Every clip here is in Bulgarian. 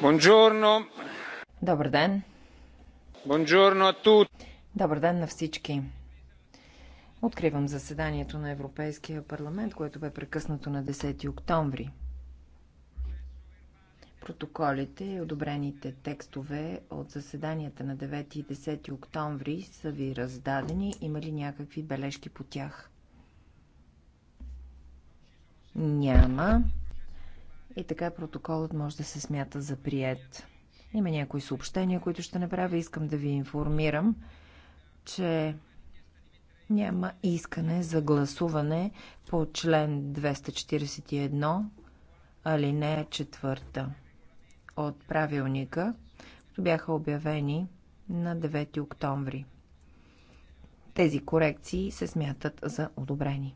Buongiorno. Добър ден. Buongiorno a tutti. Добър ден на всички. Откривам заседанието на Европейския парламент, което бе прекъснато на 10 октомври. Протоколите и одобрените текстове от заседанията на 9 и 10 октомври са ви раздадени. Има ли някакви бележки по тях? Няма. И така протоколът може да се смята за прият. Има някои съобщения, които ще направя. Искам да ви информирам, че няма искане за гласуване по член 241, алинея 4 от правилника, които бяха обявени на 9 октомври. Тези корекции се смятат за одобрени.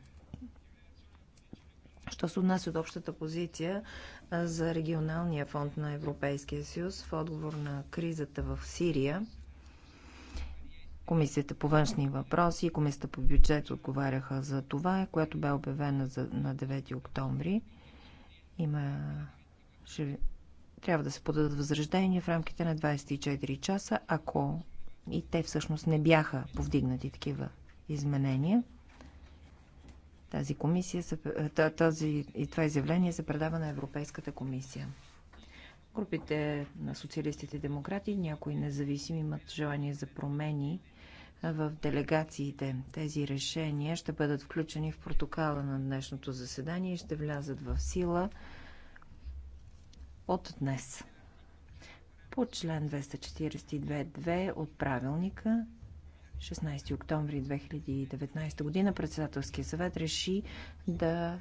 Що се отнася от общата позиция за регионалния фонд на Европейския съюз в отговор на кризата в Сирия, Комисията по външни въпроси и Комисията по бюджет отговаряха за това, което бе обявена за, на 9 октомври. Има... Ще... Трябва да се подадат възраждения в рамките на 24 часа, ако и те всъщност не бяха повдигнати такива изменения. Тази комисия, е, тази, и това изявление се предава на Европейската комисия. Групите на социалистите и демократи някои независими имат желание за промени в делегациите. Тези решения ще бъдат включени в протокола на днешното заседание и ще влязат в сила от днес. По член 242.2 от правилника 16 октомври 2019 година председателския съвет реши да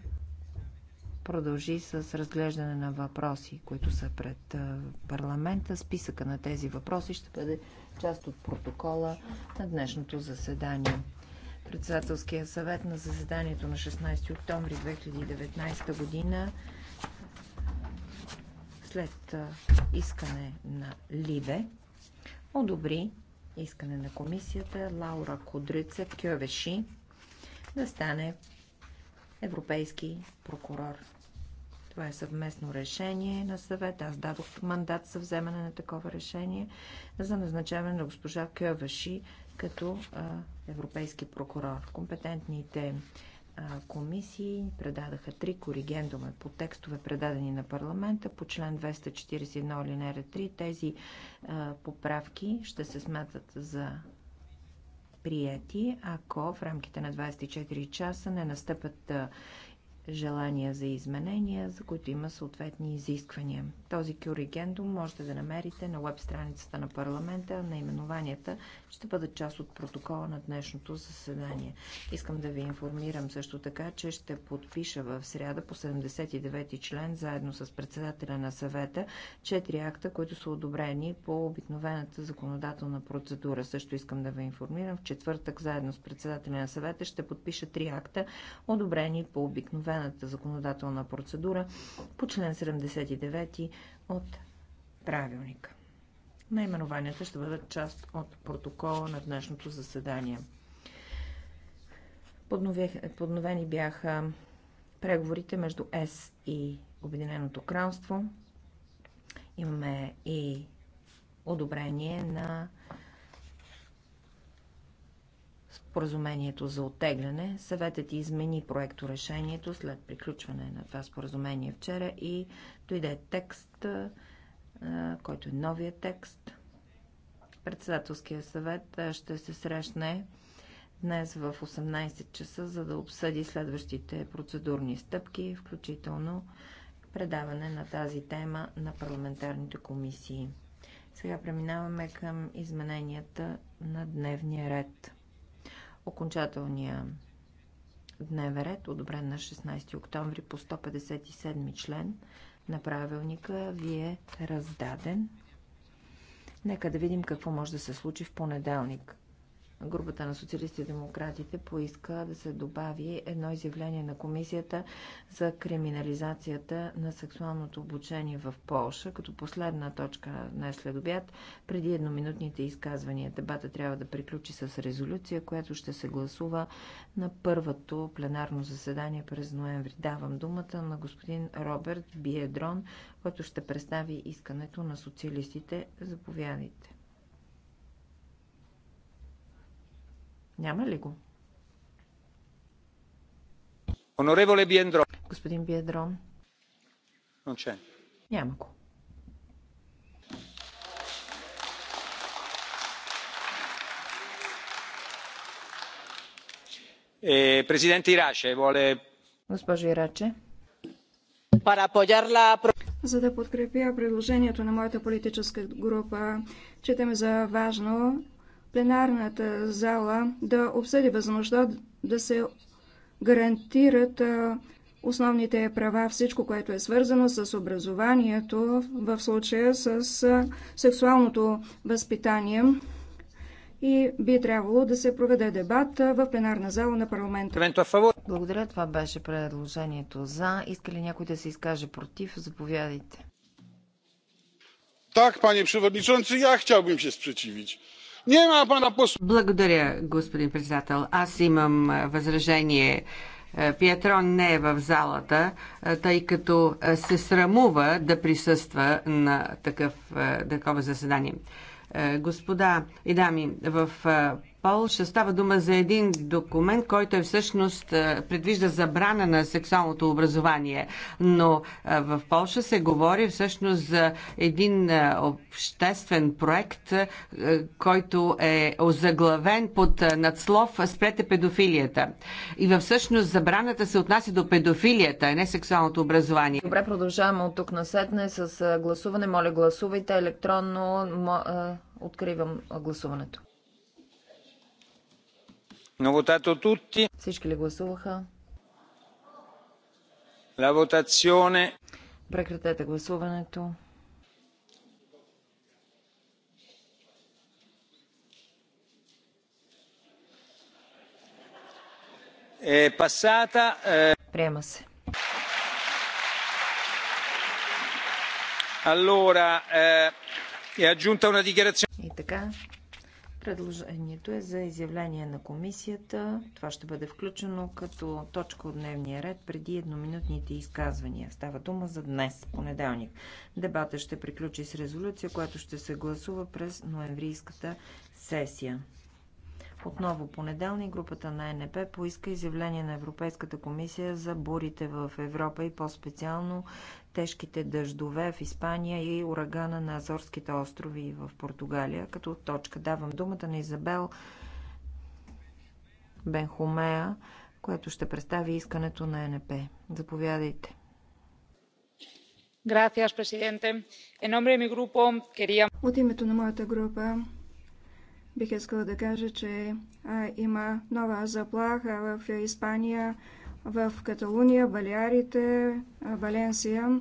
продължи с разглеждане на въпроси, които са пред парламента. Списъка на тези въпроси ще бъде част от протокола на днешното заседание. Председателския съвет на заседанието на 16 октомври 2019 година след искане на Либе одобри искане на комисията Лаура Кудрица Кьовеши да стане европейски прокурор. Това е съвместно решение на съвет. Аз дадох мандат за вземане на такова решение за назначаване на госпожа Кьовеши като европейски прокурор. Компетентните комисии предадаха три коригендума по текстове, предадени на парламента по член 241 алинера 3. Тези а, поправки ще се смятат за прияти, ако в рамките на 24 часа не настъпят а, желания за изменения, за които има съответни изисквания. Този кюригендум можете да намерите на веб страницата на парламента. на именованията, ще бъдат част от протокола на днешното заседание. Искам да ви информирам също така, че ще подпиша в сряда по 79 ти член, заедно с председателя на съвета, четири акта, които са одобрени по обикновената законодателна процедура. Също искам да ви информирам, в четвъртък заедно с председателя на съвета ще подпиша три акта, одобрени по обикновената обновената законодателна процедура по член 79 от правилника. Наименованията ще бъдат част от протокола на днешното заседание. Подновени бяха преговорите между ЕС и Обединеното кралство. Имаме и одобрение на споразумението за оттегляне. Съветът измени проекто решението след приключване на това споразумение вчера и дойде текст, който е новия текст. Председателския съвет ще се срещне днес в 18 часа, за да обсъди следващите процедурни стъпки, включително предаване на тази тема на парламентарните комисии. Сега преминаваме към измененията на дневния ред. Окончателния дневен ред, одобрен на 16 октомври по 157 член на правилника, ви е раздаден. Нека да видим какво може да се случи в понеделник групата на социалисти и демократите поиска да се добави едно изявление на комисията за криминализацията на сексуалното обучение в Полша, като последна точка на следобяд, преди едноминутните изказвания. Дебата трябва да приключи с резолюция, която ще се гласува на първото пленарно заседание през ноември. Давам думата на господин Роберт Биедрон, който ще представи искането на социалистите. Заповядайте. Няма ли го? Онореволе Биендрон. Господин Биедрон. Нонче. Няма го. президент Ираче, воле... Госпожа Ираче. За да подкрепя предложението на моята политическа група, четем за важно пленарната зала да обсъди възможността да се гарантират основните права, всичко, което е свързано с образованието, в случая с сексуалното възпитание. И би трябвало да се проведе дебат в пленарна зала на парламента. Благодаря, това беше предложението за. Иска ли някой да се изкаже против? Заповядайте. Так, пане przewodniczący, ja chciałbym się sprzeciwić. Благодаря, господин председател. Аз имам възражение. Пиетрон не е в залата, тъй като се срамува да присъства на такъв, такова заседание. Господа и дами, в Полша става дума за един документ, който е всъщност е, предвижда забрана на сексуалното образование. Но е, в Полша се говори всъщност за един е, обществен проект, който е озаглавен под надслов Спрете педофилията. И всъщност забраната се отнася до педофилията, а не сексуалното образование. Добре, продължаваме от тук насетне с гласуване. Моля, гласувайте електронно. Откривам гласуването. Всички ли гласуваха? La votazione. Прекратете гласуването. Е, пасата, е. Приема се. Allora, eh, è aggiunta una dichiarazione. И така, Предложението е за изявление на комисията. Това ще бъде включено като точка от дневния ред преди едноминутните изказвания. Става дума за днес, понеделник. Дебата ще приключи с резолюция, която ще се гласува през ноемврийската сесия. Отново понеделни групата на НП поиска изявление на Европейската комисия за бурите в Европа и по-специално тежките дъждове в Испания и урагана на Азорските острови в Португалия. Като точка давам думата на Изабел Бенхумея, което ще представи искането на НП. Заповядайте. От името на моята група Бих искала да кажа, че а, има нова заплаха в Испания, в Каталуния, Балиарите, Валенсия.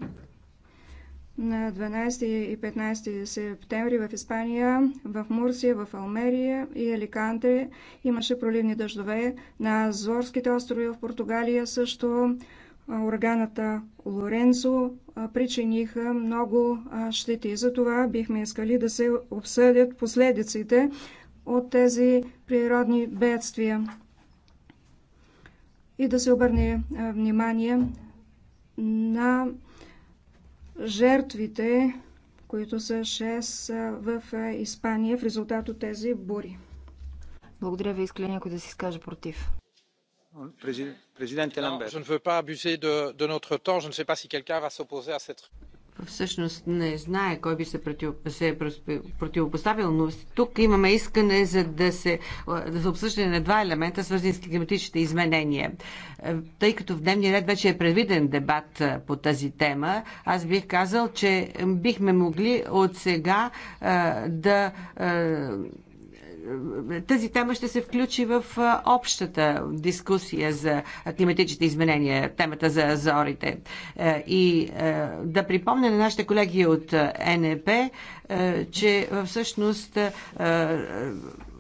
На 12 и 15 септември в Испания, в Мурсия, в Алмерия и Аликанте имаше проливни дъждове. На Азорските острови в Португалия също ураганата Лоренцо причиниха много щети. За това бихме искали да се обсъдят последиците от тези природни бедствия и да се обърне внимание на жертвите, които са 6 в Испания в резултат от тези бури. Благодаря ви, иска някой да си скаже против. Президент Не Не искам да времето знам дали някой ще се на това всъщност не знае кой би се, против, се противопоставил, но тук имаме искане за да се за обсъждане на два елемента, свързани с климатичните изменения. Тъй като в дневния ред вече е предвиден дебат по тази тема, аз бих казал, че бихме могли от сега да тази тема ще се включи в общата дискусия за климатичните изменения, темата за азорите. Е, и е, да припомня на нашите колеги от е, НЕП, че всъщност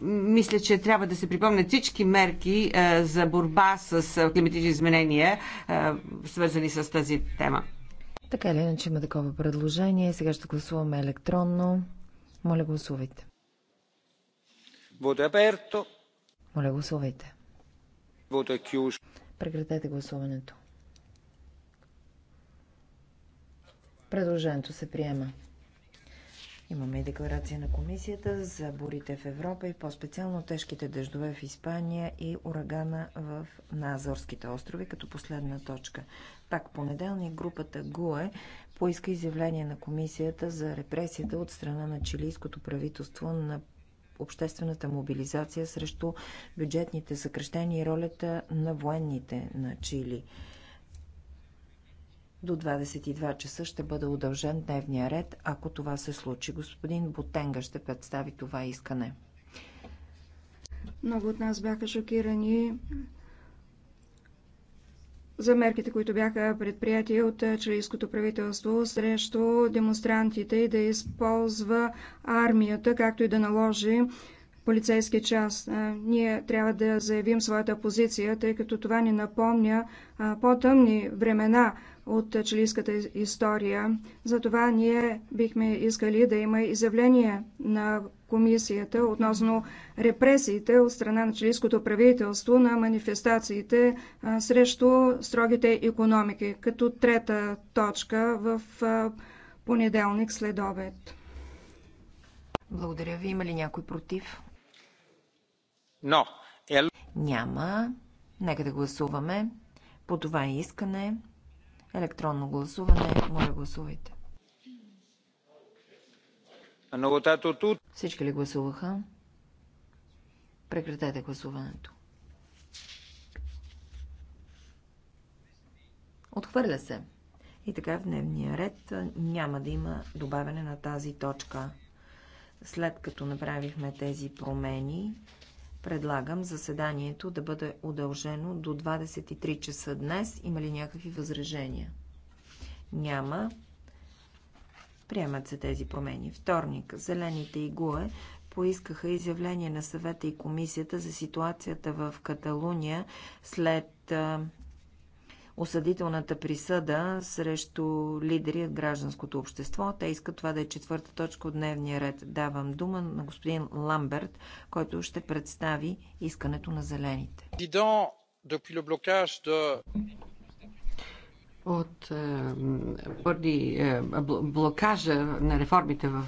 мисля, че трябва да се припомнят всички мерки за борба с климатични изменения, свързани с тази тема. Така или иначе има такова предложение. Сега ще гласуваме електронно. Моля, гласувайте. Voto aperto. Моля, гласувайте. Voto Прекратете гласуването. Предложението се приема. Имаме и декларация на комисията за борите в Европа и по-специално тежките дъждове в Испания и урагана в, на Азорските острови като последна точка. Пак понеделник групата ГУЕ поиска изявление на комисията за репресията от страна на чилийското правителство на обществената мобилизация срещу бюджетните съкрещения и ролята на военните на Чили. До 22 часа ще бъде удължен дневния ред, ако това се случи. Господин Ботенга ще представи това искане. Много от нас бяха шокирани за мерките, които бяха предприяти от чилийското правителство срещу демонстрантите и да използва армията, както и да наложи полицейски част. Ние трябва да заявим своята позиция, тъй като това ни напомня по-тъмни времена от чилийската история. Затова ние бихме искали да има изявление на комисията относно репресиите от страна на чилийското правителство на манифестациите срещу строгите економики, като трета точка в понеделник след обед. Благодаря ви. Има ли някой против? Но. E няма. Нека да гласуваме. По това е искане. Електронно гласуване. Моля, гласувайте. Всички ли гласуваха? Прекратете гласуването. Отхвърля се. И така в дневния ред няма да има добавяне на тази точка. След като направихме тези промени, Предлагам заседанието да бъде удължено до 23 часа днес. Има ли някакви възражения? Няма. Приемат се тези промени. Вторник. Зелените и ГУЕ поискаха изявление на съвета и комисията за ситуацията в Каталуния след осъдителната присъда срещу лидери от гражданското общество. Те искат това да е четвърта точка от дневния ред. Давам дума на господин Ламберт, който ще представи искането на зелените. От е, първи е, блокажа на реформите в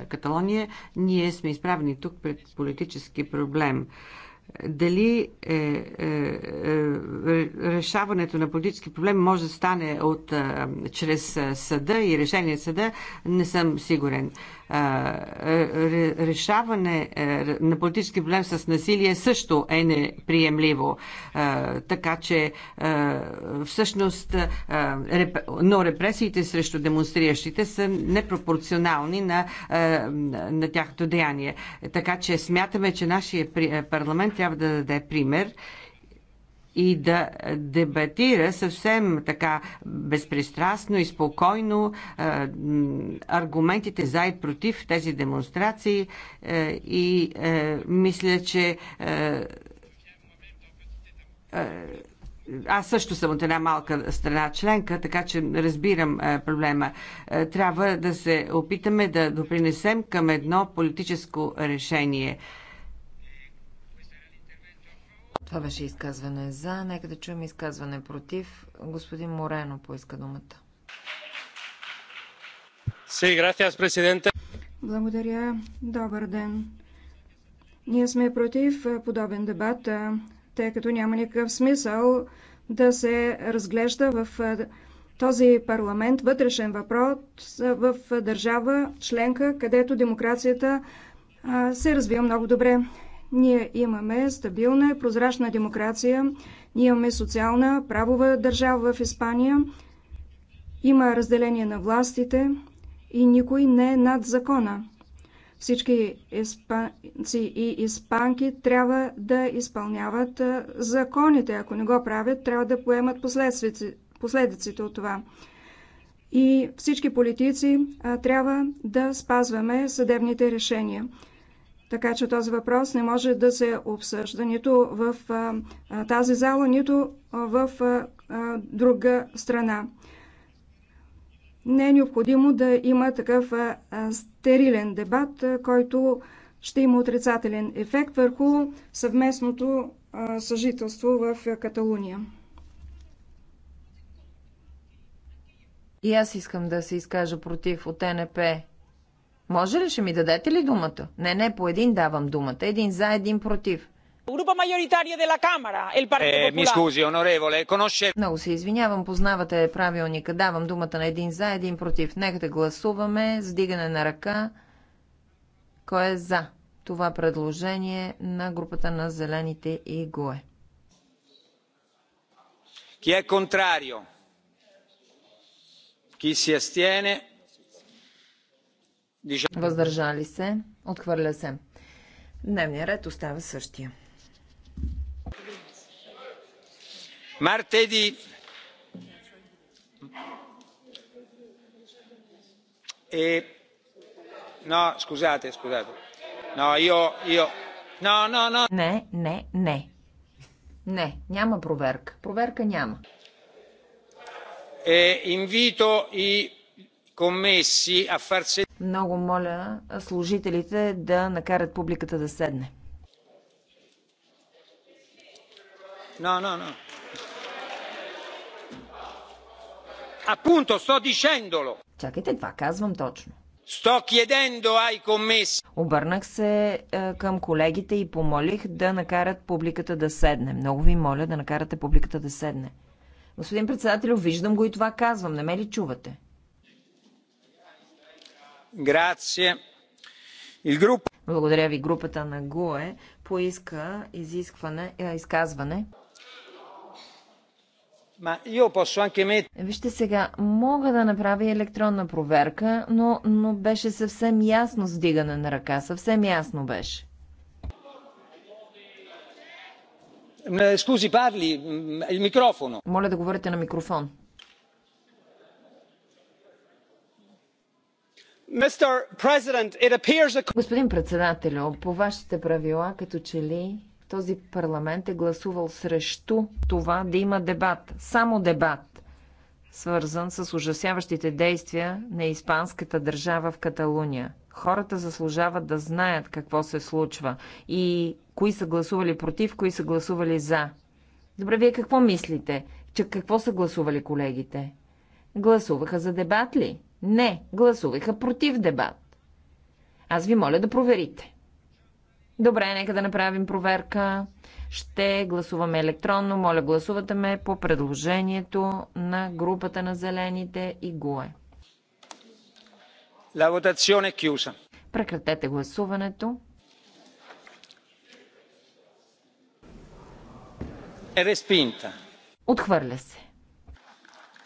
е, Каталония, ние сме изправени тук пред политически проблем дали е, е, е, решаването на политически проблем може да стане от, е, чрез е, съда и решение съда, не съм сигурен. Е, е, решаване е, на политически проблем с насилие също е неприемливо. Е, така че е, всъщност е, реп... но репресиите срещу демонстриращите са непропорционални на, е, на тяхното деяние. Така че смятаме, че нашия е, парламент трябва трябва да даде пример и да дебатира съвсем така безпристрастно и спокойно е, аргументите за и против тези демонстрации е, и е, мисля, че аз също съм от една малка страна членка, така че разбирам проблема. трябва да се опитаме да допринесем към едно политическо решение. Това беше изказване за. Нека да чуем изказване против. Господин Морено поиска думата. Sí, gracias, presidente. Благодаря. Добър ден. Ние сме против подобен дебат, тъй като няма никакъв смисъл да се разглежда в този парламент вътрешен въпрос в държава членка, където демокрацията се развива много добре. Ние имаме стабилна и прозрачна демокрация, ние имаме социална, правова държава в Испания, има разделение на властите и никой не е над закона. Всички испанци и испанки трябва да изпълняват законите. Ако не го правят, трябва да поемат последиците от това. И всички политици трябва да спазваме съдебните решения. Така че този въпрос не може да се обсъжда нито в тази зала, нито в друга страна. Не е необходимо да има такъв стерилен дебат, който ще има отрицателен ефект върху съвместното съжителство в Каталуния. И аз искам да се изкажа против от НП може ли, ще ми дадете ли думата? Не, не, по един давам думата. Един за, един против. Е, Много се извинявам, познавате правилника. Давам думата на един за, един против. Нека да гласуваме с дигане на ръка. Кой е за това предложение на групата на Зелените и ГОЕ? Ки е контрарио? Ки си астиене? Въздържали се. Отхвърля се. Дневния ред остава същия. Мартеди. E... No, scusate, scusate. No, io, io... No, no, no. Не, не, не. Не, няма проверка. Проверка няма. E invito i много моля служителите да накарат публиката да седне. No, no, no. Appunto, sto dicendolo. Чакайте, това казвам точно. Sto chiedendo ai commessi. Обърнах се е, към колегите и помолих да накарат публиката да седне. Много ви моля да накарате публиката да седне. Господин председател, виждам го и това казвам. Не ме ли чувате? Благодаря ви. Групата на ГУЕ поиска изискване, е, изказване. Вижте сега, мога да направя електронна проверка, но, но беше съвсем ясно сдигане на ръка. Съвсем ясно беше. Scusi, parli, il Моля да говорите на микрофон. Господин председател, по вашите правила, като че ли този парламент е гласувал срещу това да има дебат. Само дебат, свързан с ужасяващите действия на испанската държава в Каталуния. Хората заслужават да знаят какво се случва и кои са гласували против, кои са гласували за. Добре, вие какво мислите? Че какво са гласували колегите? Гласуваха за дебат ли? Не, гласуваха против дебат. Аз ви моля да проверите. Добре, нека да направим проверка. Ще гласуваме електронно. Моля, гласувате ме по предложението на групата на зелените и ГУЕ. La votazione chiusa. Прекратете гласуването. Е респинта. Отхвърля се.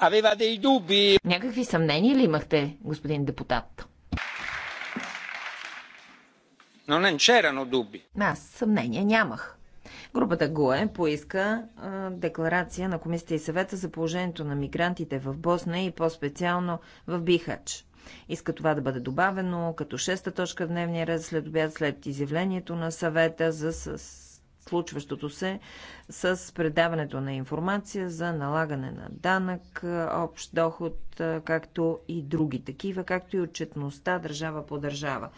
Авевате и дуби. Някакви съмнения ли имахте, господин депутат? Но не c'erano дуби. Аз съмнения нямах. Групата ГОЕ поиска а, декларация на Комисията и съвета за положението на мигрантите в Босна и по-специално в Бихач. Иска това да бъде добавено като шеста точка в дневния ред след обяд след изявлението на съвета за с случващото се с предаването на информация за налагане на данък, е, общ доход, е, както и други такива, както и отчетността държава по държава.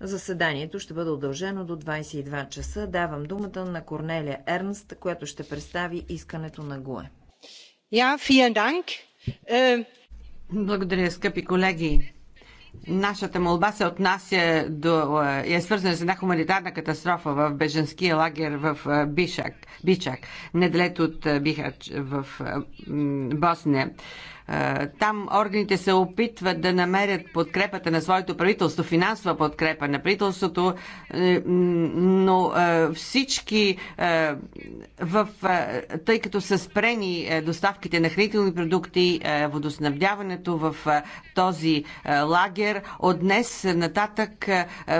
Заседанието ще бъде удължено до 22 часа. Давам думата на Корнелия Ернст, която ще представи искането на ГУЕ. Е, Благодаря, скъпи колеги. Нашата молба се отнася до... Е, е свързана с една хуманитарна катастрофа в беженския лагер в е, Бишак, Бичак, недалеч от е, Бихач в Босния. Там органите се опитват да намерят подкрепата на своето правителство, финансова подкрепа на правителството, е, но всички в, тъй като са спрени е, доставките на хранителни продукти, е, водоснабдяването в този лагер, от днес нататък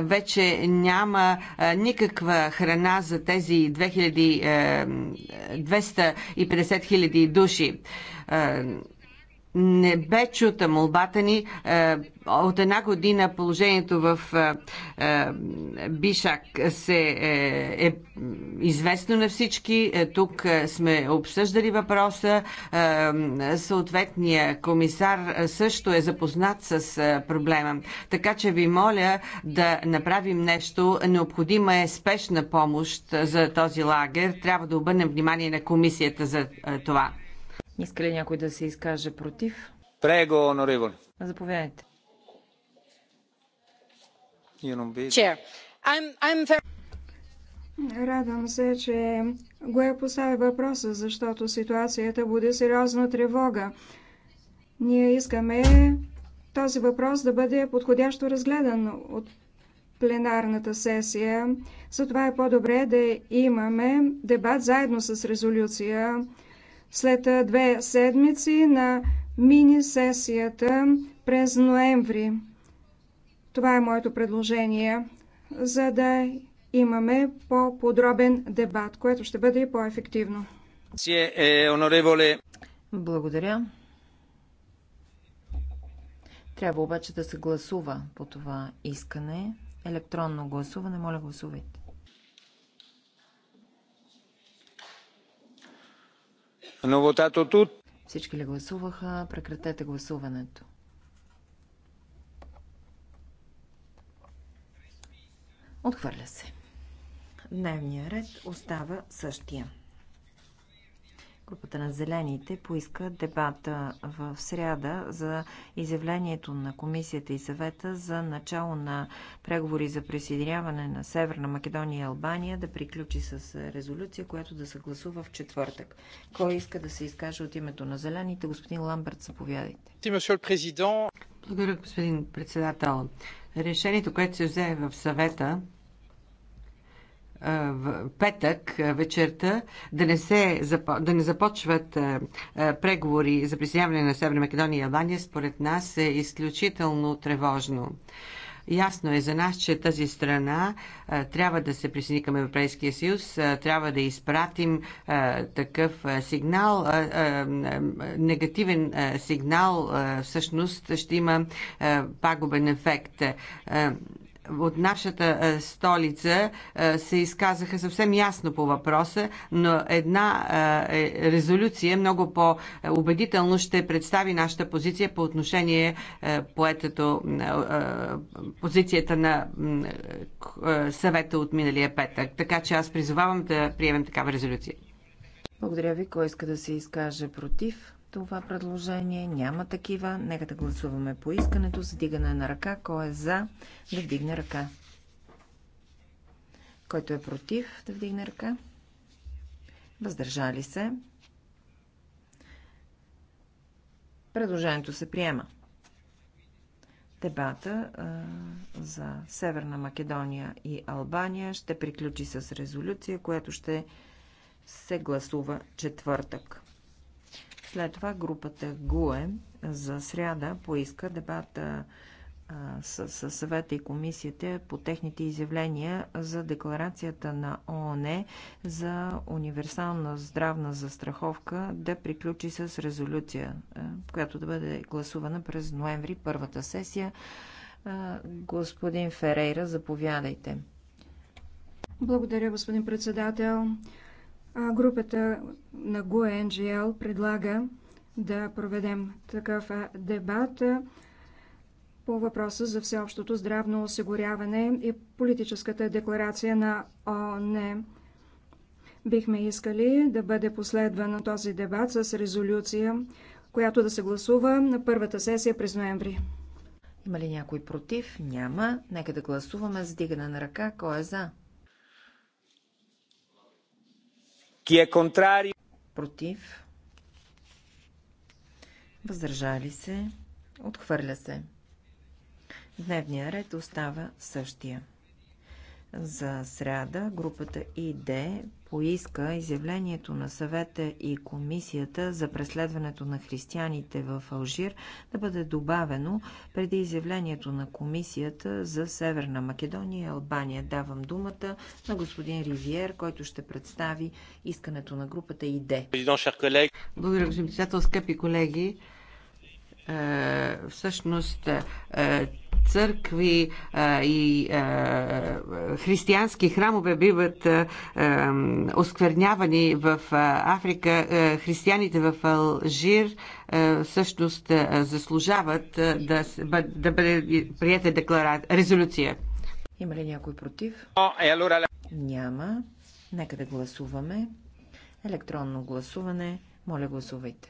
вече няма никаква храна за тези 2250 хиляди души не бе чута молбата ни. Е, от една година положението в е, е, Бишак се е известно на всички. Тук сме обсъждали въпроса. Съответният комисар също е запознат с проблема. Така че ви моля да направим нещо. Необходима е спешна помощ за този лагер. Трябва да обърнем внимание на комисията за това. Иска ли някой да се изкаже против? Прего, оноревон. Заповядайте. Радвам се, че го е поставя въпроса, защото ситуацията буде сериозна тревога. Ние искаме този въпрос да бъде подходящо разгледан от пленарната сесия. Затова е по-добре да имаме дебат заедно с резолюция след две седмици на мини-сесията през ноември. Това е моето предложение, за да имаме по-подробен дебат, което ще бъде и по-ефективно. Благодаря. Трябва обаче да се гласува по това искане. Електронно гласуване, моля гласувайте. Всички ли гласуваха? Прекратете гласуването. Отхвърля се. Дневният ред остава същия. Групата на зелените поиска дебата в сряда за изявлението на комисията и съвета за начало на преговори за присъединяване на Северна Македония и Албания да приключи с резолюция, която да се гласува в четвъртък. Кой иска да се изкаже от името на зелените? Господин Ламберт, заповядайте. Благодаря, господин председател. Решението, което се взе в съвета, в петък вечерта да не, се, да не започват преговори за присъединяване на Северна Македония и Албания, според нас е изключително тревожно. Ясно е за нас, че тази страна а, трябва да се присъедини към Европейския съюз, а, трябва да изпратим а, такъв а, сигнал. А, а, негативен а, сигнал а, всъщност ще има а, пагубен ефект. А, от нашата е, столица е, се изказаха съвсем ясно по въпроса, но една е, резолюция много по-убедително ще представи нашата позиция по отношение поетото, позицията на съвета от миналия петък. Така че аз призовавам да приемем такава резолюция. Благодаря ви. Кой иска да се изкаже против? това предложение? Няма такива. Нека да гласуваме по искането за дигане на ръка. Кой е за да вдигне ръка? Който е против да вдигне ръка? Въздържали се? Предложението се приема. Дебата а, за Северна Македония и Албания ще приключи с резолюция, която ще се гласува четвъртък. След това групата ГУЕ за сряда поиска дебата с, съвета и комисията по техните изявления за декларацията на ООН за универсална здравна застраховка да приключи с резолюция, която да бъде гласувана през ноември първата сесия. Господин Ферейра, заповядайте. Благодаря, господин председател. Групата на ГУНЖЛ предлага да проведем такъв дебат по въпроса за всеобщото здравно осигуряване и политическата декларация на ООН. Е. Бихме искали да бъде последван този дебат с резолюция, която да се гласува на първата сесия през ноември. Има ли някой против? Няма. Нека да гласуваме с дигане на ръка. Кой е за? Ки е контрари? Против. Въздържали се. Отхвърля се. Дневният ред остава същия за сряда групата ИД поиска изявлението на съвета и комисията за преследването на християните в Алжир да бъде добавено преди изявлението на комисията за Северна Македония и Албания. Давам думата на господин Ривиер, който ще представи искането на групата ИД. Благодаря, господин председател, скъпи колеги. Е, всъщност, е, църкви и християнски храмове биват осквернявани в Африка. Християните в Алжир всъщност заслужават да, да бъде прията деклара... резолюция. Има ли някой против? Е, Няма. Нека да гласуваме. Електронно гласуване. Моля, гласувайте.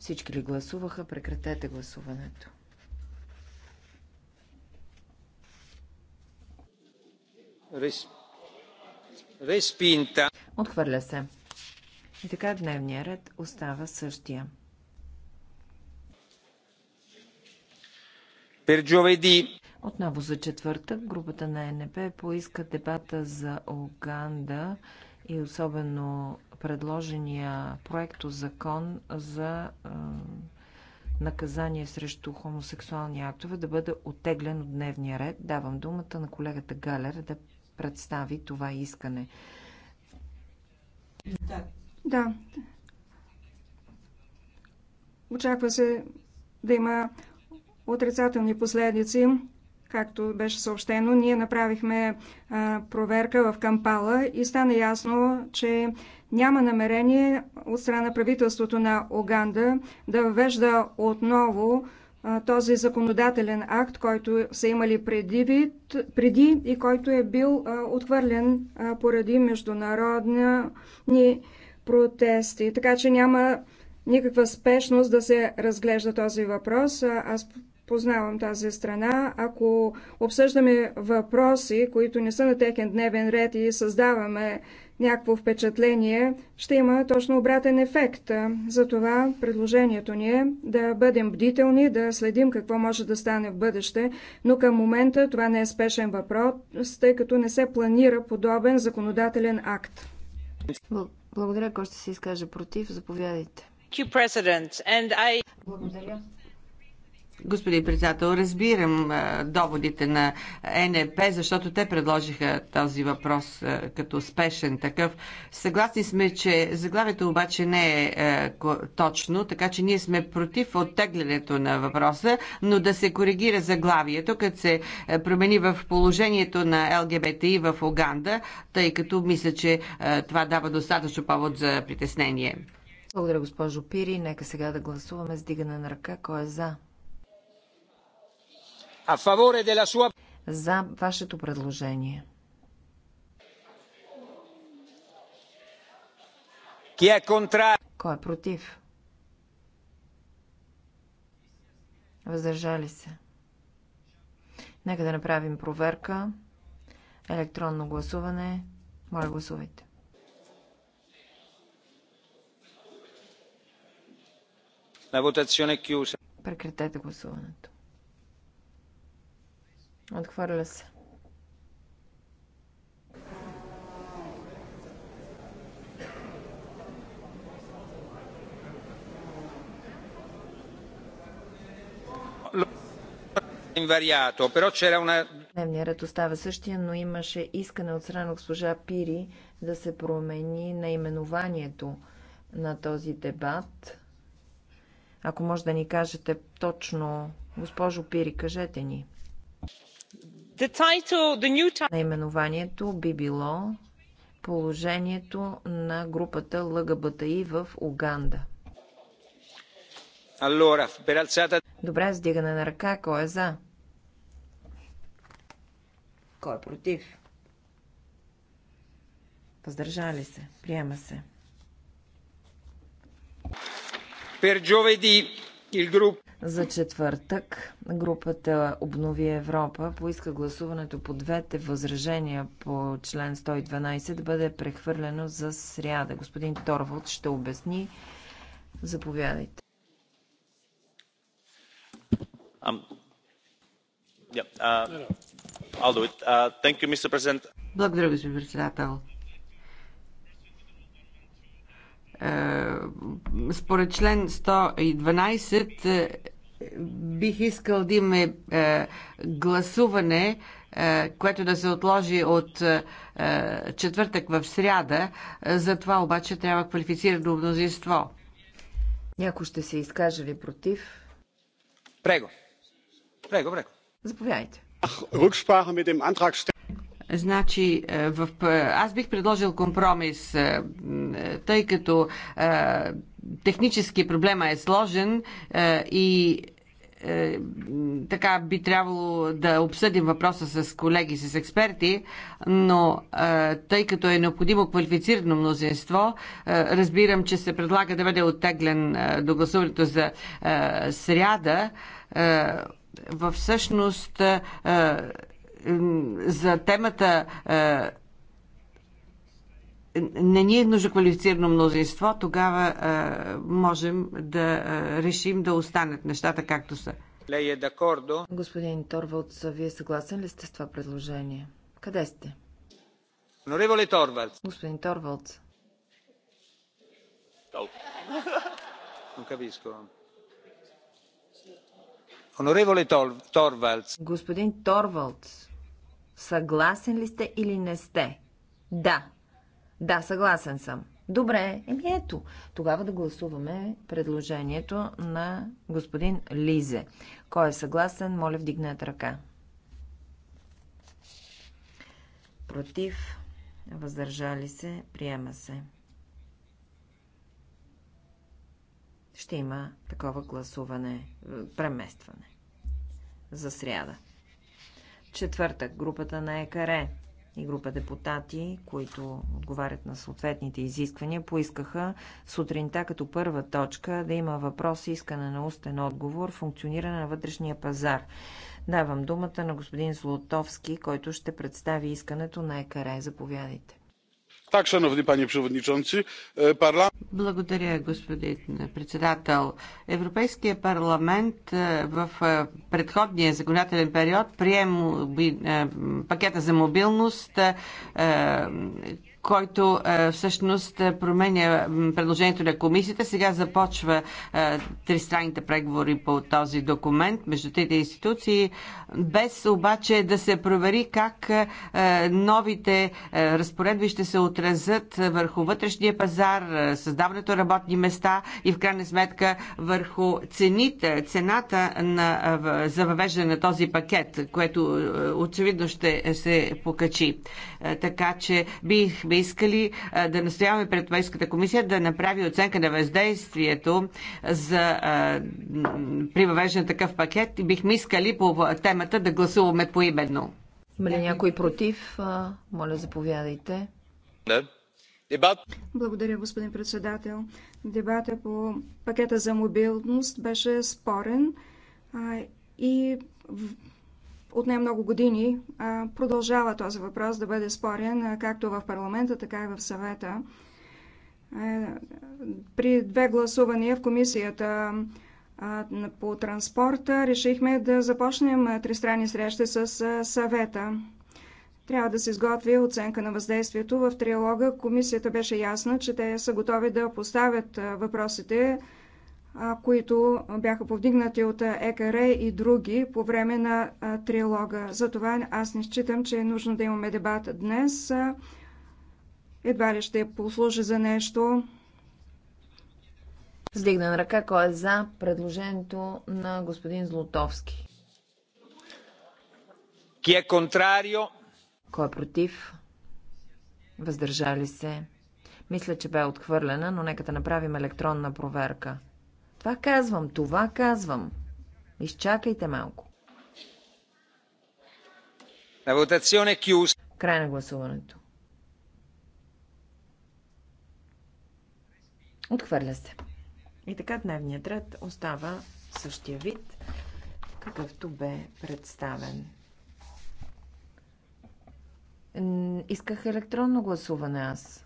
Всички ли гласуваха? Прекратете гласуването. Респинта. Отхвърля се. И така дневният ред остава същия. Per Отново за четвъртък групата на НП поиска дебата за Оганда и особено предложения проекто закон за наказание срещу хомосексуални актове да бъде оттеглен от дневния ред. Давам думата на колегата Галер да представи това искане. Да. да. Очаква се да има отрицателни последици. Както беше съобщено, ние направихме проверка в Кампала и стана ясно, че няма намерение от страна на правителството на Оганда да въвежда отново този законодателен акт, който са имали преди, преди и който е бил отхвърлен поради международни протести. Така че няма никаква спешност да се разглежда този въпрос. Аз познавам тази страна. Ако обсъждаме въпроси, които не са на техен дневен ред и създаваме някакво впечатление, ще има точно обратен ефект. Затова предложението ни е да бъдем бдителни, да следим какво може да стане в бъдеще, но към момента това не е спешен въпрос, тъй като не се планира подобен законодателен акт. Благодаря, ако ще се изкаже против. Заповядайте. Благодаря. Господин председател, разбирам доводите на НЕП, защото те предложиха този въпрос като спешен такъв. Съгласни сме, че заглавието обаче не е точно, така че ние сме против оттеглянето на въпроса, но да се коригира заглавието, като се промени в положението на ЛГБТИ в Оганда, тъй като мисля, че това дава достатъчно повод за притеснение. Благодаря, госпожо Пири. Нека сега да гласуваме с дигане на ръка. Кой е за? За вашето предложение. Кой е против? Въздържали се. Нека да направим проверка. Електронно гласуване. Моля, гласувайте. Прекратете гласуването. Отхвърля се. Дневният ред остава същия, но имаше искане от страна госпожа Пири да се промени наименованието на този дебат. Ако може да ни кажете точно, госпожо Пири, кажете ни. Наименованието би било положението на групата ЛГБТИ в Уганда. Добре, сдигане на ръка. Кой е за? Кой е против? Въздържали се. Приема се. Per giovedì il gruppo за четвъртък групата Обнови Европа поиска гласуването по двете възражения по член 112 да бъде прехвърлено за сряда. Господин Торвалд ще обясни. Заповядайте. Um, yeah, uh, uh, you, Благодаря, господин председател. Е, според член 112 е, бих искал да имаме гласуване е, което да се отложи от четвъртък в сряда. За това обаче трябва квалифицирано мнозинство. Някой ще се изкаже ли против? Прего. Прего, прего. Заповядайте. Значи, е, в... Е, аз бих предложил компромис, е, тъй като технически проблема е сложен и така би трябвало да обсъдим въпроса с колеги, с експерти, но тъй като е необходимо квалифицирано мнозинство, разбирам, че се предлага да бъде оттеглен до гласуването за сряда. Във всъщност за темата е, не ни е нужно квалифицирано мнозинство, тогава е, можем да е, решим да останат нещата както са. Господин Торвалдс, вие съгласен ли сте с това предложение? Къде сте? Господин Торвалдс. Господин Торвалдс. Съгласен ли сте или не сте? Да. Да, съгласен съм. Добре, еми ето. Тогава да гласуваме предложението на господин Лизе. Кой е съгласен, моля вдигнете ръка. Против, въздържали се, приема се. Ще има такова гласуване, преместване за сряда четвъртък групата на ЕКР и група депутати, които отговарят на съответните изисквания, поискаха сутринта като първа точка да има въпрос и искане на устен отговор функциониране на вътрешния пазар. Давам думата на господин Золотовски, който ще представи искането на ЕКР. Заповядайте. E, Благодаря, господин председател. Европейския парламент е, в е, предходния законодателен период прием е, пакета за мобилност, който е, всъщност е, променя предложението на комисията. Сега започва е, тристранните преговори по този документ между трите институции, без обаче да се провери как новите разпоредби ще се отразят върху вътрешния пазар, създаването работни места и в крайна сметка върху цените, цената на, за въвеждане на този пакет, което очевидно ще се покачи. Така че бих бихме искали да настояваме пред Европейската комисия да направи оценка на въздействието за при въвеждане такъв пакет и бихме искали по темата да гласуваме поименно. Има ли някой против? Моля, заповядайте. Не. Дебат. Благодаря, господин председател. Дебата по пакета за мобилност беше спорен а, и отне много години. Продължава този въпрос да бъде спорен както в парламента, така и в съвета. При две гласувания в комисията по транспорта решихме да започнем тристранни срещи с съвета. Трябва да се изготви оценка на въздействието. В триалога комисията беше ясна, че те са готови да поставят въпросите които бяха повдигнати от ЕКР и други по време на триалога. Затова аз не считам, че е нужно да имаме дебат днес. Едва ли ще послужи за нещо. Сдигна на ръка, кой е за предложението на господин Злотовски. Ки е контрарио? Кой е против? Въздържали се. Мисля, че бе отхвърлена, но нека да направим електронна проверка. Това казвам, това казвам. Изчакайте малко. La votazione chiusa. Край на гласуването. Отхвърля се. И така дневният ред остава същия вид, какъвто бе представен. Исках електронно гласуване аз.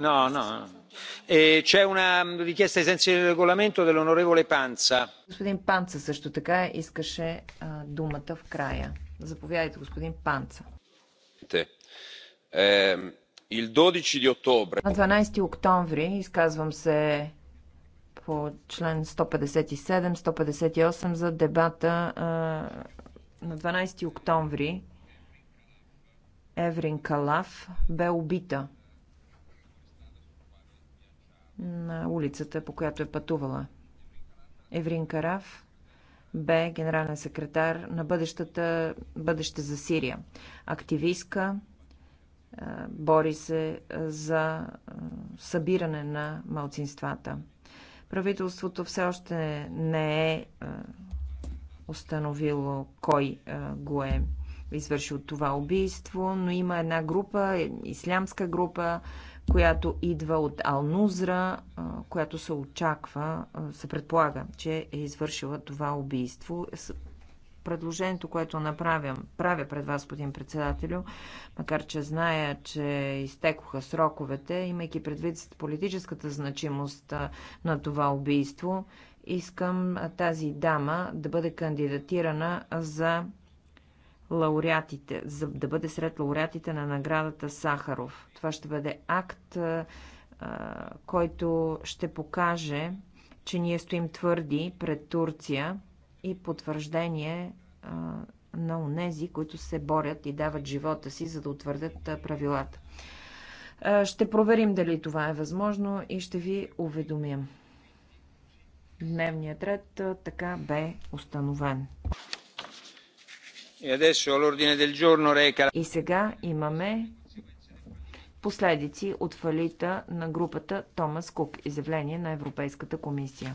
No, не. no. E mm, господин Панца също така искаше думата в края. Заповядайте, господин Панца. На 12 октомври изказвам се по член 157-158 за дебата на 12 октомври Еврин Калаф бе убита на улицата, по която е пътувала. Еврин Караф бе генерален секретар на бъдещата, бъдеще за Сирия. Активистка, бори се за събиране на малцинствата. Правителството все още не е установило кой го е извършил това убийство, но има една група, е, ислямска група, която идва от Алнузра, която се очаква, се предполага, че е извършила това убийство. Предложението, което направям, правя пред вас, господин председателю, макар че зная, че изтекоха сроковете, имайки предвид политическата значимост на това убийство, искам тази дама да бъде кандидатирана за лауреатите, за да бъде сред лауреатите на наградата Сахаров. Това ще бъде акт, който ще покаже, че ние стоим твърди пред Турция и потвърждение на онези, които се борят и дават живота си, за да утвърдят правилата. Ще проверим дали това е възможно и ще ви уведомим. Дневният ред така бе установен. И сега имаме последици от фалита на групата Томас Кук, изявление на Европейската комисия.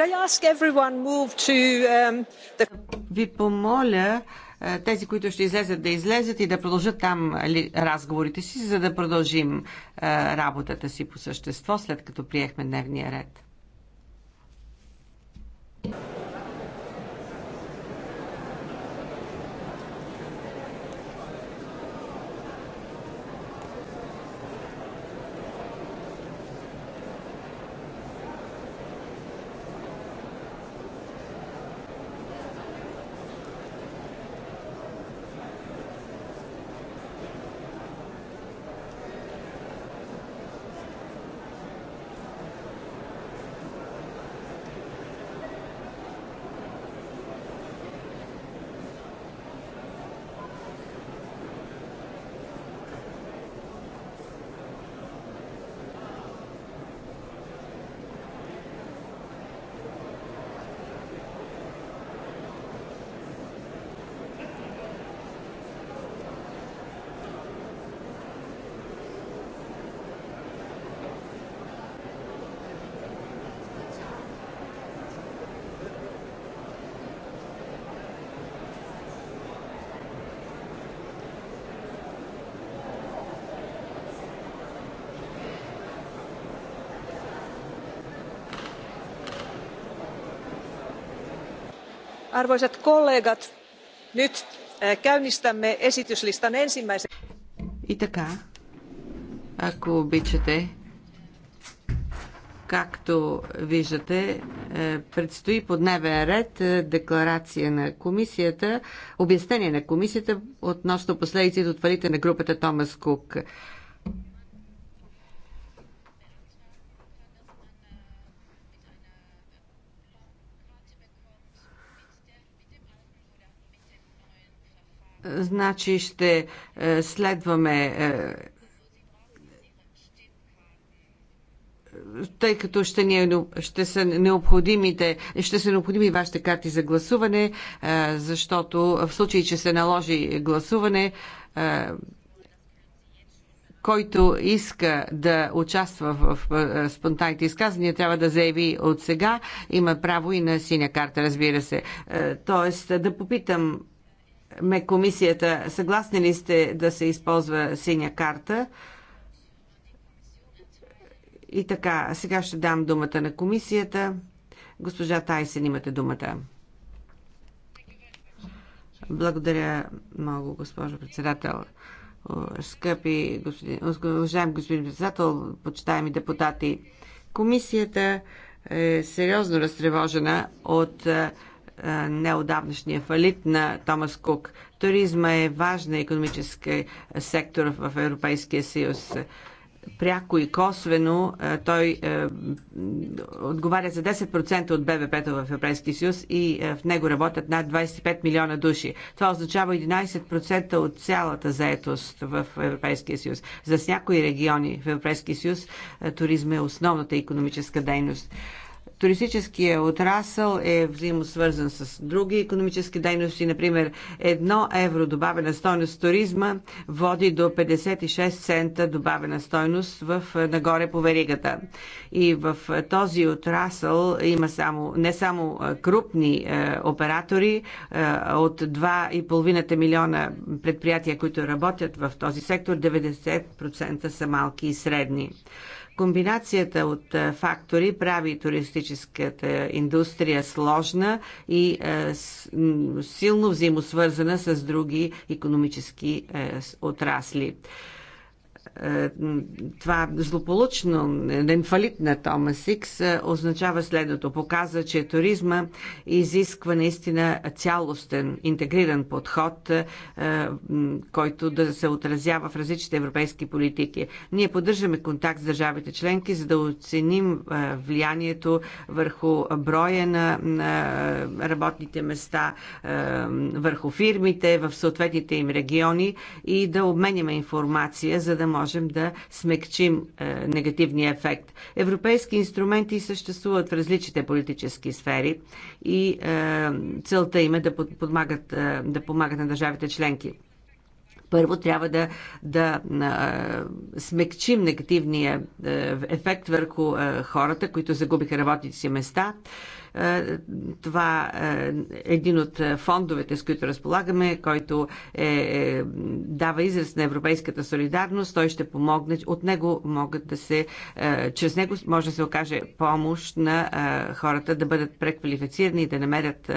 Um, Ви помоля е, тези, които ще излезат, да излезат и да продължат там разговорите си, за да продължим е, работата си по същество, след като приехме дневния ред. Arvoisat kollegat, nyt äh, käynnistämme esityslistan ensimmäisen. И така, ако обичате, както виждате, е, предстои по дневен ред е, декларация на комисията, обяснение на комисията относно последиците от фалите на групата Томас Кук. Значи ще е, следваме е, тъй като ще, ни е, ще са необходимите, ще са необходими вашите карти за гласуване, е, защото в случай, че се наложи гласуване, който иска да участва в спонтанните изказвания, трябва да заяви от сега. Има право и на синя карта, разбира се. Тоест, да попитам ме комисията, съгласни ли сте да се използва синя карта? И така, сега ще дам думата на комисията. Госпожа Тайсен, имате думата. Благодаря много, госпожо председател. Скъпи господин, уважаем господин председател, почитаеми депутати, комисията е сериозно разтревожена от неодавнашния фалит на Томас Кук. Туризма е важна економическа сектор в Европейския съюз. Пряко и косвено той отговаря за 10% от БВП-то в Европейския съюз и в него работят над 25 милиона души. Това означава 11% от цялата заетост в Европейския съюз. За някои региони в Европейския съюз туризма е основната економическа дейност. Туристическия отрасъл е взаимосвързан с други економически дейности. Например, едно евро добавена стойност туризма води до 56 цента добавена стойност в е, нагоре по веригата. И в е, този отрасъл има само, не само е, крупни е, оператори е, от 2,5 милиона предприятия, които работят в този сектор, 90% са малки и средни. Комбинацията от е, фактори прави туристическата индустрия сложна и е, силно взаимосвързана с други економически е, отрасли. Е, това злополучно ренфалит на Томас Икс е, означава следното. Показва, че туризма изисква наистина цялостен, интегриран подход, е, който да се отразява в различните европейски политики. Ние поддържаме контакт с държавите членки, за да оценим влиянието върху броя на, на работните места, върху фирмите в съответните им региони и да обменяме информация, за да може можем да смекчим е, негативния ефект. Европейски инструменти съществуват в различните политически сфери и е, целта им е да подмагат, е, да помагат на държавите членки. Първо трябва да, да смекчим негативния ефект върху хората, които загубиха работните си места. Е, това е един от е, фондовете, с които разполагаме, който е, е, дава израз на европейската солидарност. Той ще помогне. От него могат да се, чрез него може да се окаже помощ на хората да бъдат преквалифицирани и да намерят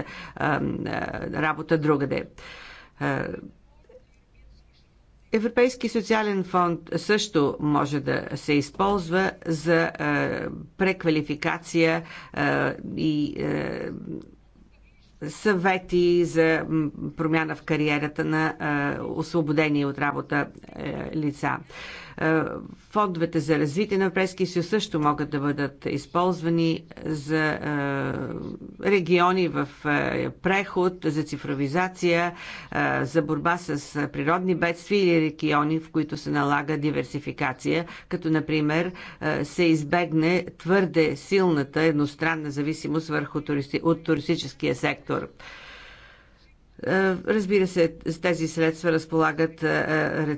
работа другаде Европейски социален фонд също може да се използва за е, преквалификация е, и е, съвети за промяна в кариерата на освободени от работа лица. Е, фондовете за развитие на Европейския съюз също могат да бъдат използвани за е, региони в е, преход, за цифровизация, за борба с природни бедствия или региони, в които се налага диверсификация, като например се избегне твърде силната едностранна зависимост върху туристи, от туристическия сектор. Е, разбира се, с тези средства разполагат е, е,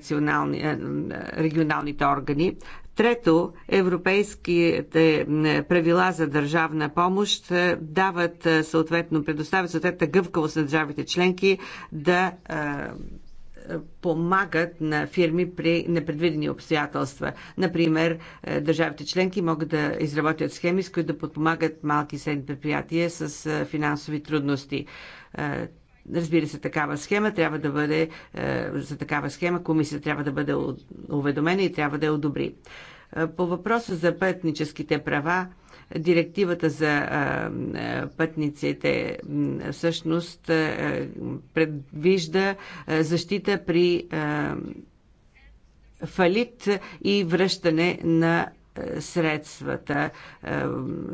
регионалните органи. Трето, европейските правила за държавна помощ дават съответно, предоставят съответна гъвкавост на държавите членки да помагат на фирми при непредвидени обстоятелства. Например, държавите членки могат да изработят схеми, с които да подпомагат малки и средни предприятия с финансови трудности Разбира се, такава схема трябва да бъде, е, за такава схема комисията трябва да бъде уведомена и трябва да я одобри. Е, по въпроса за пътническите права, директивата за е, пътниците всъщност предвижда защита при фалит и връщане на средствата е,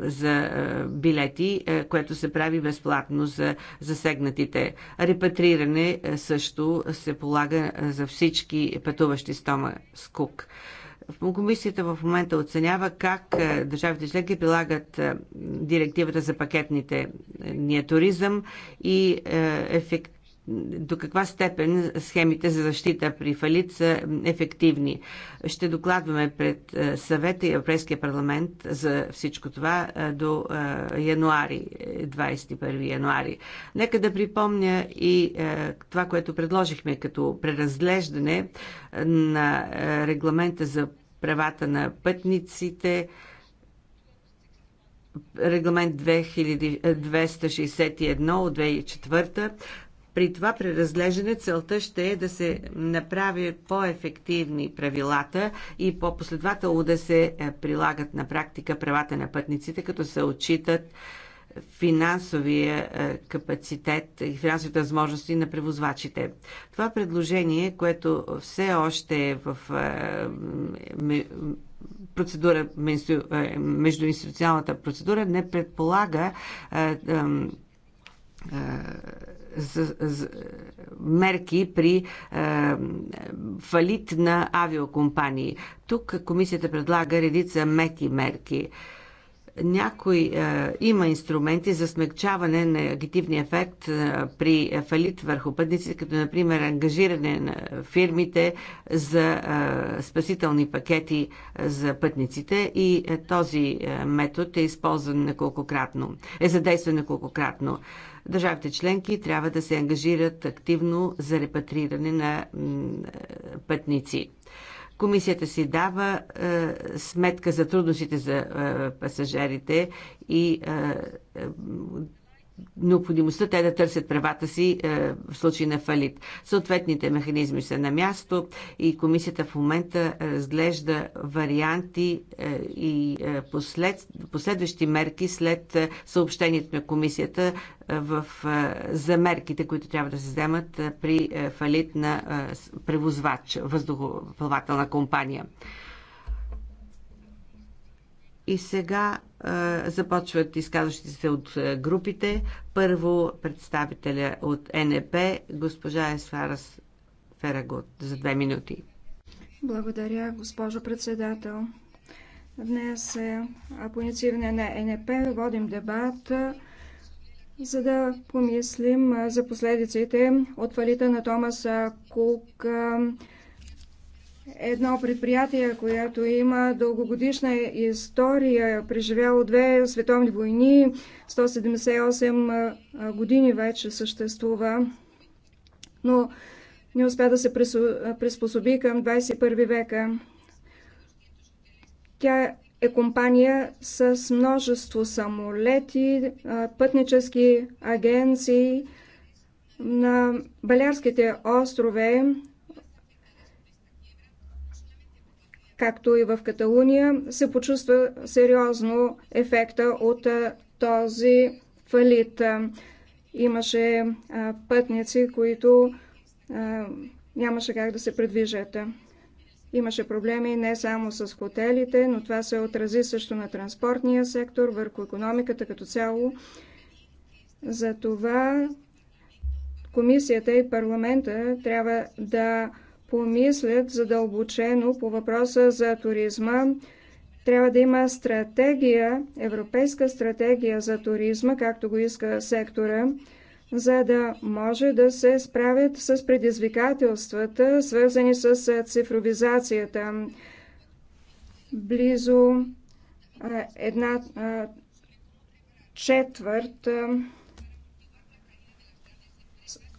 за е, билети, е, което се прави безплатно за засегнатите. Репатриране също се полага за всички пътуващи с Тома Скук. Комисията в момента оценява как държавите членки прилагат директивата за пакетните ния туризъм и ефект до каква степен схемите за защита при фалит са ефективни. Ще докладваме пред е, съвета и Европейския парламент за всичко това е, до е, януари, 21 януари. Нека да припомня и това, което предложихме като преразглеждане на регламента за правата на пътниците, регламент 2261 от 2004 при това преразглеждане целта ще е да се направи по-ефективни правилата и по-последователно да се е, прилагат на практика правата на пътниците, като се отчитат финансовия е, капацитет и финансовите възможности на превозвачите. Това предложение, което все още е в е, процедура, междуинституционалната процедура, не предполага за, за, мерки при е, фалит на авиокомпании. Тук комисията предлага редица меки мерки. Някой е, има инструменти за смягчаване на негативния ефект е, при фалит върху пътниците, като например ангажиране на фирмите за е, спасителни пакети е, за пътниците и е, този е, метод е използван неколкократно, е задействан неколкократно. Е, Държавите членки трябва да се ангажират активно за репатриране на пътници. Комисията си дава е, сметка за трудностите за е, пасажирите и е, е необходимостта те да търсят правата си е, в случай на фалит. Съответните механизми са на място и комисията в момента разглежда варианти е, и е, послед, последващи мерки след е, съобщението на комисията е, в, е, за мерките, които трябва да се вземат при фалит на превозвач, въздухоплавателна компания. И сега е, започват изказващите се от е, групите. Първо представителя от НЕП госпожа Есфарас Ферагот, за две минути. Благодаря, госпожо председател. Днес е по инициативна на НЕП водим дебат за да помислим за последиците от фалита на Томаса Кук, едно предприятие, което има дългогодишна история, преживяло две световни войни, 178 години вече съществува, но не успя да се приспособи към 21 века. Тя е компания с множество самолети, пътнически агенции на Балярските острове, както и в Каталуния, се почувства сериозно ефекта от този фалит. Имаше пътници, които нямаше как да се предвижат. Имаше проблеми не само с хотелите, но това се отрази също на транспортния сектор, върху економиката като цяло. Затова комисията и парламента трябва да помислят задълбочено по въпроса за туризма. Трябва да има стратегия, европейска стратегия за туризма, както го иска сектора, за да може да се справят с предизвикателствата, свързани с цифровизацията. Близо една четвърт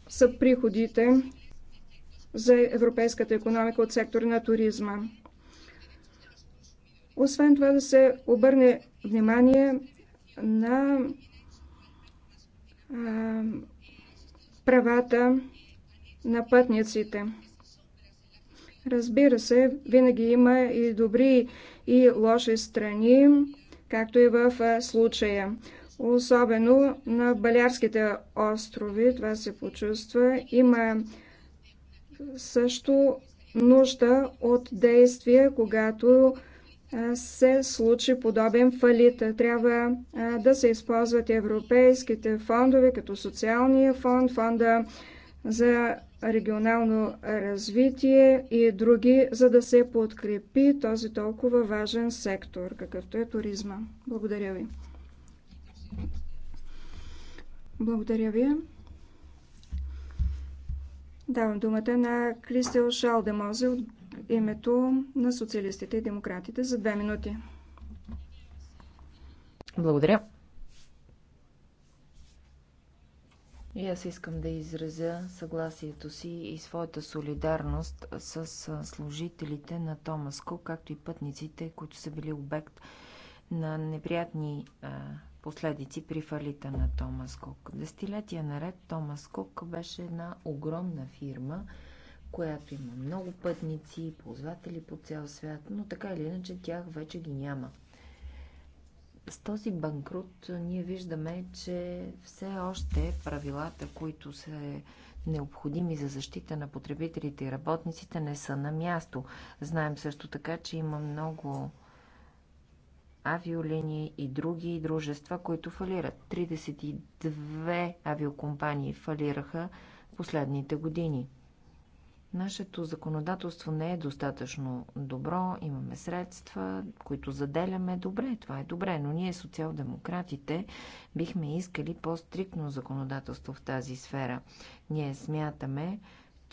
са приходите за европейската економика от сектора на туризма. Освен това да се обърне внимание на а, правата на пътниците. Разбира се, винаги има и добри и лоши страни, както и в случая. Особено на Балярските острови, това се почувства, има също нужда от действие, когато се случи подобен фалит. Трябва да се използват европейските фондове, като социалния фонд, фонда за регионално развитие и други, за да се подкрепи този толкова важен сектор, какъвто е туризма. Благодаря ви. Благодаря ви. Давам думата на Кристел Шалдемозе от името на социалистите и демократите за две минути. Благодаря. И аз искам да изразя съгласието си и своята солидарност с служителите на Томаско, както и пътниците, които са били обект на неприятни последици при фалита на Томас Кук. Десетилетия наред Томас Кук беше една огромна фирма, която има много пътници, ползватели по цял свят, но така или иначе тях вече ги няма. С този банкрут ние виждаме, че все още правилата, които са необходими за защита на потребителите и работниците, не са на място. Знаем също така, че има много авиолинии и други дружества, които фалират. 32 авиокомпании фалираха последните години. Нашето законодателство не е достатъчно добро, имаме средства, които заделяме. Добре, това е добре, но ние, социал-демократите, бихме искали по-стриктно законодателство в тази сфера. Ние смятаме,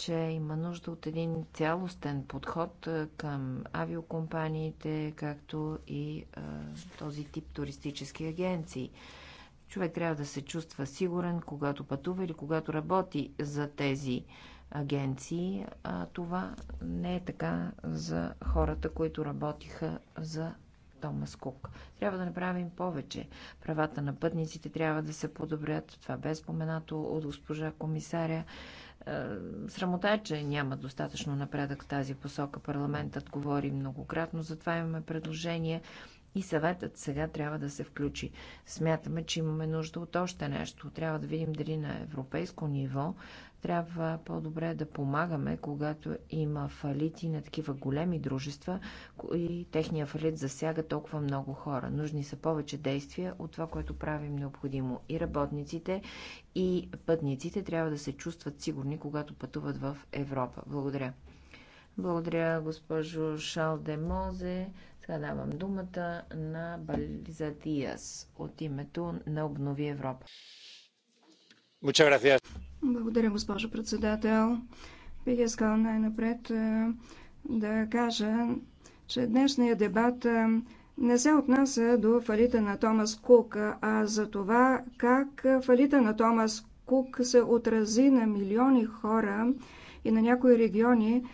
че има нужда от един цялостен подход към авиокомпаниите, както и а, този тип туристически агенции. Човек трябва да се чувства сигурен, когато пътува или когато работи за тези агенции. А това не е така за хората, които работиха за Томас Кук. Трябва да направим повече. Правата на пътниците трябва да се подобрят. Това бе споменато от госпожа комисаря. Е, срамота е, че няма достатъчно напредък в тази посока. Парламентът говори многократно, затова имаме предложение и съветът сега трябва да се включи. Смятаме, че имаме нужда от още нещо. Трябва да видим дали на европейско ниво трябва по-добре да помагаме, когато има фалити на такива големи дружества и техния фалит засяга толкова много хора. Нужни са повече действия от това, което правим необходимо. И работниците, и пътниците трябва да се чувстват сигурни, когато пътуват в Европа. Благодаря. Благодаря, госпожо Шалде Мозе. Сега давам думата на Бализа Диас от името на Обнови Европа. Благодаря, госпожо председател. Бих искал най-напред е, да кажа, че днешния дебат е, не се отнася до фалита на Томас Кук, а за това как фалита на Томас Кук се отрази на милиони хора и на някои региони,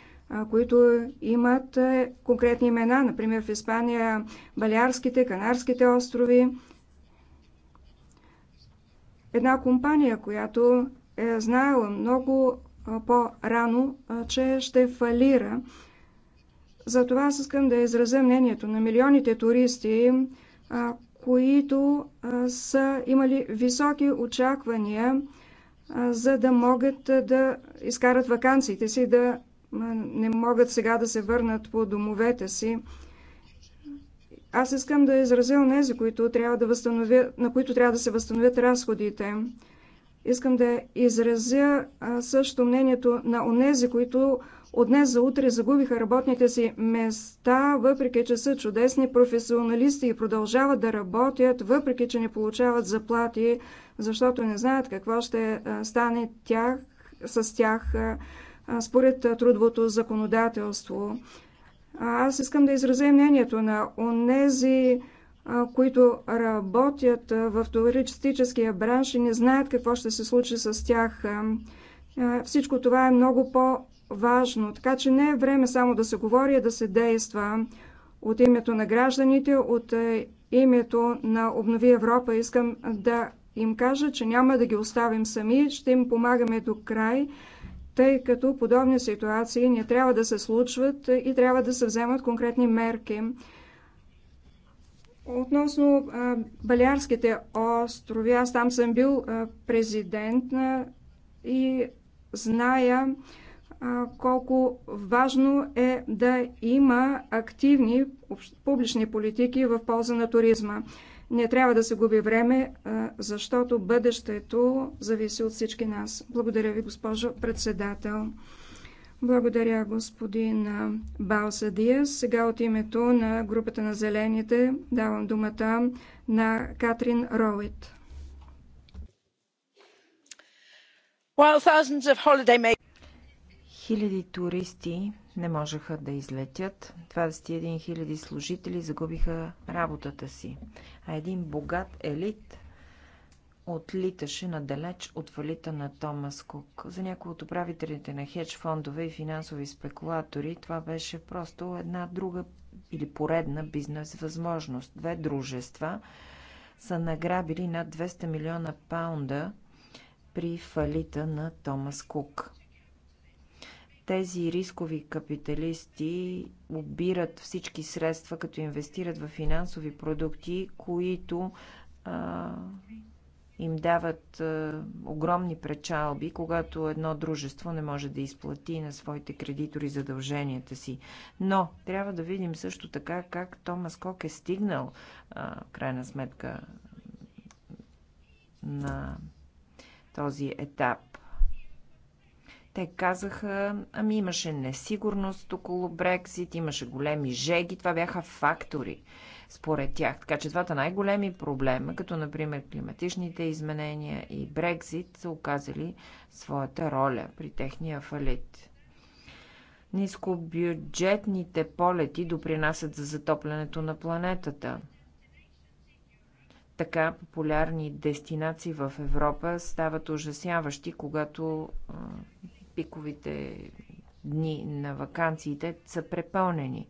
които имат конкретни имена, например в Испания Балиарските, Канарските острови. Една компания, която е знаела много по-рано, че ще фалира. Затова аз искам да изразя мнението на милионите туристи, които са имали високи очаквания, за да могат да изкарат вакансиите си, да не могат сега да се върнат по домовете си. Аз искам да изразя онези, които трябва да на които трябва да се възстановят разходите. Искам да изразя също мнението на онези, които от днес за утре загубиха работните си места, въпреки че са чудесни професионалисти и продължават да работят, въпреки че не получават заплати, защото не знаят какво ще стане тях, с тях според трудовото законодателство. Аз искам да изразя мнението на онези, които работят в туристическия бранш и не знаят какво ще се случи с тях. Всичко това е много по-важно, така че не е време само да се говори, а да се действа от името на гражданите, от името на Обнови Европа. Искам да им кажа, че няма да ги оставим сами, ще им помагаме до край тъй като подобни ситуации не трябва да се случват и трябва да се вземат конкретни мерки. Относно а, Балиарските острови, аз там съм бил а, президент а, и зная а, колко важно е да има активни публични политики в полза на туризма. Не трябва да се губи време, защото бъдещето зависи от всички нас. Благодаря ви, госпожо председател. Благодаря, господин Балсадия. Диас. Сега от името на групата на зелените давам думата на Катрин Роуит. Хиляди туристи не можеха да излетят. 21 000 служители загубиха работата си, а един богат елит отлиташе надалеч от фалита на Томас Кук. За някои от управителите на хедж фондове и финансови спекулатори това беше просто една друга или поредна бизнес възможност. Две дружества са награбили над 200 милиона паунда при фалита на Томас Кук. Тези рискови капиталисти обират всички средства, като инвестират в финансови продукти, които а, им дават а, огромни пречалби, когато едно дружество не може да изплати на своите кредитори задълженията си. Но трябва да видим също така как Томас Кок е стигнал, а, крайна сметка, на този етап. Те казаха, ами имаше несигурност около Брексит, имаше големи жеги, това бяха фактори според тях. Така че двата най-големи проблема, като например климатичните изменения и Брекзит, са оказали своята роля при техния фалит. Нискобюджетните полети допринасят за затоплянето на планетата. Така популярни дестинации в Европа стават ужасяващи, когато пиковите дни на вакансиите са препълнени.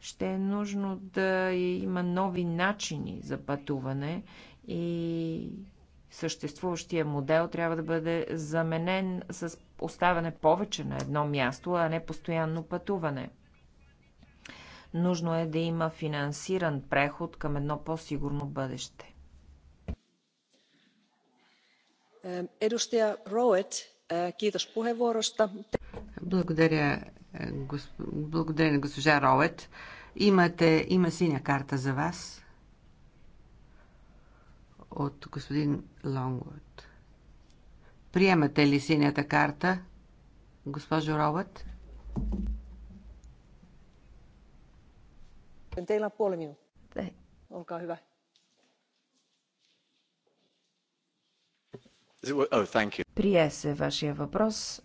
Ще е нужно да има нови начини за пътуване и съществуващия модел трябва да бъде заменен с оставане повече на едно място, а не постоянно пътуване. Нужно е да има финансиран преход към едно по-сигурно бъдеще. Edustaja е, роет. Благодаря, Благодаря на госпожа Ровет. Имате, има синя карта за вас от господин Лонгвуд. Приемате ли синята карта, госпожо Робът? Teillä on puoli minuuttia. Olkaa hyvä. Oh, Прие се вашия въпрос.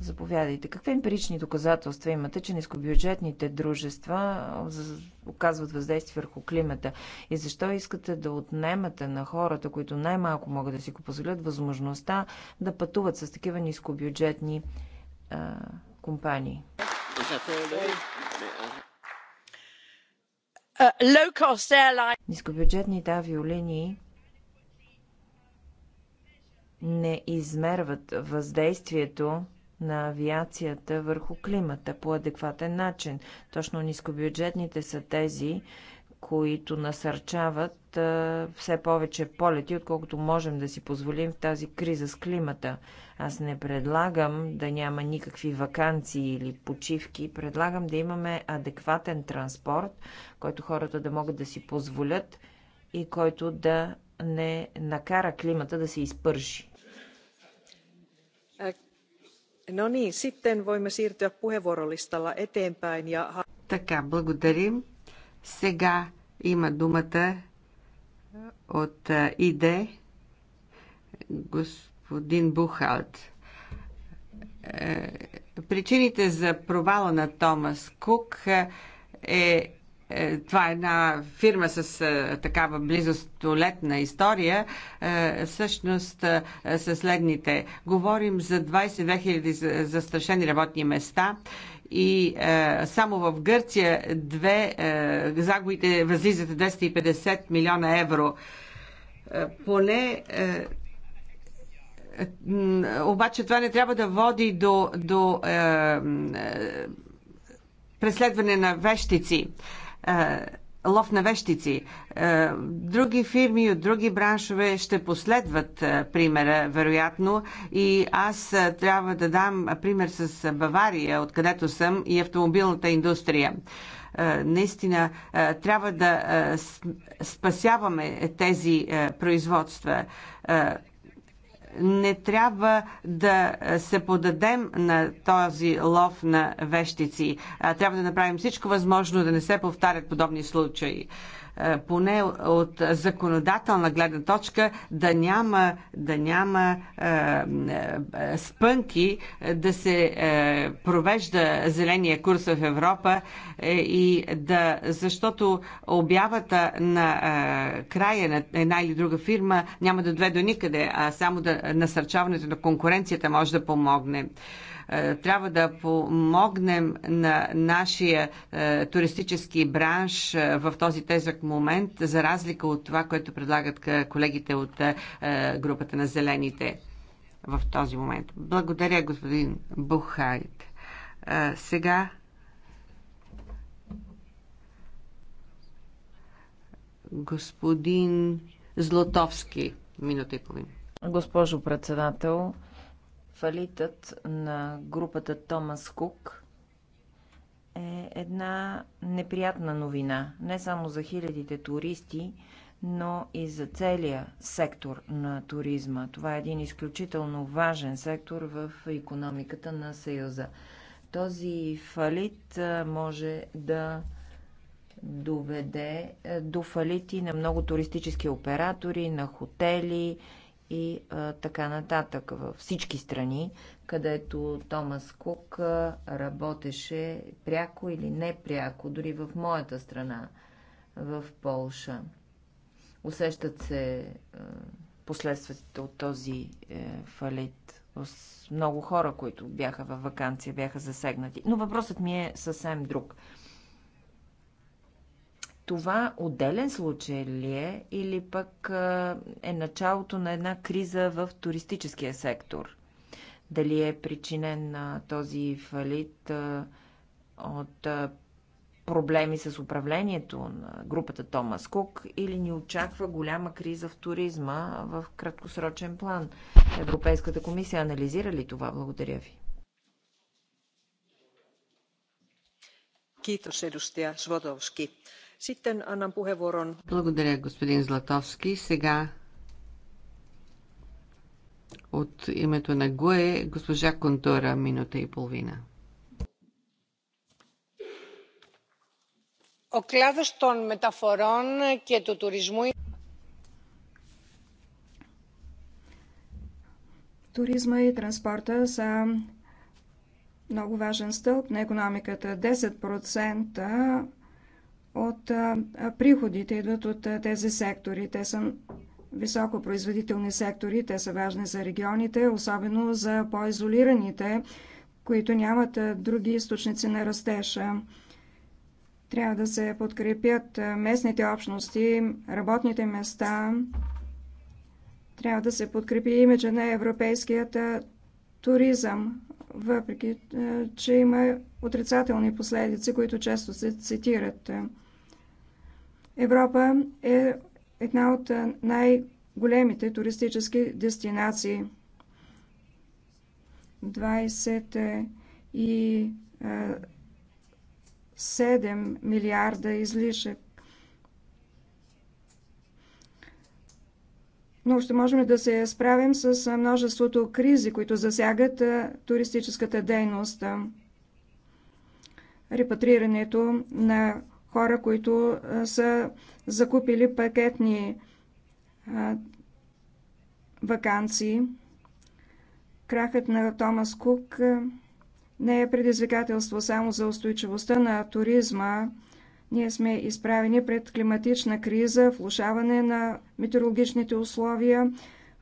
Заповядайте. Какви емпирични доказателства имате, че нискобюджетните дружества оказват въздействие върху климата? И защо искате да отнемате на хората, които най-малко могат да си го позволят, възможността да пътуват с такива нискобюджетни а, компании? Uh, нискобюджетните авиолинии не измерват въздействието на авиацията върху климата по адекватен начин. Точно нискобюджетните са тези, които насърчават а, все повече полети, отколкото можем да си позволим в тази криза с климата. Аз не предлагам да няма никакви вакансии или почивки. Предлагам да имаме адекватен транспорт, който хората да могат да си позволят и който да не накара климата да се изпърши. Така, благодарим. Сега има думата е, от е, ИД господин Бухалт. Е, причините за провала на Томас Кук е е, това е една фирма с е, такава близо столетна история, е, всъщност са следните. Говорим за 22 000 застрашени работни места и е, само в Гърция две, е, загубите възлизат 250 милиона евро. Е, поне е, обаче това не трябва да води до, до е, е преследване на вещици. Е, е, лов на вещици. Е, други фирми от други браншове ще последват е, примера, вероятно. И аз трябва да дам пример с Бавария, откъдето съм, и автомобилната индустрия наистина трябва да спасяваме тези производства не трябва да се подадем на този лов на вещици. Трябва да направим всичко възможно да не се повтарят подобни случаи. Е, поне от законодателна гледна точка, да няма, да няма е, е, спънки да се провежда зеления курс в Европа и да, защото обявата на края на една или друга фирма няма да доведе до никъде, а само да насърчаването на конкуренцията може да помогне. Е, трябва да помогнем на нашия е, туристически бранш е, в този тезък момент, за разлика от това, което предлагат колегите от групата на зелените в този момент. Благодаря, господин Бухайт. Сега господин Злотовски, минута и половина. Госпожо председател, Фалитът на групата Томас Кук е една неприятна новина, не само за хилядите туристи, но и за целия сектор на туризма. Това е един изключително важен сектор в економиката на Съюза. Този фалит може да доведе до фалити на много туристически оператори, на хотели, и а, така нататък във всички страни, където Томас Кук а, работеше пряко или непряко, дори в моята страна, в Полша. Усещат се а, последствията от този е, фалит. Много хора, които бяха във вакансия, бяха засегнати. Но въпросът ми е съвсем друг. Това отделен случай ли е или пък е началото на една криза в туристическия сектор? Дали е причинен на този фалит от проблеми с управлението на групата Томас Кук или ни очаква голяма криза в туризма в краткосрочен план? Европейската комисия анализира ли това? Благодаря ви. Kiitos edustaja Swatowski. Благодаря, господин Златовски. Сега от името на ГУЕ госпожа Контора, минута и половина. Ο κλάδος των μεταφορών και του τουρισμού Туризма и транспорта са много важен стълб на економиката. 10% от приходите идват от тези сектори. Те са високопроизводителни сектори, те са важни за регионите, особено за по-изолираните, които нямат други източници на растежа. Трябва да се подкрепят местните общности, работните места. Трябва да се подкрепи имиджа на европейският туризъм въпреки е, че има отрицателни последици, които често се цитират. Европа е една от е, най-големите туристически дестинации. 27 е, милиарда излишък но ще можем да се справим с множеството кризи, които засягат туристическата дейност. Репатрирането на хора, които са закупили пакетни вакансии. Крахът на Томас Кук не е предизвикателство само за устойчивостта на туризма, ние сме изправени пред климатична криза, влушаване на метеорологичните условия,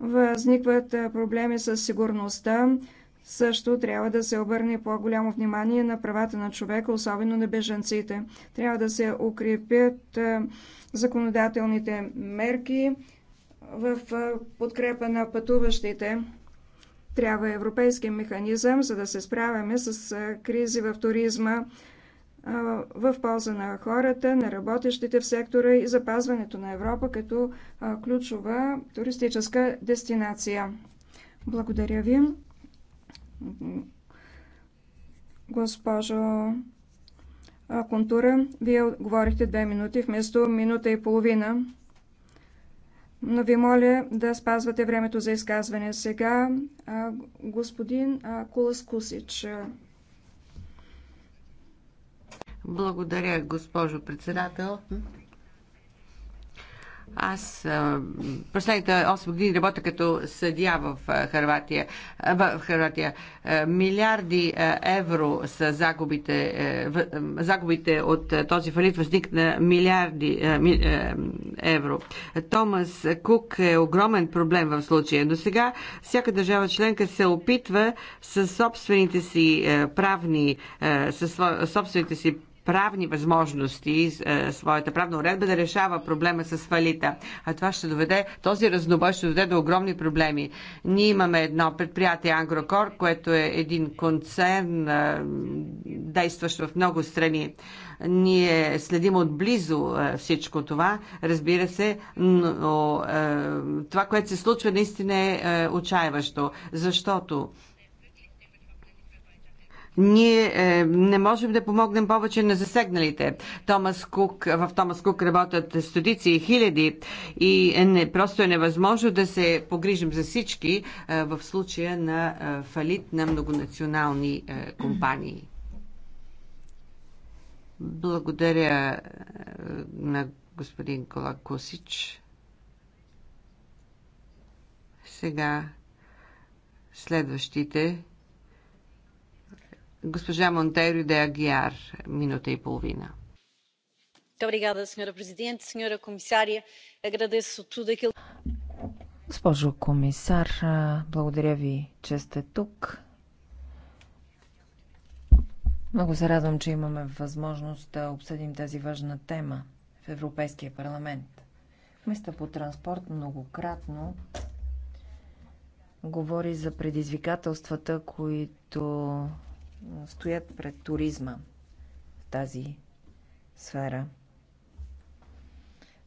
възникват проблеми с сигурността. Също трябва да се обърне по-голямо внимание на правата на човека, особено на беженците. Трябва да се укрепят законодателните мерки в подкрепа на пътуващите. Трябва европейски механизъм, за да се справяме с кризи в туризма, в полза на хората, на работещите в сектора и запазването на Европа като ключова туристическа дестинация. Благодаря ви, госпожо Контура. Вие говорихте две минути вместо минута и половина. Но ви моля да спазвате времето за изказване. Сега господин Кулас Кусич благодаря, госпожо председател. Аз последните 8 години работя като съдия в Харватия. В Харватия. Милиарди евро са загубите, загубите от този фалит възник на милиарди евро. Томас Кук е огромен проблем в случая. До сега всяка държава членка се опитва със собствените си правни, със собствените си правни възможности, е, своята правна уредба да решава проблема с фалита. А това ще доведе, този разнобой ще доведе до огромни проблеми. Ние имаме едно предприятие Ангрокор, което е един концерн, е, действащ в много страни. Ние следим отблизо е, всичко това, разбира се, но това, което се случва, наистина е отчаяващо, защото ние е, не можем да помогнем повече на засегналите. Томас Кук, в Томас Кук работят стотици и хиляди и е не, просто е невъзможно да се погрижим за всички е, в случая на е, фалит на многонационални е, компании. Благодаря е, на господин Кола Косич. Сега следващите Госпожа Монтейро де Агиар, минута и половина. Госпожо комисар, благодаря ви, че сте тук. Много се радвам, че имаме възможност да обсъдим тази важна тема в Европейския парламент. Места по транспорт многократно говори за предизвикателствата, които стоят пред туризма в тази сфера.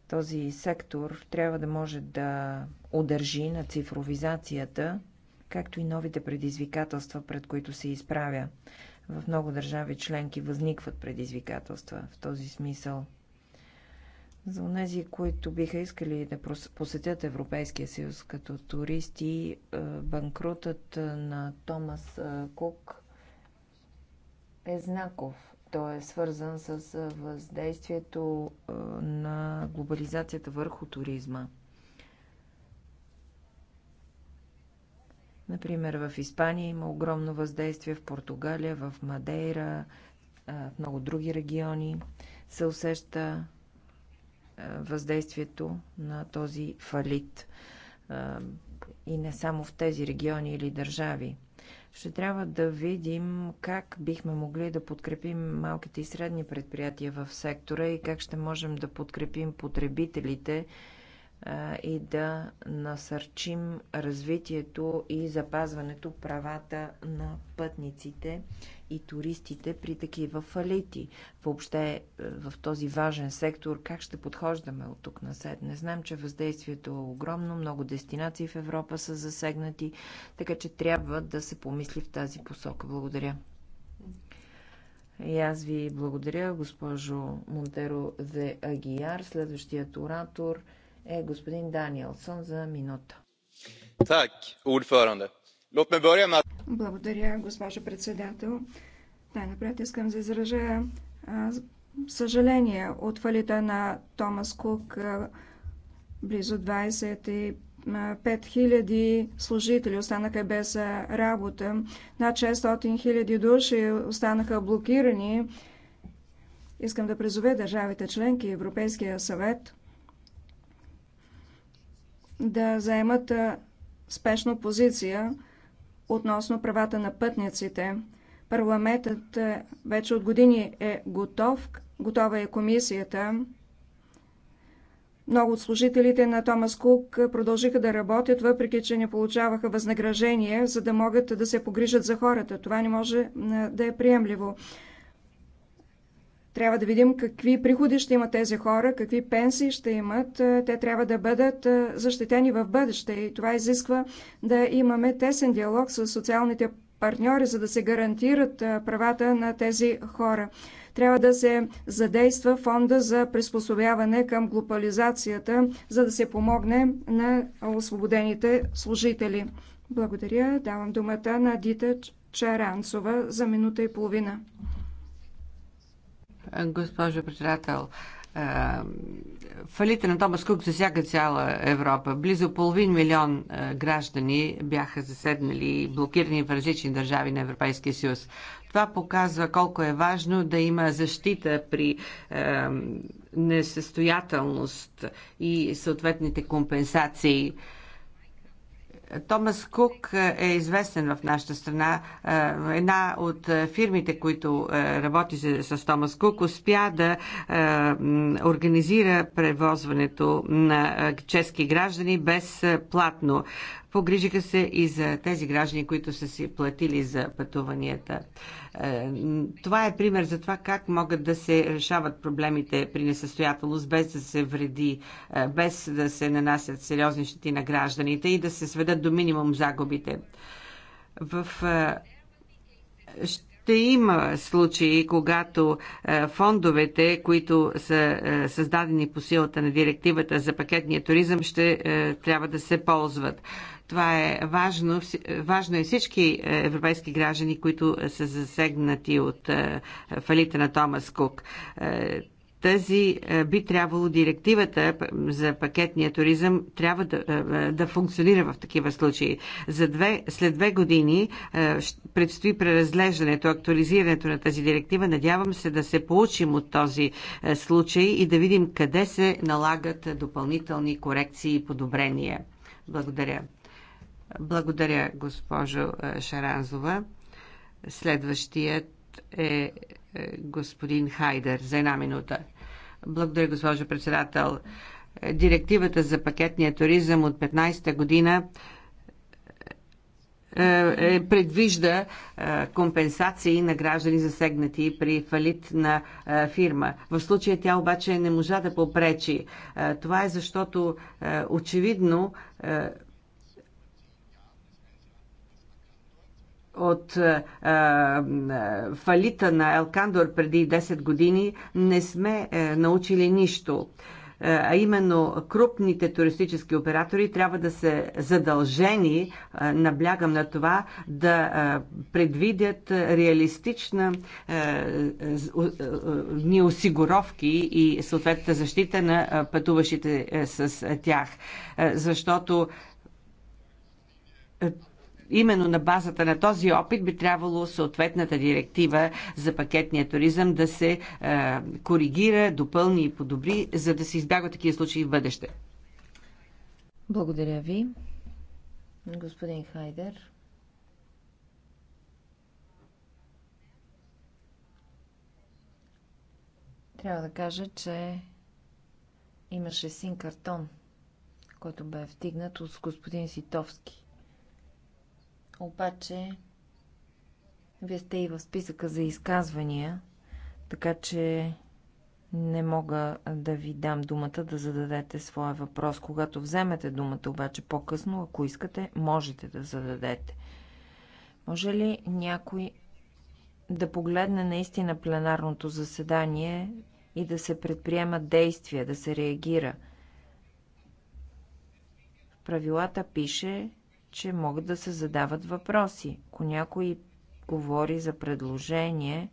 Този сектор трябва да може да удържи на цифровизацията, както и новите предизвикателства, пред които се изправя. В много държави членки възникват предизвикателства в този смисъл. За тези, които биха искали да посетят Европейския съюз като туристи, е, банкрутът е, на Томас е, Кук е знаков. Той е свързан с въздействието на глобализацията върху туризма. Например, в Испания има огромно въздействие, в Португалия, в Мадейра, в много други региони се усеща въздействието на този фалит. И не само в тези региони или държави. Ще трябва да видим как бихме могли да подкрепим малките и средни предприятия в сектора и как ще можем да подкрепим потребителите и да насърчим развитието и запазването правата на пътниците и туристите при такива фалити? Въобще е, в този важен сектор как ще подхождаме от тук на след? Не знам, че въздействието е огромно, много дестинации в Европа са засегнати, така че трябва да се помисли в тази посока. Благодаря. И аз ви благодаря, госпожо Монтеро де Агияр. Следващият оратор е господин Даниелсон за минута. Так, ordförande. Благодаря, госпожо председател. Най-напред искам да изража съжаление от фалита на Томас Кук. Близо 25 000 служители останаха без работа. Над 600 000 души останаха блокирани. Искам да призове държавите членки и Европейския съвет да заемат спешно позиция относно правата на пътниците. Парламентът е, вече от години е готов, готова е комисията. Много от служителите на Томас Кук продължиха да работят, въпреки че не получаваха възнаграждение, за да могат да се погрижат за хората. Това не може е, да е приемливо. Трябва да видим какви приходи ще имат тези хора, какви пенсии ще имат. Е, те трябва да бъдат е, защитени в бъдеще и това изисква да имаме тесен диалог с социалните партньори, за да се гарантират е, правата на тези хора. Трябва да се задейства фонда за приспособяване към глобализацията, за да се помогне на освободените служители. Благодаря. Давам думата на Дита Чаранцова за минута и половина госпожо председател. Фалите на Томас Кук засяга цяла Европа. Близо половин милион граждани бяха заседнали и блокирани в различни държави на Европейския съюз. Това показва колко е важно да има защита при несъстоятелност и съответните компенсации. Томас Кук е, е известен в нашата страна. Е, една от е, фирмите, които работи с Томас Кук, успя да организира превозването на чески граждани безплатно. Погрижиха се и за тези граждани, които са си платили за пътуванията. Е, това е пример за това как могат да се решават проблемите при несъстоятелност, без да се вреди, е, без да се нанасят сериозни щети на гражданите и да се сведат до минимум загубите. В е, ще има случаи, когато фондовете, които са създадени по силата на директивата за пакетния туризъм, ще трябва да се ползват. Това е важно. Важно е всички е, европейски граждани, които е, са засегнати от е, фалита на Томас Кук тази би трябвало директивата за пакетния туризъм трябва да, да функционира в такива случаи. За две, след две години предстои преразглеждането, актуализирането на тази директива. Надявам се да се получим от този случай и да видим къде се налагат допълнителни корекции и подобрения. Благодаря. Благодаря, госпожо е, Шаранзова. Следващият е, е господин Хайдер за една минута. Благодаря, госпожо председател. Директивата за пакетния туризъм от 15-та година е, предвижда компенсации на граждани засегнати при фалит на фирма. В случая тя обаче не можа да попречи. Това е защото очевидно от а, е, а, е, фалита на Елкандор преди 10 години не сме а, е, научили нищо. А именно крупните туристически оператори трябва да се задължени, а, наблягам на това, да а, предвидят реалистична ни осигуровки и съответната защита на пътуващите с тях. Защото именно на базата на този опит би трябвало съответната директива за пакетния туризъм да се е, коригира, допълни и подобри, за да се избягват такива случаи в бъдеще. Благодаря ви. Господин Хайдер. Трябва да кажа, че имаше син картон, който бе вдигнат от господин Ситовски. Обаче, вие сте и в списъка за изказвания, така че не мога да ви дам думата да зададете своя въпрос. Когато вземете думата обаче по-късно, ако искате, можете да зададете. Може ли някой да погледне наистина пленарното заседание и да се предприема действия, да се реагира? В правилата пише, че могат да се задават въпроси. Ако някой говори за предложение,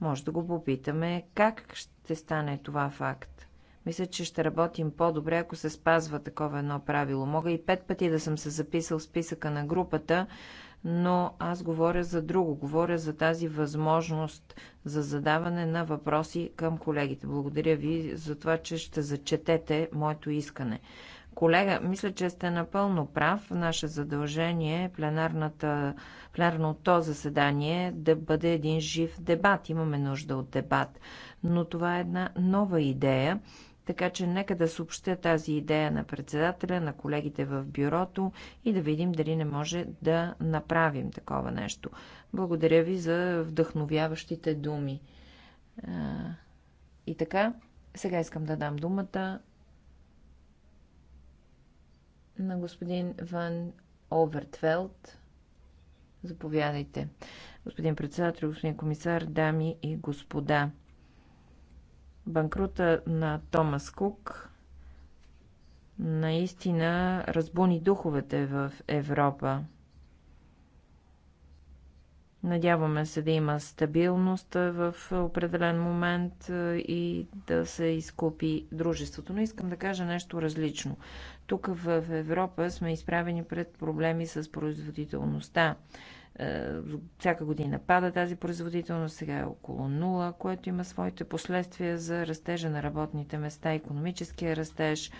може да го попитаме как ще стане това факт. Мисля, че ще работим по-добре, ако се спазва такова едно правило. Мога и пет пъти да съм се записал в списъка на групата, но аз говоря за друго. Говоря за тази възможност за задаване на въпроси към колегите. Благодаря ви за това, че ще зачетете моето искане. Колега, мисля, че сте напълно прав. Наше задължение е пленарната, пленарното заседание да бъде един жив дебат. Имаме нужда от дебат. Но това е една нова идея. Така че нека да съобщя тази идея на председателя, на колегите в бюрото и да видим дали не може да направим такова нещо. Благодаря ви за вдъхновяващите думи. И така, сега искам да дам думата на господин Ван Овертвелд. Заповядайте. Господин председател, господин комисар, дами и господа. Банкрута на Томас Кук наистина разбуни духовете в Европа. Надяваме се да има стабилност в определен момент е, и да се изкупи дружеството. Но искам да кажа нещо различно. Тук в Европа сме изправени пред проблеми с производителността. Е, всяка година пада тази производителност, сега е около нула, което има своите последствия за растежа на работните места, економическия растеж,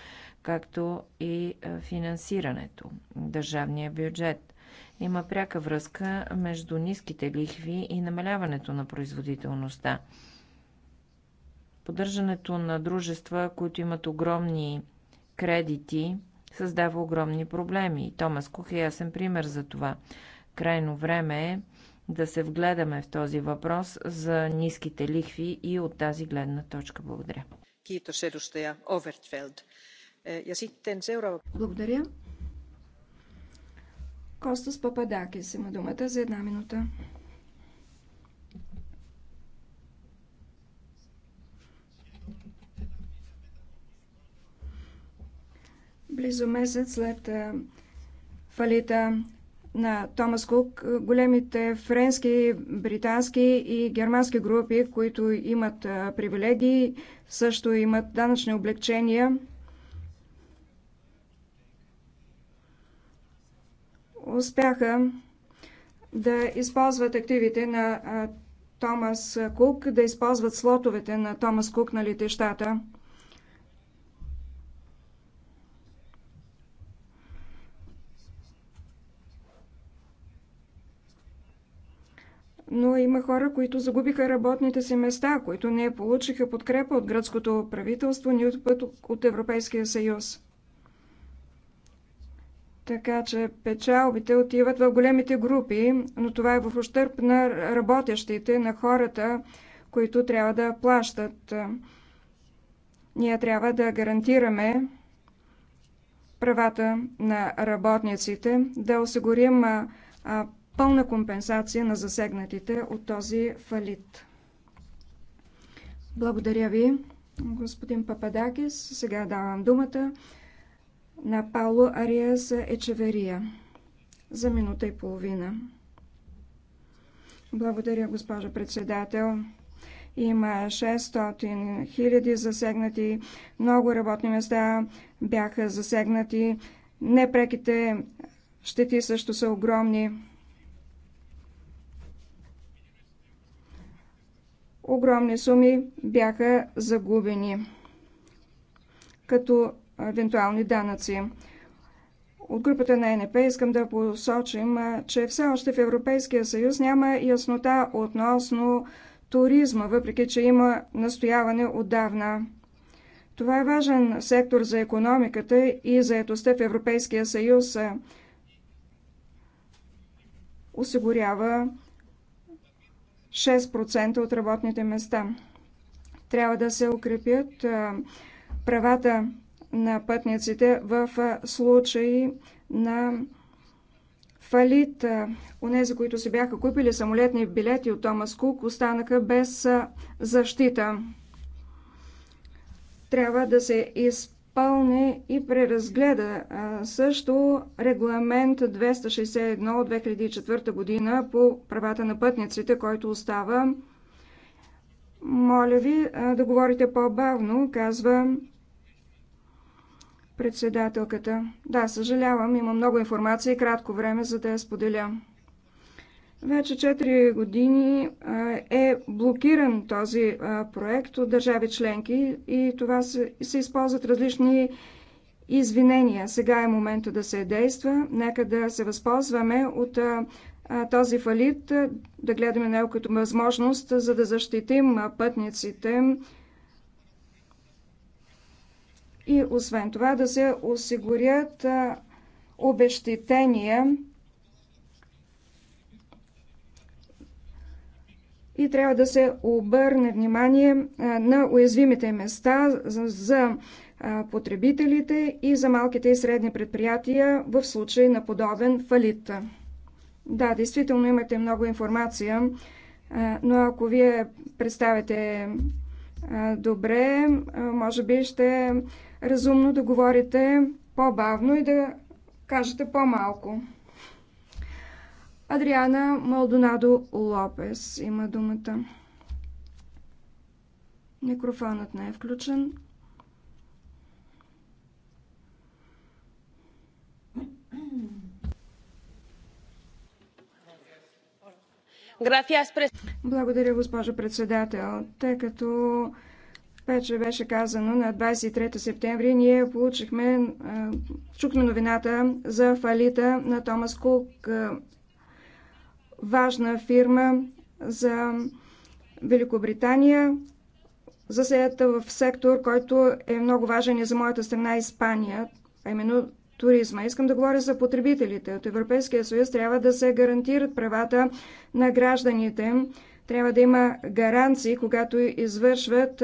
както и е, финансирането, държавния бюджет – има пряка връзка между ниските лихви и намаляването на производителността. Поддържането на дружества, които имат огромни кредити, създава огромни проблеми. Томас Кух е ясен пример за това. Крайно време е да се вгледаме в този въпрос за ниските лихви и от тази гледна точка. Благодаря. Е, Благодаря. Костас Пападакис има думата за една минута. Близо месец след фалита на Томас Кук, големите френски, британски и германски групи, които имат привилегии, също имат данъчни облегчения – успяха да използват активите на Томас Кук, да използват слотовете на Томас Кук на летещата. но има хора, които загубиха работните си места, които не получиха подкрепа от гръцкото правителство, ни от, от Европейския съюз. Така че печалбите отиват в големите групи, но това е в ущърп на работещите, на хората, които трябва да плащат. Ние трябва да гарантираме правата на работниците, да осигурим пълна компенсация на засегнатите от този фалит. Благодаря ви, господин Пападакис. Сега давам думата на Пауло Ариас Ечеверия за минута и половина. Благодаря, госпожа председател. Има 600 000 засегнати, много работни места бяха засегнати, непреките щети също са огромни. Огромни суми бяха загубени. Като евентуални данъци. От групата на НП искам да посочим, че все още в Европейския съюз няма яснота относно туризма, въпреки че има настояване отдавна. Това е важен сектор за економиката и заетостта в Европейския съюз. Осигурява 6% от работните места. Трябва да се укрепят правата на пътниците в случай на фалит. Онези, които си бяха купили самолетни билети от Томас Кук, останаха без защита. Трябва да се изпълни и преразгледа също регламент 261 от 2004 година по правата на пътниците, който остава. Моля ви да говорите по-бавно, казва Председателката. Да, съжалявам, има много информация и кратко време, за да я споделя. Вече 4 години е блокиран този проект от държави членки и това се, се използват различни извинения. Сега е момента да се действа. Нека да се възползваме от този фалит, да гледаме него като възможност, за да защитим пътниците, и освен това да се осигурят обещетения и трябва да се обърне внимание на уязвимите места за потребителите и за малките и средни предприятия в случай на подобен фалит. Да, действително имате много информация, но ако вие представите добре, може би ще разумно да говорите по-бавно и да кажете по-малко. Адриана Малдонадо Лопес има думата. Микрофонът не е включен. Благодаря, госпожо председател. Тъй като вече беше казано на 23 септември ние получихме, чухме новината за фалита на Томас Кук, важна фирма за Великобритания, засеята в сектор, който е много важен и за моята страна Испания, а именно туризма. Искам да говоря за потребителите. От Европейския съюз трябва да се гарантират правата на гражданите. Трябва да има гаранции, когато извършват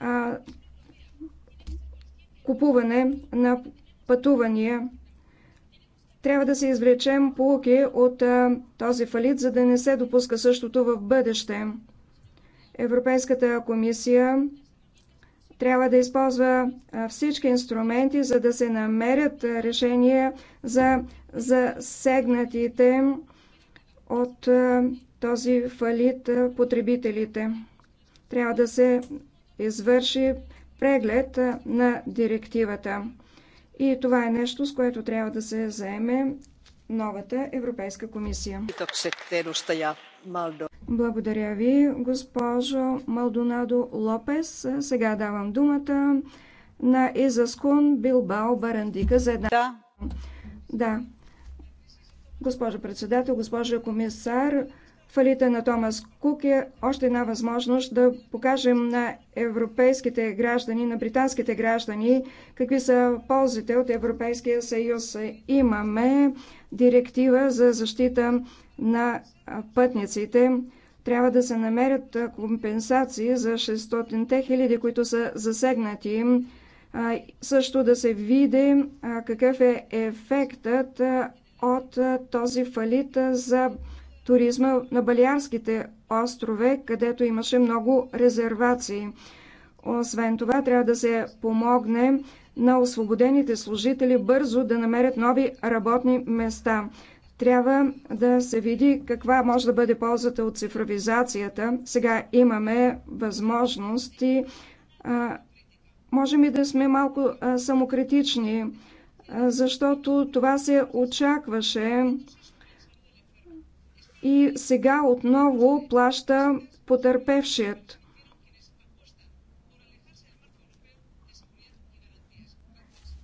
а, купуване на пътувания. Трябва да се извлечем полуки от а, този фалит, за да не се допуска същото в бъдеще. Европейската комисия трябва да използва всички инструменти, за да се намерят решения за засегнатите от този фалит потребителите. Трябва да се извърши преглед на директивата. И това е нещо, с което трябва да се заеме новата Европейска комисия. Благодаря ви, госпожо Малдонадо Лопес. Сега давам думата на Изаскун Билбао Барандика за една... Да. да. Госпожо председател, госпожо комисар, Фалита на Томас Кук е още една възможност да покажем на европейските граждани, на британските граждани, какви са ползите от Европейския съюз. Имаме директива за защита на пътниците. Трябва да се намерят компенсации за 600-те хиляди, които са засегнати. Също да се види какъв е ефектът от този фалит за туризма на Балиянските острове, където имаше много резервации. Освен това, трябва да се помогне на освободените служители бързо да намерят нови работни места. Трябва да се види каква може да бъде ползата от цифровизацията. Сега имаме възможности. Можем и да сме малко самокритични, защото това се очакваше и сега отново плаща потърпевшият.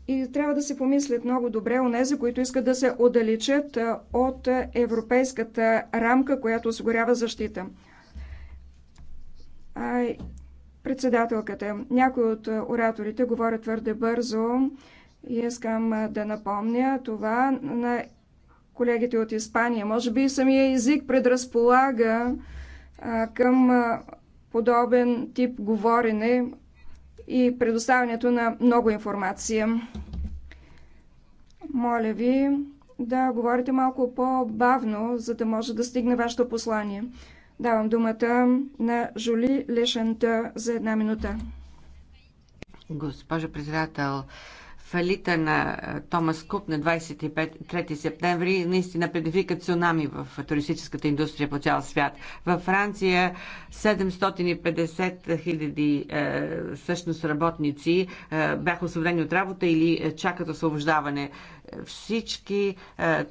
И трябва да се помислят много добре о нези, които искат да се отдалечат от европейската рамка, която осигурява защита. председателката, някои от ораторите говорят твърде бързо. И искам да напомня това на колегите от Испания. Може би самия език предразполага а, към а, подобен тип говорене и предоставянето на много информация. Моля ви да говорите малко по-бавно, за да може да стигне вашето послание. Давам думата на Жули Лешента за една минута. Госпожо председател, фалита на Томас Куп на 23 септември наистина предизвика цунами в туристическата индустрия по цял свят. Във Франция 750 хиляди е, работници е, бяха освободени от работа или чакат освобождаване. Всички е,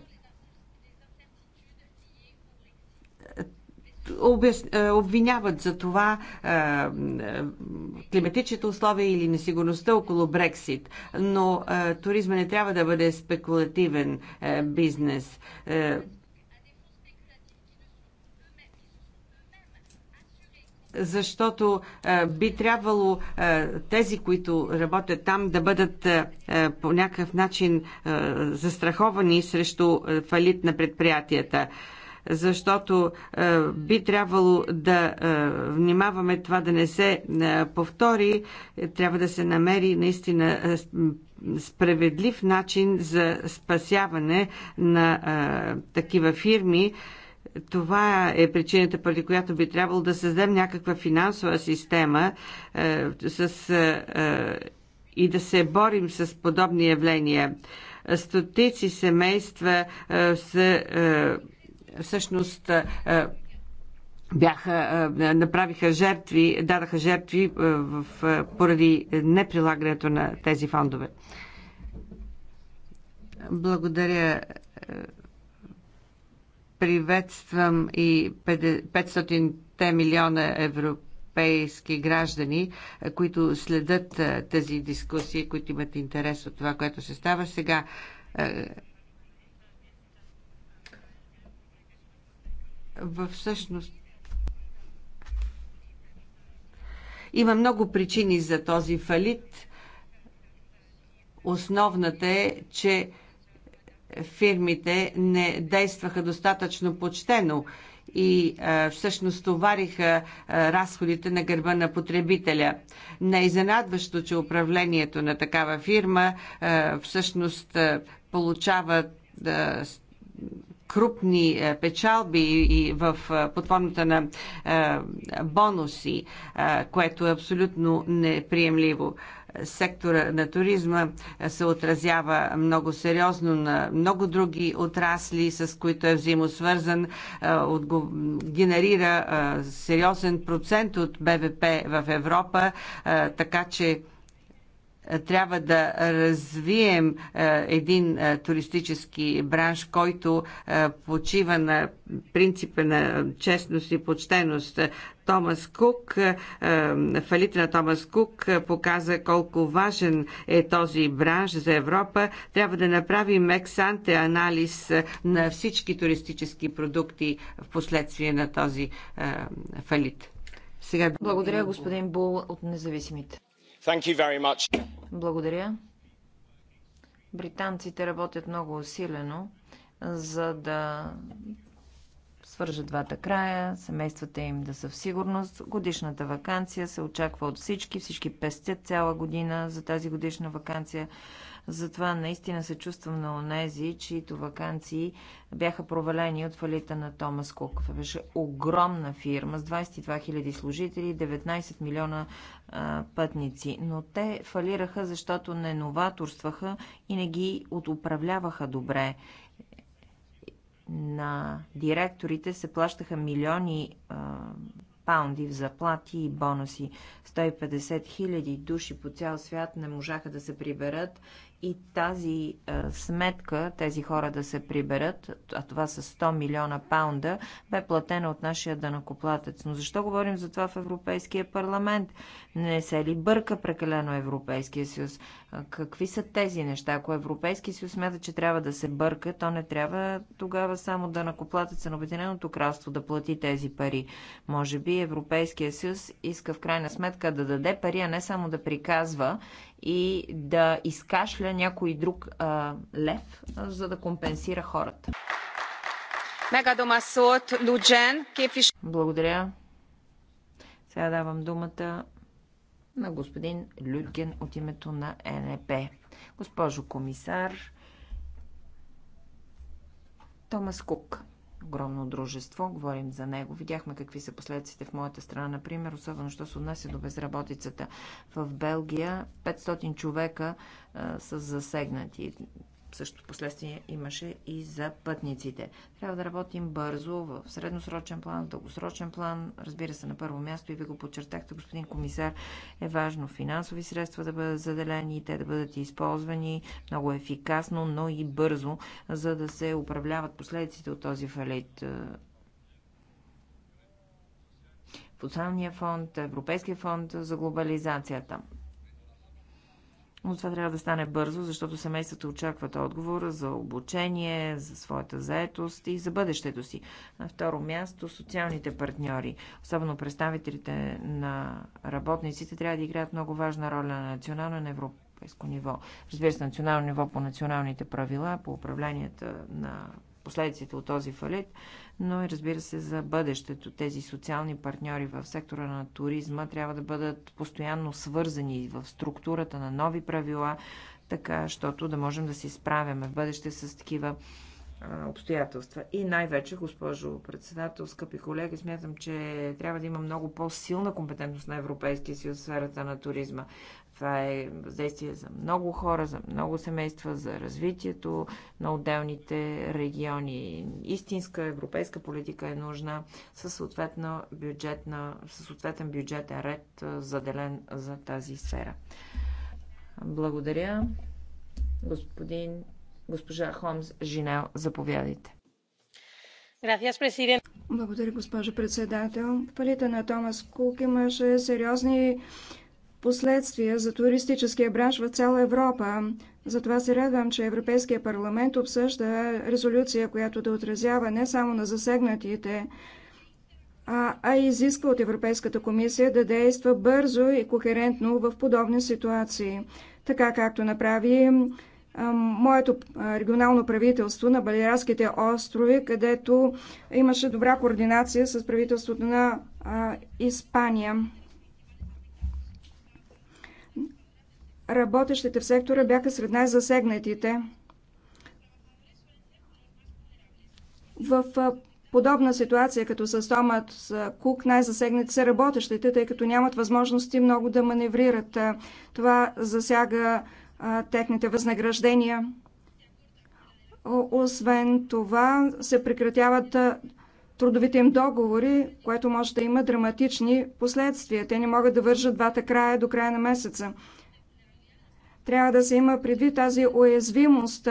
Е, обвиняват за това е, е, климатичните условия или несигурността около Брексит. Но туризма не трябва да бъде спекулативен бизнес. защото би трябвало тези, които работят там, да бъдат по някакъв начин застраховани срещу фалит на предприятията защото е, би трябвало да е, внимаваме това да не се е, повтори. Трябва да се намери наистина справедлив начин за спасяване на такива фирми. Това е причината, поради която би трябвало да създадем някаква финансова система е, с, е, и да се борим с подобни явления. Стотици семейства е, са. Е, всъщност е, бяха, е, направиха жертви, дадаха жертви е, в, поради неприлагането на тези фондове. Благодаря. Приветствам и 500-те милиона европейски граждани, които следят тези дискусии, които имат интерес от това, което се става сега във всъщност има много причини за този фалит. Основната е, че фирмите не действаха достатъчно почтено и а, всъщност товариха а, разходите на гърба на потребителя. Не е изненадващо, че управлението на такава фирма а, всъщност а, получава а, крупни е, печалби и в е, под формата на е, бонуси, което е абсолютно неприемливо сектора на туризма се отразява много сериозно на много други отрасли, с които е взаимосвързан, генерира сериозен процент от БВП в Европа, така че трябва да развием е, един е, туристически бранш, който е, почива на принципа на честност и почтеност. Томас Кук, фалита на Томас Кук показа колко важен е този бранш за Европа. Трябва да направим ексанте анализ на всички туристически продукти в последствие на този фалит. Сега... Благодаря, господин Бул от независимите. Благодаря. Британците работят много усилено, за да свържат двата края, семействата им да са в сигурност. Годишната вакансия се очаква от всички, всички пестят цяла година за тази годишна вакансия. Затова наистина се чувствам на онези, чието вакансии бяха провалени от фалита на Томас Кук. Това беше огромна фирма с 22 000 служители, 19 милиона а, пътници. Но те фалираха, защото не новаторстваха и не ги отуправляваха добре на директорите се плащаха милиони а, паунди в заплати и бонуси. 150 хиляди души по цял свят не можаха да се приберат и тази а, е, сметка, тези хора да се приберат, а това са 100 милиона паунда, бе платена от нашия данакоплатец. Но защо говорим за това в Европейския парламент? Не се ли бърка прекалено Европейския съюз? А, какви са тези неща? Ако Европейския съюз смята, че трябва да се бърка, то не трябва тогава само данакоплатеца на Обединеното кралство да плати тези пари. Може би Европейския съюз иска в крайна сметка да даде пари, а не само да приказва и да изкашля някой друг а, лев, за да компенсира хората. Благодаря. Сега давам думата на господин Людген от името на НЕП. Госпожо комисар, Томас Кук огромно дружество, говорим за него. Видяхме какви са последиците в моята страна, например, особено що се отнася до безработицата. В Белгия 500 човека а, са засегнати също последствие имаше и за пътниците. Трябва да работим бързо в средносрочен план, в дългосрочен план. Разбира се, на първо място и ви го подчертахте, господин комисар, е важно финансови средства да бъдат заделени и те да бъдат използвани много ефикасно, но и бързо, за да се управляват последиците от този фалит. Социалния фонд, Европейския фонд за глобализацията – но това трябва да стане бързо, защото семействата очакват отговор за обучение, за своята заетост и за бъдещето си. На второ място социалните партньори, особено представителите на работниците, трябва да играят много важна роля на национално и на европейско ниво. Разбира се, национално ниво по националните правила, по управленията на последиците от този фалит, но и разбира се за бъдещето. Тези социални партньори в сектора на туризма трябва да бъдат постоянно свързани в структурата на нови правила, така, щото да можем да се справяме в бъдеще с такива обстоятелства. И най-вече, госпожо председател, скъпи колеги, смятам, че трябва да има много по-силна компетентност на Европейския съюз в сферата на туризма. Това е въздействие за много хора, за много семейства, за развитието на отделните региони. Истинска европейска политика е нужна със, съответна бюджетна, със съответен бюджетен ред, заделен за тази сфера. Благодаря. Господин, госпожа Холмс Жинел, заповядайте. Благодаря, госпожо председател. Палите на Томас Кук имаше сериозни последствия за туристическия бранш в цяла Европа. Затова се радвам, че Европейския парламент обсъжда резолюция, която да отразява не само на засегнатите, а, а изисква от Европейската комисия да действа бързо и кохерентно в подобни ситуации. Така както направи моето регионално правителство на Балиарските острови, където имаше добра координация с правителството на Испания. Работещите в сектора бяха сред най-засегнатите. В подобна ситуация, като с Томат Кук, най-засегнати са работещите, тъй като нямат възможности много да маневрират. Това засяга техните възнаграждения. Освен това, се прекратяват трудовите им договори, което може да има драматични последствия. Те не могат да вържат двата края до края на месеца. Трябва да се има предвид тази уязвимост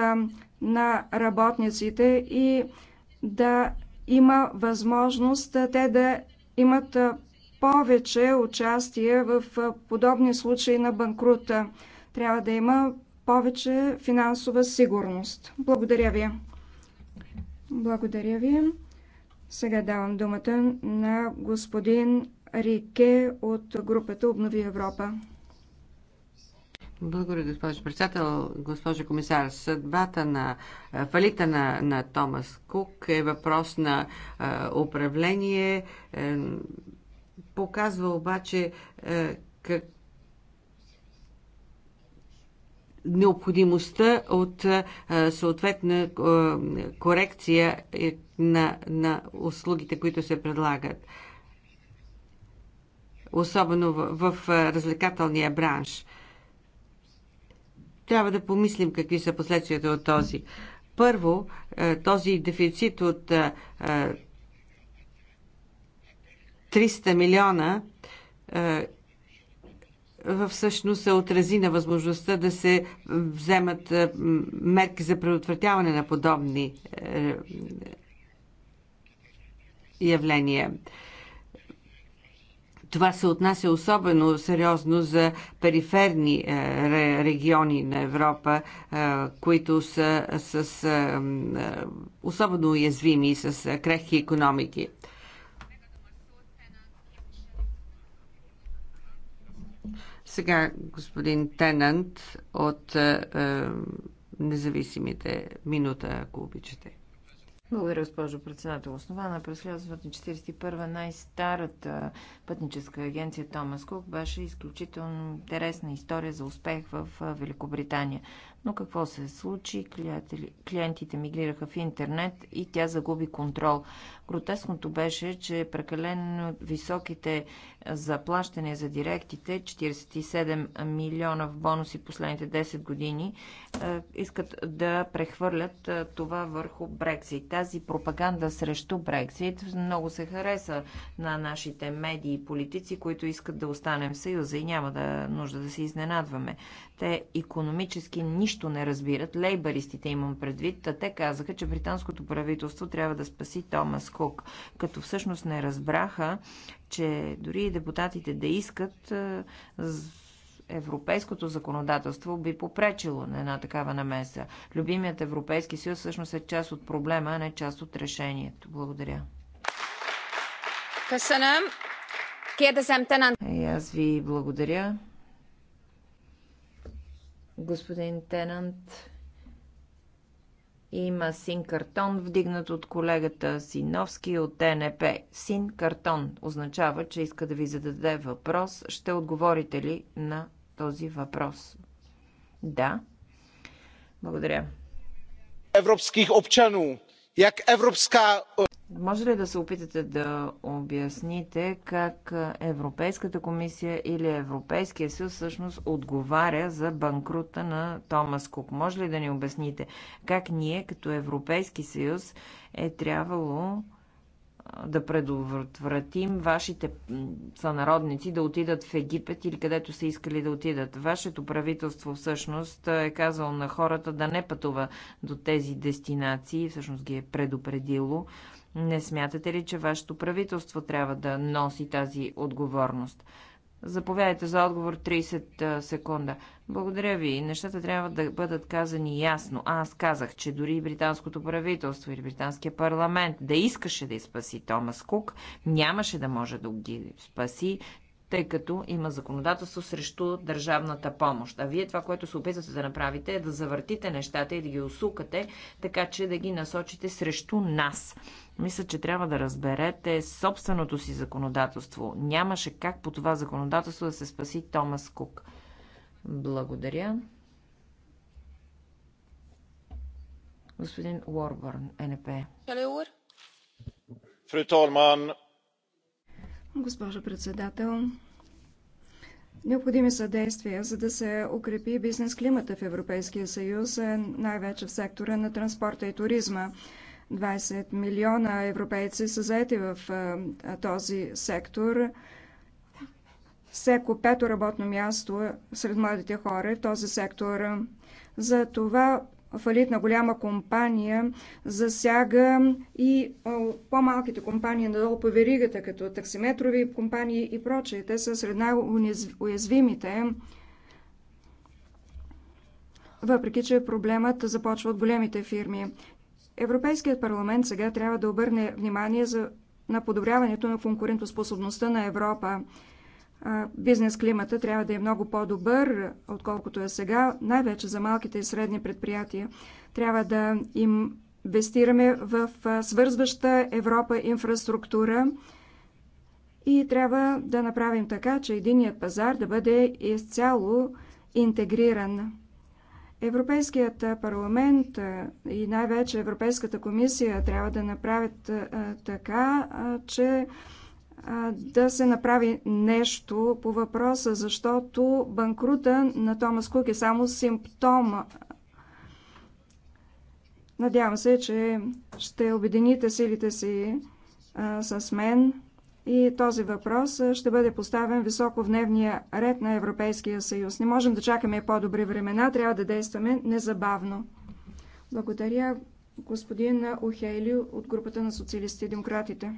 на работниците и да има възможност те да имат повече участие в подобни случаи на банкрута. Трябва да има повече финансова сигурност. Благодаря ви. Благодаря ви. Сега давам думата на господин Рике от групата Обнови Европа. Благодаря, госпожо председател, госпожо комисар. Съдбата на е, фалита на, на Томас Кук е въпрос на е, управление. Е, показва обаче е, как необходимостта от е, съответна е, корекция е, на, на услугите, които се предлагат. Особено в, в е, развлекателния бранш трябва да помислим какви са последствията от този. Първо, е, този дефицит от 300 е, е, милиона всъщност се отрази на възможността да се вземат мерки за предотвратяване на подобни явления. Това се отнася особено сериозно за периферни е, региони на Европа, е, които са с е, особено уязвими с крехки економики. Сега господин Тенант от е, независимите минута, ако обичате. Благодаря, госпожо председател. Основана през 1941 най-старата пътническа агенция Томас Кук беше изключително интересна история за успех в Великобритания. Но какво се случи? Клиентите мигрираха в интернет и тя загуби контрол. Гротескното беше, че прекалено високите заплащания за директите, 47 милиона в бонуси последните 10 години, е, искат да прехвърлят е, това върху Брексит. Тази пропаганда срещу Брексит много се хареса на нашите медии и политици, които искат да останем в Съюза и няма да нужда да се изненадваме. Те економически нищо не разбират. Лейбаристите имам предвид, те казаха, че британското правителство трябва да спаси Томас Кук, като всъщност не разбраха, че дори и депутатите да искат, европейското законодателство би попречило на една такава намеса. Любимият Европейски съюз всъщност е част от проблема, а не част от решението. Благодаря. И аз ви благодаря. Господин Тенант, има син картон, вдигнат от колегата Синовски от ТНП. Син картон означава, че иска да ви зададе въпрос. Ще отговорите ли на този въпрос? Да. Благодаря. Европских обчанов. Як европейска може ли да се опитате да обясните как Европейската комисия или Европейския съюз всъщност отговаря за банкрута на Томас Кук? Може ли да ни обясните как ние като Европейски съюз е трябвало да предотвратим вашите сънародници да отидат в Египет или където са искали да отидат. Вашето правителство всъщност е казало на хората да не пътува до тези дестинации, всъщност ги е предупредило не смятате ли, че вашето правителство трябва да носи тази отговорност? Заповядайте за отговор 30 секунда. Благодаря ви. Нещата трябва да бъдат казани ясно. Аз казах, че дори британското правителство или британския парламент да искаше да изпаси Томас Кук, нямаше да може да ги спаси, тъй като има законодателство срещу държавната помощ. А вие това, което се опитвате да направите, е да завъртите нещата и да ги осукате, така че да ги насочите срещу нас. Мисля, че трябва да разберете собственото си законодателство. Нямаше как по това законодателство да се спаси Томас Кук. Благодаря. Господин Уорбърн, НП. Фру Госпожо председател, необходими са действия, за да се укрепи бизнес климата в Европейския съюз, най-вече в сектора на транспорта и туризма. 20 милиона европейци са заети в този сектор. Всеко пето работно място сред младите хора е в този сектор. За това фалит на голяма компания засяга и по-малките компании надолу по веригата, като таксиметрови компании и прочие. Те са сред най-уязвимите, въпреки че проблемът започва от големите фирми. Европейският парламент сега трябва да обърне внимание за, на подобряването на конкурентоспособността на Европа бизнес климата трябва да е много по-добър, отколкото е сега, най-вече за малките и средни предприятия. Трябва да им инвестираме в свързваща Европа инфраструктура и трябва да направим така, че единият пазар да бъде изцяло интегриран. Европейският парламент и най-вече Европейската комисия трябва да направят така, че да се направи нещо по въпроса, защото банкрута на Томас Кук е само симптома. Надявам се, че ще обедините силите си а, с мен и този въпрос ще бъде поставен високо в дневния ред на Европейския съюз. Не можем да чакаме по-добри времена, трябва да действаме незабавно. Благодаря господин Охейли от групата на социалистите и демократите.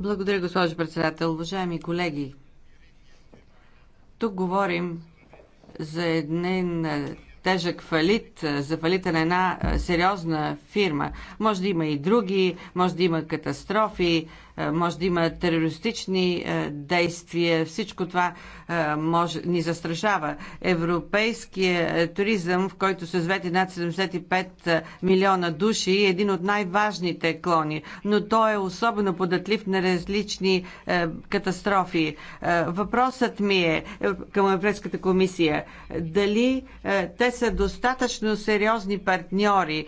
Благодаря, госпожо председател. Уважаеми колеги, тук говорим за един тежък фалит, за фалита на една сериозна фирма. Може да има и други, може да има катастрофи, е, може да има терористични е, действия, всичко това е, може, ни застрашава. Европейския туризъм, в който се звете над 75 милиона души, е един от най-важните клони, но той е особено податлив на различни катастрофи. Въпросът ми е към Европейската комисия, дали те са достатъчно сериозни партньори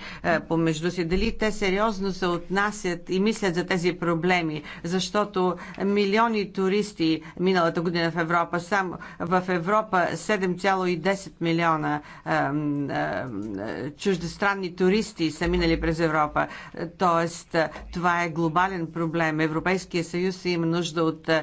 помежду си, дали те сериозно се отнасят и мислят за тези проблеми, проблеми, защото милиони туристи миналата година в Европа, само в Европа 7,10 милиона е, е, чуждестранни туристи са минали през Европа. Тоест, това е глобален проблем. Европейския съюз има нужда от е,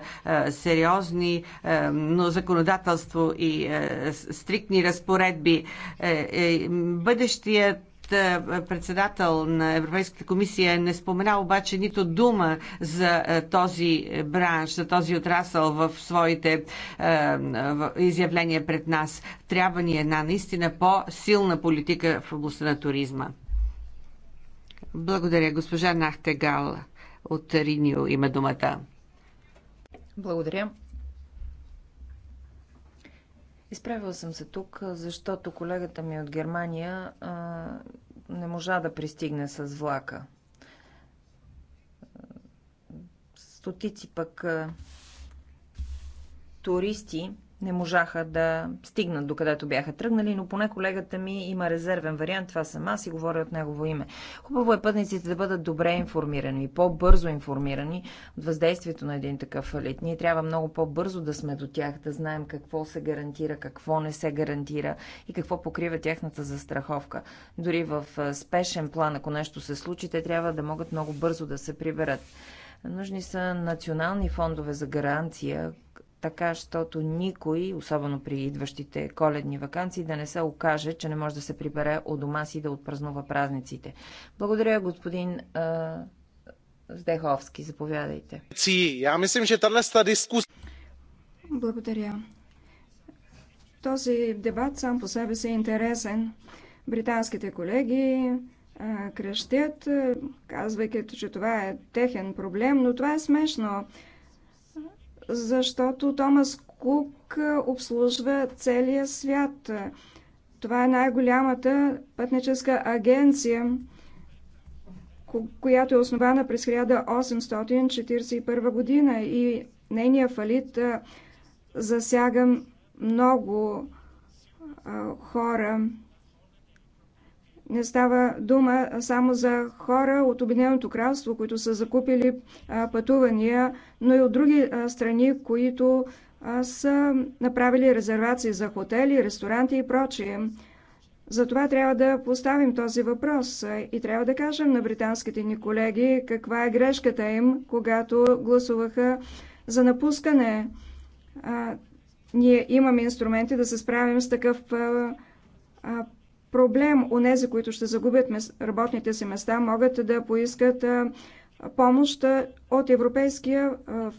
сериозни е, но законодателство и е, стриктни разпоредби. Е, е, бъдещият е, председател на Европейската комисия не спомена обаче нито дума за е, този бранш, за този отрасъл в своите е, изявления пред нас. Трябва ни една наистина по-силна политика в областта на туризма. Благодаря, госпожа Нахтегал от Риньо има думата. Благодаря. Изправила съм се тук, защото колегата ми от Германия а, не можа да пристигне с влака. Стотици пък а, туристи не можаха да стигнат до където бяха тръгнали, но поне колегата ми има резервен вариант, това съм аз и говоря от негово име. Хубаво е пътниците да бъдат добре информирани и по-бързо информирани от въздействието на един такъв фалит. Ние трябва много по-бързо да сме до тях, да знаем какво се гарантира, какво не се гарантира и какво покрива тяхната застраховка. Дори в спешен план, ако нещо се случи, те трябва да могат много бързо да се приберат. Нужни са национални фондове за гаранция, така, щото никой, особено при идващите коледни вакансии, да не се окаже, че не може да се прибере от дома си да отпразнува празниците. Благодаря, господин а, Здеховски. Заповядайте. Я мислим, че тази дискусия... Благодаря. Този дебат сам по себе си е интересен. Британските колеги а, крещят, казвайки, че това е техен проблем, но това е смешно защото Томас Кук обслужва целия свят. Това е най-голямата пътническа агенция, която е основана през 1841 година и нейния фалит засяга много хора. Не става дума само за хора от Обединеното кралство, които са закупили пътувания но и от други страни, които са направили резервации за хотели, ресторанти и прочие. Затова трябва да поставим този въпрос и трябва да кажем на британските ни колеги каква е грешката им, когато гласуваха за напускане. А, ние имаме инструменти да се справим с такъв а, а, проблем. Онези, които ще загубят работните си места, могат да поискат а, помощ от Европейския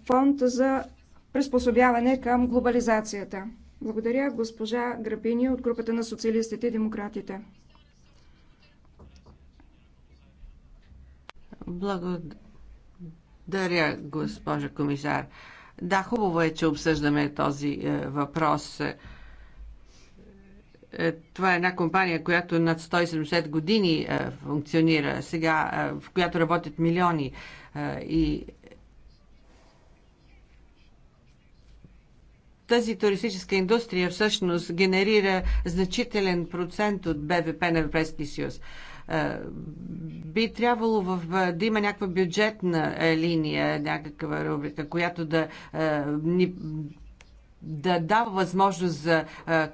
фонд за приспособяване към глобализацията. Благодаря госпожа Грабини от групата на социалистите и демократите. Благодаря, госпожа комисар. Да, хубаво е, че обсъждаме този е, въпрос. Е, това е една компания, която над 170 години е, функционира сега, е, в която работят милиони и тази туристическа индустрия всъщност генерира значителен процент от БВП на Европейския съюз. Би трябвало в, да има някаква бюджетна линия, някаква рубрика, която да ни да дава възможност за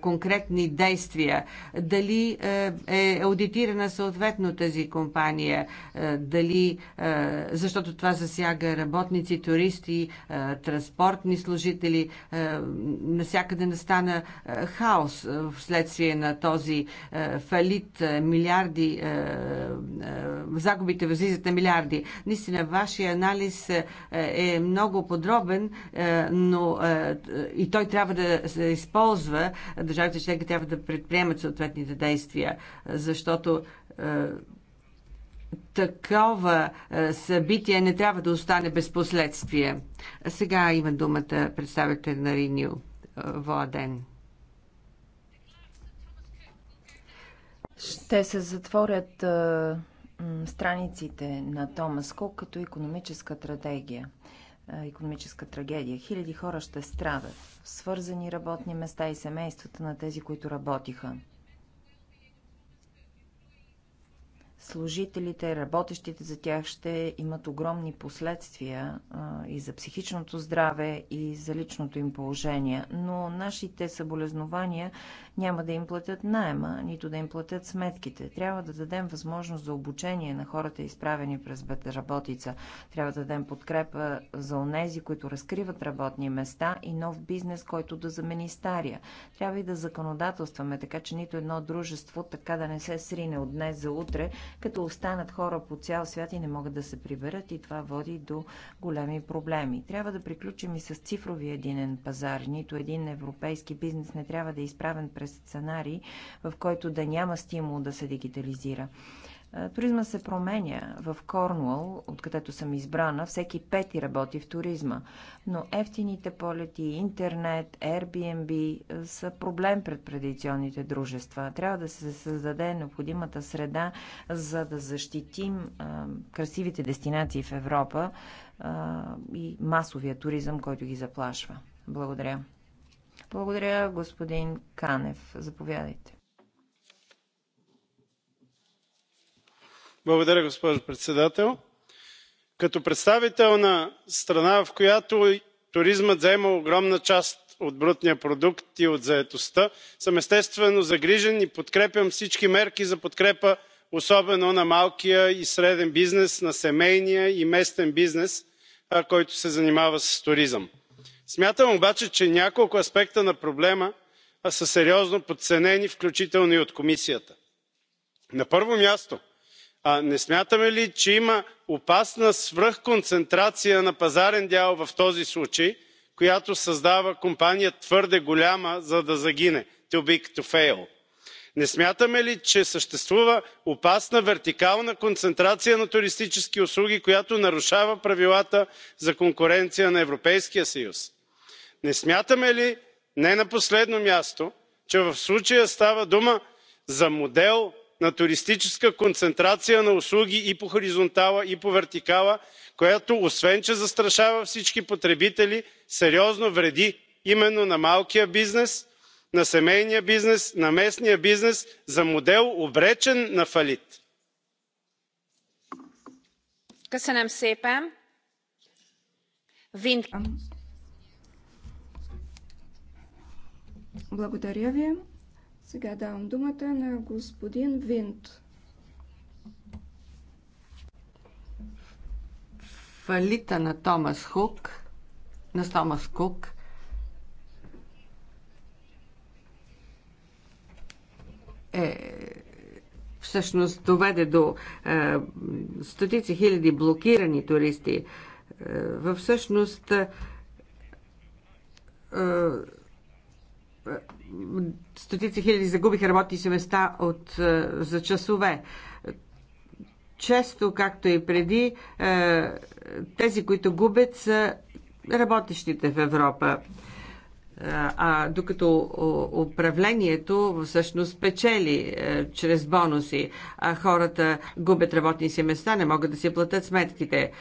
конкретни действия. Дали е аудитирана съответно тази компания, дали, защото това засяга работници, туристи, транспортни служители, насякъде настана хаос вследствие на този фалит, милиарди, загубите възлизат на милиарди. Наистина, вашия анализ е много подробен, но и той трябва да се използва, държавите членки трябва да предприемат съответните действия, защото е, такова е, събитие не трябва да остане без последствия. Сега има думата представител на Риню е, Владен. Ще се затворят страниците на Томас Кук като економическа стратегия економическа трагедия. Хиляди хора ще страдат. Свързани работни места и семействата на тези, които работиха. служителите, работещите за тях ще имат огромни последствия а, и за психичното здраве, и за личното им положение. Но нашите съболезнования няма да им платят найема, нито да им платят сметките. Трябва да дадем възможност за обучение на хората, изправени през безработица. Трябва да дадем подкрепа за онези, които разкриват работни места и нов бизнес, който да замени стария. Трябва и да законодателстваме, така че нито едно дружество така да не се срине от днес за утре, като останат хора по цял свят и не могат да се приберат и това води до големи проблеми. Трябва да приключим и с цифрови единен пазар. Нито един европейски бизнес не трябва да е изправен през сценарий, в който да няма стимул да се дигитализира. Туризма се променя. В Корнуол, откъдето съм избрана, всеки пети работи в туризма. Но ефтините полети, интернет, Airbnb са проблем пред традиционните дружества. Трябва да се създаде необходимата среда, за да защитим а, красивите дестинации в Европа а, и масовия туризъм, който ги заплашва. Благодаря. Благодаря, господин Канев. Заповядайте. Благодаря, госпожо председател. Като представител на страна, в която туризмът заема огромна част от брутния продукт и от заетостта, съм естествено загрижен и подкрепям всички мерки за подкрепа особено на малкия и среден бизнес на семейния и местен бизнес който се занимава с туризъм. смятам обаче че няколко аспекта на проблема са сериозно подценени включително и от комисията. на първо място не смятаме ли че има опасна свръхконцентрация на пазарен дял в този случай която създава компания твърде голяма за да загине too big to fail? не смятаме ли че съществува опасна вертикална концентрация на туристически услуги която нарушава правилата за конкуренция на европейския съюз? не смятаме ли не на последно място че в случая става дума за модел на туристическа концентрация на услуги и по хоризонтала и по вертикала която освен че застрашава всички потребители сериозно вреди именно на малкия бизнес на семейния бизнес на местния бизнес за модел обречен на фалит. Благодаря ви. Сега давам думата на господин Винт. Фалита на Томас Хук, на Томас Кук, е всъщност доведе до е, стотици хиляди блокирани туристи. Е, всъщност е, стотици хиляди загубиха работни места от, е, за часове. Често, както и преди, е, тези, които губят, са работещите в Европа. Е, а докато управлението всъщност печели чрез бонуси, а хората губят работни си места, не могат да си платят сметките.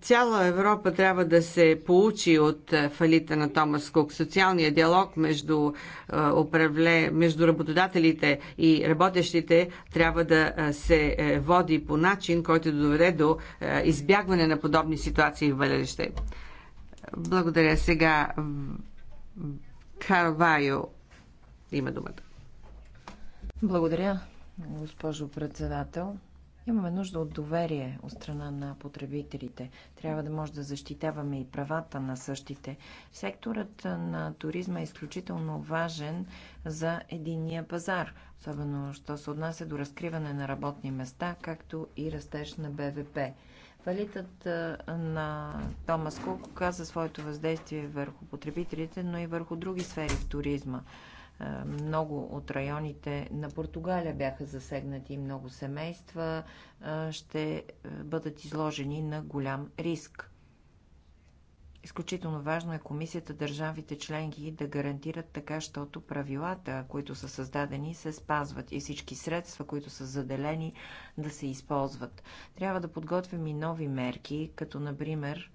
Цяла Европа трябва да се получи от е, фалита на Томас Кук. Социалният диалог между, е, управле, между работодателите и работещите трябва да е, се води по начин, който да доведе до избягване на подобни ситуации в бъдеще. Благодаря. Сега Карвайо има думата. Благодаря, госпожо председател. Имаме нужда от доверие от страна на потребителите. Трябва да може да защитаваме и правата на същите. Секторът на туризма е изключително важен за единния пазар, особено що се отнася до разкриване на работни места, както и растеж на БВП. Валитът на Томас Кук оказа своето въздействие върху потребителите, но и върху други сфери в туризма – е, много от районите на Португалия бяха засегнати, много семейства е, ще е, бъдат изложени на голям риск. Изключително важно е комисията държавите членки да гарантират така, щото правилата, които са създадени, се спазват и всички средства, които са заделени, да се използват. Трябва да подготвим и нови мерки, като например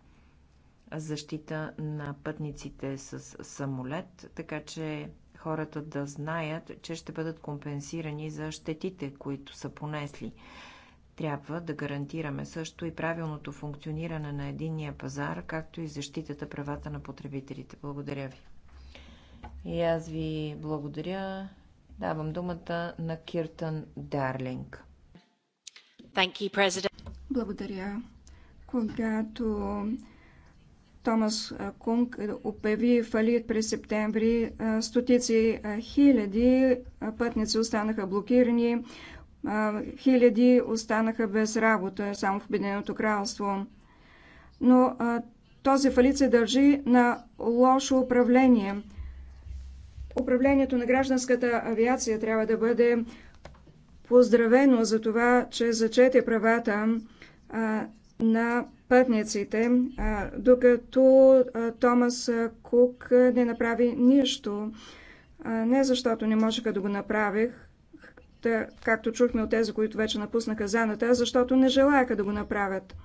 защита на пътниците с самолет, така че хората да знаят, че ще бъдат компенсирани за щетите, които са понесли. Трябва да гарантираме също и правилното функциониране на единния пазар, както и защитата правата на потребителите. Благодаря ви. И аз ви благодаря. Давам думата на Киртън Дарлинг. Благодаря. Когато Томас Кунг е, обяви фалит през септември. Стотици хиляди пътници останаха блокирани, хиляди останаха без работа само в Обединеното кралство. Но този фалит се държи на лошо управление. Управлението на гражданската авиация трябва да бъде поздравено за това, че зачете правата на пътниците, докато Томас Кук не направи нищо. Не защото не можеха да го направих, както чухме от тези, които вече напуснаха заната, а защото не желаяха да го направят.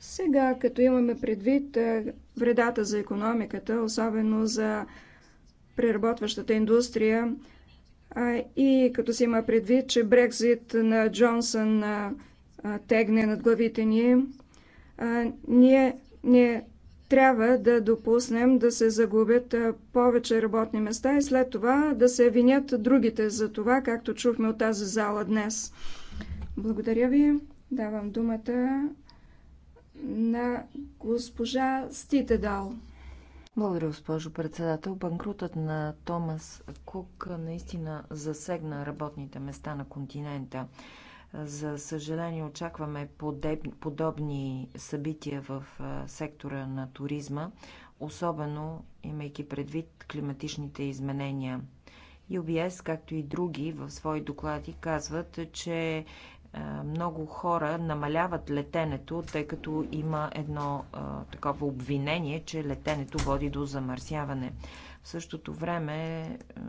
Сега, като имаме предвид вредата за економиката, особено за преработващата индустрия и като се има предвид, че Брекзит на Джонсън тегне над главите ни, ние не трябва да допуснем да се загубят повече работни места и след това да се винят другите за това, както чухме от тази зала днес. Благодаря ви. Давам думата на госпожа Ститедал. Благодаря, госпожо председател. Банкрутът на Томас Кук наистина засегна работните места на континента. За съжаление, очакваме подобни събития в сектора на туризма, особено имайки предвид климатичните изменения. UBS, както и други в свои доклади, казват, че е, много хора намаляват летенето, тъй като има едно а, е, такова обвинение, че летенето води до замърсяване. В същото време а,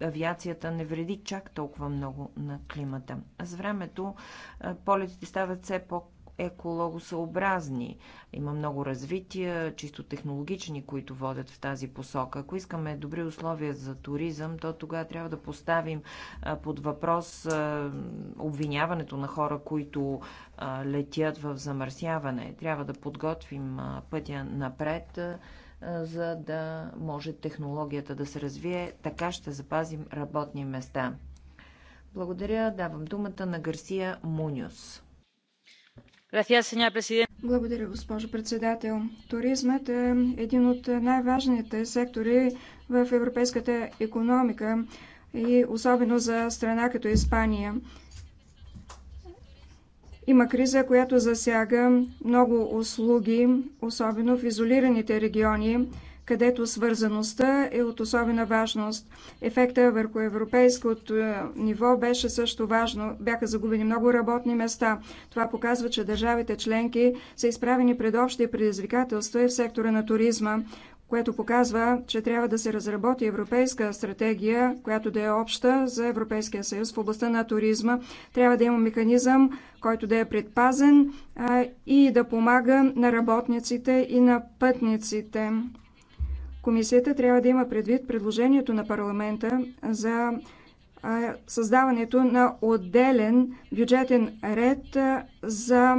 е, авиацията не вреди чак толкова много на климата. С времето а, полетите стават все по екологосъобразни. Има много развития, чисто технологични, които водят в тази посока. Ако искаме добри условия за туризъм, то тогава трябва да поставим под въпрос обвиняването на хора, които летят в замърсяване. Трябва да подготвим пътя напред за да може технологията да се развие. Така ще запазим работни места. Благодаря. Давам думата на Гарсия Муньос. Благодаря, госпожо председател. Туризмът е един от най-важните сектори в европейската економика и особено за страна като Испания. Има криза, която засяга много услуги, особено в изолираните региони където свързаността е от особена важност. Ефекта върху европейското е, ниво беше също важно. Бяха загубени много работни места. Това показва, че държавите членки са изправени пред общи предизвикателства и в сектора на туризма което показва, че трябва да се разработи европейска стратегия, която да е обща за Европейския съюз в областта на туризма. Трябва да има механизъм, който да е предпазен а, и да помага на работниците и на пътниците. Комисията трябва да има предвид предложението на парламента за създаването на отделен бюджетен ред за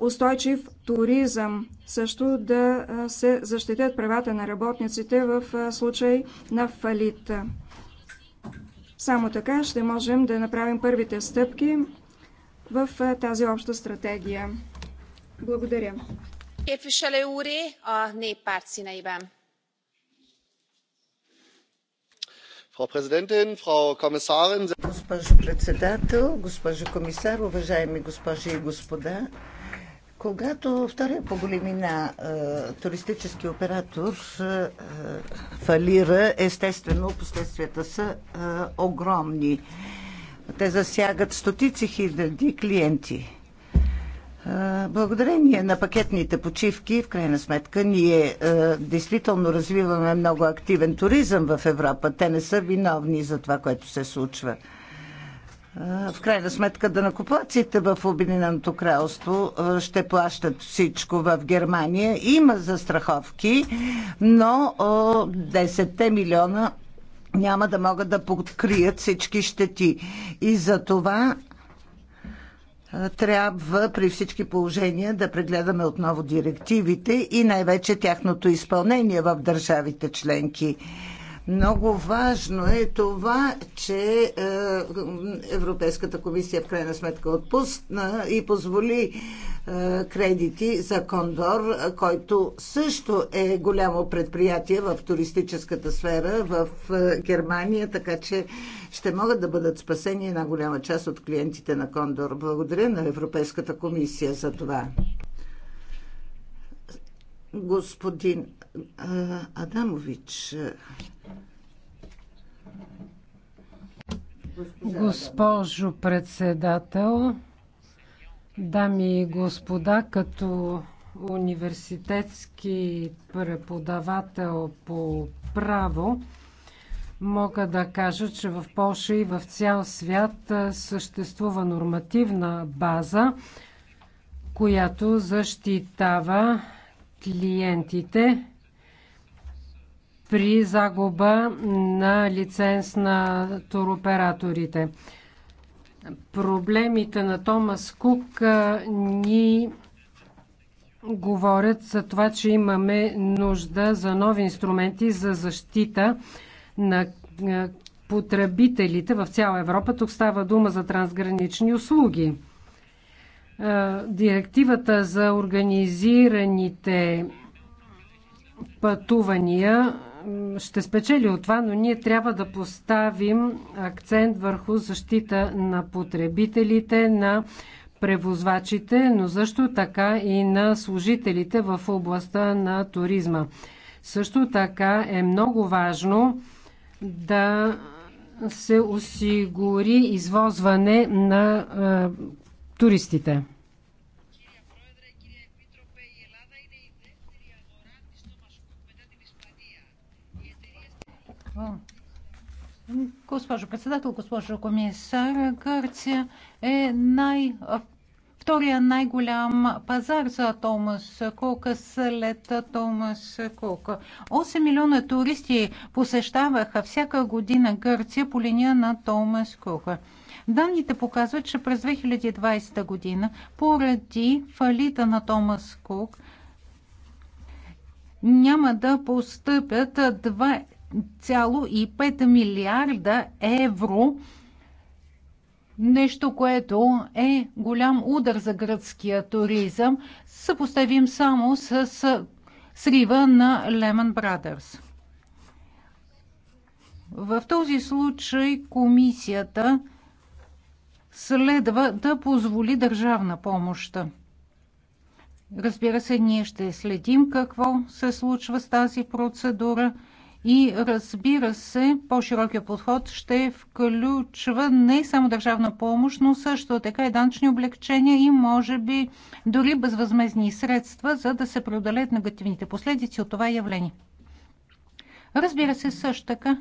устойчив туризъм. Също да се защитят правата на работниците в случай на фалит. Само така ще можем да направим първите стъпки в тази обща стратегия. Благодаря. Képviselő a néppárt színeiben. Госпожо председател, госпожо комисар, уважаеми госпожи и господа, когато втория по големина е, туристически оператор е, фалира, естествено последствията са е, огромни. Те засягат стотици хиляди клиенти. Благодарение на пакетните почивки, в крайна сметка, ние е, действително развиваме много активен туризъм в Европа. Те не са виновни за това, което се случва. Е, в крайна сметка, данакоплаците в Обединеното кралство е, ще плащат всичко в Германия. Има застраховки, но е, 10 милиона няма да могат да покрият всички щети. И за това трябва при всички положения да прегледаме отново директивите и най-вече тяхното изпълнение в държавите членки. Много важно е това, че е, Европейската комисия в крайна сметка отпусна и позволи е, кредити за Кондор, който също е голямо предприятие в туристическата сфера в е, Германия, така че ще могат да бъдат спасени една голяма част от клиентите на Кондор. Благодаря на Европейската комисия за това. Господин Адамович, Госпожо председател, дами и господа, като университетски преподавател по право, мога да кажа, че в Польша и в цял свят съществува нормативна база, която защитава клиентите при загуба на лиценз на туроператорите. Проблемите на Томас Кук ни говорят за това, че имаме нужда за нови инструменти за защита на потребителите в цяла Европа. Тук става дума за трансгранични услуги. Директивата за организираните пътувания ще спечели от това, но ние трябва да поставим акцент върху защита на потребителите, на превозвачите, но също така и на служителите в областта на туризма. Също така е много важно да се осигури извозване на е, туристите. Госпожо председател, госпожо комисар, Гърция е най- втория най-голям пазар за Томас Кука след Томас Кука. 8 милиона туристи посещаваха всяка година Гърция по линия на Томас Кука. Данните показват, че през 2020 година поради фалита на Томас Кук няма да постъпят 1,5 милиарда евро. Нещо, което е голям удар за гръцкия туризъм, съпоставим само с срива на Lehman Brothers. В този случай комисията следва да позволи държавна помощ. Разбира се, ние ще следим какво се случва с тази процедура – и разбира се, по-широкия подход ще включва не само държавна помощ, но също така и данъчни облегчения и може би дори безвъзмезни средства, за да се преодолеят негативните последици от това явление. Разбира се, също така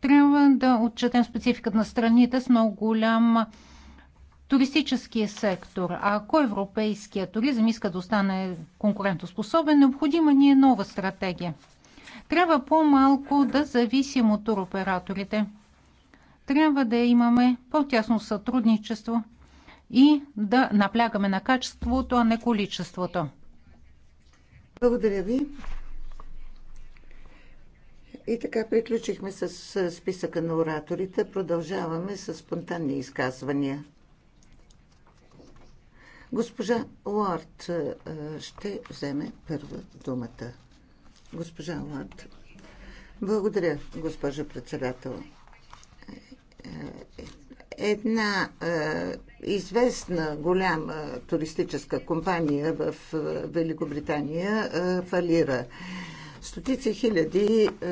трябва да отчетем спецификата на страните с много голяма туристическия сектор. ако европейският туризъм иска да остане конкурентоспособен, необходима ни е нова стратегия. Трябва по-малко да зависим от туроператорите. Трябва да имаме по-тясно сътрудничество и да наплягаме на качеството, а не количеството. Благодаря ви. И така приключихме с списъка на ораторите. Продължаваме с спонтанни изказвания. Госпожа Лорд е, е, ще вземе първа думата. Госпожа Лорд. Благодаря, госпожа председател. Е, една е, известна голяма туристическа компания в Великобритания е, фалира. Е, Стотици хиляди е,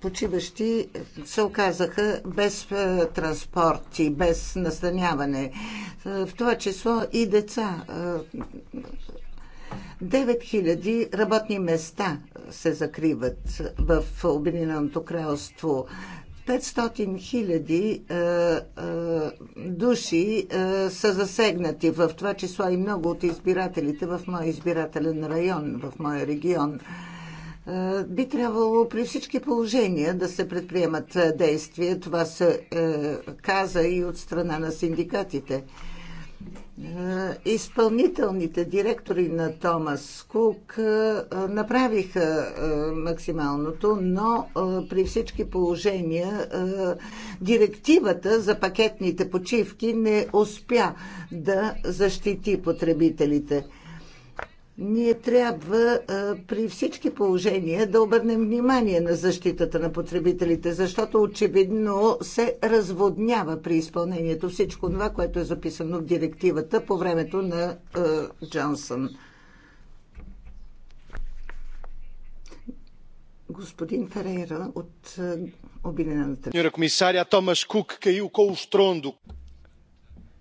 почиващи се оказаха без е, транспорти, без настаняване. Е, в това число и деца. 9000 работни места се закриват в Обединеното кралство. 500 хиляди души е, са засегнати, в това число и много от избирателите в моя избирателен район, в моя регион. Е, е, би трябвало при всички положения да се предприемат е, действия. Това се е, каза и от страна на синдикатите. Изпълнителните директори на Томас Кук направиха максималното, но при всички положения директивата за пакетните почивки не успя да защити потребителите. Ние трябва а, при всички положения да обърнем внимание на защитата на потребителите, защото очевидно се разводнява при изпълнението всичко това, което е записано в директивата по времето на а, Джонсън. Господин Ферейра от Обединената. Сеньора комисаря Томаш Кук каил кол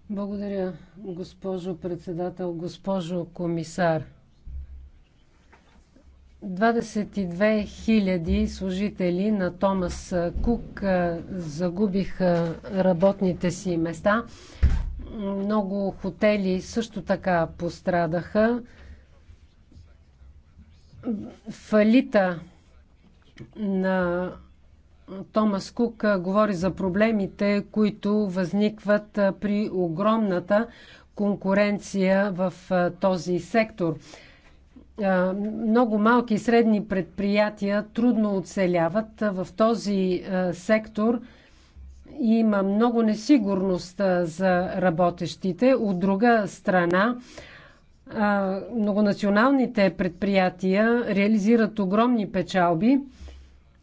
Благодаря, госпожо председател, госпожо комисар. 22 000 служители на Томас Кук загубиха работните си места. Много хотели също така пострадаха. Фалита на Томас Кук говори за проблемите, които възникват при огромната конкуренция в този сектор много малки и средни предприятия трудно оцеляват. В този сектор има много несигурност за работещите. От друга страна, многонационалните предприятия реализират огромни печалби.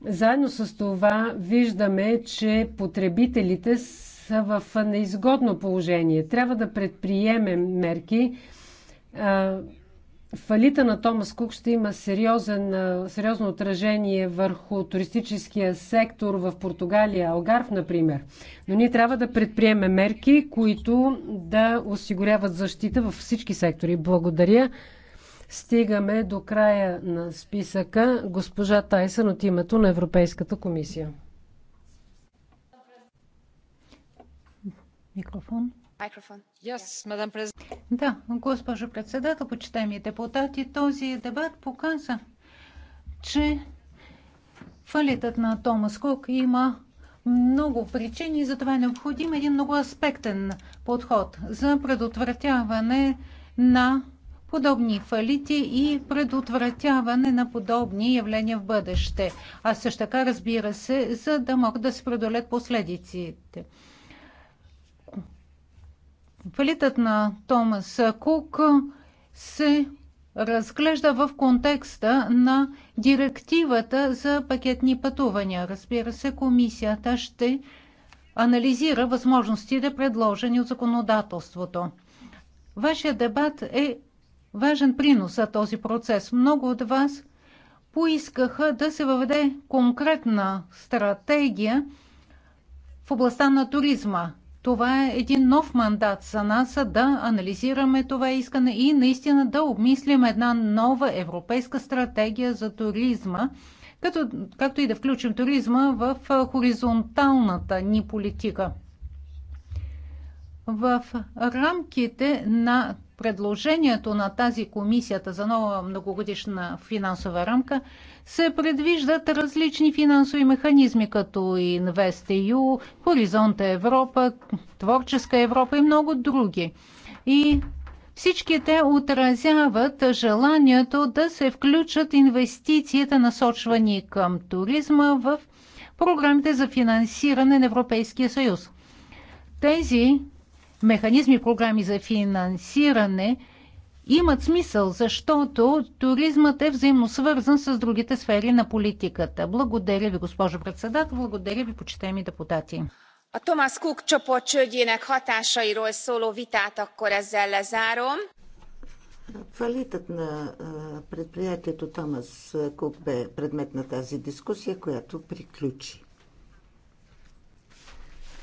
Заедно с това виждаме, че потребителите са в неизгодно положение. Трябва да предприемем мерки фалита на Томас Кук ще има сериозен, сериозно отражение върху туристическия сектор в Португалия, Алгарв, например. Но ние трябва да предприеме мерки, които да осигуряват защита във всички сектори. Благодаря. Стигаме до края на списъка госпожа Тайсън от името на Европейската комисия. Микрофон да, госпожо председател, почитаеми депутати, този дебат показа, че фалитът на Томас Кук има много причини и затова е необходим един многоаспектен подход за предотвратяване на подобни фалити и предотвратяване на подобни явления в бъдеще. А също така, разбира се, за да могат да се преодолят последиците. Фалитът на Томас Кук се разглежда в контекста на директивата за пакетни пътувания. Разбира се, комисията ще анализира възможностите, предложени от законодателството. Вашия дебат е важен принос за този процес. Много от вас поискаха да се въведе конкретна стратегия в областта на туризма. Това е един нов мандат за нас да анализираме това искане и наистина да обмислим една нова европейска стратегия за туризма, като, както и да включим туризма в хоризонталната ни политика. В рамките на предложението на тази комисията за нова многогодишна финансова рамка се предвиждат различни финансови механизми, като InvestEU, Хоризонта Европа, Творческа Европа и много други. И всички те отразяват желанието да се включат инвестицията, насочвани към туризма в програмите за финансиране на Европейския съюз. Тези механизми и програми за финансиране имат смисъл, защото туризмът е взаимно свързан с другите сфери на политиката. Благодаря ви, госпожо председател, благодаря ви, почитаеми депутати. A Thomas Cook csoport csődjének hatásairól szóló vitát akkor ezzel lezárom. Фалитът на предприятието Томас Кук бе предмет на тази дискусия, която приключи.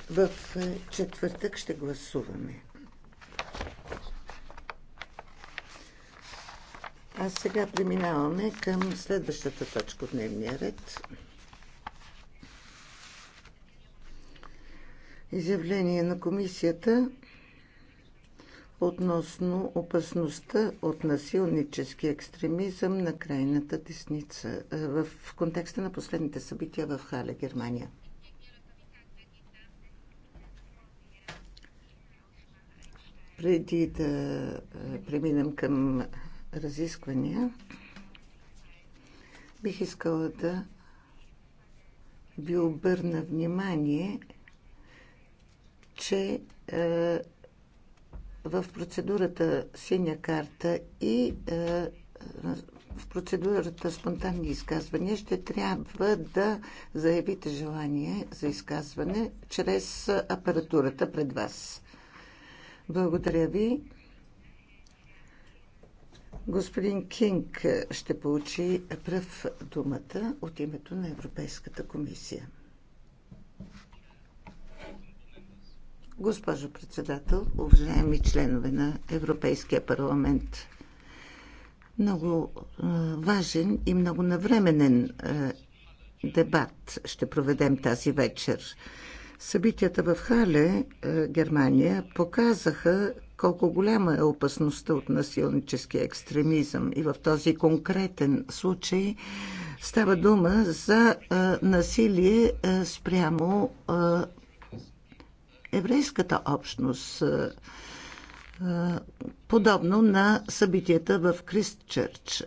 В е, четвъртък ще гласуваме. А сега преминаваме към следващата точка от дневния ред. Изявление на комисията относно опасността от насилнически екстремизъм на крайната десница е, в контекста на последните събития в Хале, Германия. Преди да преминем към разисквания, бих искала да ви обърна внимание, че е, в процедурата синя карта и е, в процедурата спонтанни изказвания ще трябва да заявите желание за изказване чрез апаратурата пред вас. Благодаря ви. Господин Кинг ще получи пръв думата от името на Европейската комисия. Госпожо председател, уважаеми членове на Европейския парламент, много важен и много навременен дебат ще проведем тази вечер. Събитията в Хале, е, Германия, показаха колко голяма е опасността от насилнически екстремизъм. И в този конкретен случай става дума за е, насилие е, спрямо еврейската общност, подобно на събитията в Кристчерч.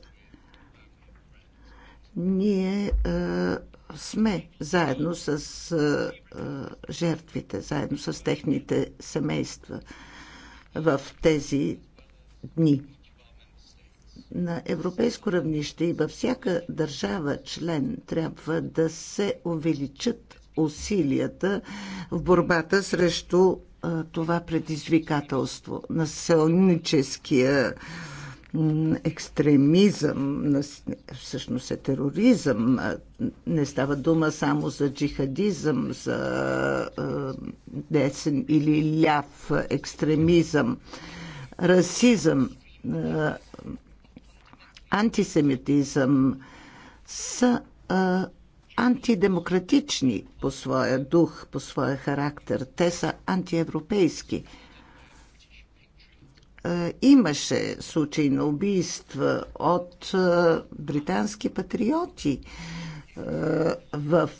Ние сме заедно с жертвите, заедно с техните семейства в тези дни. На европейско равнище и във всяка държава член трябва да се увеличат усилията в борбата срещу това предизвикателство, насилническия екстремизъм, всъщност е тероризъм. Не става дума само за джихадизъм, за десен или ляв екстремизъм, расизъм, антисемитизъм са антидемократични по своя дух, по своя характер. Те са антиевропейски. Е, имаше случаи на убийства от е, британски патриоти е, в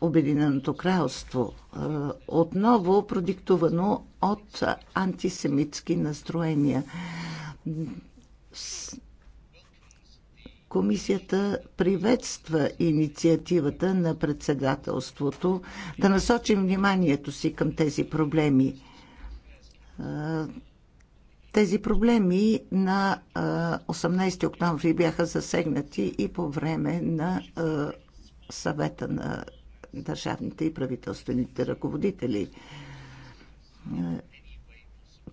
Обединеното кралство, отново продиктувано от антисемитски настроения. Комисията приветства инициативата на председателството да насочим вниманието си към тези проблеми тези проблеми на 18 октомври бяха засегнати и по време на съвета на държавните и правителствените ръководители.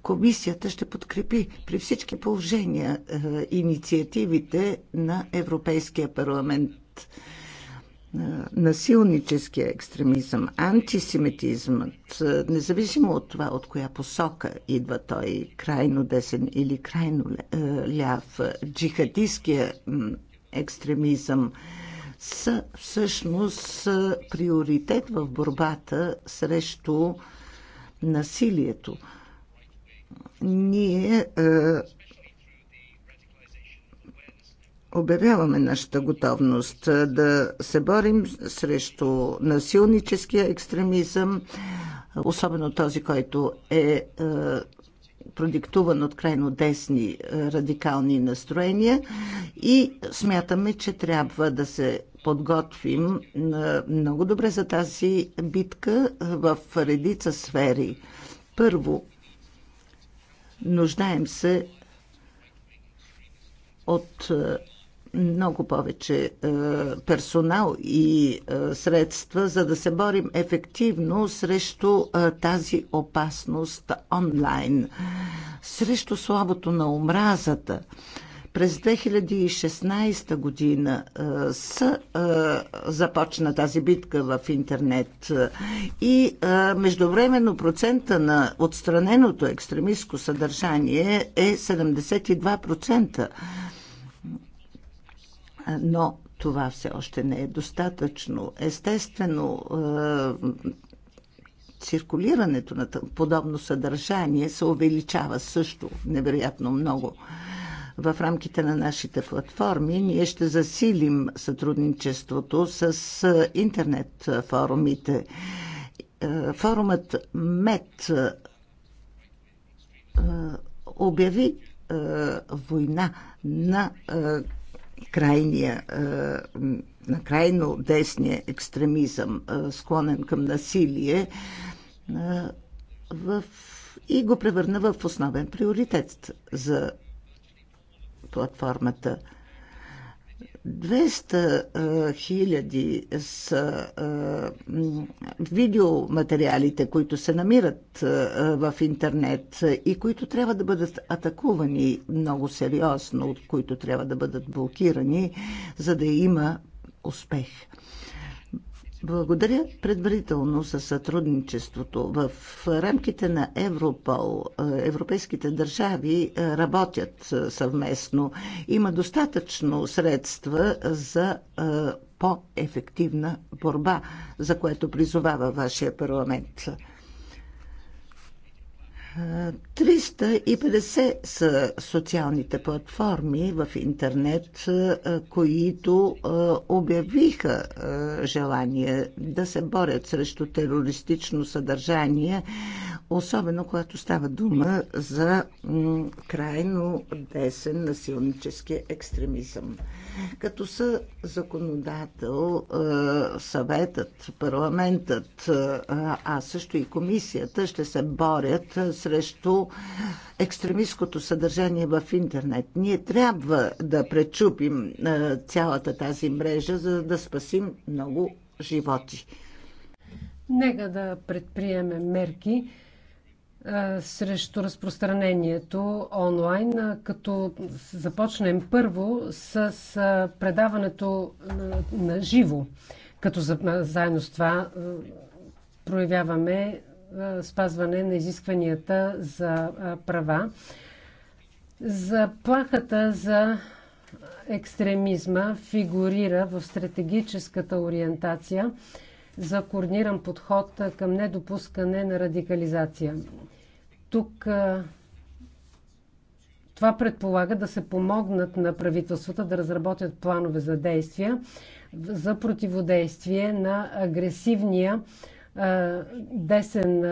Комисията ще подкрепи при всички положения инициативите на Европейския парламент насилническия екстремизъм, антисемитизмът, е, независимо от това от коя посока идва той, крайно десен или крайно е, ляв, е, джихадистския екстремизъм, са всъщност приоритет в борбата срещу насилието. Ние обявяваме нашата готовност да се борим срещу насилническия екстремизъм, особено този, който е, е продиктуван от крайно десни е, радикални настроения и смятаме, че трябва да се подготвим е, много добре за тази битка в редица сфери. Първо, нуждаем се от много повече е, персонал и е, средства, за да се борим ефективно срещу е, тази опасност онлайн, срещу слабото на омразата през 2016 година а, с, а, започна тази битка в интернет и а, междувременно процента на отстраненото екстремистско съдържание е 72% но това все още не е достатъчно. Естествено, е, циркулирането на подобно съдържание се увеличава също невероятно много. В рамките на нашите платформи ние ще засилим сътрудничеството с е, интернет форумите. Е, форумът МЕД обяви война на крайния, е, на крайно десния екстремизъм, е, склонен към насилие, е, в, и го превърна в основен приоритет за платформата. 200 е, хиляди с е, видеоматериалите, които се намират е, в интернет и които трябва да бъдат атакувани много сериозно, от които трябва да бъдат блокирани, за да има успех. Благодаря предварително за сътрудничеството. В рамките на Европол е, европейските държави е, работят е, съвместно. Има достатъчно средства за по-ефективна борба, за което призовава вашия парламент. 350 са социалните платформи в интернет, които обявиха желание да се борят срещу терористично съдържание, особено когато става дума за крайно десен насилнически екстремизъм. Като са законодател, съветът, парламентът, а също и комисията ще се борят срещу екстремистското съдържание в интернет. Ние трябва да пречупим цялата тази мрежа, за да спасим много животи. Нека да предприемем мерки срещу разпространението онлайн, като започнем първо с предаването на живо, като заедно с това проявяваме спазване на изискванията за права. Заплахата за екстремизма фигурира в стратегическата ориентация за координиран подход към недопускане на радикализация. Тук това предполага да се помогнат на правителствата да разработят планове за действия за противодействие на агресивния десен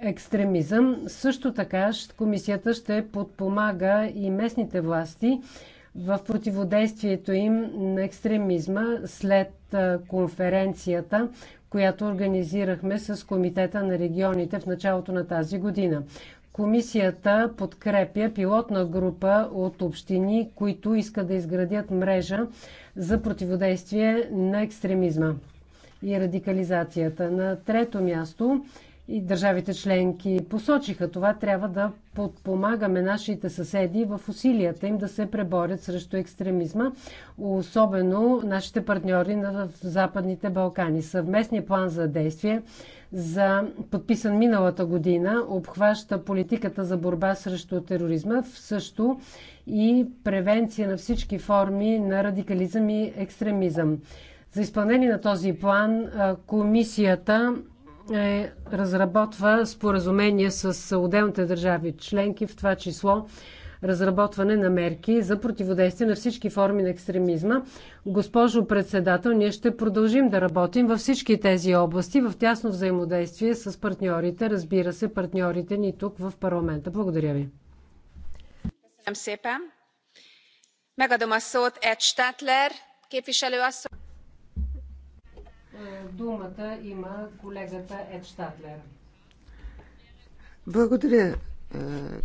екстремизъм. Също така комисията ще подпомага и местните власти в противодействието им на екстремизма след конференцията, която организирахме с Комитета на регионите в началото на тази година. Комисията подкрепя пилотна група от общини, които искат да изградят мрежа за противодействие на екстремизма и радикализацията. На трето място и държавите членки посочиха това, трябва да подпомагаме нашите съседи в усилията им да се преборят срещу екстремизма, особено нашите партньори в Западните Балкани. Съвместният план за действие за подписан миналата година обхваща политиката за борба срещу тероризма, в също и превенция на всички форми на радикализъм и екстремизъм. За изпълнение на този план комисията е, разработва споразумение с отделните държави членки, в това число разработване на мерки за противодействие на всички форми на екстремизма. Госпожо председател, ние ще продължим да работим във всички тези области в тясно взаимодействие с партньорите, разбира се, партньорите ни тук в парламента. Благодаря ви. Думата има колегата Штатлер. Благодаря, е,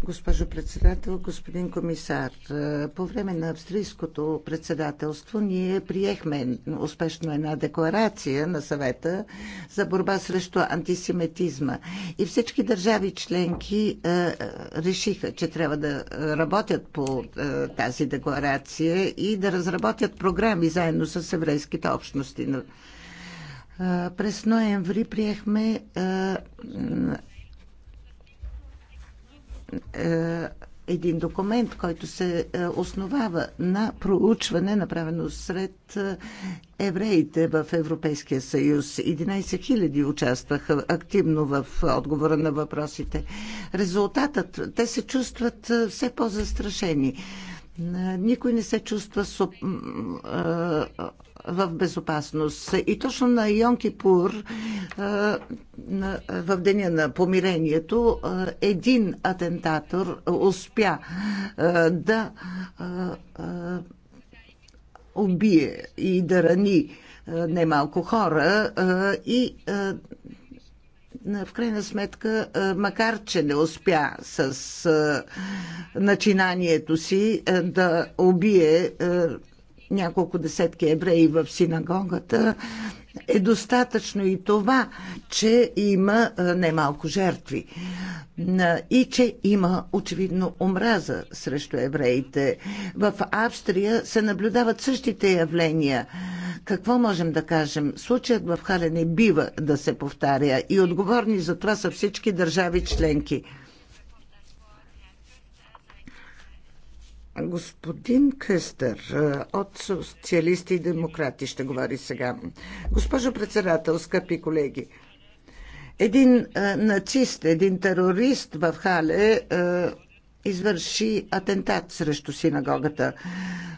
госпожо председател, господин комисар. Е, по време на австрийското председателство ние приехме успешно една декларация на съвета за борба срещу антисемитизма. И всички държави членки е, решиха, че трябва да работят по тази декларация и да разработят програми заедно с еврейските общности през ноември приехме един документ, който се основава на проучване, направено сред евреите в Европейския съюз. 11 000 участваха активно в отговора на въпросите. Резултатът, те се чувстват все по-застрашени. Никой не се чувства в безопасност. И точно на Йон Кипур, в деня на помирението, един атентатор успя да убие и да рани немалко хора и в крайна сметка, макар че не успя с начинанието си да убие няколко десетки евреи в синагогата, е достатъчно и това, че има немалко жертви и че има очевидно омраза срещу евреите. В Австрия се наблюдават същите явления. Какво можем да кажем? Случаят в Хале не бива да се повтаря и отговорни за това са всички държави членки. Господин Къстър от Социалисти и Демократи ще говори сега. Госпожо председател, скъпи колеги, един а, нацист, един терорист в Хале а, извърши атентат срещу синагогата.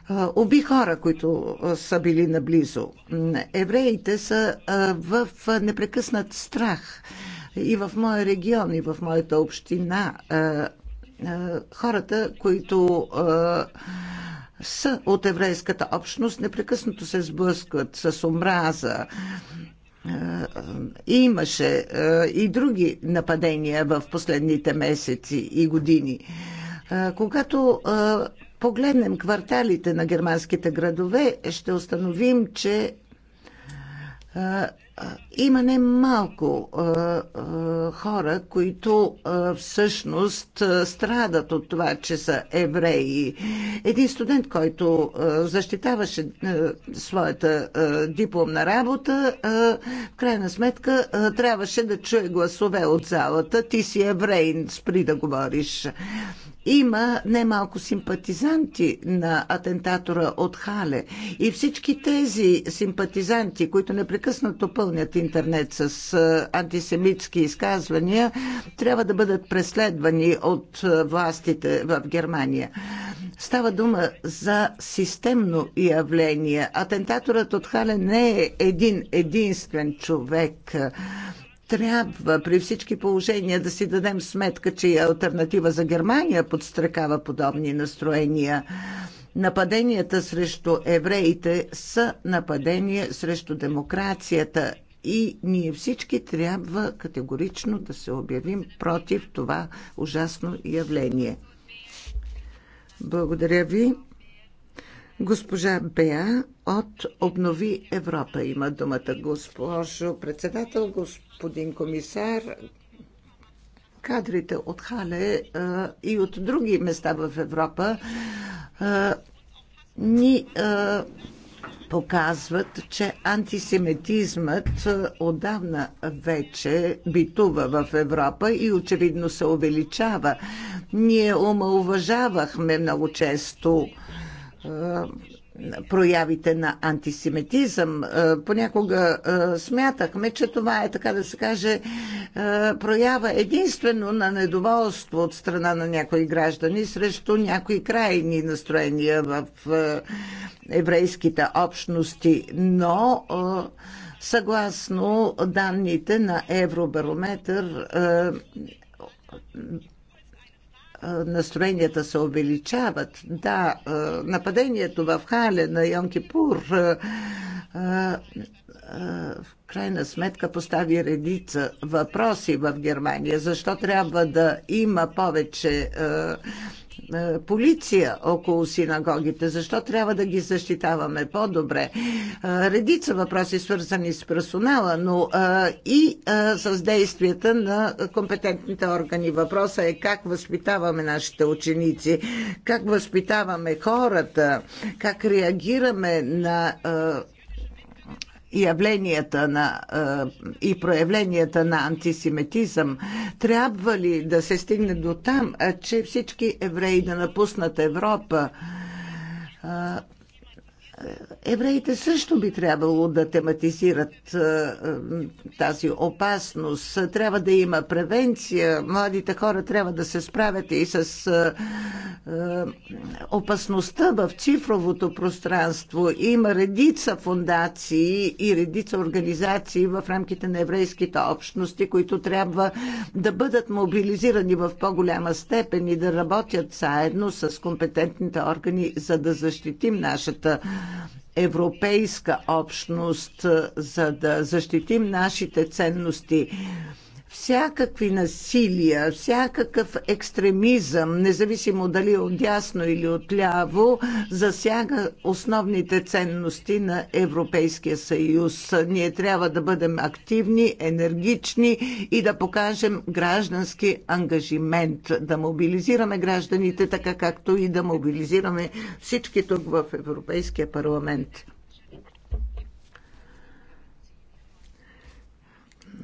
А, уби хора, които а, са били наблизо. Евреите са а, в а, непрекъснат страх. И в моя регион, и в моята община. А, хората, които са от еврейската общност, непрекъснато се сблъскват с омраза. Имаше и други нападения в последните месеци и години. Когато погледнем кварталите на германските градове, ще установим, че има не малко а, а, хора, които а, всъщност страдат от това, че са евреи. Един студент, който а, защитаваше а, своята а, дипломна работа, а, в крайна сметка а, трябваше да чуе гласове от залата. Ти си еврей, спри да говориш има немалко симпатизанти на атентатора от Хале. И всички тези симпатизанти, които непрекъснато пълнят интернет с антисемитски изказвания, трябва да бъдат преследвани от властите в Германия. Става дума за системно явление. Атентаторът от Хале не е един единствен човек трябва при всички положения да си дадем сметка, че альтернатива за Германия подстрекава подобни настроения. Нападенията срещу евреите са нападение срещу демокрацията и ние всички трябва категорично да се обявим против това ужасно явление. Благодаря ви. Госпожа Беа от Обнови Европа има думата госпожо председател, господин комисар. Кадрите от Хале а, е, и от други места в Европа а, е, ни а, е, показват, че антисемитизмът отдавна вече битува в Европа и очевидно се увеличава. Ние омалуважавахме много често проявите на антисемитизъм. Е, понякога е, смятахме, че това е, така да се каже, е, проява единствено на недоволство от страна на някои граждани срещу някои крайни настроения в еврейските общности. Но съгласно данните на Евробарометър, настроенията се увеличават. Да, нападението в Хале на Йон Кипур в крайна сметка постави редица въпроси в Германия. Защо трябва да има повече е, полиция около синагогите? Защо трябва да ги защитаваме по-добре? Е, редица въпроси свързани с персонала, но е, и с действията на компетентните органи. Въпросът е как възпитаваме нашите ученици, как възпитаваме хората, как реагираме на явленията на, и проявленията на антисемитизъм. Трябва ли да се стигне до там, че всички евреи да напуснат Европа? евреите също би трябвало да тематизират е, е, тази опасност. Трябва да има превенция. Младите хора трябва да се справят и с е, опасността в цифровото пространство. Има редица фундации и редица организации в рамките на еврейските общности, които трябва да бъдат мобилизирани в по-голяма степен и да работят заедно с компетентните органи, за да защитим нашата европейска общност, за да защитим нашите ценности всякакви насилия, всякакъв екстремизъм, независимо дали от дясно или от ляво, засяга основните ценности на Европейския съюз. Ние трябва да бъдем активни, енергични и да покажем граждански ангажимент, да мобилизираме гражданите така както и да мобилизираме всички тук в Европейския парламент.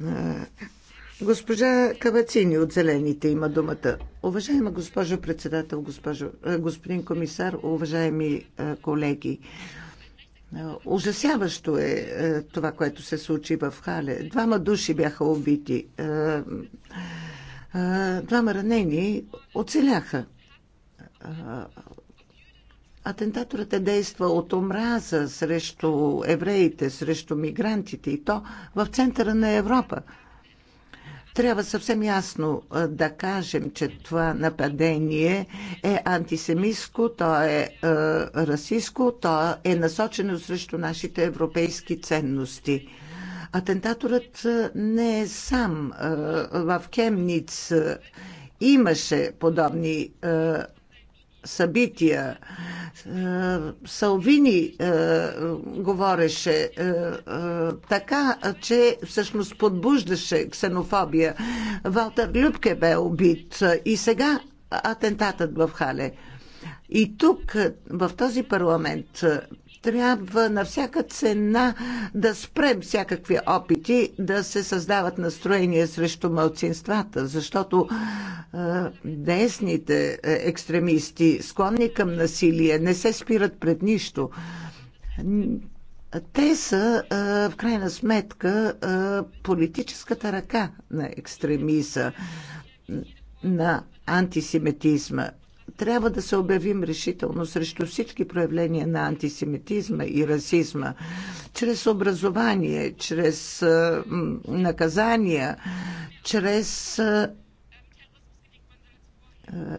Uh Госпожа Кавацини от Зелените има думата. Уважаема госпожо председател, госпожо, е, господин комисар, уважаеми е, колеги, е, Ужасяващо е това, което се случи в Хале. Двама души бяха убити, двама ранени оцеляха. Атентаторът е действа от омраза срещу евреите, срещу мигрантите и то в центъра на Европа. Трябва съвсем ясно да кажем, че това нападение е антисемистско, то е, е расистско, то е насочено срещу нашите европейски ценности. Атентаторът не е сам. В Кемниц имаше подобни събития. Е, Салвини е, говореше е, така, че всъщност подбуждаше ксенофобия. Валтер Любке бе убит и сега атентатът в Хале. И тук, в този парламент, трябва на всяка цена да спрем всякакви опити да се създават настроения срещу мълцинствата, защото е, десните екстремисти, склонни към насилие, не се спират пред нищо. Те са, е, в крайна сметка, е, политическата ръка на екстремиса, на антисемитизма трябва да се обявим решително срещу всички проявления на антисемитизма и расизма. Чрез образование, чрез наказания, чрез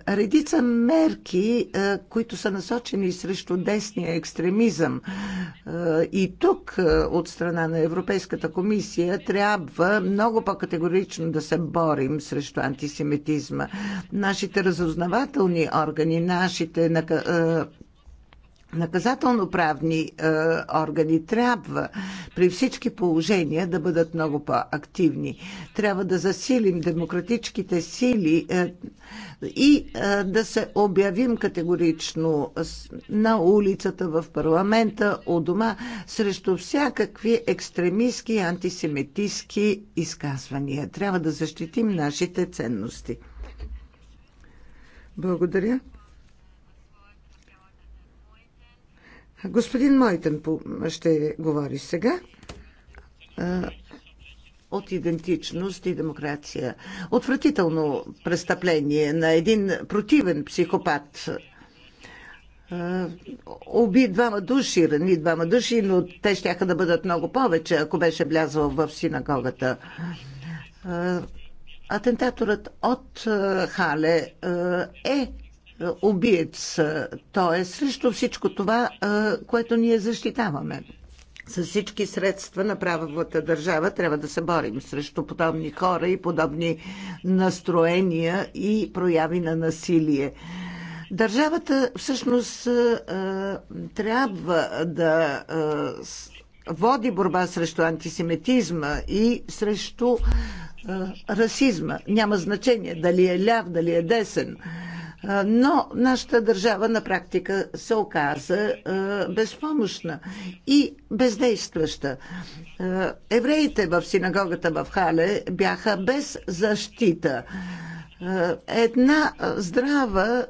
е, редица мерки, е, които са насочени срещу десния екстремизъм. Е, и тук от страна на Европейската комисия трябва много по-категорично да се борим срещу антисемитизма. Нашите разузнавателни органи, нашите наказателно-правни е, органи трябва при всички положения да бъдат много по-активни. Трябва да засилим демократическите сили е, и е, да се обявим категорично на улицата, в парламента, у дома, срещу всякакви екстремистски и антисемитистски изказвания. Трябва да защитим нашите ценности. Благодаря. Господин Мойтен ще говори сега от идентичност и демокрация. Отвратително престъпление на един противен психопат. Уби двама души, рани двама души, но те ще да бъдат много повече, ако беше влязъл в синагогата. Атентаторът от Хале е убиец. Той е срещу всичко това, което ние защитаваме. С всички средства на правовата държава трябва да се борим срещу подобни хора и подобни настроения и прояви на насилие. Държавата всъщност трябва да води борба срещу антисемитизма и срещу расизма. Няма значение дали е ляв, дали е десен. Но нашата държава на практика се оказа безпомощна и бездействаща. Евреите в синагогата в Хале бяха без защита. Една здрава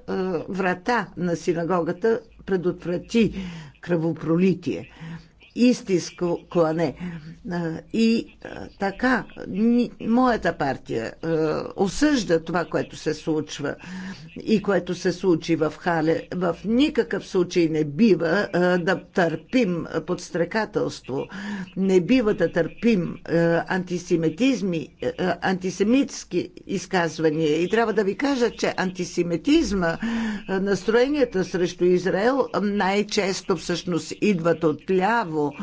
врата на синагогата предотврати кръвопролитие истинско клане. И така, моята партия осъжда това, което се случва и което се случи в Хале. В никакъв случай не бива да търпим подстрекателство, не бива да търпим антисемитизми, антисемитски изказвания. И трябва да ви кажа, че антисемитизма, настроенията срещу Израел най-често всъщност идват от ляво, справедливо,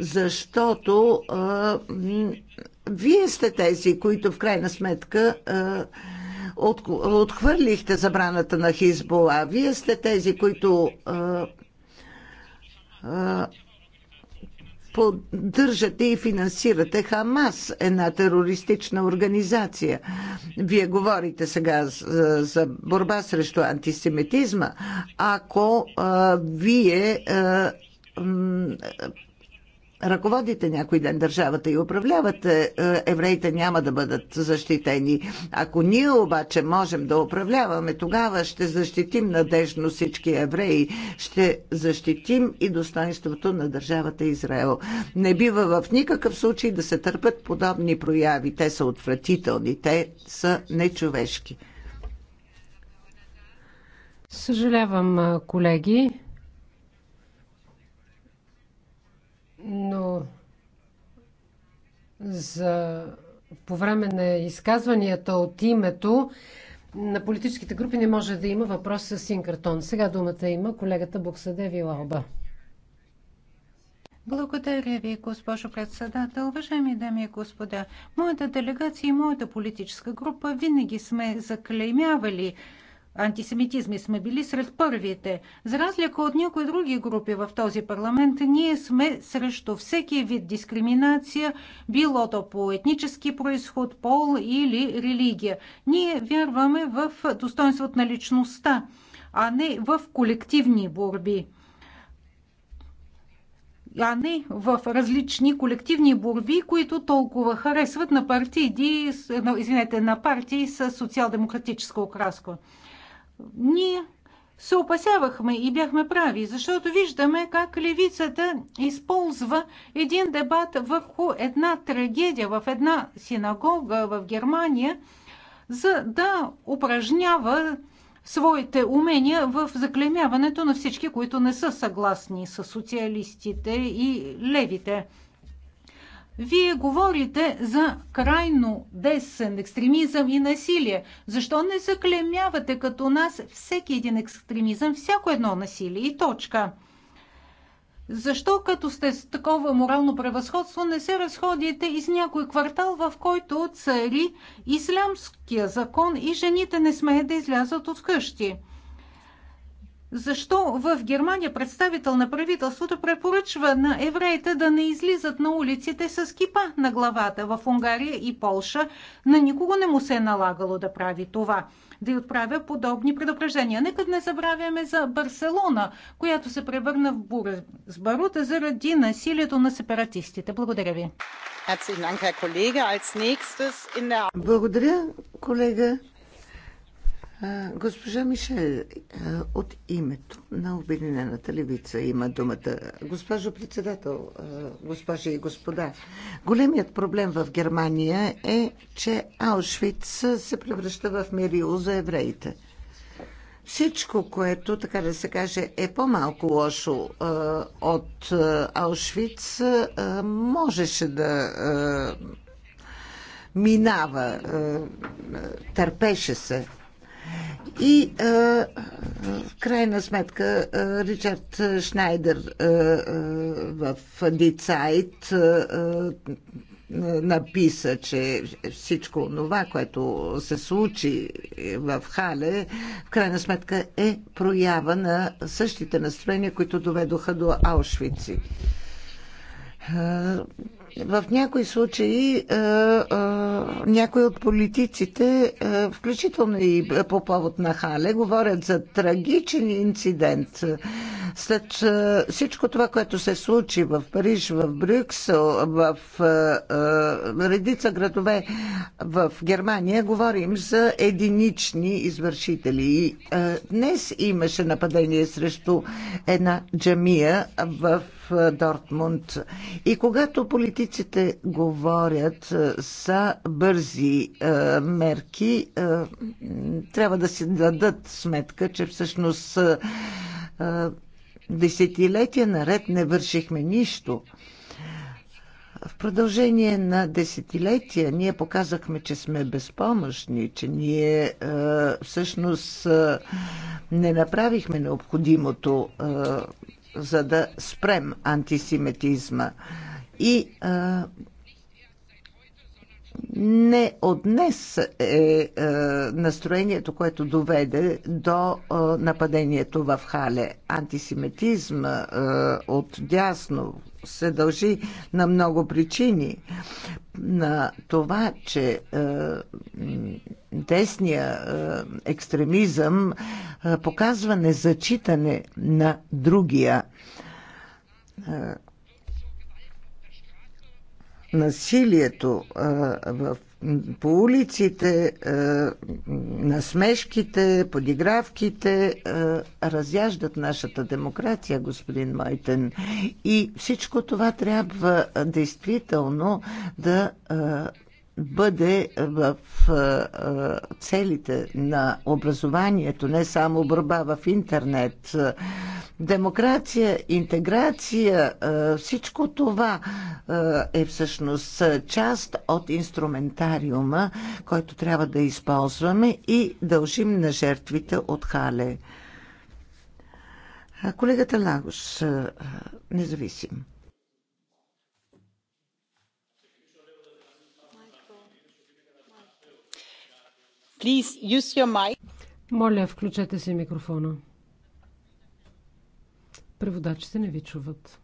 защото вие сте тези, които в крайна сметка от, отхвърлихте забраната на Хизбола. Вие сте тези, които а, а, поддържате и финансирате Хамас, една терористична организация. Вие говорите сега за, за борба срещу антисемитизма. Ако а, вие а, ръководите някой ден държавата и управлявате, е, евреите няма да бъдат защитени. Ако ние обаче можем да управляваме, тогава ще защитим надежно всички евреи, ще защитим и достоинството на държавата Израел. Не бива в никакъв случай да се търпят подобни прояви. Те са отвратителни, те са нечовешки. Съжалявам, колеги. но за по време на изказванията от името на политическите групи не може да има въпрос с син Сега думата има колегата Буксаде Вилалба. Благодаря ви, госпожо председател. Уважаеми дами и господа, моята делегация и моята политическа група винаги сме заклеймявали антисемитизми сме били сред първите. За разлика от някои други групи в този парламент, ние сме срещу всеки вид дискриминация, било то по етнически происход, пол или религия. Ние вярваме в достоинството на личността, а не в колективни борби а не в различни колективни борби, които толкова харесват на партии, извинете, на партии с социал-демократическо окраско ние се опасявахме и бяхме прави, защото виждаме как левицата използва един дебат върху една трагедия в една синагога в Германия, за да упражнява своите умения в заклемяването на всички, които не са съгласни с социалистите и левите. Вие говорите за крайно десен екстремизъм и насилие. Защо не заклемявате като нас всеки един екстремизъм, всяко едно насилие и точка? Защо като сте с такова морално превъзходство не се разходите из някой квартал, в който цари ислямския закон и жените не смеят да излязат от къщи? Защо в Германия представител на правителството препоръчва на евреите да не излизат на улиците с кипа на главата в Унгария и Полша? На никого не му се е налагало да прави това, да й отправя подобни предупреждения. Нека не забравяме за Барселона, която се превърна в бура с барута заради насилието на сепаратистите. Благодаря ви. Благодаря, колега. Госпожа Мишел, от името на Обединената левица има думата. Госпожо председател, госпожи и господа, големият проблем в Германия е, че Аушвиц се превръща в мерило за евреите. Всичко, което, така да се каже, е по-малко лошо от Аушвиц, можеше да минава, търпеше се и а, в крайна сметка Ричард Шнайдер а, а, в Дицайт написа, че всичко това, което се случи в Хале, в крайна сметка е проява на същите настроения, които доведоха до Аушвици. В някои случаи е, е, някои от политиците, е, включително и по повод на Хале, говорят за трагичен инцидент. След всичко това, което се случи в Париж, в Брюксел, в редица градове в Германия, говорим за единични извършители. И днес имаше нападение срещу една джамия в е, Дортмунд. И когато политиците говорят е, за бързи е, мерки, трябва да си дадат сметка, че всъщност десетилетия наред не вършихме нищо. В продължение на десетилетия ние показахме, че сме безпомощни, че ние е, всъщност е, не направихме необходимото. Е, за да спрем антисемитизма. И а, не от днес е, е настроението, което доведе до е, нападението в Хале. Антисемитизм е, от дясно се дължи на много причини. На това, че е, десния е, екстремизъм е, показва незачитане на другия. Е, насилието в, по улиците, насмешките, подигравките разяждат нашата демокрация, господин Мойтен. И всичко това трябва действително да бъде в целите на образованието, не само борба в интернет. Демокрация, интеграция, всичко това е всъщност част от инструментариума, който трябва да използваме и дължим на жертвите от Хале. Колегата Лагош, независим. Please use your mic. Моля, включете си микрофона. Преводачите не ви чуват.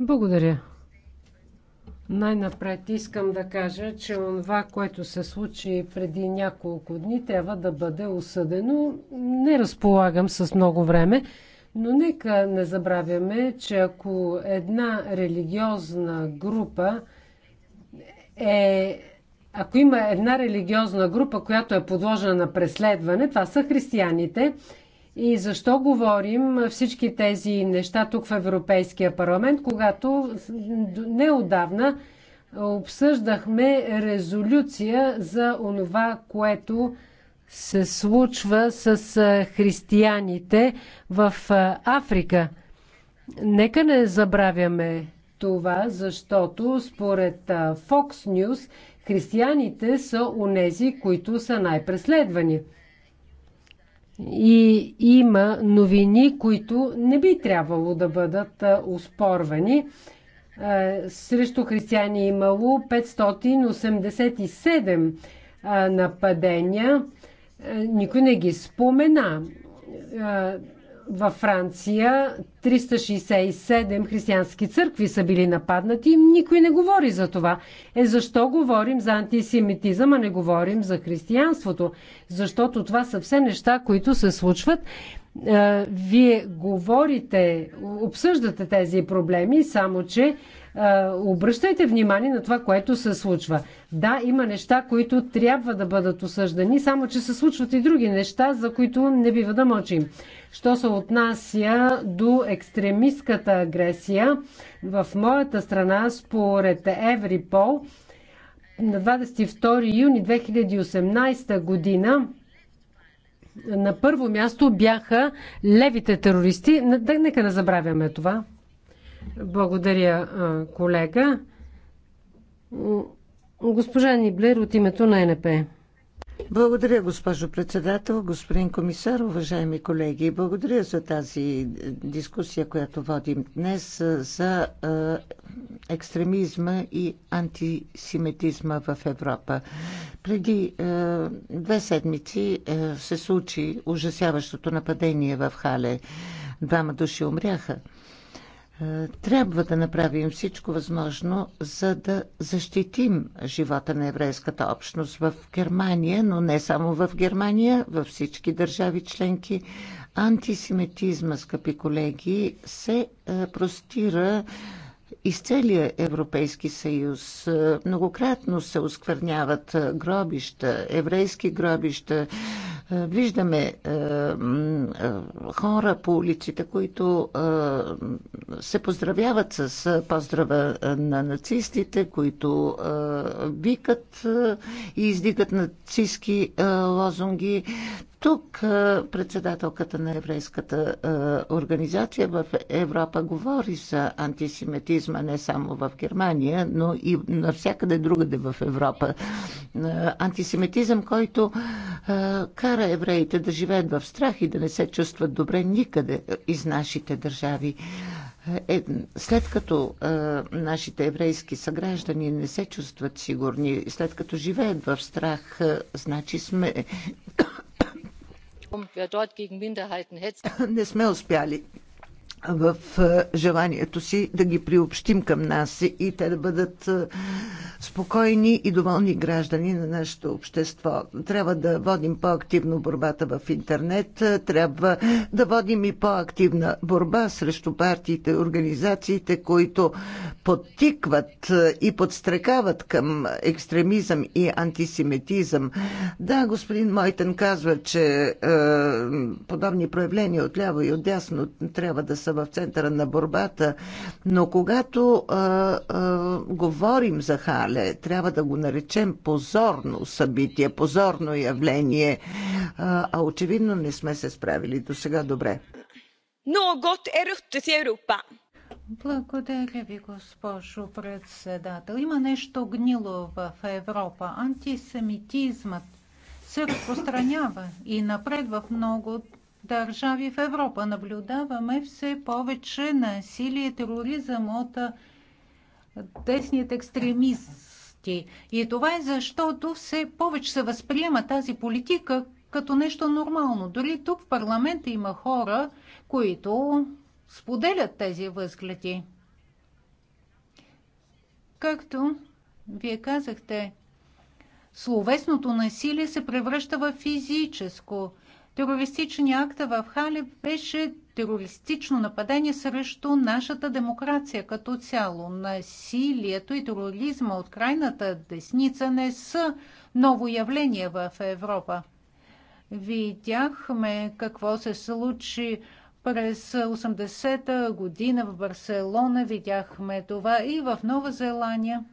Благодаря. Най-напред искам да кажа, че това, което се случи преди няколко дни, трябва да бъде осъдено. Не разполагам с много време, но нека не забравяме, че ако една религиозна група е ако има една религиозна група, която е подложена на преследване, това са християните. И защо говорим всички тези неща тук в Европейския парламент, когато неодавна обсъждахме резолюция за онова, което се случва с християните в Африка. Нека не забравяме това, защото според Fox News християните са онези, които са най-преследвани. И има новини, които не би трябвало да бъдат успорвани. Срещу християни е имало 587 нападения. Никой не ги спомена във Франция 367 християнски църкви са били нападнати и никой не говори за това. Е защо говорим за антисемитизъм, а не говорим за християнството? Защото това са все неща, които се случват. Е, вие говорите, обсъждате тези проблеми, само че Обръщайте внимание на това, което се случва. Да, има неща, които трябва да бъдат осъждани, само че се случват и други неща, за които не бива да мълчим. Що се отнася до екстремистската агресия, в моята страна, според Еврипол, на 22 юни 2018 година на първо място бяха левите терористи. Нека не забравяме това. Благодаря, колега. Госпожа Ниблер от името на НП. Благодаря, госпожо председател, господин комисар, уважаеми колеги. Благодаря за тази дискусия, която водим днес за екстремизма и антисемитизма в Европа. Преди две седмици се случи ужасяващото нападение в Хале. Двама души умряха. Е, трябва да направим всичко възможно, за да защитим живота на еврейската общност в Германия, но не само в Германия, във всички държави членки. Антисемитизма, скъпи колеги, се е, простира из целия Европейски съюз. Е, многократно се оскверняват гробища, еврейски гробища е, виждаме е, е, хора по улиците, които се поздравяват с поздрава на нацистите, които викат и издигат нацистски лозунги. Тук председателката на еврейската организация в Европа говори за антисемитизма не само в Германия, но и навсякъде другаде в Европа. Антисемитизъм, който кара евреите да живеят в страх и да не се чувстват добре никъде из нашите държави. Е, след като е, нашите еврейски съграждани не се чувстват сигурни, след като живеят в страх, е, значи сме Не сме успяли в е, желанието си да ги приобщим към нас и те да бъдат е, спокойни и доволни граждани на нашето общество. Трябва да водим по-активно борбата в интернет, е, трябва да водим и по-активна борба срещу партиите, организациите, които подтикват и подстрекават към екстремизъм и антисемитизъм. Да, господин Мойтен казва, че е, подобни проявления от ляво и от дясно трябва да са са в центъра на борбата. Но когато а, а, говорим за Хале, трябва да го наречем позорно събитие, позорно явление, а, а очевидно не сме се справили до сега добре. Något е ruttet си Европа. Благодаря ви, госпожо председател. Има нещо гнило в Европа. Антисемитизмът се разпространява и напред в много държави в Европа. Наблюдаваме все повече насилие и тероризъм от десният екстремисти. И това е защото все повече се възприема тази политика като нещо нормално. Дори тук в парламента има хора, които споделят тези възгледи. Както вие казахте, словесното насилие се превръща в физическо. Терористичният акт в Халеб беше терористично нападение срещу нашата демокрация като цяло. Насилието и тероризма от крайната десница не са ново явление в Европа. Видяхме какво се случи през 80-та година в Барселона, видяхме това и в Нова Зеландия.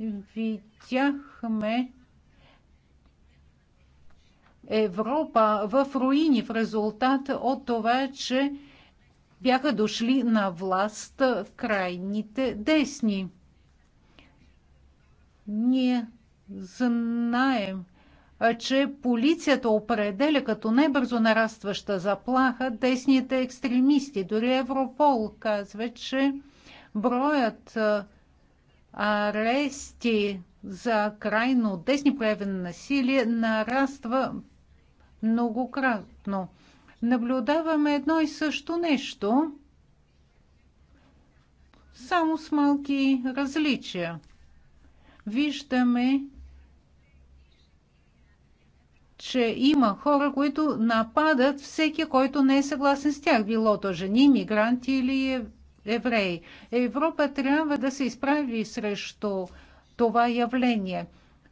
Видяхме Европа в руини в резултат от това, че бяха дошли на власт крайните десни. Ние знаем, че полицията определя като най-бързо нарастваща заплаха десните екстремисти. Дори Европол казва, че броят арести за крайно десни прояви на насилие нараства многократно. Наблюдаваме едно и също нещо, само с малки различия. Виждаме, че има хора, които нападат всеки, който не е съгласен с тях, било то жени, мигранти или е- евреи. Европа трябва да се изправи срещу това явление.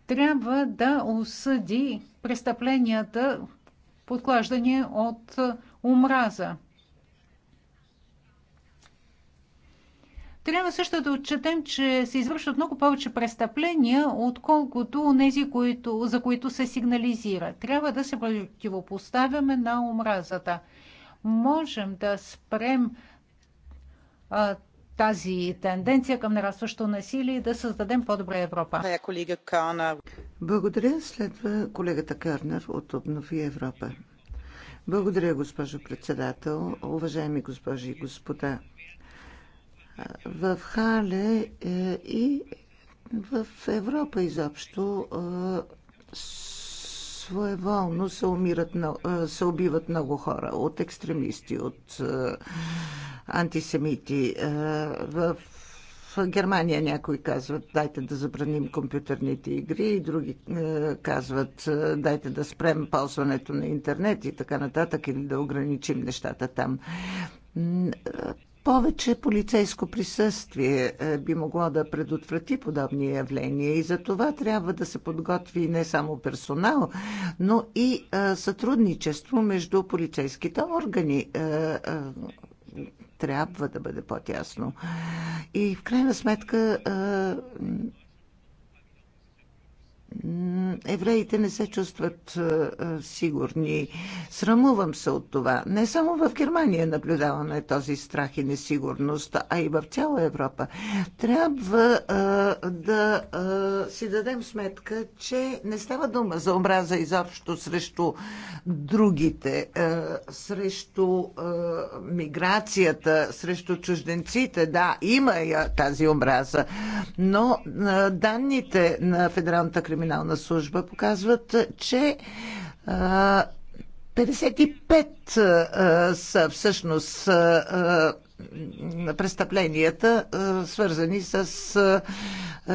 Трябва да осъди престъпленията, подклаждане от е, омраза. Трябва също да отчетем, че се извършват много повече престъпления, отколкото тези, които, за които се сигнализира. Трябва да се противопоставяме на омразата. Можем да спрем а, тази тенденция към нарастващо насилие и да създадем по-добра Европа. Благодаря. Следва колегата Кърнер от Обнови Европа. Благодаря, госпожо председател. Уважаеми госпожи и господа, в Хале е, и в Европа изобщо е, своеволно се, умират, се убиват много хора от екстремисти, от антисемити. В Германия някои казват дайте да забраним компютърните игри и други казват дайте да спрем ползването на интернет и така нататък или да ограничим нещата там. Повече полицейско присъствие е, би могло да предотврати подобни явления и за това трябва да се подготви не само персонал, но и е, сътрудничество между полицейските органи е, трябва да бъде по-тясно. И в крайна сметка евреите не се чувстват е, е, сигурни. Срамувам се от това. Не само в Германия наблюдаваме този страх и несигурност, а и в цяла Европа. Трябва е, да си дадем сметка, че не става дума за омраза изобщо срещу другите, срещу миграцията, срещу чужденците. Да, има тази омраза, но данните на Федералната криминална криминална служба показват, че 55 са всъщност престъпленията, свързани с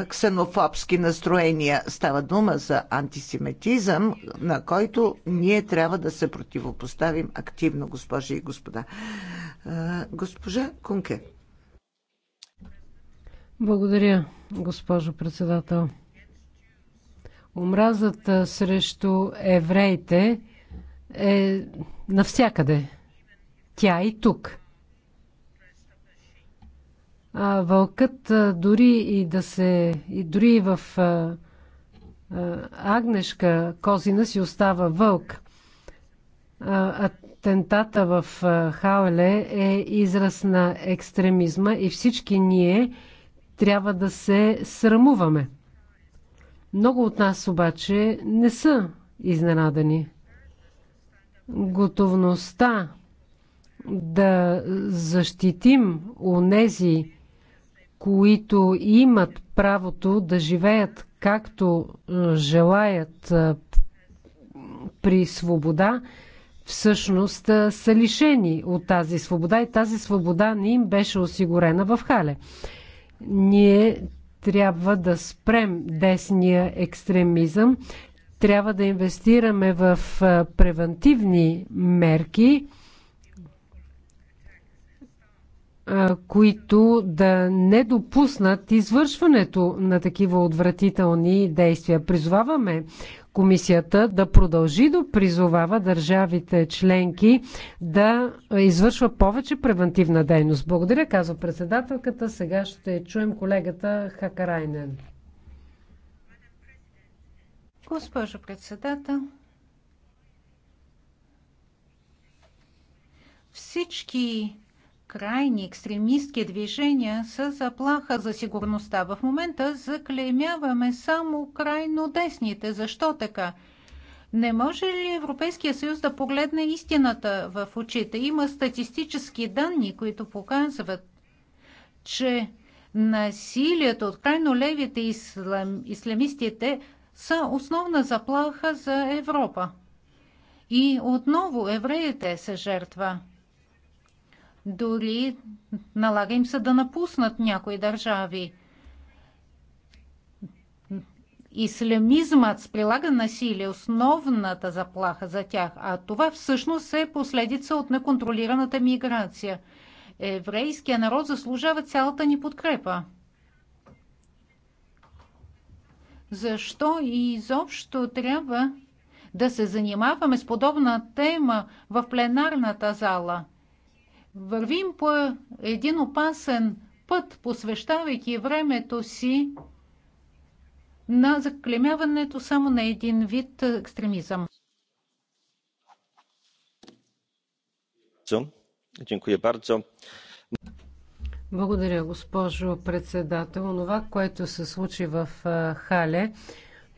ксенофобски настроения. Става дума за антисемитизъм, на който ние трябва да се противопоставим активно, госпожи и господа. Госпожа Кунке. Благодаря, госпожо председател. Омразата срещу евреите е навсякъде. Тя и тук. А вълкът дори и да се. И дори и в а, агнешка козина си остава вълк. А, атентата в Хауле е израз на екстремизма и всички ние трябва да се срамуваме. Много от нас обаче не са изненадани. Готовността да защитим онези, които имат правото да живеят както желаят при свобода, всъщност са лишени от тази свобода и тази свобода не им беше осигурена в Хале. Ние трябва да спрем десния екстремизъм. Трябва да инвестираме в превентивни мерки които да не допуснат извършването на такива отвратителни действия. Призоваваме комисията да продължи да призовава държавите членки да извършва повече превентивна дейност. Благодаря, казва председателката. Сега ще чуем колегата Хакарайнен. Госпожо председател, всички крайни екстремистски движения са заплаха за сигурността. В момента заклеймяваме само крайно десните. Защо така? Не може ли Европейския съюз да погледне истината в очите? Има статистически данни, които показват, че насилието от крайно левите ислам, са основна заплаха за Европа. И отново евреите са жертва. Дори налага им се да напуснат някои държави. Ислямизмът с прилага насилие основната заплаха за тях, а това всъщност е последица от неконтролираната миграция. Еврейския народ заслужава цялата ни подкрепа. Защо и изобщо трябва да се занимаваме с подобна тема в пленарната зала – Вървим по един опасен път, посвещавайки времето си на заклемяването само на един вид екстремизъм. Благодаря, госпожо председател. Това, което се случи в Хале,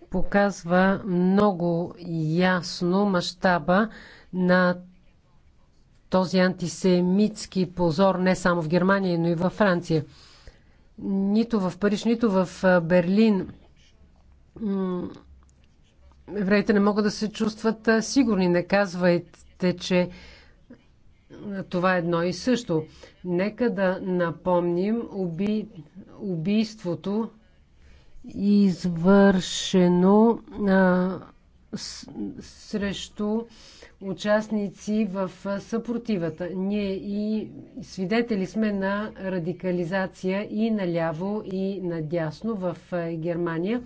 показва много ясно мащаба на този антисемитски позор не само в Германия, но и във Франция. Нито в Париж, нито в Берлин евреите не могат да се чувстват сигурни. Не казвайте, че това е едно и също. Нека да напомним уби... убийството, извършено а, срещу участници в съпротивата. Ние и свидетели сме на радикализация и наляво, и надясно в Германия.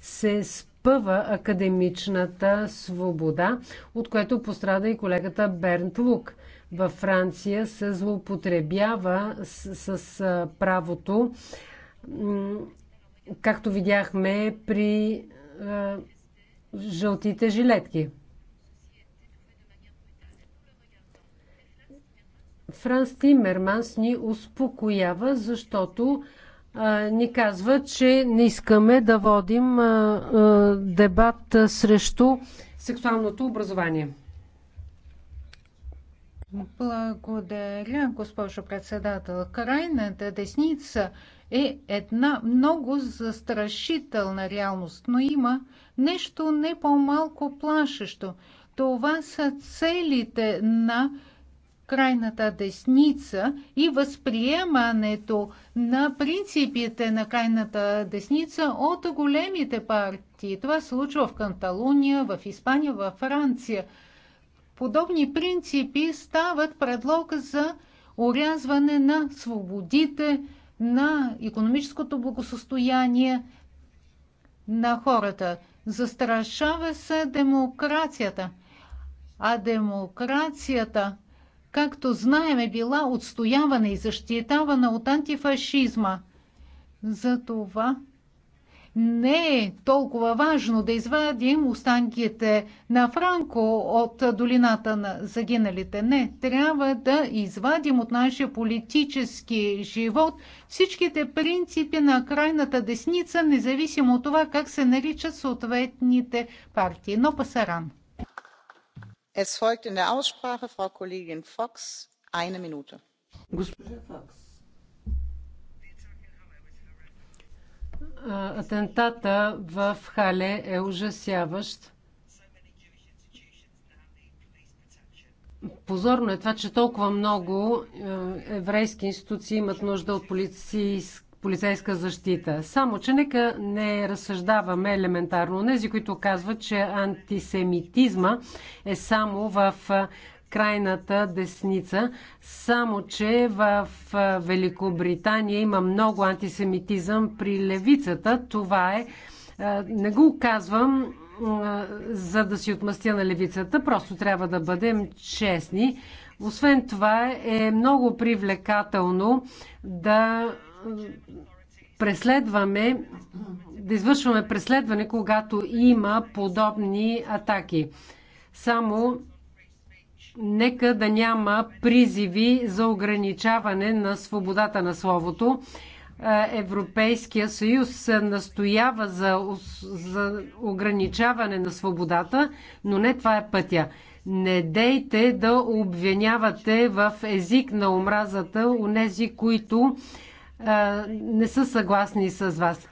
Се спъва академичната свобода, от което пострада и колегата Бернт Лук. Във Франция се злоупотребява с, с правото, както видяхме при жълтите жилетки. Франс Тимерманс ни успокоява, защото а, ни казва, че не искаме да водим а, а, дебат срещу сексуалното образование. Благодаря, госпожо председател. Крайната десница е една много застрашителна реалност, но има нещо не по-малко плашещо. Това са целите на крайната десница и възприемането на принципите на крайната десница от големите партии. Това се случва в Канталуния, в Испания, във Франция. Подобни принципи стават предлог за урязване на свободите, на економическото благосостояние на хората. Застрашава се демокрацията. А демокрацията, както знаем, е била отстоявана и защитавана от антифашизма. Затова не е толкова важно да извадим останките на Франко от долината на загиналите. Не, трябва да извадим от нашия политически живот всичките принципи на крайната десница, независимо от това как се наричат съответните партии. Но пасаран. Es folgt in der Aussprache Frau Kollegin Fox eine Minute. Госпожа Фокс. атентата в Хале е ужасяващ. Позорно е това, че толкова много еврейски институции имат нужда от полицейска защита. Само, че нека не разсъждаваме елементарно. Нези, които казват, че антисемитизма е само в крайната десница. Само, че в Великобритания има много антисемитизъм при левицата. Това е. Не го казвам за да си отмъстя на левицата. Просто трябва да бъдем честни. Освен това е много привлекателно да преследваме, да извършваме преследване, когато има подобни атаки. Само нека да няма призиви за ограничаване на свободата на словото. Е, Европейския съюз настоява за, за ограничаване на свободата, но не това е пътя. Не дейте да обвинявате в език на омразата у нези, които а, е, не са съгласни с вас.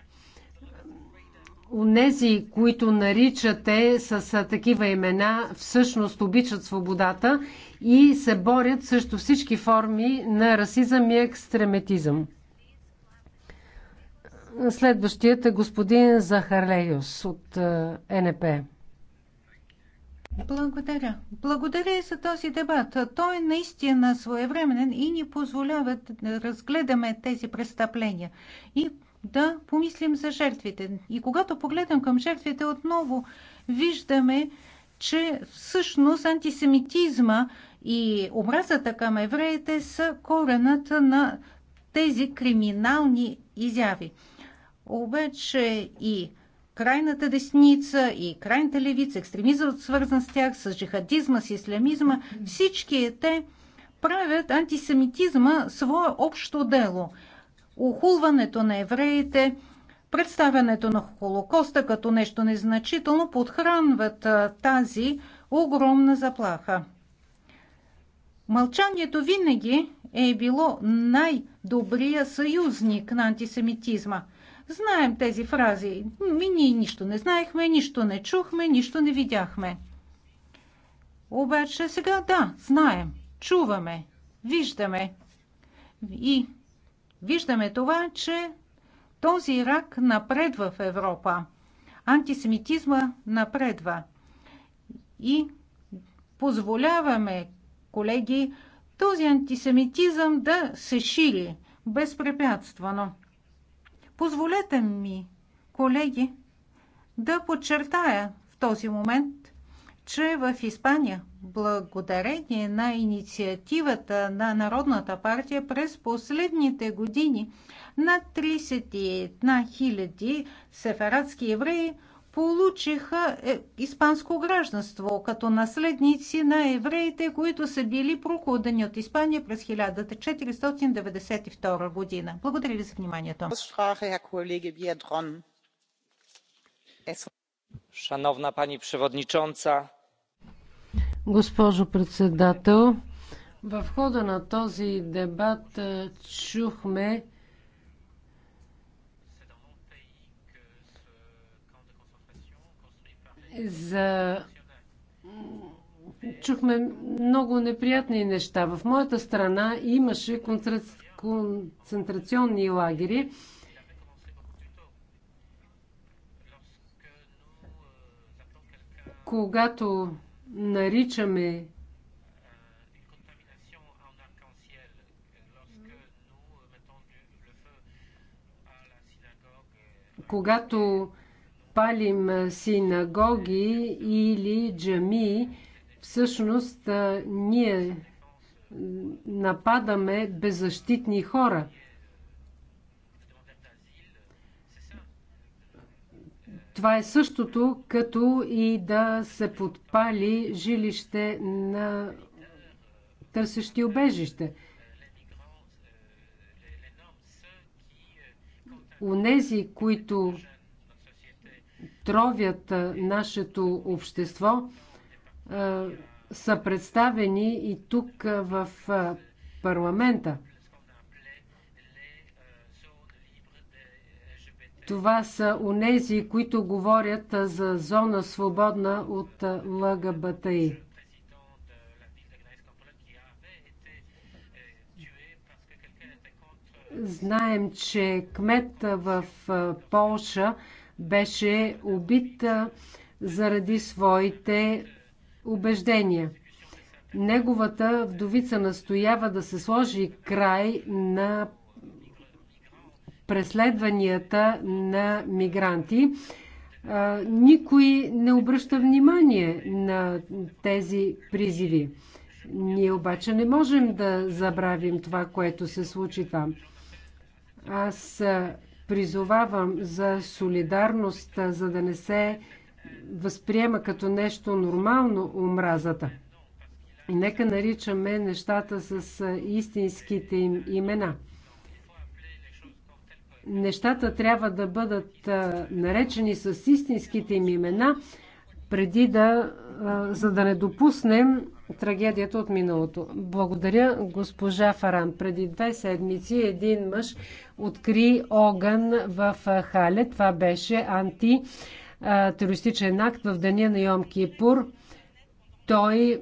Онези, които наричате с такива имена, всъщност обичат свободата и се борят срещу всички форми на расизъм и екстреметизъм. Следващият е господин Захарлеюс от НП. Благодаря. Благодаря и за този дебат. Той е наистина своевременен и ни позволява да разгледаме тези престъпления. И да помислим за жертвите. И когато погледнем към жертвите отново, виждаме, че всъщност антисемитизма и образата към евреите са корената на тези криминални изяви. Обаче и крайната десница, и крайната левица, екстремизът свързан с тях, с джихадизма, с ислямизма, всички те правят антисемитизма свое общо дело – ухулването на евреите, представянето на Холокоста като нещо незначително подхранват тази огромна заплаха. Мълчанието винаги е било най-добрия съюзник на антисемитизма. Знаем тези фрази. Ми ние нищо не знаехме, нищо не чухме, нищо не видяхме. Обаче сега да, знаем, чуваме, виждаме. И виждаме това, че този рак напредва в Европа. Антисемитизма напредва. И позволяваме, колеги, този антисемитизъм да се шири безпрепятствано. Позволете ми, колеги, да подчертая в този момент, че в Испания благодарение на инициативата на Народната партия през последните години над 31 000 сефарадски евреи получиха е, испанско гражданство като наследници на евреите, които са били прокудени от Испания през 1492 година. Благодаря ви за вниманието. Шановна пани Przewodnicząca! Госпожо председател, в хода на този дебат чухме за чухме много неприятни неща. В моята страна имаше концентрационни лагери. Когато наричаме когато палим синагоги или джами, всъщност ние нападаме беззащитни хора – Това е същото, като и да се подпали жилище на търсещи обежище. Унези, които тровят нашето общество, са представени и тук в парламента. Това са онези, които говорят за зона свободна от ЛГБТИ. Знаем, че кмет в Полша беше убит заради своите убеждения. Неговата вдовица настоява да се сложи край на преследванията на мигранти. Никой не обръща внимание на тези призиви. Ние обаче не можем да забравим това, което се случи там. Аз призовавам за солидарност, за да не се възприема като нещо нормално омразата. нека наричаме нещата с истинските им имена – нещата трябва да бъдат наречени с истинските им имена, преди да, за да не допуснем трагедията от миналото. Благодаря, госпожа Фаран. Преди две седмици един мъж откри огън в Хале. Това беше антитерористичен акт в деня на Йом Кипур. Той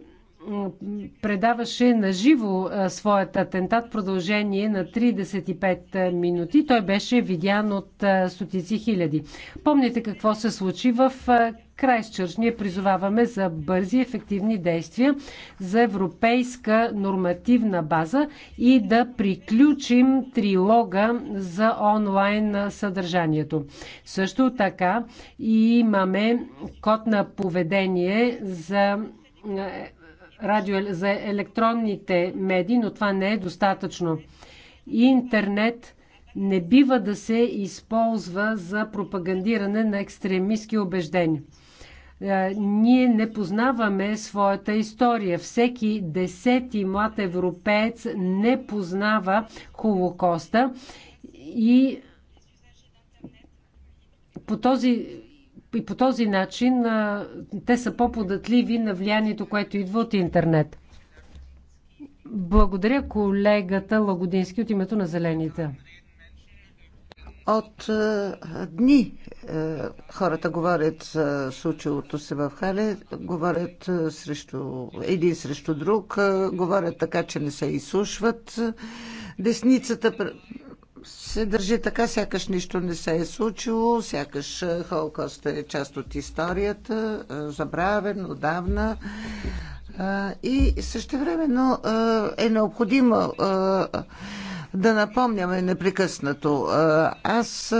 предаваше на живо своят атентат в продължение на 35 минути. Той беше видян от стотици хиляди. Помните какво се случи в Крайсчърч. Ние призоваваме за бързи ефективни действия за европейска нормативна база и да приключим трилога за онлайн съдържанието. Също така имаме код на поведение за радио, за електронните медии, но това не е достатъчно. Интернет не бива да се използва за пропагандиране на екстремистски убеждения. Е, ние не познаваме своята история. Всеки десети млад европеец не познава Холокоста и по този и по този начин те са по-податливи на влиянието, което идва от интернет. Благодаря колегата Лагодински от името на Зелените. От а, дни е, хората говорят за случилото се в Хале, говорят а, срещу, един срещу друг, а, говорят така, че не се изсушват. Десницата се държи така, сякаш нищо не се е случило, сякаш е, Холокост е част от историята, е, забравен отдавна. Е, и същевременно е необходимо да напомняме непрекъснато. Аз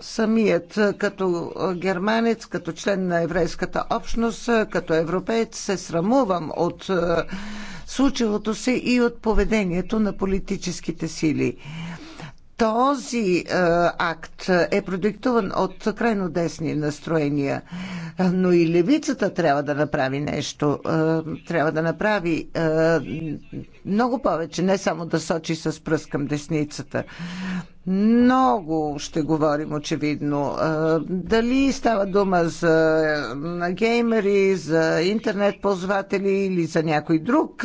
самият като германец, като член на еврейската общност, като европеец се срамувам от случилото се и от поведението на политическите сили този е, акт е продиктуван от крайно десни настроения, но и левицата трябва да направи нещо. Е, трябва да направи е, много повече, не само да сочи с пръст към десницата. Много ще говорим, очевидно. Дали става дума за геймери, за интернет ползватели или за някой друг,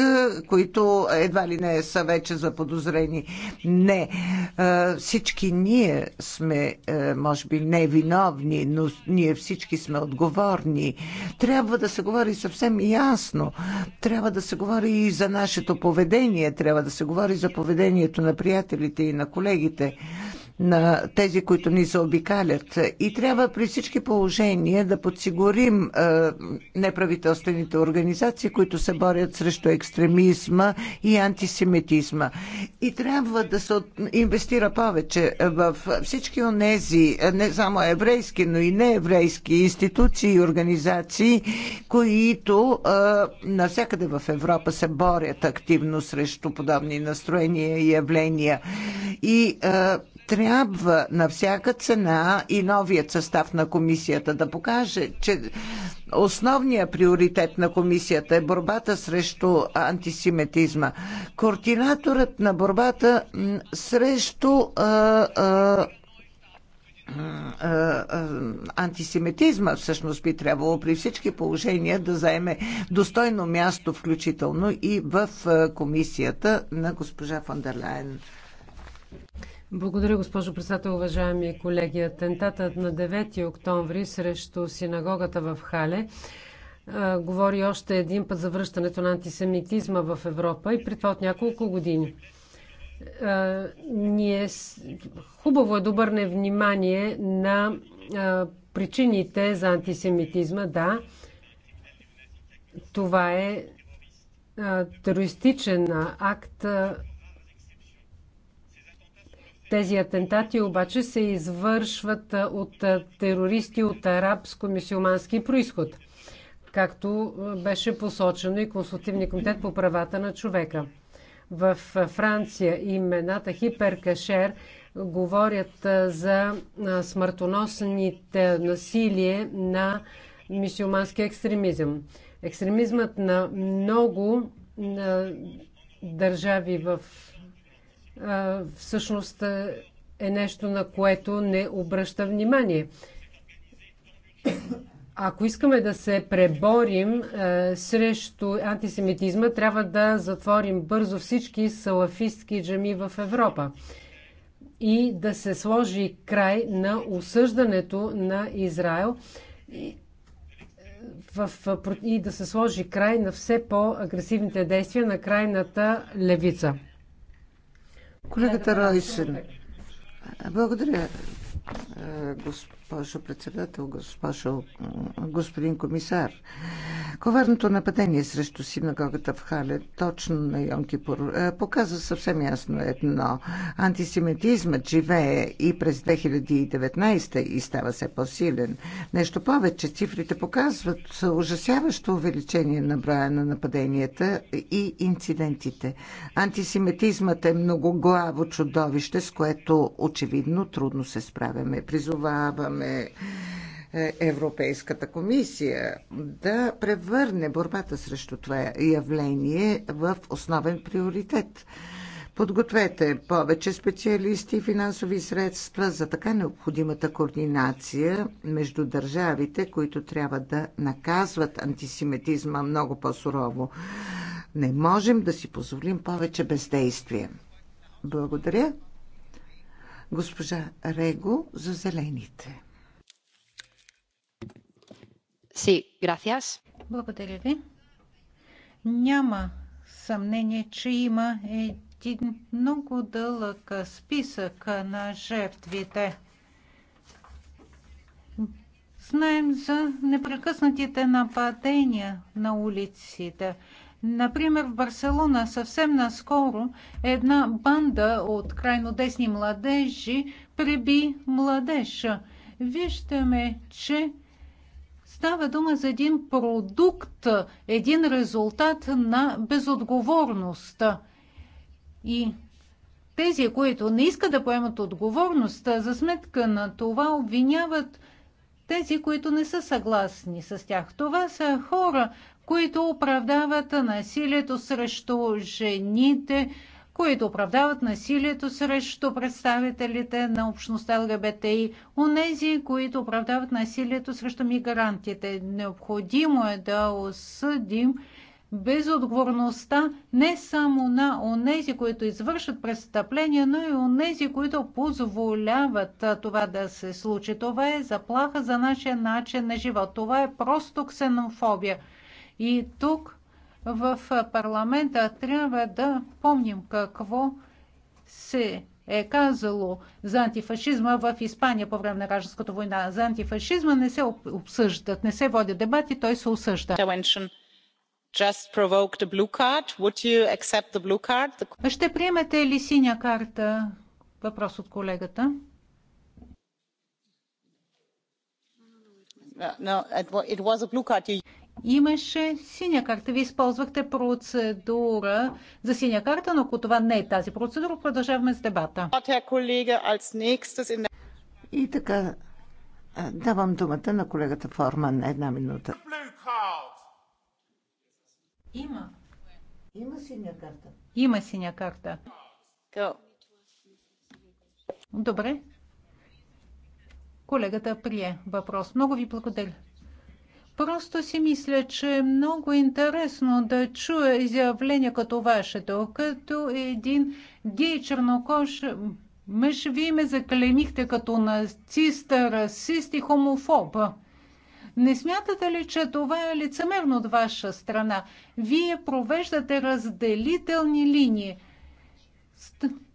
които едва ли не са вече заподозрени. Не. Всички ние сме, може би, невиновни, но ние всички сме отговорни. Трябва да се говори съвсем ясно. Трябва да се говори и за нашето поведение поведение. Трябва да се говори за поведението на приятелите и на колегите на тези, които ни заобикалят. И трябва при всички положения да подсигурим е, неправителствените организации, които се борят срещу екстремизма и антисемитизма. И трябва да се инвестира повече в всички онези, не само еврейски, но и нееврейски институции и организации, които е, навсякъде в Европа се борят активно срещу подобни настроения и явления. И е, трябва на всяка цена и новият състав на комисията да покаже, че основният приоритет на комисията е борбата срещу антисемитизма. Координаторът на борбата срещу а, а, антисемитизма всъщност би трябвало при всички положения да заеме достойно място, включително и в комисията на госпожа Фондерлайн. Благодаря, госпожо председател, уважаеми колеги. Атентатът на 9 октомври срещу синагогата в Хале говори още един път за връщането на антисемитизма в Европа и при това от няколко години. ние, хубаво е да обърне внимание на причините за антисемитизма. Да, това е терористичен акт, тези атентати обаче се извършват от терористи от арабско-мисюлмански происход, както беше посочено и Консултивния комитет по правата на човека. В Франция имената хиперкашер говорят за смъртоносните насилие на мисюлмански екстремизъм. Екстремизмът на много държави в всъщност е нещо, на което не обръща внимание. Ако искаме да се преборим е, срещу антисемитизма, трябва да затворим бързо всички салафистски джами в Европа и да се сложи край на осъждането на Израел и, в, и да се сложи край на все по-агресивните действия на крайната левица. Колегата Ройсен. Благодаря, господин госпожо председател, госпожо, господин комисар. Коварното нападение срещу синагогата в Хале, точно на Йонки Кипур, е, показа съвсем ясно едно. Антисемитизмът живее и през 2019 и става все по-силен. Нещо повече, цифрите показват ужасяващо увеличение на броя на нападенията и инцидентите. Антисемитизмът е многоглаво чудовище, с което очевидно трудно се справяме. Призовавам призоваваме е, Европейската комисия да превърне борбата срещу това явление в основен приоритет. Подгответе повече специалисти и финансови средства за така необходимата координация между държавите, които трябва да наказват антисемитизма много по-сурово. Не можем да си позволим повече бездействие. Благодаря. Госпожа Рего за зелените. Sí, gracias. Благодаря ви. Няма съмнение, че има един много дълъг списък на жертвите. Знаем за непрекъснатите нападения на улиците. Например, в Барселона съвсем наскоро една банда от крайно десни младежи преби младежа. Виждаме, че Става дума за един продукт, един резултат на безотговорност. И тези, които не искат да поемат отговорност, за сметка на това обвиняват тези, които не са съгласни с тях. Това са хора, които оправдават насилието срещу жените, които оправдават насилието срещу представителите на общността ЛГБТИ, онези, които оправдават насилието срещу мигрантите. Необходимо е да осъдим безотговорността не само на онези, които извършат престъпления, но и онези, които позволяват това да се случи. Това е заплаха за нашия начин на живот. Това е просто ксенофобия. И тук в парламента трябва да помним какво се е казало за антифашизма в Испания по време на гражданската война. За антифашизма не се обсъждат, не се водят дебати, той се осъжда. Ще приемете ли синя карта? Въпрос от колегата. No, it was a blue no, Имаше синя карта. Вие използвахте процедура за синя карта, но ако това не е тази процедура, продължаваме с дебата. И така, давам думата на колегата Форман. Една минута. Има. Има синя карта. Има синя карта. Добре. Колегата прие въпрос. Много ви благодаря. Просто си мисля, че е много интересно да чуя изявление като вашето, като един гей чернокож мъж. Вие ме заклемихте като нацист, расист и хомофоб. Не смятате ли, че това е лицемерно от ваша страна? Вие провеждате разделителни линии.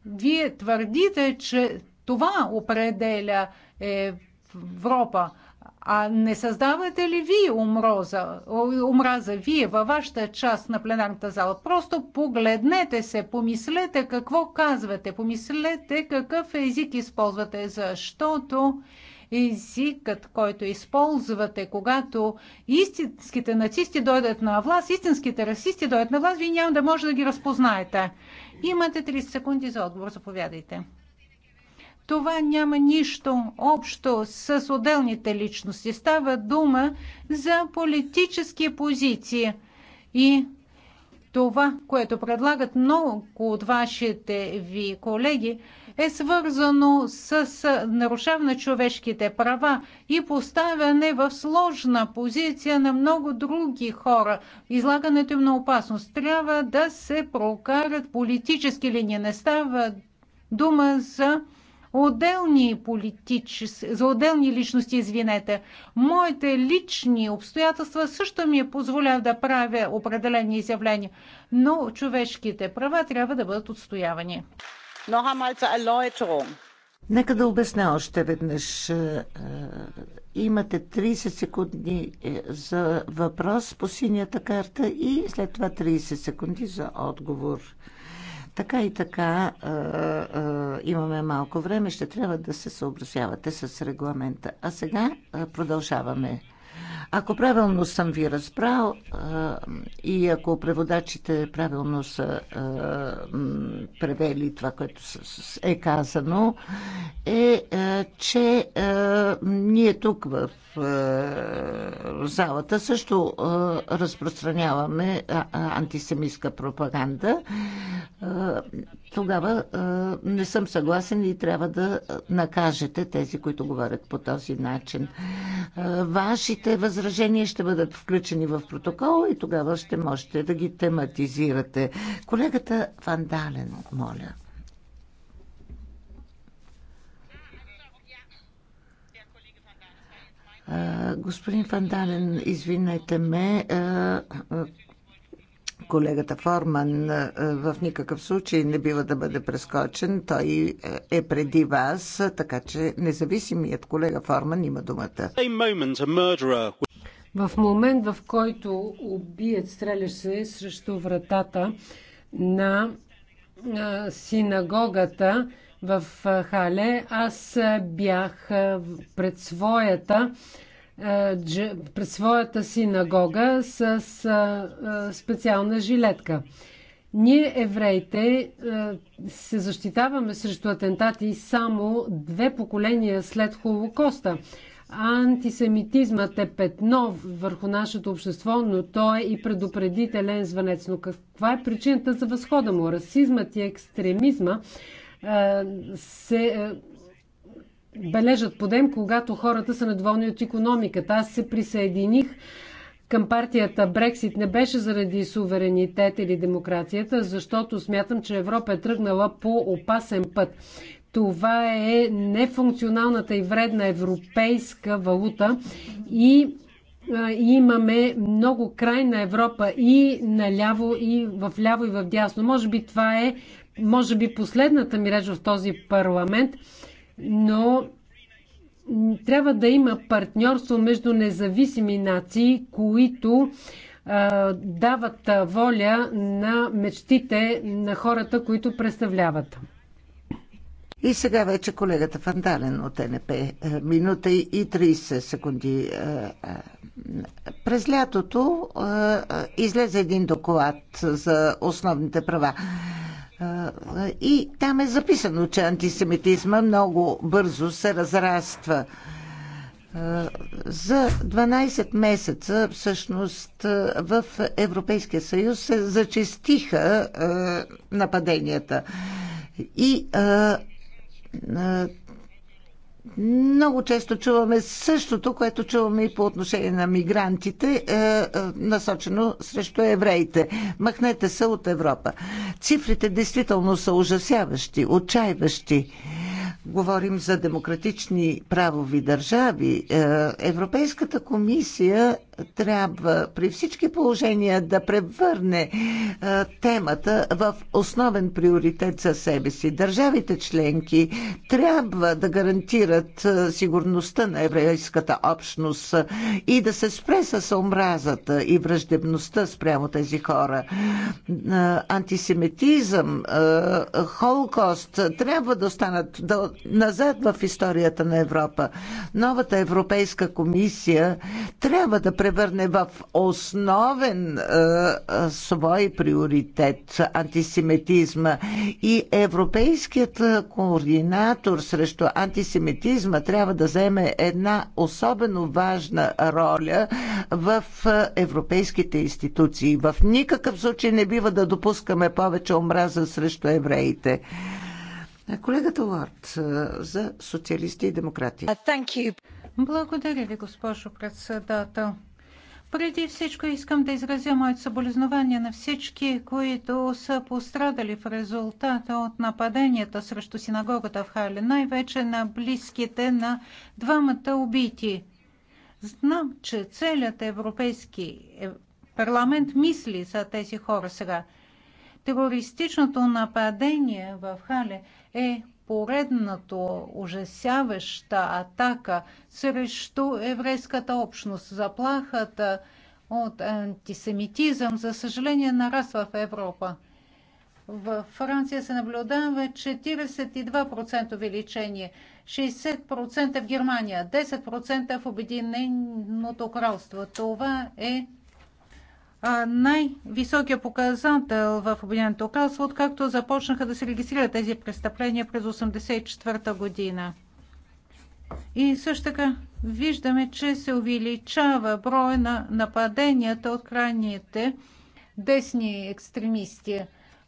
Вие твърдите, че това определя Европа. А не създавате ли вие омраза, омраза вие във вашата част на пленарната зала? Просто погледнете се, помислете какво казвате, помислете какъв език използвате, защото езикът, който използвате, когато истинските нацисти дойдат на власт, истинските расисти дойдат на власт, вие няма да може да ги разпознаете. Имате 30 секунди за отговор, заповядайте. Това няма нищо общо с отделните личности. Става дума за политически позиции. И това, което предлагат много от вашите ви колеги, е свързано с нарушаване на човешките права и поставяне в сложна позиция на много други хора. Излагането им на опасност трябва да се прокарат политически линии. Не става дума за отделни политичес... за отделни личности, извинете. Моите лични обстоятелства също ми е позволяват да правя определени изявления, но човешките права трябва да бъдат отстоявани. Нека да обясня още веднъж. Е, е, имате 30 секунди е, за въпрос по синята карта и след това 30 секунди за отговор. Така и така а, а, имаме малко време, ще трябва да се съобразявате с регламента. А сега а, продължаваме. Ако правилно съм ви разбрал и ако преводачите правилно са превели това, което е казано, е, че ние тук в залата също разпространяваме антисемитска пропаганда. Тогава не съм съгласен и трябва да накажете тези, които говорят по този начин. Вашите вашите възражения ще бъдат включени в протокола и тогава ще можете да ги тематизирате. Колегата Вандален, моля. Господин Вандален, извинете ме, колегата Форман е, в никакъв случай не бива да бъде прескочен. Той е, е преди вас, така че независимият колега Форман има думата. В момент, в който убият стреляш се срещу вратата на синагогата в Хале, аз бях пред своята е, пред своята синагога с е, е, специална жилетка. Ние, евреите, се защитаваме срещу атентати само две поколения след Холокоста. Антисемитизмът е петно върху нашето общество, но той е и предупредителен звънец. Но каква е причината за възхода му? Расизмът и екстремизма се бележат подем, когато хората са недоволни от економиката. Аз се присъединих към партията Брексит не беше заради суверенитет или демокрацията, защото смятам, че Европа е тръгнала по опасен път. Това е нефункционалната и вредна европейска валута и а, имаме много крайна Европа и наляво, и в ляво, и в дясно. Може би това е, може би последната ми реч в този парламент – но трябва да има партньорство между независими нации, които а, дават воля на мечтите на хората, които представляват. И сега вече колегата Фандален от НП. Е, минута и 30 секунди. Е, е, през лятото излезе един доклад за основните права. И там е записано, че антисемитизма много бързо се разраства. За 12 месеца всъщност в Европейския съюз се зачистиха нападенията. И много често чуваме същото, което чуваме и по отношение на мигрантите, е, е, насочено срещу евреите. Махнете се от Европа. Цифрите действително са ужасяващи, отчаиващи. Говорим за демократични правови държави. Е, Европейската комисия трябва при всички положения да превърне е, темата в основен приоритет за себе си. Държавите членки трябва да гарантират е, сигурността на еврейската общност е, и да се спре с омразата и враждебността спрямо тези хора. Антисемитизъм, Холокост трябва да останат назад в историята на Европа. Новата Европейска комисия трябва да превърне превърне в основен а, е, е, свой приоритет антисемитизма и европейският е, координатор срещу антисемитизма трябва да вземе една особено важна роля в европейските институции. В никакъв случай не бива да допускаме повече омраза срещу евреите. Колегата Лорд за социалисти и демократи. Благодаря ви, госпожо председател. Преди всичко искам да изразя моето съболезнование на всички, които са пострадали в резултат от нападенията срещу синагогата в Хайле, най-вече на близките на двамата убити. Знам, че целият Европейски е, парламент мисли за тези хора сега. Терористичното нападение в Хале е поредната ужасяваща атака срещу еврейската общност. Заплахата от антисемитизъм, за съжаление, нараства в Европа. В Франция се наблюдава 42% увеличение, 60% в Германия, 10% в Обединеното кралство. Това е най-високия показател в Обединеното кралство, откакто започнаха да се регистрират тези престъпления през 1984 година. И също така виждаме, че се увеличава броя на нападенията от крайните десни екстремисти.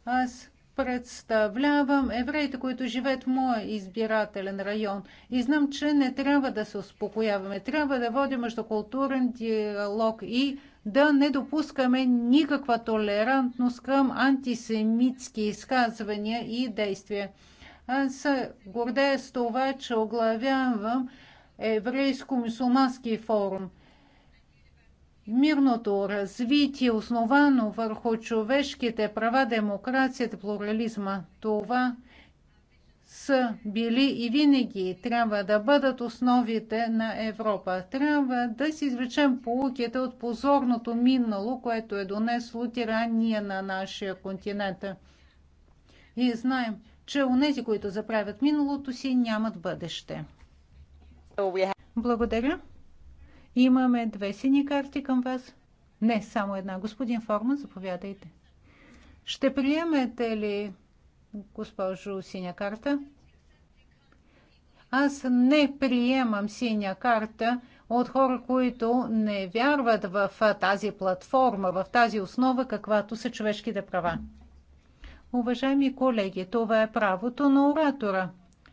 Аз представлявам евреите, които живеят в моя избирателен район. И знам, че не трябва да се успокояваме. Трябва да водим междукултурен диалог и да не допускаме никаква толерантност към антисемитски изказвания и действия. Аз се гордея с това, че оглавявам еврейско-мусулмански форум – Мирното развитие, основано върху човешките права, демокрацията, плурализма, това са били и винаги трябва да бъдат основите на Европа. Трябва да си извлечем полуките от позорното минало, което е донесло тирания на нашия континент. И знаем, че нези, които заправят миналото си, нямат бъдеще. Благодаря. Имаме две сини карти към вас. Не, само една. Господин Форман, заповядайте. Ще приемете ли, госпожо, синя карта? Аз не приемам синя карта от хора, които не вярват в тази платформа, в тази основа, каквато са човешките права. Уважаеми колеги, това е правото на оратора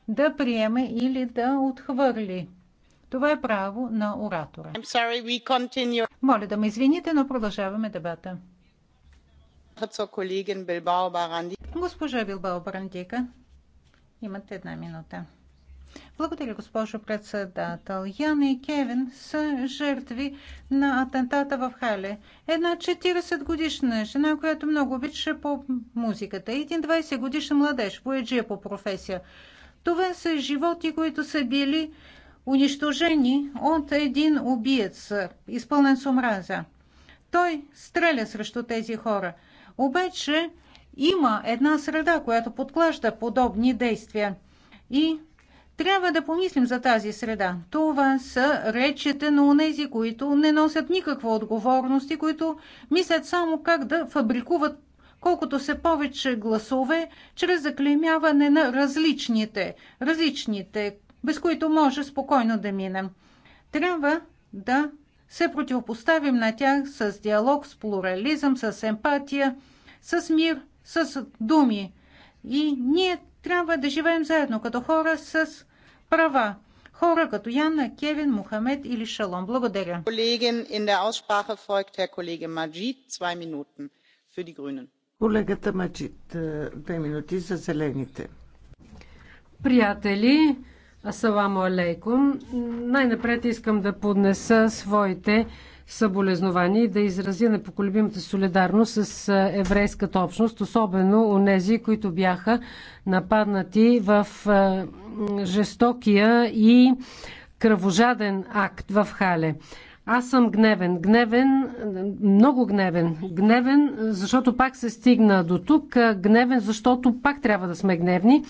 да приеме или да отхвърли това е право на оратора. Sorry, Моля да ме извините, но продължаваме дебата. Госпожа Билбао Барандика, имате една минута. Благодаря, госпожо председател. Яна и Кевин са жертви на атентата в Хале. Една 40 годишна жена, която много обича по музиката. Един 20 годишен младеж, поеджия е по професия. Това са животи, които са били унищожени от един убиец, изпълнен с омраза. Той стреля срещу тези хора. Обаче има една среда, която подклажда подобни действия. И трябва да помислим за тази среда. Това са речите на онези, които не носят никаква отговорност и които мислят само как да фабрикуват колкото се повече гласове, чрез заклемяване на различните, различните без които може спокойно да минем. Трябва да се противопоставим на тях с диалог, с плурализъм, с емпатия, с мир, с думи. И ние трябва да живеем заедно като хора с права. Хора като Яна, Кевин, Мухамед или Шалом. Благодаря. Колегата Маджит, две минути за зелените. Приятели, Асаламу алейкум. Най-напред искам да поднеса своите съболезнования и да изразя непоколебимата солидарност с еврейската общност, особено у нези, които бяха нападнати в жестокия и кръвожаден акт в Хале. Аз съм гневен. Гневен, много гневен. Гневен, защото пак се стигна до тук. Гневен, защото пак трябва да сме гневни.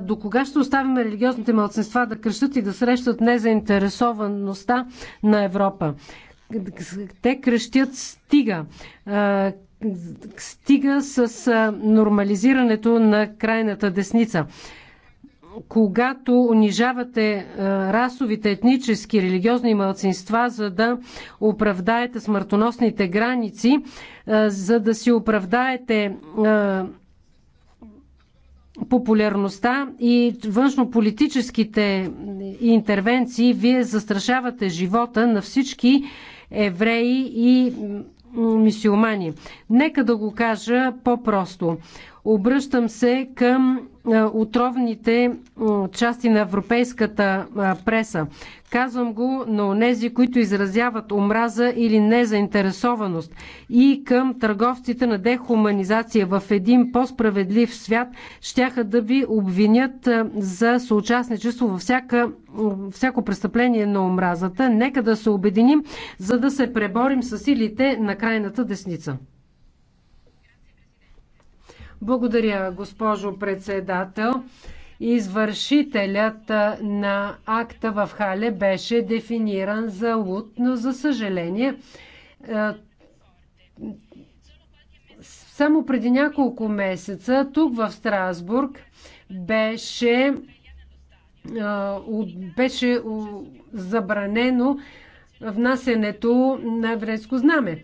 До кога ще оставим религиозните младсенства да крещат и да срещат незаинтересоваността на Европа? Те крещят стига стига с нормализирането на крайната десница когато унижавате е, расовите, етнически, религиозни мълцинства, за да оправдаете смъртоносните граници, е, за да си оправдаете е, популярността и външнополитическите интервенции, вие застрашавате живота на всички евреи и мисиомани. Нека да го кажа по-просто. Обръщам се към отровните части на европейската преса. Казвам го на онези, които изразяват омраза или незаинтересованост и към търговците на дехуманизация в един по-справедлив свят, щяха да ви обвинят за съучастничество във всяка, всяко престъпление на омразата. Нека да се обединим, за да се преборим с силите на крайната десница. Благодаря, госпожо председател. Извършителят на акта в Хале беше дефиниран за луд, но за съжаление само преди няколко месеца тук в Страсбург беше, беше забранено внасенето на еврейско знаме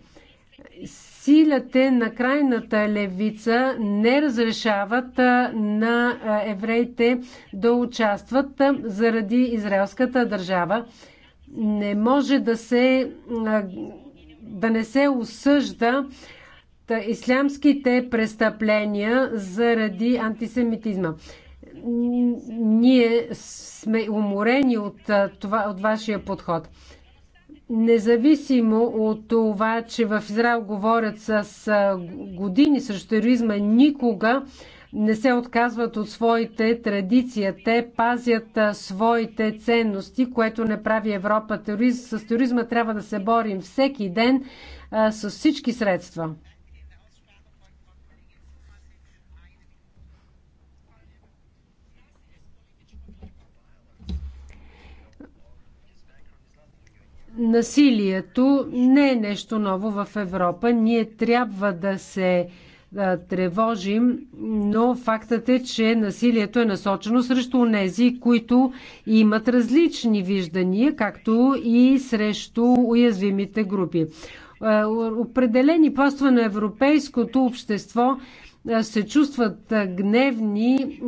силите на крайната левица не разрешават на евреите да участват заради израелската държава. Не може да се да не се осъжда ислямските престъпления заради антисемитизма. Ние сме уморени от, това, от вашия подход. Независимо от това, че в Израел говорят с години срещу тероризма, никога не се отказват от своите традиции. Те пазят своите ценности, което не прави Европа. Тероризм, с тероризма трябва да се борим всеки ден а, с всички средства. Насилието не е нещо ново в Европа. Ние трябва да се тревожим, но фактът е, че насилието е насочено срещу тези, които имат различни виждания, както и срещу уязвимите групи. Определени пластове на европейското общество се чувстват гневни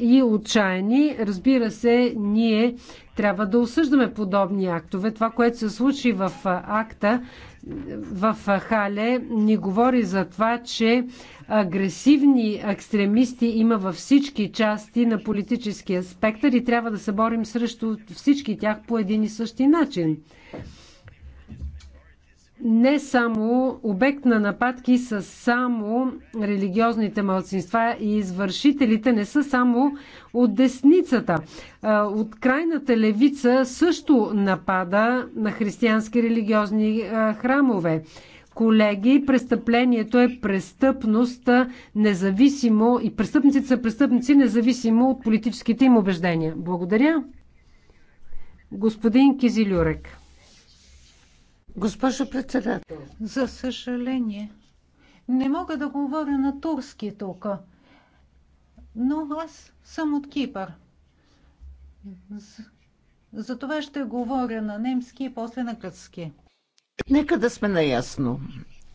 и отчаяни. Разбира се, ние трябва да осъждаме подобни актове. Това, което се случи в акта, в Хале, ни говори за това, че агресивни екстремисти има във всички части на политическия спектър и трябва да се борим срещу всички тях по един и същи начин не само обект на нападки са само религиозните малцинства и извършителите не са само от десницата. От крайната левица също напада на християнски религиозни храмове. Колеги, престъплението е престъпност, независимо и престъпниците са престъпници, независимо от политическите им убеждения. Благодаря. Господин Кизилюрек. Госпожо председател. За съжаление, не мога да говоря на турски тук, но аз съм от Кипър. Затова ще говоря на немски и после на гръцки. Нека да сме наясно.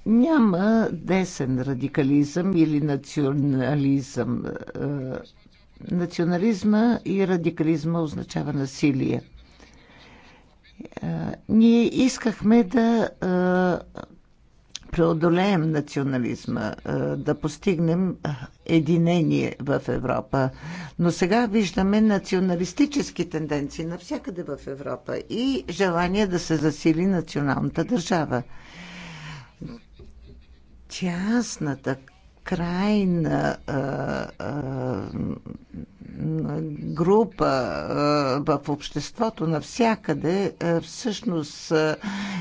Няма десен радикализъм или национализъм. Е, национализма и радикализма означава насилие. Ние искахме да преодолеем национализма, да постигнем единение в Европа. Но сега виждаме националистически тенденции навсякъде в Европа и желание да се засили националната държава. Тясната крайна а, а, група а, в обществото навсякъде а, всъщност а,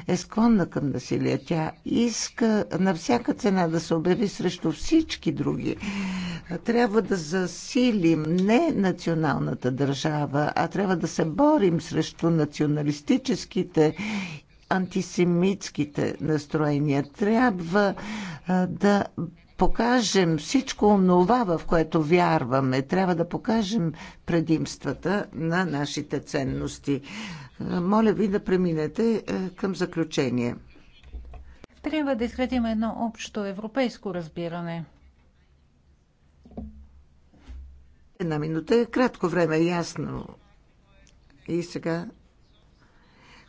е склонна към насилие. Тя иска на всяка цена да се обяви срещу всички други. Трябва да засилим не националната държава, а трябва да се борим срещу националистическите антисемитските настроения. Трябва а, да покажем всичко онова, в което вярваме. Трябва да покажем предимствата на нашите ценности. Моля ви да преминете е, към заключение. Трябва да изградим едно общо европейско разбиране. Една минута е кратко време, ясно. И сега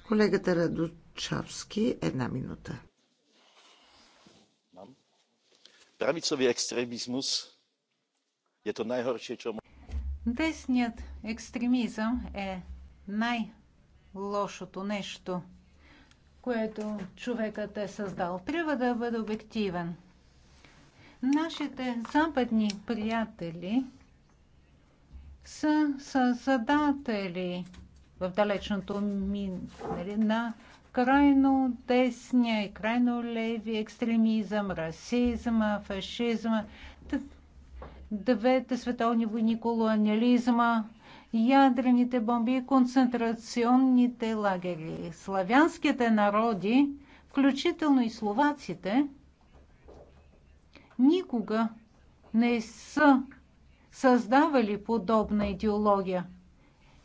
колегата Радочавски, една минута. е то най to najhoršie, може. Десният екстремизъм е най-лошото нещо, което човекът е създал. Трябва да бъде обективен. Нашите западни приятели са създатели в далечното минали на крайно десния и крайно леви екстремизъм, расизма, фашизма, двете световни войни, колониализма, ядрените бомби и концентрационните лагери. Славянските народи, включително и словаците, никога не са създавали подобна идеология.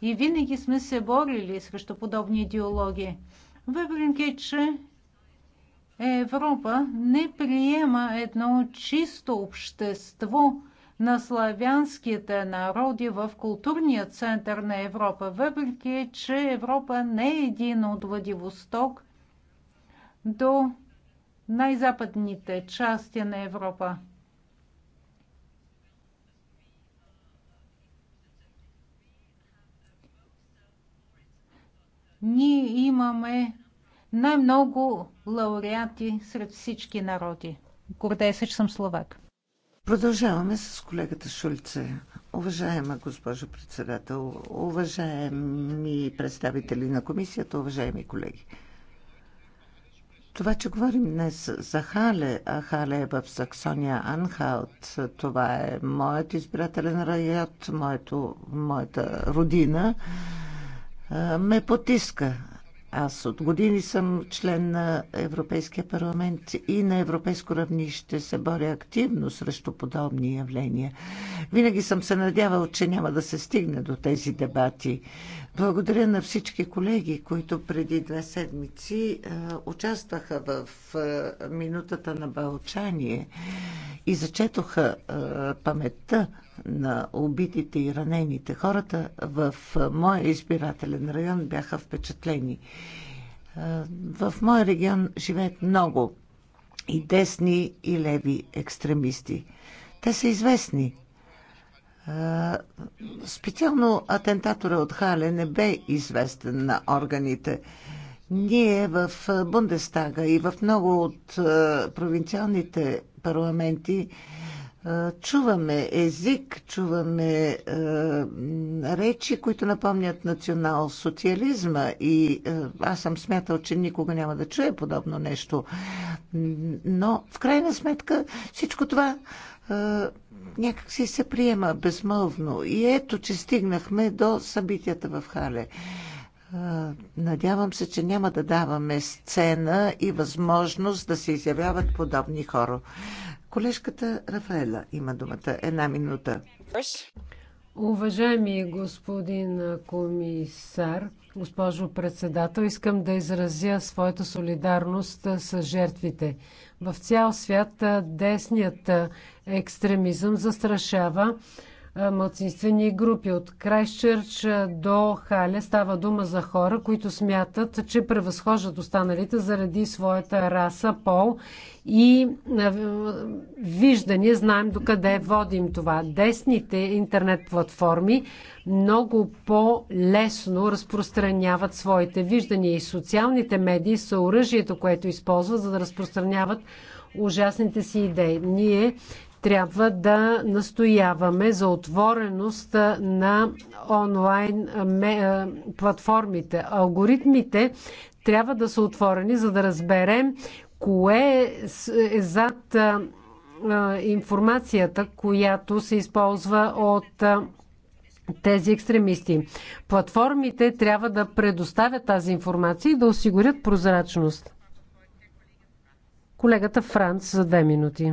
И винаги сме се борили срещу подобни идеологии. Въпреки, че Европа не приема едно чисто общество на славянските народи в културния център на Европа, въпреки, че Европа не е един от Владивосток до най-западните части на Европа. Ние имаме най-много лауреати сред всички народи. Гордея се, че съм словак. Продължаваме с колегата Шульце. Уважаема госпожо председател, уважаеми представители на комисията, уважаеми колеги. Това, че говорим днес за Хале, а Хале е в Саксония Анхаут, това е моят избирателен район, моето, моята родина ме потиска. Аз от години съм член на Европейския парламент и на европейско равнище се боря активно срещу подобни явления. Винаги съм се надявал, че няма да се стигне до тези дебати. Благодаря на всички колеги, които преди две седмици е, участваха в е, минутата на бълчание и зачетоха е, паметта на убитите и ранените хората в моя избирателен район бяха впечатлени. В моя регион живеят много и десни и леви екстремисти. Те са известни. Специално атентатора от Хале не бе известен на органите. Ние в Бундестага и в много от провинциалните парламенти Чуваме език, чуваме е, речи, които напомнят национал-социализма и е, аз съм смятал, че никога няма да чуя подобно нещо. Но в крайна сметка всичко това е, някакси се приема безмълвно. И ето, че стигнахме до събитията в Хале. Надявам се, че няма да даваме сцена и възможност да се изявяват подобни хора. Колежката Рафаела има думата. Една минута. Уважаеми господин комисар, госпожо председател, искам да изразя своята солидарност с жертвите. В цял свят десният екстремизъм застрашава мълцинствени групи от Крайсчърч до Хале. Става дума за хора, които смятат, че превъзхождат останалите заради своята раса, пол и виждане. Знаем докъде водим това. Десните интернет платформи много по-лесно разпространяват своите виждания и социалните медии са оръжието, което използват, за да разпространяват ужасните си идеи. Ние трябва да настояваме за отвореност на онлайн платформите. Алгоритмите трябва да са отворени, за да разберем кое е зад информацията, която се използва от тези екстремисти. Платформите трябва да предоставят тази информация и да осигурят прозрачност. Колегата Франц за две минути.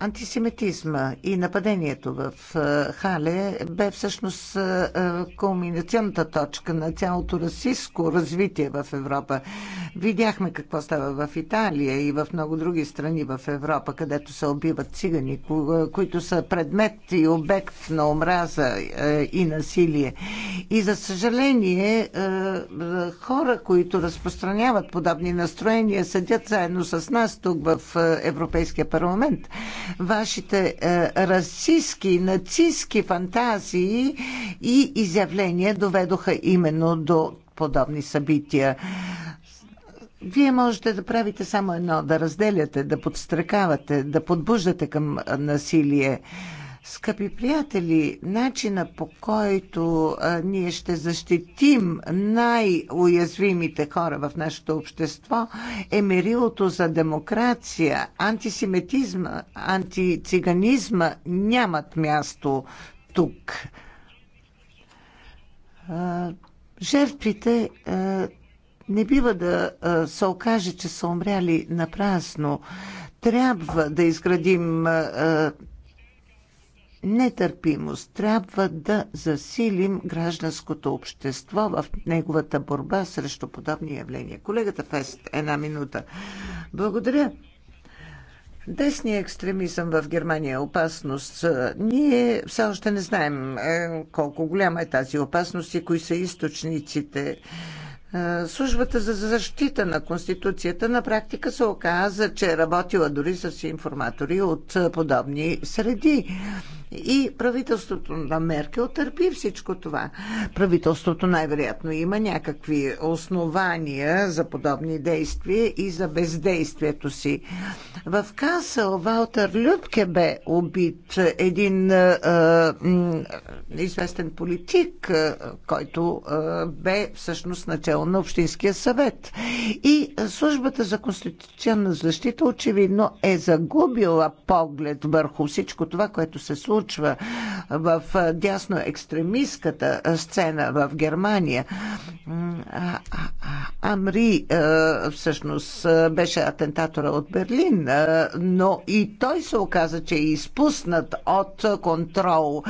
антисемитизма и нападението в Хале бе всъщност кулминационната точка на цялото расистско развитие в Европа. Видяхме какво става в Италия и в много други страни в Европа, където се убиват цигани, които са предмет и обект на омраза и насилие. И за съжаление, хора, които разпространяват подобни настроения, седят заедно с нас тук в Европейския парламент парламент. Вашите е, расистски, нацистски фантазии и изявления доведоха именно до подобни събития. Вие можете да правите само едно да разделяте, да подстракавате, да подбуждате към насилие. Скъпи приятели, начина по който а, ние ще защитим най-уязвимите хора в нашето общество е мерилото за демокрация. Антисемитизма, антициганизма нямат място тук. А, жертвите а, не бива да а, се окаже, че са умряли напрасно. Трябва да изградим. А, нетърпимост. Трябва да засилим гражданското общество в неговата борба срещу подобни явления. Колегата Фест, една минута. Благодаря. Десният екстремизъм в Германия е опасност. Ние все още не знаем е, колко голяма е тази опасност и кои са източниците. Е, службата за защита на Конституцията на практика се оказа, че е работила дори с информатори от подобни среди. И правителството на Меркел търпи всичко това. Правителството най-вероятно има някакви основания за подобни действия и за бездействието си. В Касъл Валтер Любке бе убит един е, известен политик, който е, бе всъщност начало на Общинския съвет. И службата за конституционна защита очевидно е загубила поглед върху всичко това, което се случва случва в дясно екстремистската сцена в Германия. Амри всъщност беше атентатора от Берлин, но и той се оказа, че е изпуснат от контрол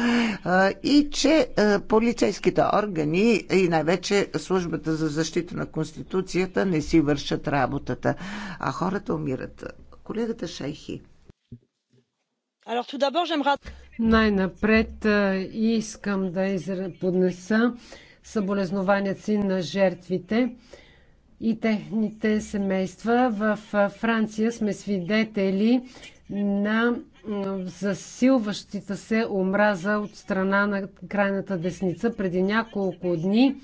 и че полицейските органи и най-вече службата за защита на Конституцията не си вършат работата, а хората умират. Колегата Шайхи. Най-напред искам да поднеса съболезнованията си на жертвите и техните семейства. В Франция сме свидетели на засилващата се омраза от страна на крайната десница. Преди няколко дни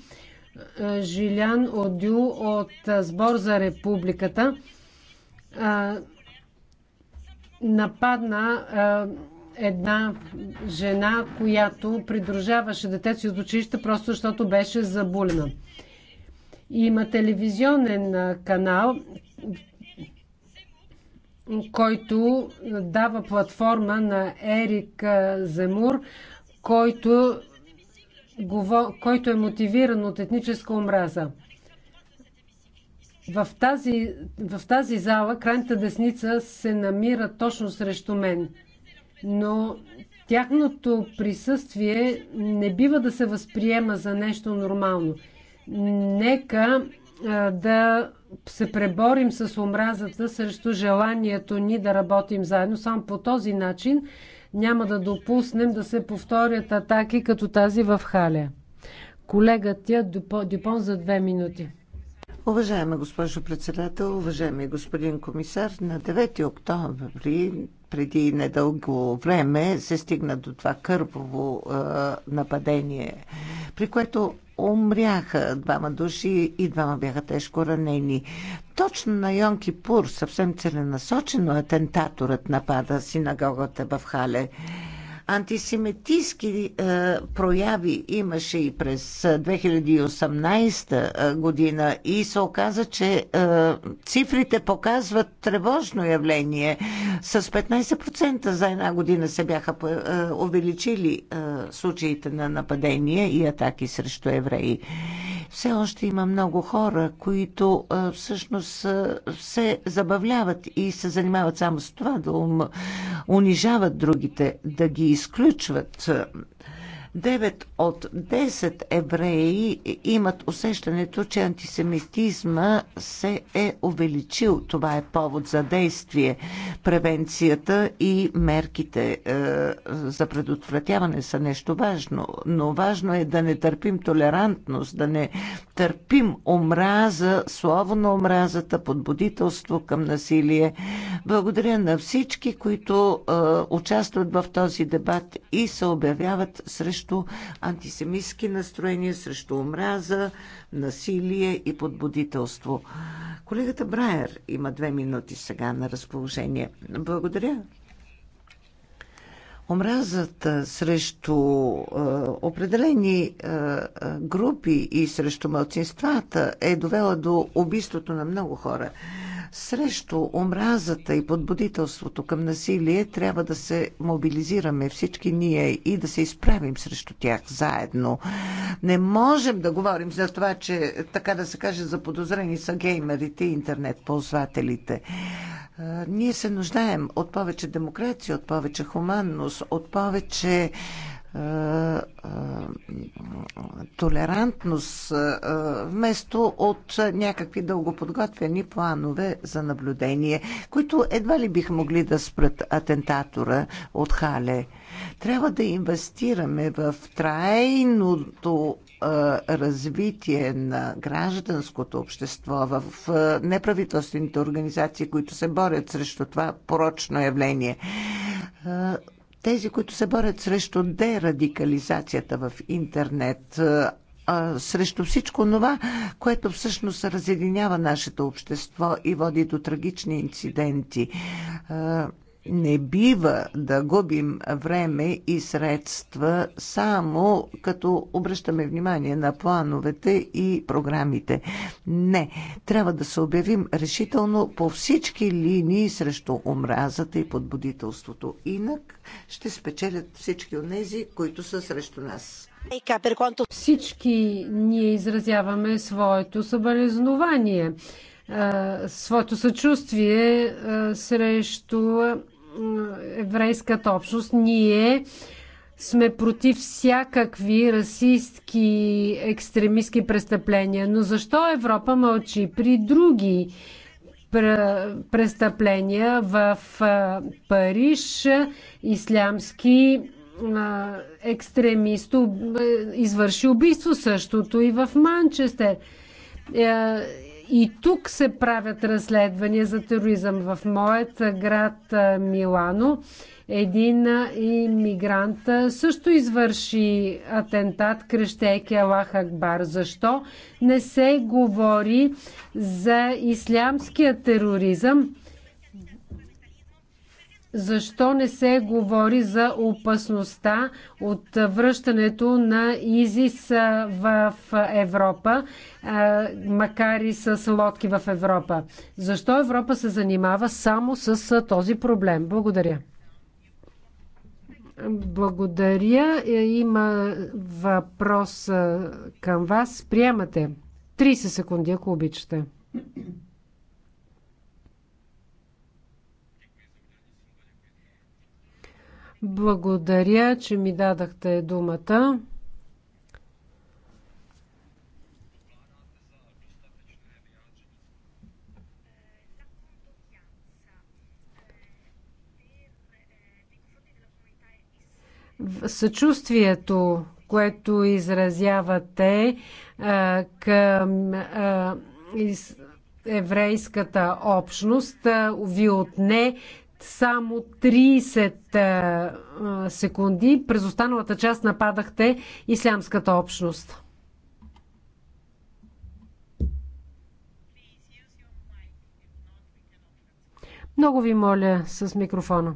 Жилян Одю от Сбор за републиката нападна една жена, която придружаваше детето си от училище, просто защото беше заболена. Има телевизионен канал, който дава платформа на Ерик Земур, който, който е мотивиран от етническа омраза. В тази, в тази зала крайната десница се намира точно срещу мен но тяхното присъствие не бива да се възприема за нещо нормално. Нека да се преборим с омразата срещу желанието ни да работим заедно. Само по този начин няма да допуснем да се повторят атаки като тази в Халя. Колега Тя Дюпон за две минути. Уважаема госпожо председател, уважаеми господин комисар, на 9 октомври преди недълго време се стигна до това кървово нападение, при което умряха двама души и двама бяха тежко ранени. Точно на Йон Кипур, съвсем целенасочено, атентаторът напада синагогата в Хале. Антисемитистки е, прояви имаше и през 2018 е, е, година и се оказа, че цифрите показват тревожно явление. С 15% за една година се бяха увеличили случаите на нападения и атаки срещу евреи все още има много хора, които всъщност се забавляват и се занимават само с това да унижават другите, да ги изключват 9 от 10 евреи имат усещането, че антисемитизма се е увеличил. Това е повод за действие. Превенцията и мерките е, за предотвратяване са нещо важно, но важно е да не търпим толерантност, да не търпим омраза, слово на омразата, подбудителство към насилие. Благодаря на всички, които е, участват в този дебат и се обявяват срещу срещу антисемитски настроения, срещу омраза, насилие и подбудителство. Колегата Брайер има две минути сега на разположение. Благодаря. Омразата срещу е, определени е, е групи и срещу мълцинствата е довела до убийството на много хора. Срещу омразата и подбудителството към насилие трябва да се мобилизираме всички ние и да се изправим срещу тях заедно. Не можем да говорим за това, че така да се каже заподозрени са геймерите и интернет ползвателите. Ние се нуждаем от повече демокрация, от повече хуманност, от повече толерантност, вместо от някакви дългоподготвени планове за наблюдение, които едва ли биха могли да спрат атентатора от Хале. Трябва да инвестираме в трайното развитие на гражданското общество, в неправителствените организации, които се борят срещу това порочно явление тези, които се борят срещу дерадикализацията в интернет, срещу всичко това, което всъщност разединява нашето общество и води до трагични инциденти не бива да губим време и средства само като обръщаме внимание на плановете и програмите. Не, трябва да се обявим решително по всички линии срещу омразата и подбудителството. Инак ще спечелят всички от тези, които са срещу нас. Всички ние изразяваме своето съболезнование своето съчувствие срещу еврейската общност. Ние сме против всякакви расистки екстремистски престъпления. Но защо Европа мълчи при други престъпления в Париж, ислямски екстремист извърши убийство същото и в Манчестер е, и тук се правят разследвания за тероризъм. В моят град Милано един иммигрант също извърши атентат, крещейки Аллах Акбар. Защо не се говори за ислямския тероризъм? Защо не се говори за опасността от връщането на ИЗИС в Европа, макар и с лодки в Европа? Защо Европа се занимава само с този проблем? Благодаря. Благодаря. Е, има въпрос към вас. Приемате. 30 секунди, ако обичате. Благодаря, че ми дадахте думата. съчувствието, което изразявате а, към а, из, еврейската общност, а, ви отне само 30 е, е, секунди. През останалата част нападахте ислямската общност. Много ви моля с микрофона.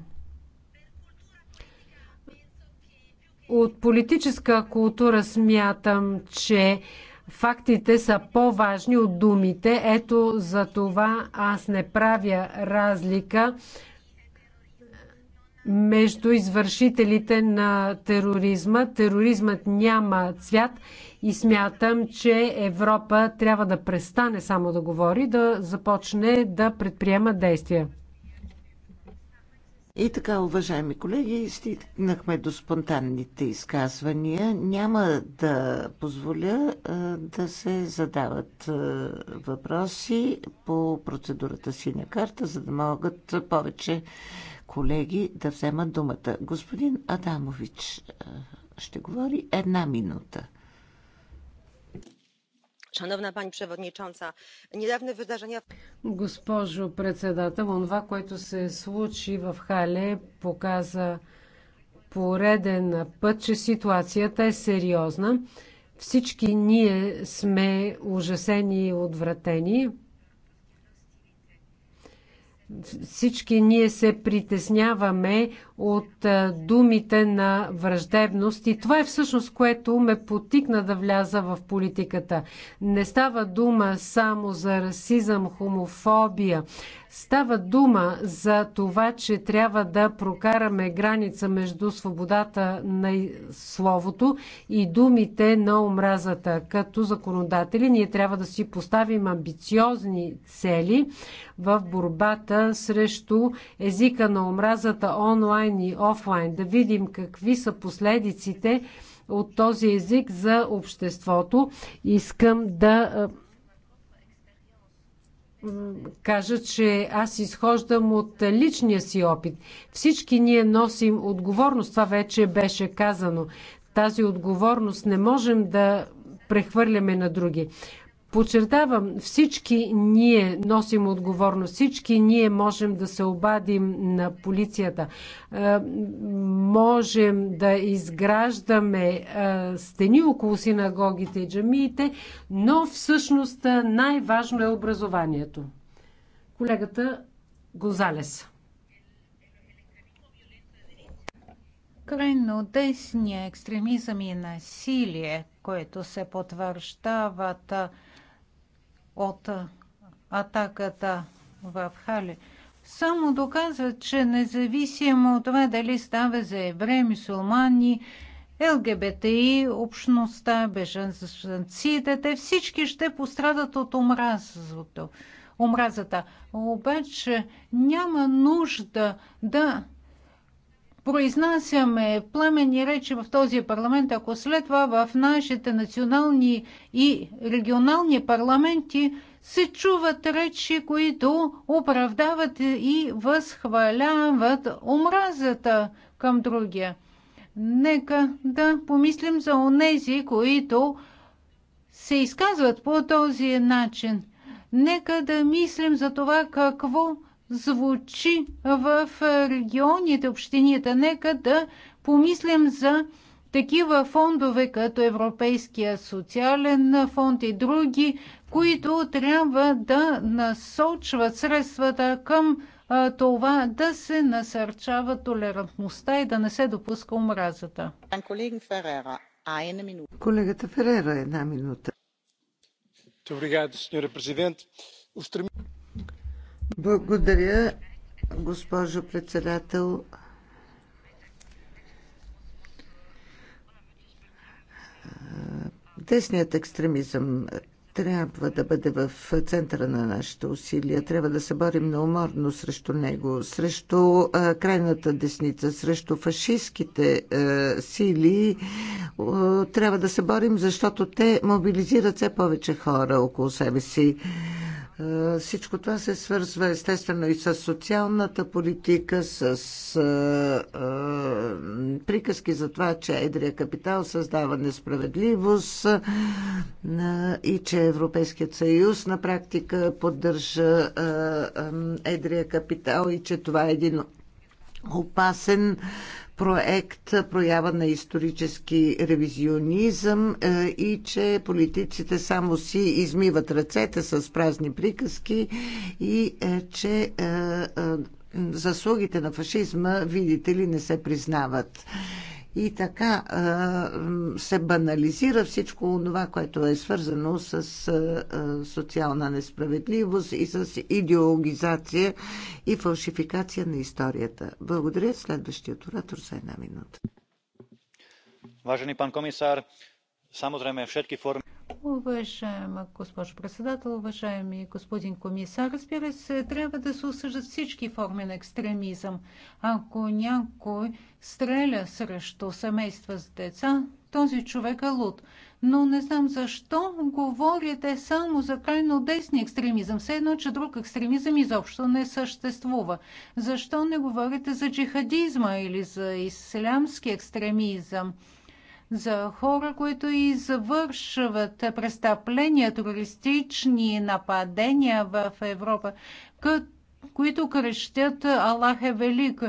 От политическа култура смятам, че фактите са по-важни от думите. Ето за това аз не правя разлика между извършителите на тероризма. Тероризмът няма цвят и смятам, че Европа трябва да престане само да говори, да започне да предприема действия. И така, уважаеми колеги, стигнахме до спонтанните изказвания. Няма да позволя да се задават въпроси по процедурата синя карта, за да могат повече колеги да вземат думата. Господин Адамович ще говори една минута. Шановна пани Преводничонца, недавно wydarzenia... Госпожо председател, това, което се случи в Хале, показа пореден път, че ситуацията е сериозна. Всички ние сме ужасени и отвратени всички ние се притесняваме от е, думите на враждебност. И това е всъщност, което ме потикна да вляза в политиката. Не става дума само за расизъм, хомофобия. Става дума за това, че трябва да прокараме граница между свободата на словото и думите на омразата. Като законодатели ние трябва да си поставим амбициозни цели в борбата срещу езика на омразата онлайн онлайн и офлайн, да видим какви са последиците от този език за обществото. Искам да кажа, че аз изхождам от личния си опит. Всички ние носим отговорност, това вече беше казано. Тази отговорност не можем да прехвърляме на други. Подчертавам, всички ние носим отговорност, всички ние можем да се обадим на полицията, е, можем да изграждаме е, стени около синагогите и джамиите, но всъщност е, най-важно е образованието. Колегата Гозалес. Крайно десния екстремизъм и насилие, което се потвърждават от атаката в Хали, само доказва че независимо от това дали става за евреи, мусулмани, ЛГБТИ, общността, бежанците, те всички ще пострадат от омразата. Обаче няма нужда да произнасяме пламени речи в този парламент, ако след това в нашите национални и регионални парламенти се чуват речи, които оправдават и възхваляват омразата към другия. Нека да помислим за онези, които се изказват по този начин. Нека да мислим за това какво звучи в регионите, общините. Нека да помислим за такива фондове, като Европейския социален фонд и други, които трябва да насочват средствата към това да се насърчава толерантността и да не се допуска омразата. Колегата Ферера, една минута. Благодаря, госпожо председател. Десният екстремизъм трябва да бъде в центъра на нашите усилия. Трябва да се борим неуморно срещу него, срещу а, крайната десница, срещу фашистските а, сили. А, трябва да се борим, защото те мобилизират все повече хора около себе си. Е, всичко това се свързва естествено и с социалната политика, с а, е, а, е, приказки за това, че едрия капитал създава несправедливост а, и че Европейският съюз на практика поддържа а, а, едрия капитал и че това е един опасен проект проява на исторически ревизионизъм е, и че политиците само си измиват ръцете с празни приказки и е, че е, заслугите на фашизма, видите ли, не се признават. И така се банализира всичко това, което е свързано с социална несправедливост и с идеологизация и фалшификация на историята. Благодаря следващият оратор за една минута. Важен пан комисар, Samozrejme, všetky formy. Уважаема госпожо председател, уважаеми господин комисар, разбира се, трябва да се осъждат всички форми на екстремизъм. Ако някой стреля срещу семейства с деца, този човек е луд. Но не знам защо говорите само за крайно десни екстремизъм. Все едно, че друг екстремизъм изобщо не съществува. Защо не говорите за джихадизма или за ислямски екстремизъм? за хора, които извършват престъпления, туристични нападения в Европа, които крещят Аллах е велик.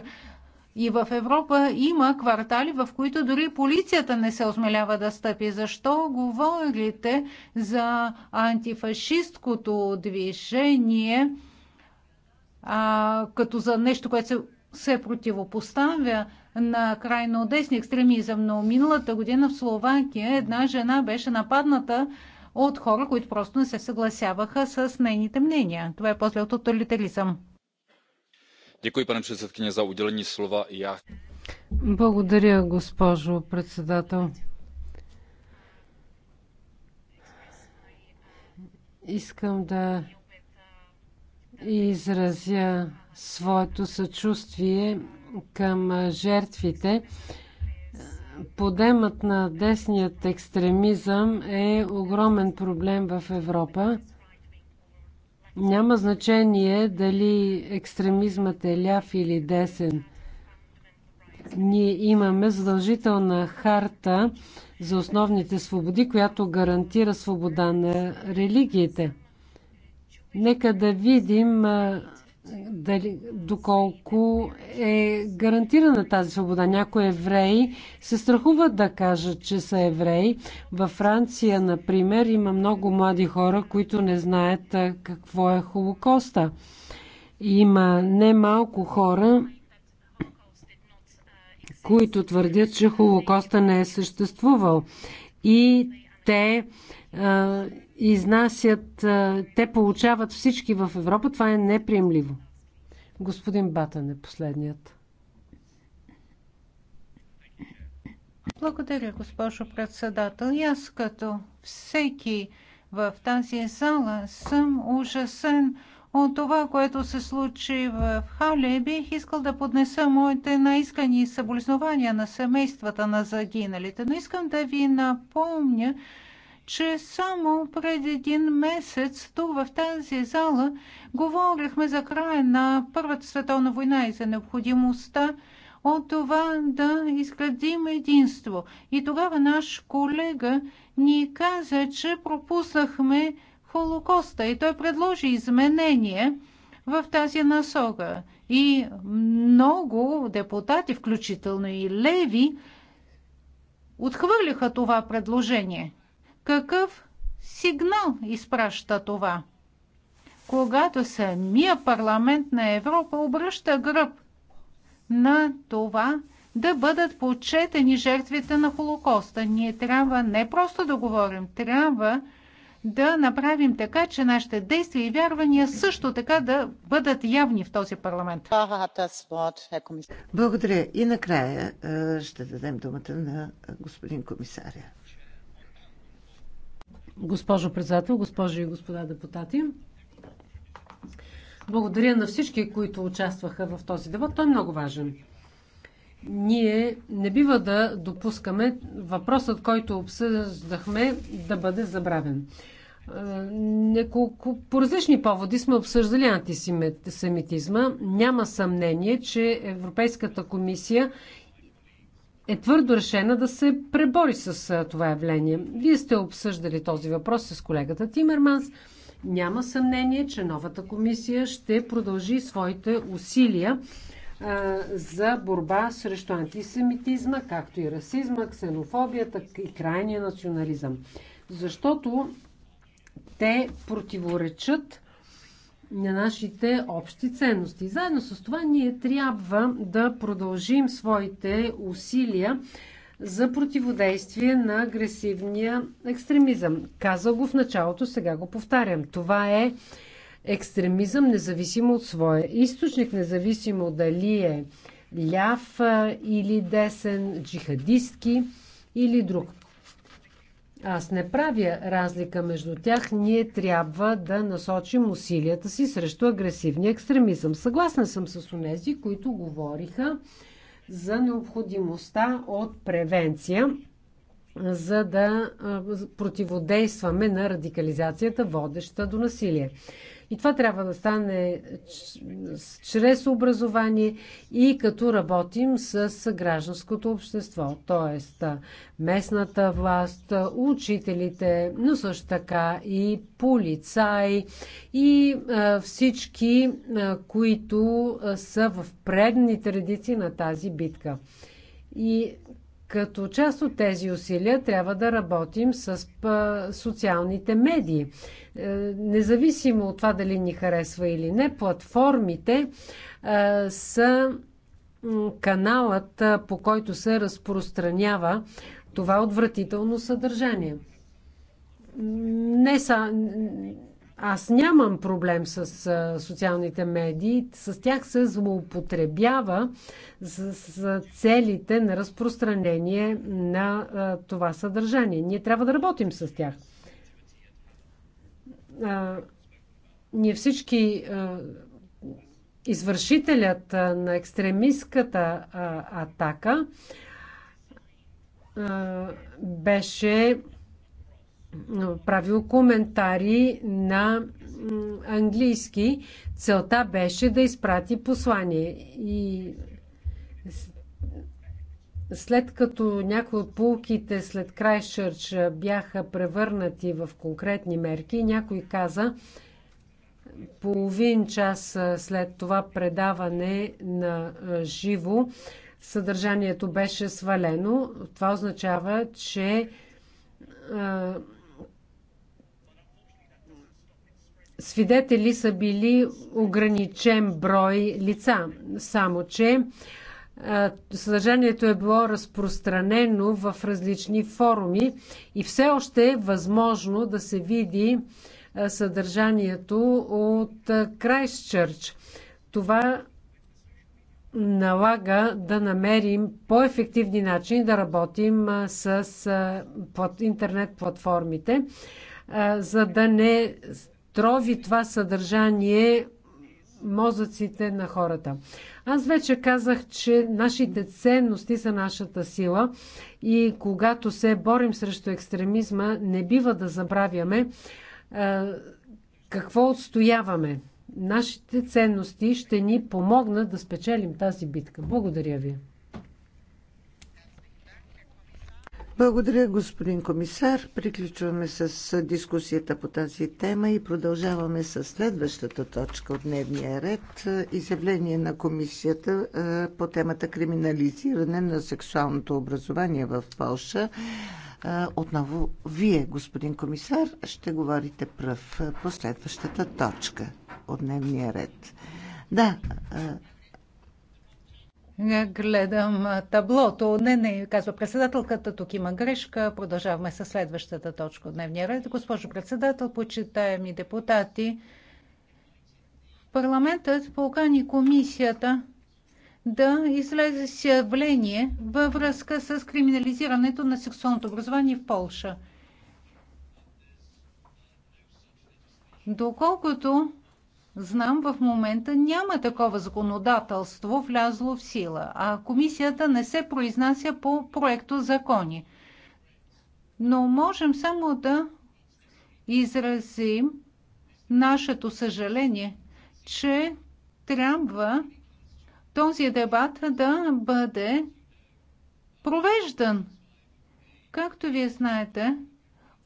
И в Европа има квартали, в които дори полицията не се осмелява да стъпи. Защо говорите за антифашисткото движение а, като за нещо, което се, се противопоставя на крайно десни екстремизъм, но миналата година в Словакия една жена беше нападната от хора, които просто не се съгласяваха с нейните мнения. Това е после от тоталитаризъм. пане председателя, за отделени слова и я. Благодаря, госпожо председател. Искам да изразя своето съчувствие към жертвите. Подемът на десният екстремизъм е огромен проблем в Европа. Няма значение дали екстремизмът е ляв или десен. Ние имаме задължителна харта за основните свободи, която гарантира свобода на религиите. Нека да видим дали, доколко е гарантирана тази свобода. Някои евреи се страхуват да кажат, че са евреи. Във Франция, например, има много млади хора, които не знаят какво е Холокоста. Има немалко хора, които твърдят, че Холокоста не е съществувал. И те а, изнасят, те получават всички в Европа. Това е неприемливо. Господин Батън е последният. Благодаря, госпожо председател. И аз като всеки в тази зала съм ужасен от това, което се случи в Хале. Бих искал да поднеса моите наискани съболезнования на семействата на загиналите. Но искам да ви напомня, че само преди един месец тук в тази зала говорихме за края на Първата световна война и за необходимостта от това да изградим единство. И тогава наш колега ни каза, че пропуснахме Холокоста и той предложи изменение в тази насока. И много депутати, включително и леви, отхвърлиха това предложение. Какъв сигнал изпраща това? Когато самия парламент на Европа обръща гръб на това да бъдат почетени жертвите на Холокоста. Ние трябва не просто да говорим, трябва да направим така, че нашите действия и вярвания също така да бъдат явни в този парламент. Благодаря. И накрая е, ще дадем думата на господин комисаря. Госпожо председател, госпожи и господа депутати, благодаря на всички, които участваха в този дебат. Той е много важен. Ние не бива да допускаме въпросът, който обсъждахме, да бъде забравен. Е, неколко, по различни поводи сме обсъждали антисемитизма. Няма съмнение, че Европейската комисия е твърдо решена да се пребори с това явление. Вие сте обсъждали този въпрос с колегата Тимерманс. Няма съмнение, че новата комисия ще продължи своите усилия за борба срещу антисемитизма, както и расизма, ксенофобията и крайния национализъм. Защото те противоречат на нашите общи ценности. Заедно с това ние трябва да продължим своите усилия за противодействие на агресивния екстремизъм. Каза го в началото, сега го повтарям. Това е екстремизъм, независимо от своя източник, независимо дали е ляв или десен, джихадистки или друг. Аз не правя разлика между тях. Ние трябва да насочим усилията си срещу агресивния екстремизъм. Съгласна съм с онези, които говориха за необходимостта от превенция, за да противодействаме на радикализацията, водеща до насилие. И това трябва да стане чрез образование и като работим с гражданското общество, т.е. местната власт, учителите, но също така и полицаи и всички, които са в предни традиции на тази битка. И като част от тези усилия трябва да работим с социалните медии. Е, независимо от това дали ни харесва или не, платформите е, са каналът, по който се разпространява това отвратително съдържание. Не са, аз нямам проблем с социалните медии. С тях се злоупотребява с целите на разпространение на това съдържание. Ние трябва да работим с тях. Ние всички извършителят на екстремистската атака беше правил коментари на английски. Целта беше да изпрати послание. И след като някои от полуките след Крайшърч бяха превърнати в конкретни мерки, някой каза, половин час след това предаване на живо, съдържанието беше свалено. Това означава, че Свидетели са били ограничен брой лица, само че е, съдържанието е било разпространено в различни форуми и все още е възможно да се види е, съдържанието от е, Крайсчърч. Това налага да намерим по-ефективни начини да работим с интернет платформите, за да не трови това съдържание мозъците на хората. Аз вече казах, че нашите ценности са нашата сила и когато се борим срещу екстремизма, не бива да забравяме е, какво отстояваме. Нашите ценности ще ни помогнат да спечелим тази битка. Благодаря ви. Благодаря, господин комисар. Приключваме с дискусията по тази тема и продължаваме с следващата точка от дневния ред. Изявление на комисията по темата криминализиране на сексуалното образование в Польша. Отново вие, господин комисар, ще говорите пръв по следващата точка от дневния ред. Да, Гледам таблото. Не, не, казва председателката. Тук има грешка. Продължаваме с следващата точка от дневния ред. Госпожо председател, почитаеми депутати, парламентът покани комисията да излезе с явление във връзка с криминализирането на сексуалното образование в Полша. Доколкото знам, в момента няма такова законодателство влязло в сила, а комисията не се произнася по проекто закони. Но можем само да изразим нашето съжаление, че трябва този дебат да бъде провеждан. Както вие знаете,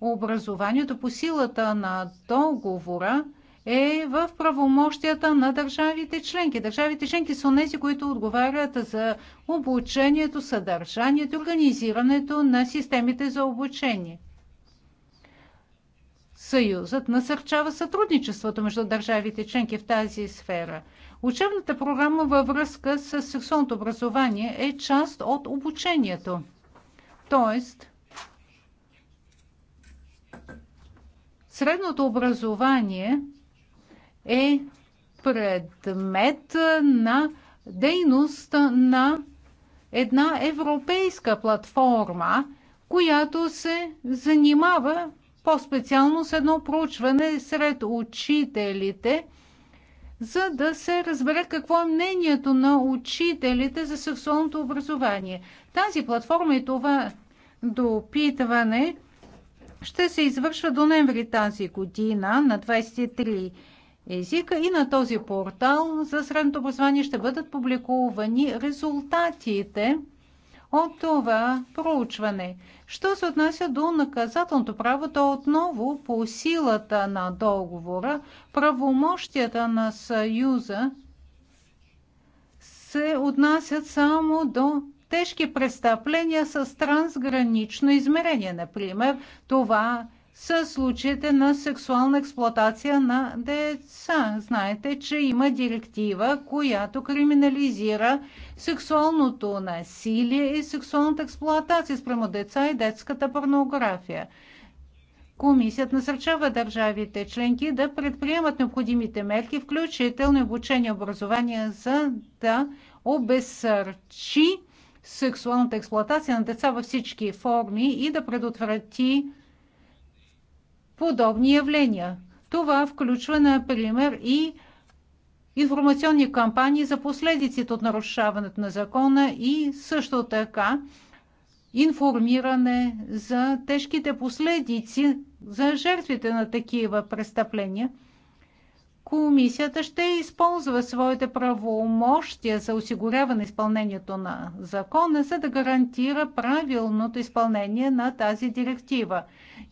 образованието по силата на договора – е в правомощията на държавите членки. Държавите членки са тези, които отговарят за обучението, съдържанието, организирането на системите за обучение. Съюзът насърчава сътрудничеството между държавите членки в тази сфера. Учебната програма във връзка с сексуалното образование е част от обучението. Тоест, средното образование е предмет на дейност на една европейска платформа, която се занимава по-специално с едно проучване сред учителите, за да се разбере какво е мнението на учителите за сексуалното образование. Тази платформа и това допитване ще се извършва до ноември тази година на 23 езика и на този портал за средното образование ще бъдат публикувани резултатите от това проучване. Що се отнася до наказателното право, то отново по силата на договора правомощията на Съюза се отнасят само до тежки престъпления с трансгранично измерение. Например, това са случаите на сексуална експлоатация на деца. Знаете, че има директива, която криминализира сексуалното насилие и сексуалната експлуатация спрямо деца и детската порнография. Комисията насърчава държавите членки да предприемат необходимите мерки, включително обучение и образование, за да обесърчи сексуалната експлуатация на деца във всички форми и да предотврати подобни явления. Това включва, например, и информационни кампании за последиците от нарушаването на закона и също така информиране за тежките последици за жертвите на такива престъпления. Комисията ще използва своите правомощия за осигуряване изпълнението на закона, за да гарантира правилното изпълнение на тази директива.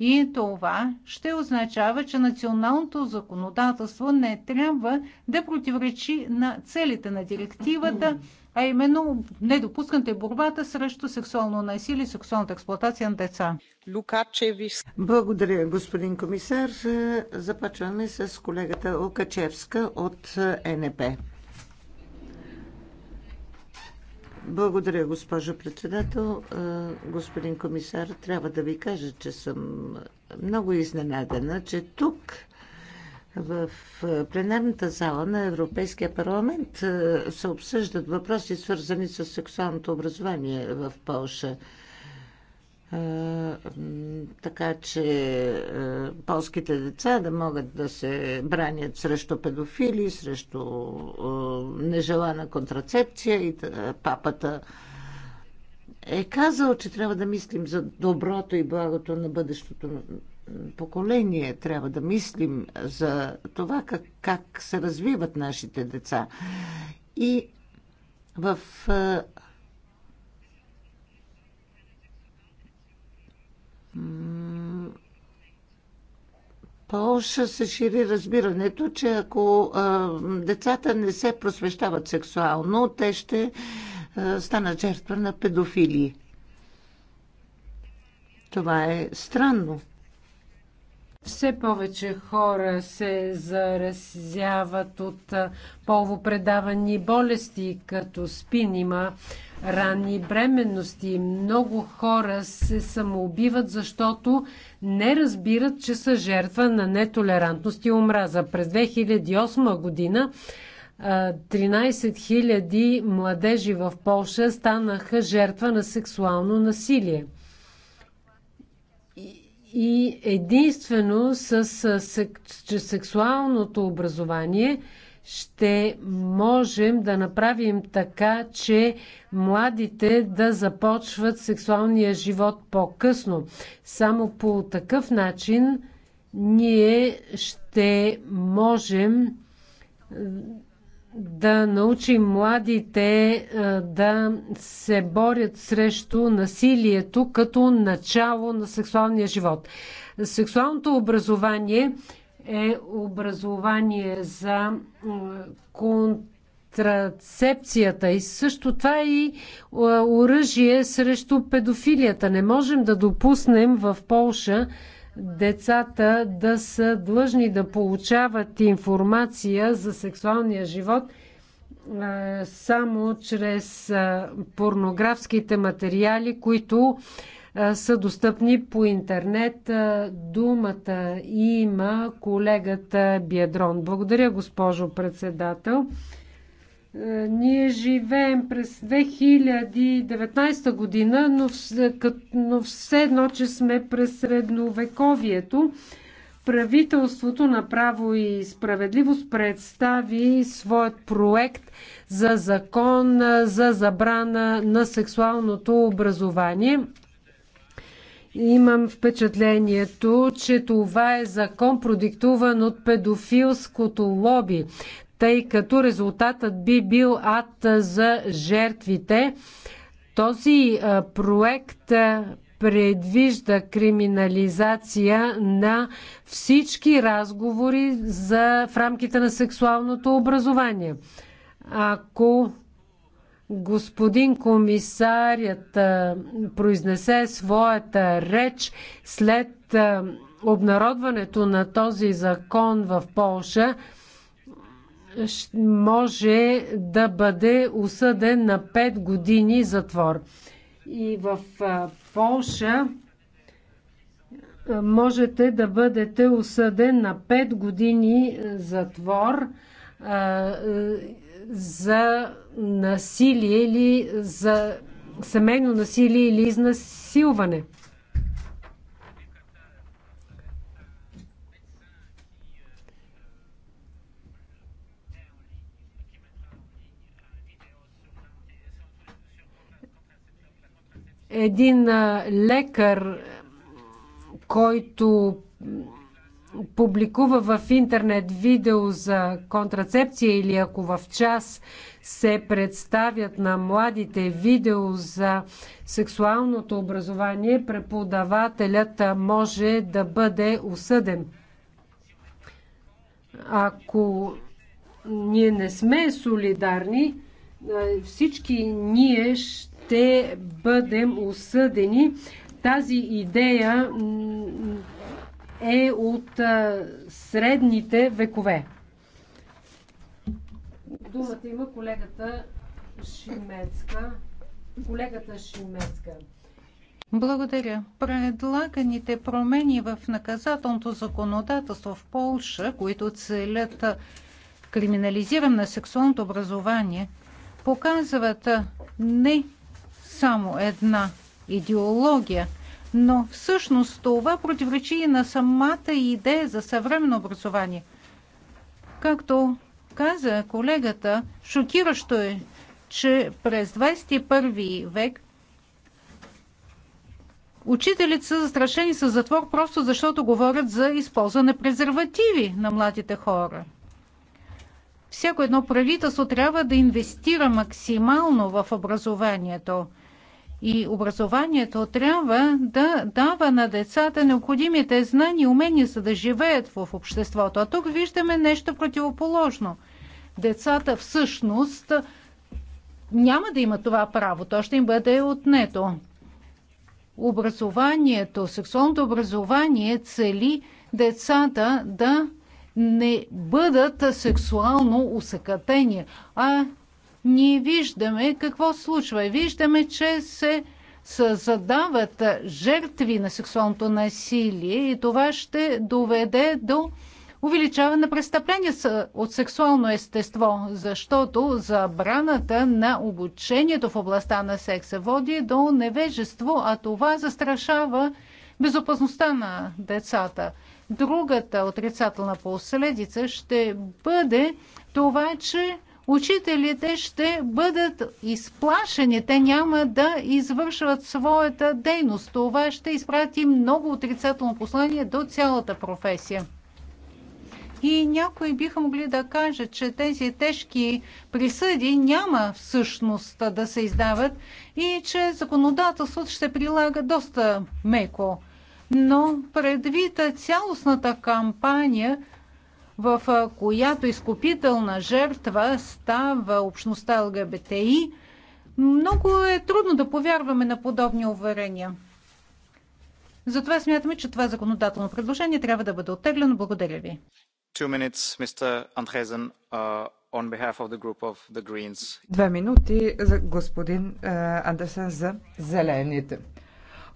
И това ще означава, че националното законодателство не трябва да противоречи на целите на директивата, а именно недопускането и борбата срещу сексуално насилие и сексуалната експлуатация на деца. Чевис. Благодаря, господин комисар. Започваме с колегата Лукачевска от е НП. Благодаря, госпожо председател. Господин комисар, трябва да ви кажа, че съм много изненадена, че тук в пленарната зала на Европейския парламент се обсъждат въпроси, свързани с сексуалното образование в Польша така че полските деца да могат да се бранят срещу педофили, срещу нежелана контрацепция и папата е казал, че трябва да мислим за доброто и благото на бъдещото поколение. Трябва да мислим за това как, как се развиват нашите деца. И в Полша се шири разбирането, че ако а, децата не се просвещават сексуално, те ще а, станат жертва на педофилии. Това е странно. Все повече хора се заразяват от полупредавани болести, като спин има ранни бременности. Много хора се самоубиват, защото не разбират, че са жертва на нетолерантност и омраза. През 2008 година 13 000 младежи в Польша станаха жертва на сексуално насилие. И единствено с сексуалното образование – ще можем да направим така, че младите да започват сексуалния живот по-късно. Само по такъв начин ние ще можем да научим младите да се борят срещу насилието като начало на сексуалния живот. Сексуалното образование е образование за контрацепцията и също това е и оръжие срещу педофилията. Не можем да допуснем в Полша децата да са длъжни да получават информация за сексуалния живот само чрез порнографските материали, които са достъпни по интернет. Думата има колегата Биедрон. Благодаря, госпожо председател. Ние живеем през 2019 година, но, но все едно, че сме през средновековието. Правителството на право и справедливост представи своят проект за закон за забрана на сексуалното образование. Имам впечатлението, че това е закон продиктуван от педофилското лоби, тъй като резултатът би бил ад за жертвите. Този проект предвижда криминализация на всички разговори за, в рамките на сексуалното образование. Ако господин комисарят произнесе своята реч след обнародването на този закон в Полша, може да бъде осъден на 5 години затвор. И в Полша можете да бъдете осъден на 5 години затвор за насилие или за семейно насилие или изнасилване. един лекар, който публикува в интернет видео за контрацепция или ако в час се представят на младите видео за сексуалното образование, преподавателят може да бъде осъден. Ако ние не сме солидарни, всички ние ще бъдем осъдени. Тази идея е от средните векове. Думата има колегата Шимецка. Колегата Шимецка. Благодаря. Предлаганите промени в наказателното законодателство в Полша, които целят криминализиране на сексуалното образование, показват не само една идеология – но всъщност това противоречи и на самата идея за съвременно образование. Както каза колегата, шокиращо е, че през 21 век учителите са застрашени с затвор просто защото говорят за използване на презервативи на младите хора. Всяко едно правителство трябва да инвестира максимално в образованието – и образованието трябва да дава на децата необходимите знания и умения, за да живеят в обществото. А тук виждаме нещо противоположно. Децата всъщност няма да имат това право, то ще им бъде отнето. Образованието, сексуалното образование цели децата да не бъдат сексуално усъкътени, а ние виждаме какво случва. Виждаме, че се създават жертви на сексуалното насилие и това ще доведе до увеличаване на престъпления от сексуално естество, защото забраната на обучението в областта на секса води до невежество, а това застрашава безопасността на децата. Другата отрицателна последица ще бъде това, че учителите ще бъдат изплашени. Те няма да извършват своята дейност. Това ще изпрати много отрицателно послание до цялата професия. И някои биха могли да кажат, че тези тежки присъди няма всъщност да се издават и че законодателството ще прилага доста меко. Но предвид цялостната кампания, в която изкупителна жертва става общността ЛГБТИ, много е трудно да повярваме на подобни уверения. Затова смятаме, че това законодателно предложение трябва да бъде оттеглено. Благодаря ви. Uh, Две минути за господин uh, Андерсен за зелените.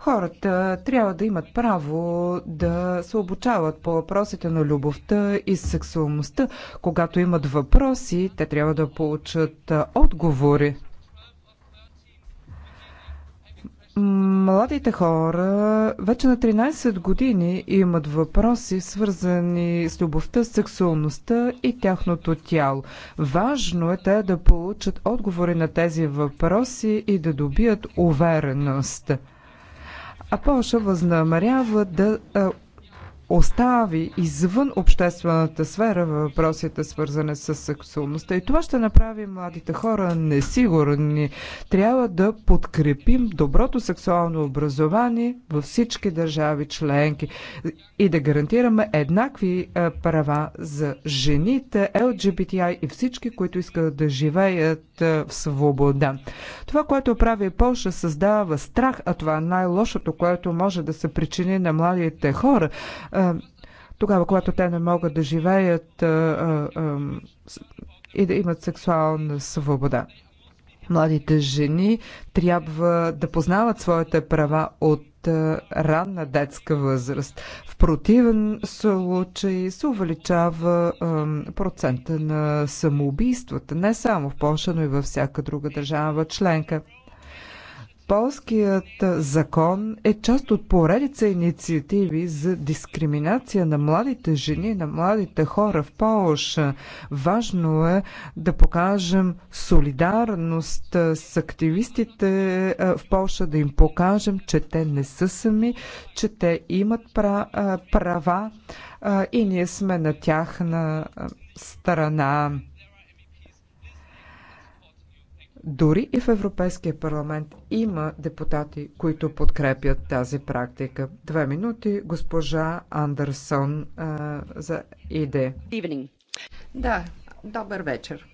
Хората трябва да имат право да се обучават по въпросите на любовта и сексуалността. Когато имат въпроси, те трябва да получат отговори. Младите хора вече на 13 години имат въпроси, свързани с любовта, сексуалността и тяхното тяло. Важно е те да получат отговори на тези въпроси и да добият увереност а Полша възнамерява да остави извън обществената сфера въпросите, свързани с сексуалността. И това ще направи младите хора несигурни. Трябва да подкрепим доброто сексуално образование във всички държави членки и да гарантираме еднакви е, права за жените, LGBTI и всички, които искат да живеят е, в свобода. Това, което прави Польша, създава страх, а това е най-лошото, което може да се причини на младите хора е, тогава, когато те не могат да живеят и да имат сексуална свобода. Младите жени трябва да познават своите права от ранна детска възраст. В противен случай се увеличава процента на самоубийствата, не само в Польша, но и във всяка друга държава членка. Полският закон е част от поредица инициативи за дискриминация на младите жени, на младите хора в Полша. Важно е да покажем солидарност с активистите в Полша, да им покажем, че те не са сами, че те имат права и ние сме на тяхна страна дори и в Европейския парламент има депутати, които подкрепят тази практика. Две минути, госпожа Андерсон а, за ИД. Да, добър вечер.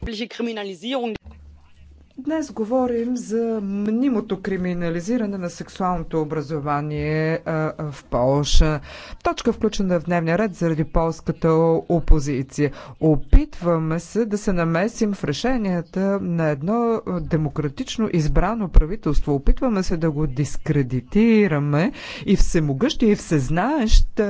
Днес говорим за мнимото криминализиране на сексуалното образование в Полша. Точка включена в дневния ред заради полската опозиция. Опитваме се да се намесим в решенията на едно демократично избрано правителство. Опитваме се да го дискредитираме и всемогъщи и всезнаещ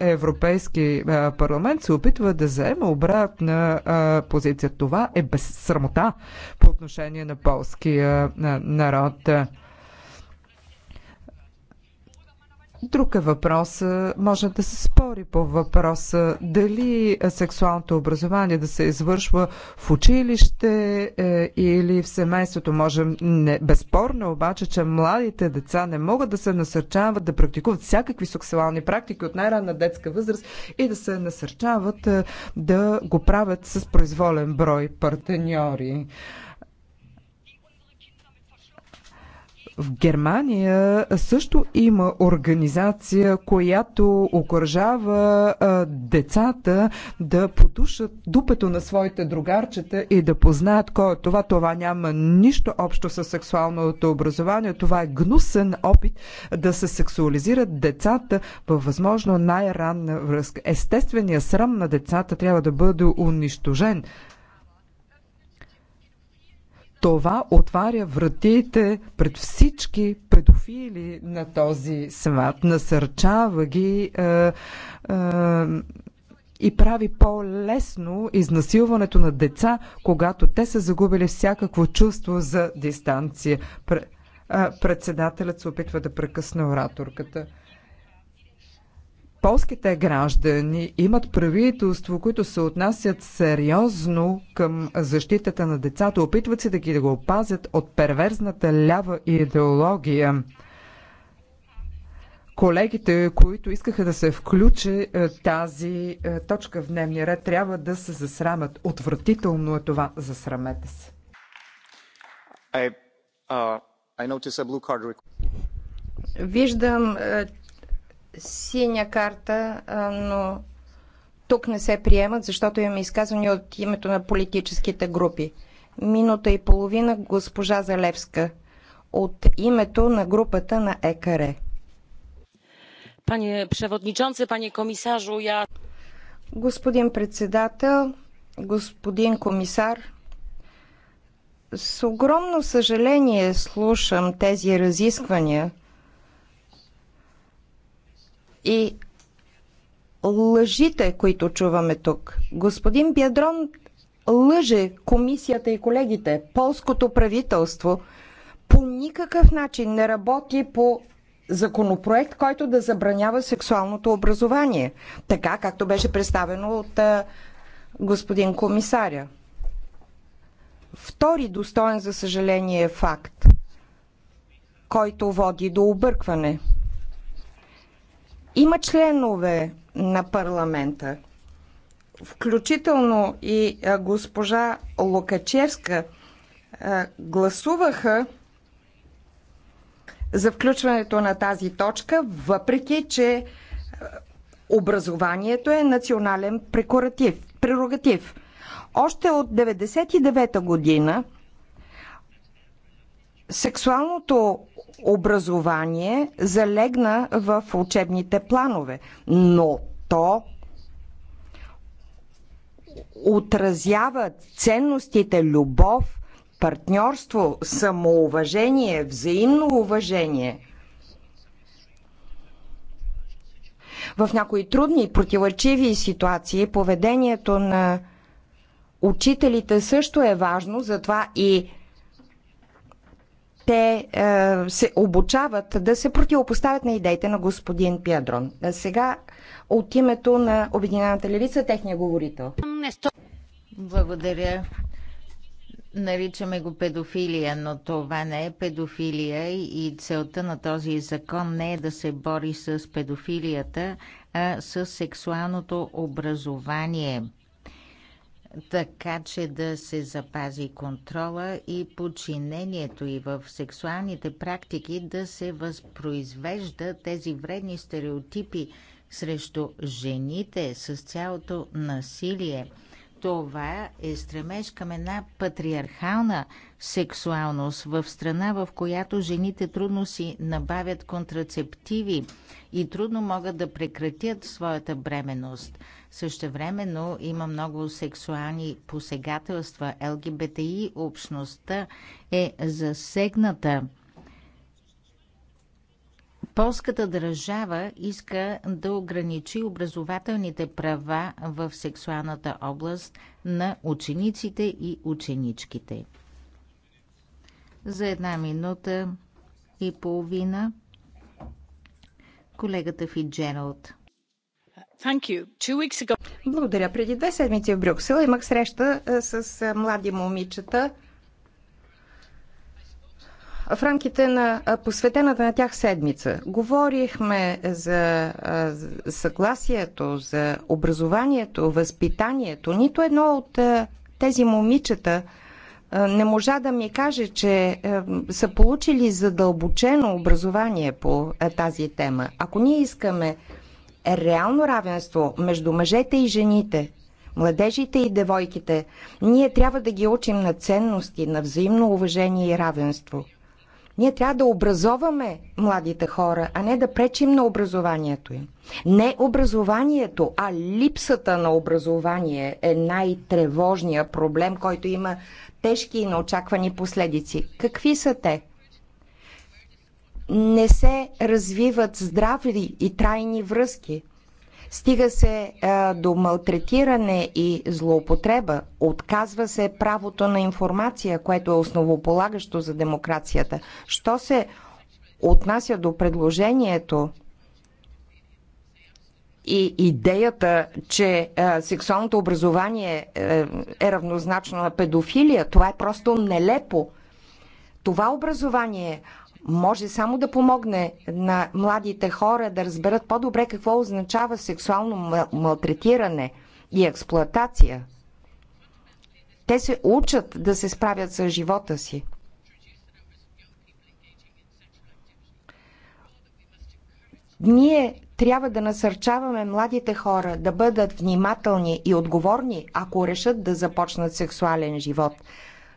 Европейски парламент се опитва да заема обратна позиция. Това е безсрамота по отношение на полския народ. Друг е въпрос. Може да се спори по въпроса дали сексуалното образование да се извършва в училище е, или в семейството. Може не, безспорно обаче, че младите деца не могат да се насърчават да практикуват всякакви сексуални практики от най-ранна детска възраст и да се насърчават е, да го правят с произволен брой партньори. В Германия също има организация, която окоръжава децата да потушат дупето на своите другарчета и да познаят кой е това. Това няма нищо общо с сексуалното образование. Това е гнусен опит да се сексуализират децата във възможно най-ранна връзка. Естественият срам на децата трябва да бъде унищожен. Това отваря вратите пред всички педофили на този свят, насърчава ги е, е, и прави по-лесно изнасилването на деца, когато те са загубили всякакво чувство за дистанция. Е, председателят се опитва да прекъсне ораторката полските граждани имат правителство, които се отнасят сериозно към защитата на децата, опитват се да ги да го опазят от перверзната лява идеология. Колегите, които искаха да се включи е, тази е, точка в дневния ред, трябва да се засрамят. Отвратително е това. Засрамете се. I, uh, I Виждам, е, синя карта, но тук не се приемат, защото имаме изказвания от името на политическите групи. Минута и половина госпожа Залевска от името на групата на ЕКР. Пане Преводничонце, пане комисажу, я... Господин председател, господин комисар, с огромно съжаление слушам тези разисквания – и лъжите, които чуваме тук. Господин Бядрон лъже комисията и колегите. Полското правителство по никакъв начин не работи по законопроект, който да забранява сексуалното образование, така както беше представено от а, господин комисаря. Втори достоен, за съжаление, факт, който води до объркване – има членове на парламента, включително и госпожа Локачевска, гласуваха за включването на тази точка, въпреки че образованието е национален прерогатив. Още от 1999 година Сексуалното образование залегна в учебните планове, но то отразява ценностите любов, партньорство, самоуважение, взаимно уважение. В някои трудни и противоречиви ситуации поведението на учителите също е важно, затова и те е, се обучават да се противопоставят на идеите на господин Пядрон. А сега от името на Обединената левица, техния говорител. Благодаря. Наричаме го педофилия, но това не е педофилия и целта на този закон не е да се бори с педофилията, а с сексуалното образование – така че да се запази контрола и подчинението и в сексуалните практики да се възпроизвежда тези вредни стереотипи срещу жените с цялото насилие. Това е стремеж към една патриархална сексуалност в страна, в която жените трудно си набавят контрацептиви и трудно могат да прекратят своята бременност. Същевременно има много сексуални посегателства. ЛГБТИ общността е засегната – Полската държава иска да ограничи образователните права в сексуалната област на учениците и ученичките. За една минута и половина колегата Фиджералд. Благодаря. Преди две седмици в Брюксел имах среща с млади момичета – в рамките на посветената на тях седмица. Говорихме за съгласието, за образованието, възпитанието. Нито едно от тези момичета не можа да ми каже, че са получили задълбочено образование по тази тема. Ако ние искаме реално равенство между мъжете и жените, младежите и девойките, ние трябва да ги учим на ценности, на взаимно уважение и равенство – ние трябва да образоваме младите хора, а не да пречим на образованието им. Не образованието, а липсата на образование е най-тревожният проблем, който има тежки и неочаквани последици. Какви са те? Не се развиват здрави и трайни връзки – Стига се а, до малтретиране и злоупотреба. Отказва се правото на информация, което е основополагащо за демокрацията. Що се отнася до предложението и идеята, че а, сексуалното образование е, е равнозначно на педофилия, това е просто нелепо. Това образование може само да помогне на младите хора да разберат по-добре какво означава сексуално малтретиране и експлоатация. Те се учат да се справят с живота си. Ние трябва да насърчаваме младите хора да бъдат внимателни и отговорни, ако решат да започнат сексуален живот.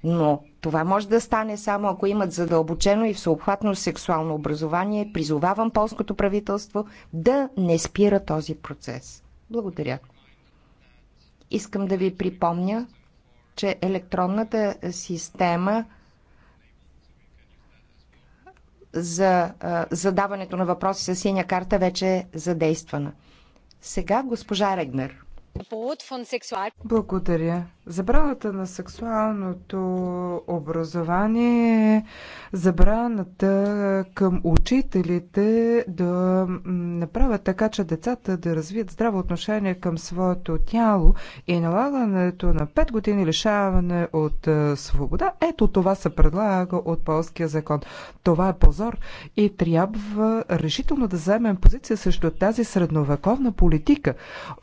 Но това може да стане само ако имат задълбочено и всеобхватно сексуално образование. Призовавам полското правителство да не спира този процес. Благодаря. Искам да ви припомня, че електронната система за задаването на въпроси с синя карта вече е задействана. Сега госпожа Регнер. Благодаря. Забраната на сексуалното образование, е забраната към учителите да направят така, че децата да развият здраво отношение към своето тяло и налагането на 5 години лишаване от свобода. Ето това се предлага от полския закон. Това е позор и трябва решително да вземем позиция срещу тази средновековна политика.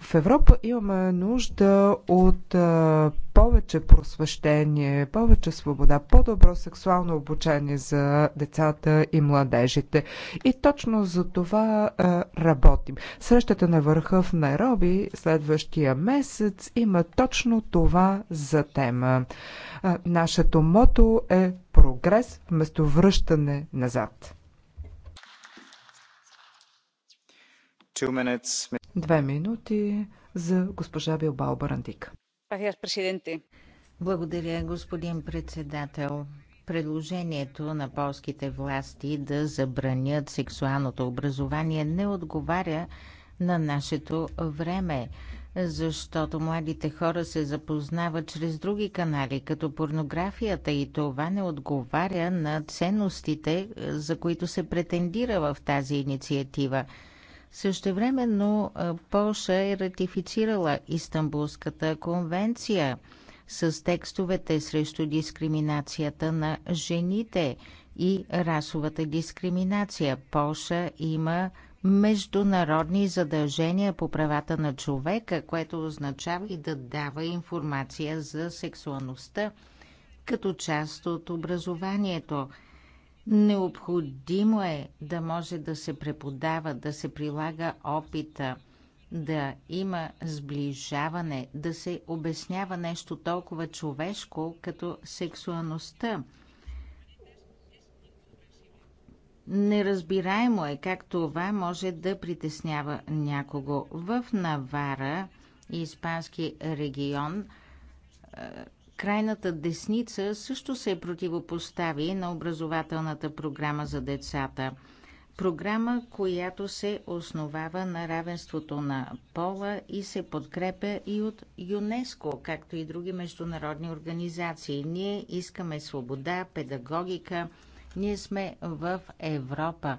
В Европа имаме нужда от повече просвещение, повече свобода, по-добро сексуално обучение за децата и младежите. И точно за това а, работим. Срещата на върха в Найроби следващия месец има точно това за тема. А, нашето мото е прогрес вместо връщане назад. Две минути за госпожа Билбао Барандика. Благодаря, господин председател. Предложението на полските власти да забранят сексуалното образование не отговаря на нашето време, защото младите хора се запознават чрез други канали, като порнографията и това не отговаря на ценностите, за които се претендира в тази инициатива. Същевременно Полша е ратифицирала Истанбулската конвенция с текстовете срещу дискриминацията на жените и расовата дискриминация. Полша има международни задължения по правата на човека, което означава и да дава информация за сексуалността като част от образованието. Необходимо е да може да се преподава, да се прилага опита, да има сближаване, да се обяснява нещо толкова човешко като сексуалността. Неразбираемо е как това може да притеснява някого. В Навара, испански регион, крайната десница също се противопостави на образователната програма за децата. Програма, която се основава на равенството на пола и се подкрепя и от ЮНЕСКО, както и други международни организации. Ние искаме свобода, педагогика. Ние сме в Европа.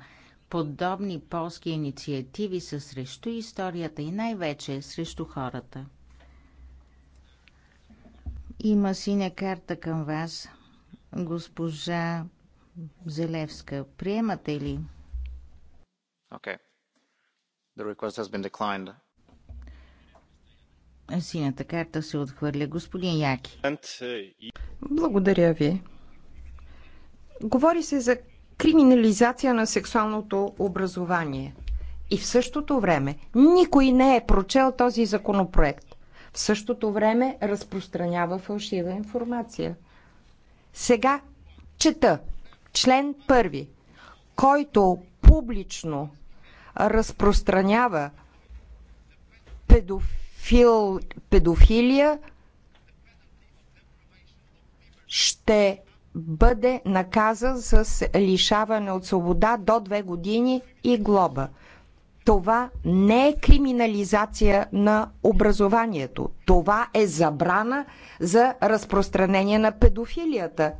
Подобни полски инициативи са срещу историята и най-вече срещу хората. Има синя карта към вас, госпожа Зелевска. Приемате ли? Okay. The request has been declined. Синята карта се отхвърля. Господин Яки. Благодаря ви. Говори се за криминализация на сексуалното образование. И в същото време никой не е прочел този законопроект. В същото време разпространява фалшива информация. Сега чета член първи, който публично разпространява педофил, педофилия, ще бъде наказан с лишаване от свобода до две години и глоба. Това не е криминализация на образованието. Това е забрана за разпространение на педофилията.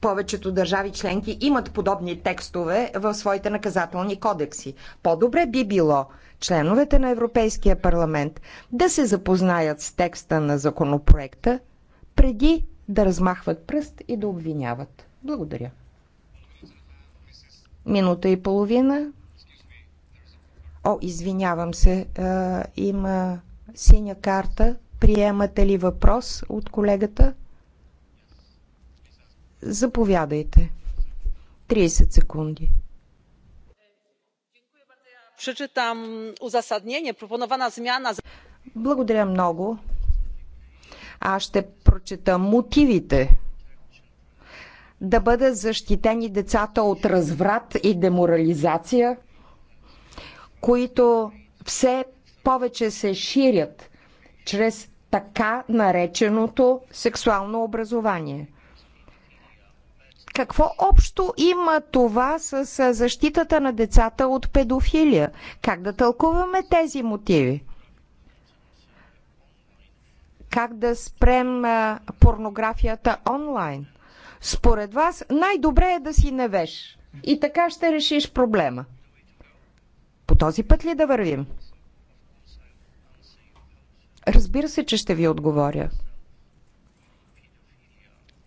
Повечето държави членки имат подобни текстове в своите наказателни кодекси. По-добре би било членовете на Европейския парламент да се запознаят с текста на законопроекта преди да размахват пръст и да обвиняват. Благодаря. Минута и половина О, извинявам се, а, има синя карта. Приемате ли въпрос от колегата? Заповядайте. 30 секунди. Прочитам узасаднение, пропонована Благодаря много. Аз ще прочета мотивите да бъдат защитени децата от разврат и деморализация – които все повече се ширят чрез така нареченото сексуално образование. Какво общо има това с защитата на децата от педофилия? Как да тълкуваме тези мотиви? Как да спрем порнографията онлайн? Според вас най-добре е да си невеж. И така ще решиш проблема. По този път ли да вървим? Разбира се, че ще ви отговоря.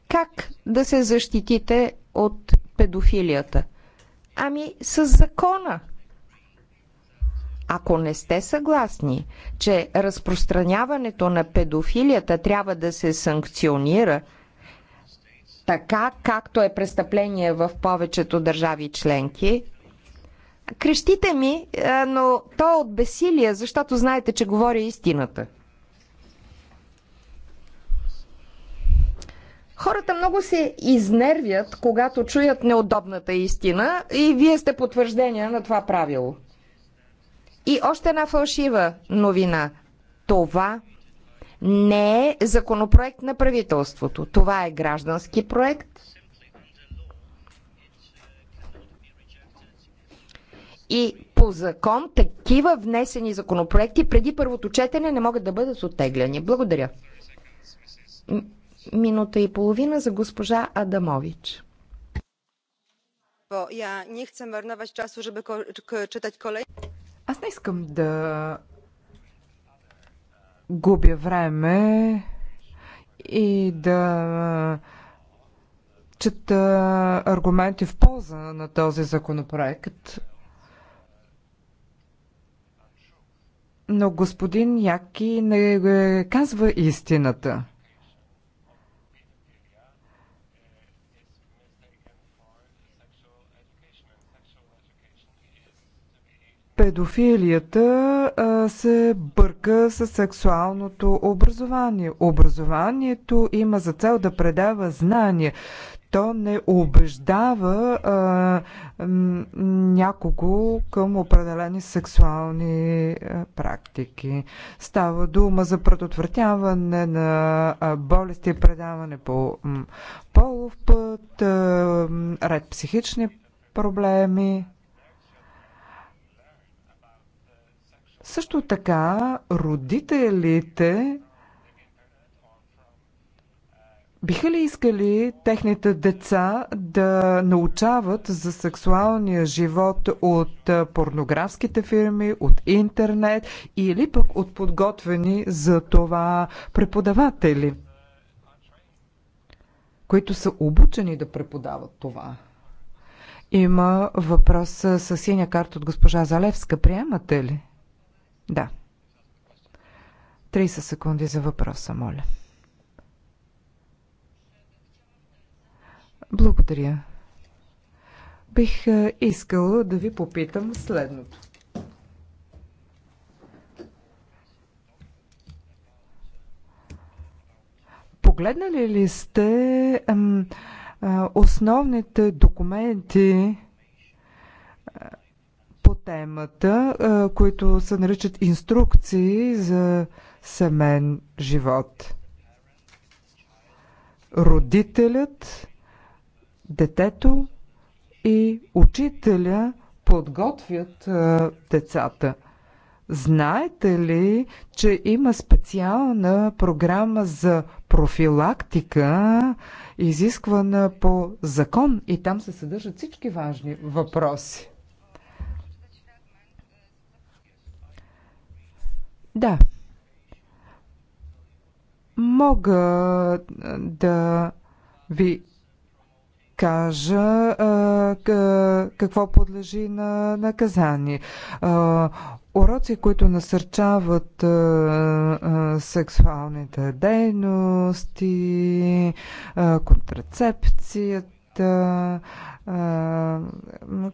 Как да се защитите от педофилията? Ами с закона. Ако не сте съгласни, че разпространяването на педофилията трябва да се санкционира, така както е престъпление в повечето държави членки, Крещите ми, е, но то е от бесилие, защото знаете, че говоря истината. Хората много се изнервят, когато чуят неудобната истина и вие сте потвърждение на това правило. И още една фалшива новина. Това не е законопроект на правителството. Това е граждански проект – И по закон такива внесени законопроекти преди първото четене не могат да бъдат оттегляни. Благодаря. Минута и половина за госпожа Адамович. Аз не искам да губя време и да чета аргументи в полза на този законопроект. Но господин Яки не е, казва истината. Педофилията а, се бърка с сексуалното образование. Образованието има за цел да предава знания то не убеждава а, някого към определени сексуални практики. Става дума за предотвратяване на болести, и предаване по полов път, ред психични проблеми. Също така, родителите Биха ли искали техните деца да научават за сексуалния живот от порнографските фирми, от интернет или пък от подготвени за това преподаватели, които са обучени да преподават това? Има въпрос с синя карта от госпожа Залевска. Приемате ли? Да. 30 секунди за въпроса, моля. Благодаря. Бих е, искала да ви попитам следното. Погледнали ли сте ам, а, основните документи а, по темата, а, които се наричат инструкции за семен живот? Родителят детето и учителя подготвят а, децата. Знаете ли, че има специална програма за профилактика, изисквана по закон и там се съдържат всички важни въпроси? Да. Мога да ви кажа какво подлежи на наказание. Уроци, които насърчават а, а, сексуалните дейности, а, контрацепцията, а,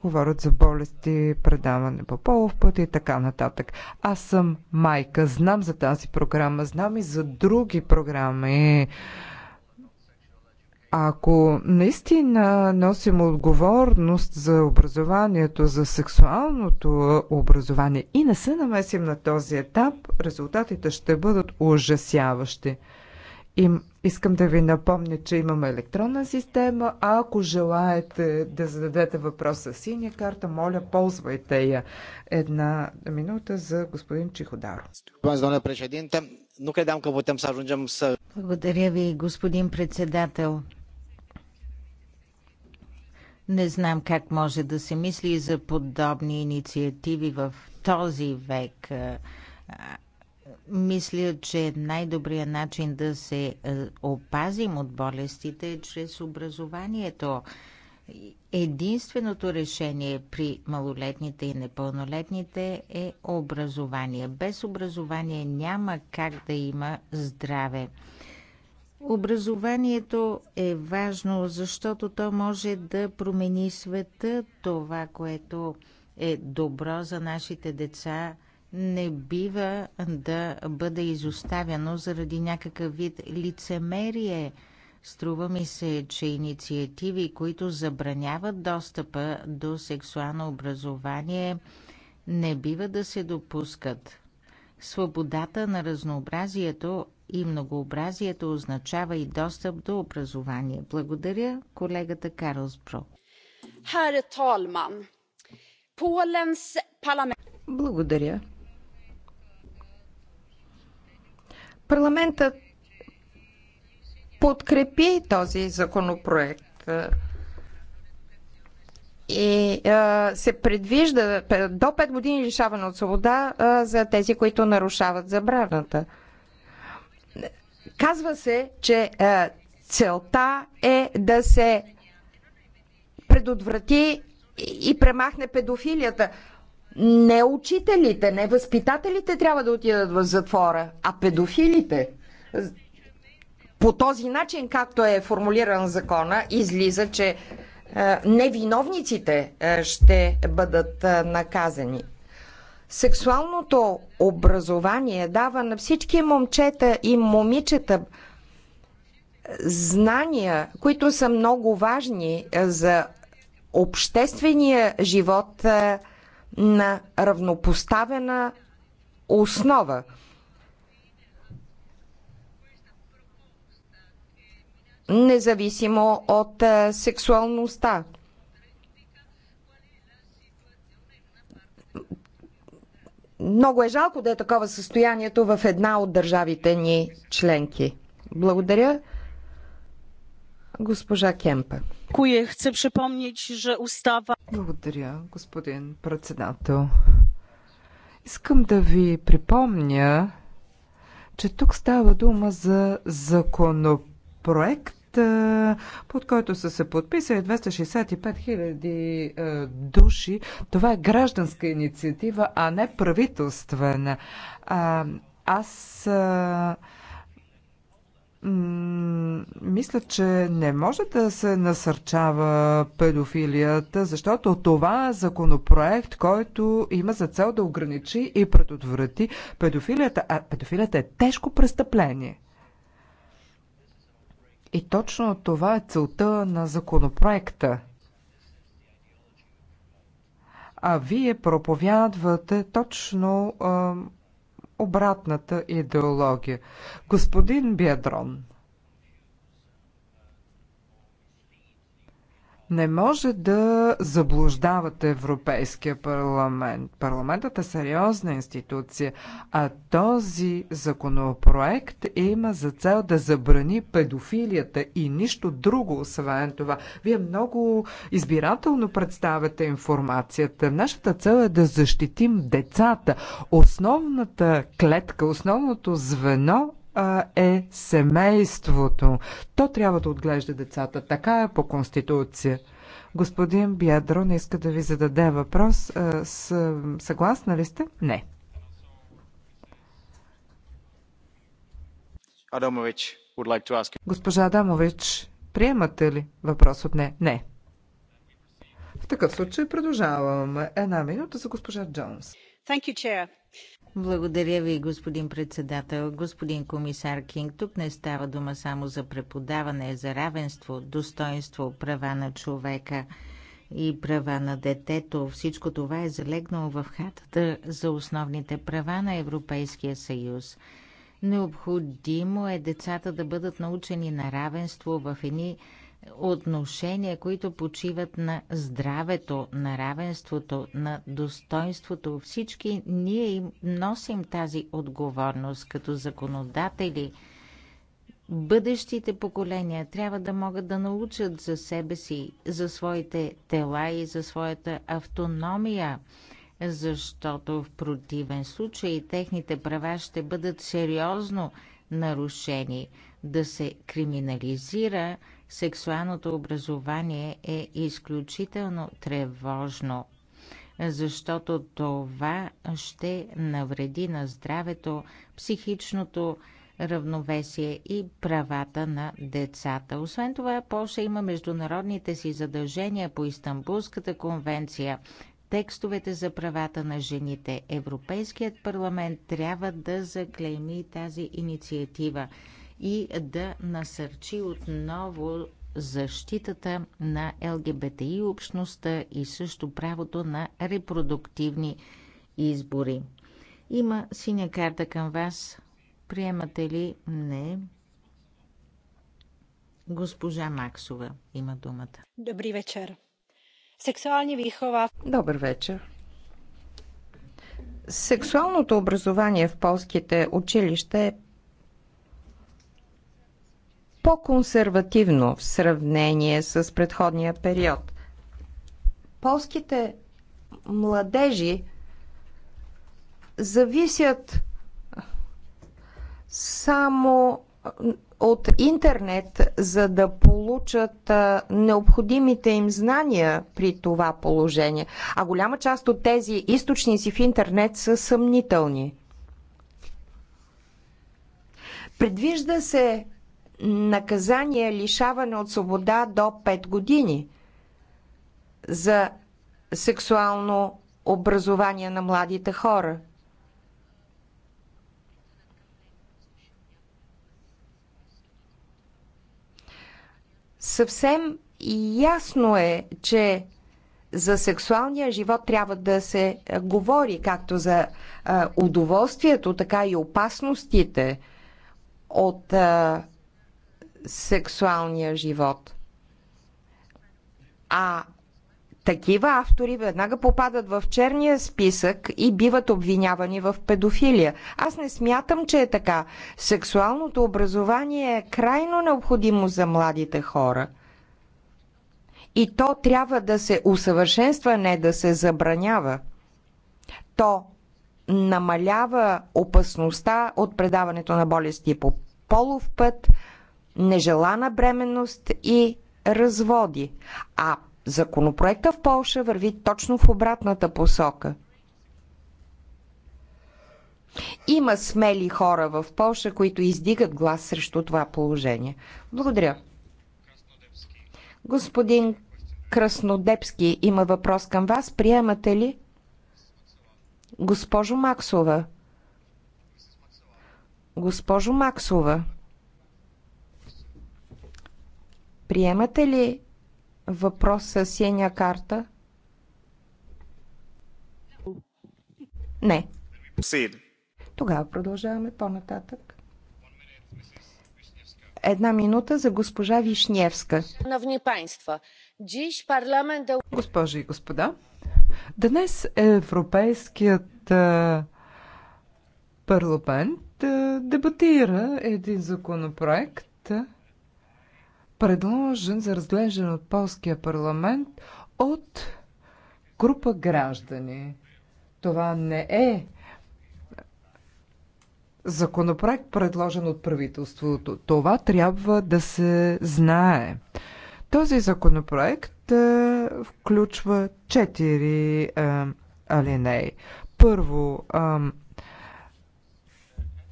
говорят за болести, предаване по полов път и така нататък. Аз съм майка, знам за тази програма, знам и за други програми. А, ако наистина носим отговорност за образованието, за сексуалното образование и не се намесим на този етап, резултатите ще бъдат ужасяващи. И искам да ви напомня, че имаме електронна система, а ако желаете да зададете въпроса с синя карта, моля, ползвайте я. Една минута за господин Чиходаро. Благодаря ви, господин председател. Не знам как може да се мисли за подобни инициативи в този век. Мисля, че най-добрият начин да се опазим от болестите е чрез образованието. Единственото решение при малолетните и непълнолетните е образование. Без образование няма как да има здраве. Образованието е важно, защото то може да промени света. Това, което е добро за нашите деца, не бива да бъде изоставяно заради някакъв вид лицемерие. Струва ми се, че инициативи, които забраняват достъпа до сексуално образование, не бива да се допускат. Свободата на разнообразието и многообразието означава и достъп до образование. Благодаря колегата Карлс Бро. Благодаря. Парламентът подкрепи този законопроект и а, се предвижда до 5 години лишаване от свобода а, за тези, които нарушават забраната. Казва се, че е, целта е да се предотврати и премахне педофилията. Не учителите, не възпитателите трябва да отидат в затвора, а педофилите. По този начин, както е формулиран закона, излиза, че е, невиновниците е, ще бъдат наказани. Сексуалното образование дава на всички момчета и момичета знания, които са много важни е, за обществения живот е, на равнопоставена основа. Независимо от е, сексуалността. Много е жалко да е такова състоянието в една от държавите ни членки. Благодаря. Госпожа Кемпа. Кое хце припомнить, че устава... Благодаря, господин председател. Искам да ви припомня, че тук става дума за законопроект, проект, под който са се подписали 265 хиляди души. Това е гражданска инициатива, а не правителствена. Аз мисля, че не може да се насърчава педофилията, защото това е законопроект, който има за цел да ограничи и предотврати педофилията, а педофилията е тежко престъпление. И точно това е целта на законопроекта. А вие проповядвате точно а, обратната идеология. Господин Бедрон, Не може да заблуждавате Европейския парламент. Парламентът е сериозна институция, а този законопроект има за цел да забрани педофилията и нищо друго, освен това. Вие много избирателно представяте информацията. Нашата цел е да защитим децата. Основната клетка, основното звено а, е семейството. То трябва да отглежда децата. Така е по Конституция. Господин Бядрон иска да ви зададе въпрос. С, съгласна ли сте? Не. Адамович, would like to ask Госпожа Адамович, приемате ли въпрос от не? Не. В такъв случай продължавам една минута за госпожа Джонс. Thank you, Chair. Благодаря ви, господин председател, господин комисар Кинг. Тук не става дума само за преподаване, за равенство, достоинство, права на човека и права на детето. Всичко това е залегнало в хатата за основните права на Европейския съюз. Необходимо е децата да бъдат научени на равенство в едни отношения, които почиват на здравето, на равенството, на достоинството. Всички ние им носим тази отговорност като законодатели. Бъдещите поколения трябва да могат да научат за себе си, за своите тела и за своята автономия, защото в противен случай техните права ще бъдат сериозно нарушени. Да се криминализира сексуалното образование е изключително тревожно, защото това ще навреди на здравето, психичното равновесие и правата на децата. Освен това, Польша има международните си задължения по Истанбулската конвенция, текстовете за правата на жените. Европейският парламент трябва да заклейми тази инициатива и да насърчи отново защитата на ЛГБТИ общността и също правото на репродуктивни избори. Има синя карта към вас. Приемате ли? Не. Госпожа Максова има думата. Добри вечер. Сексуални вихова. Добър вечер. Сексуалното образование в полските училища е по-консервативно в сравнение с предходния период. Полските младежи зависят само от интернет, за да получат необходимите им знания при това положение. А голяма част от тези източници в интернет са съмнителни. Предвижда се наказание лишаване от свобода до 5 години за сексуално образование на младите хора. Съвсем ясно е, че за сексуалния живот трябва да се говори както за удоволствието, така и опасностите от сексуалния живот. А такива автори веднага попадат в черния списък и биват обвинявани в педофилия. Аз не смятам, че е така. Сексуалното образование е крайно необходимо за младите хора. И то трябва да се усъвършенства, не да се забранява. То намалява опасността от предаването на болести по полов път, нежелана бременност и разводи. А законопроекта в Полша върви точно в обратната посока. Има смели хора в Полша, които издигат глас срещу това положение. Благодаря. Господин Краснодепски има въпрос към вас. Приемате ли? Госпожо Максова. Госпожо Максова. Приемате ли въпрос с синя карта? Не. Тогава продължаваме по-нататък. Една минута за госпожа Вишневска. Госпожи и господа, днес Европейският парламент дебатира един законопроект, предложен за разглеждане от полския парламент от група граждани. Това не е законопроект, предложен от правителството. Това трябва да се знае. Този законопроект е, включва четири е, алинеи. Първо, е,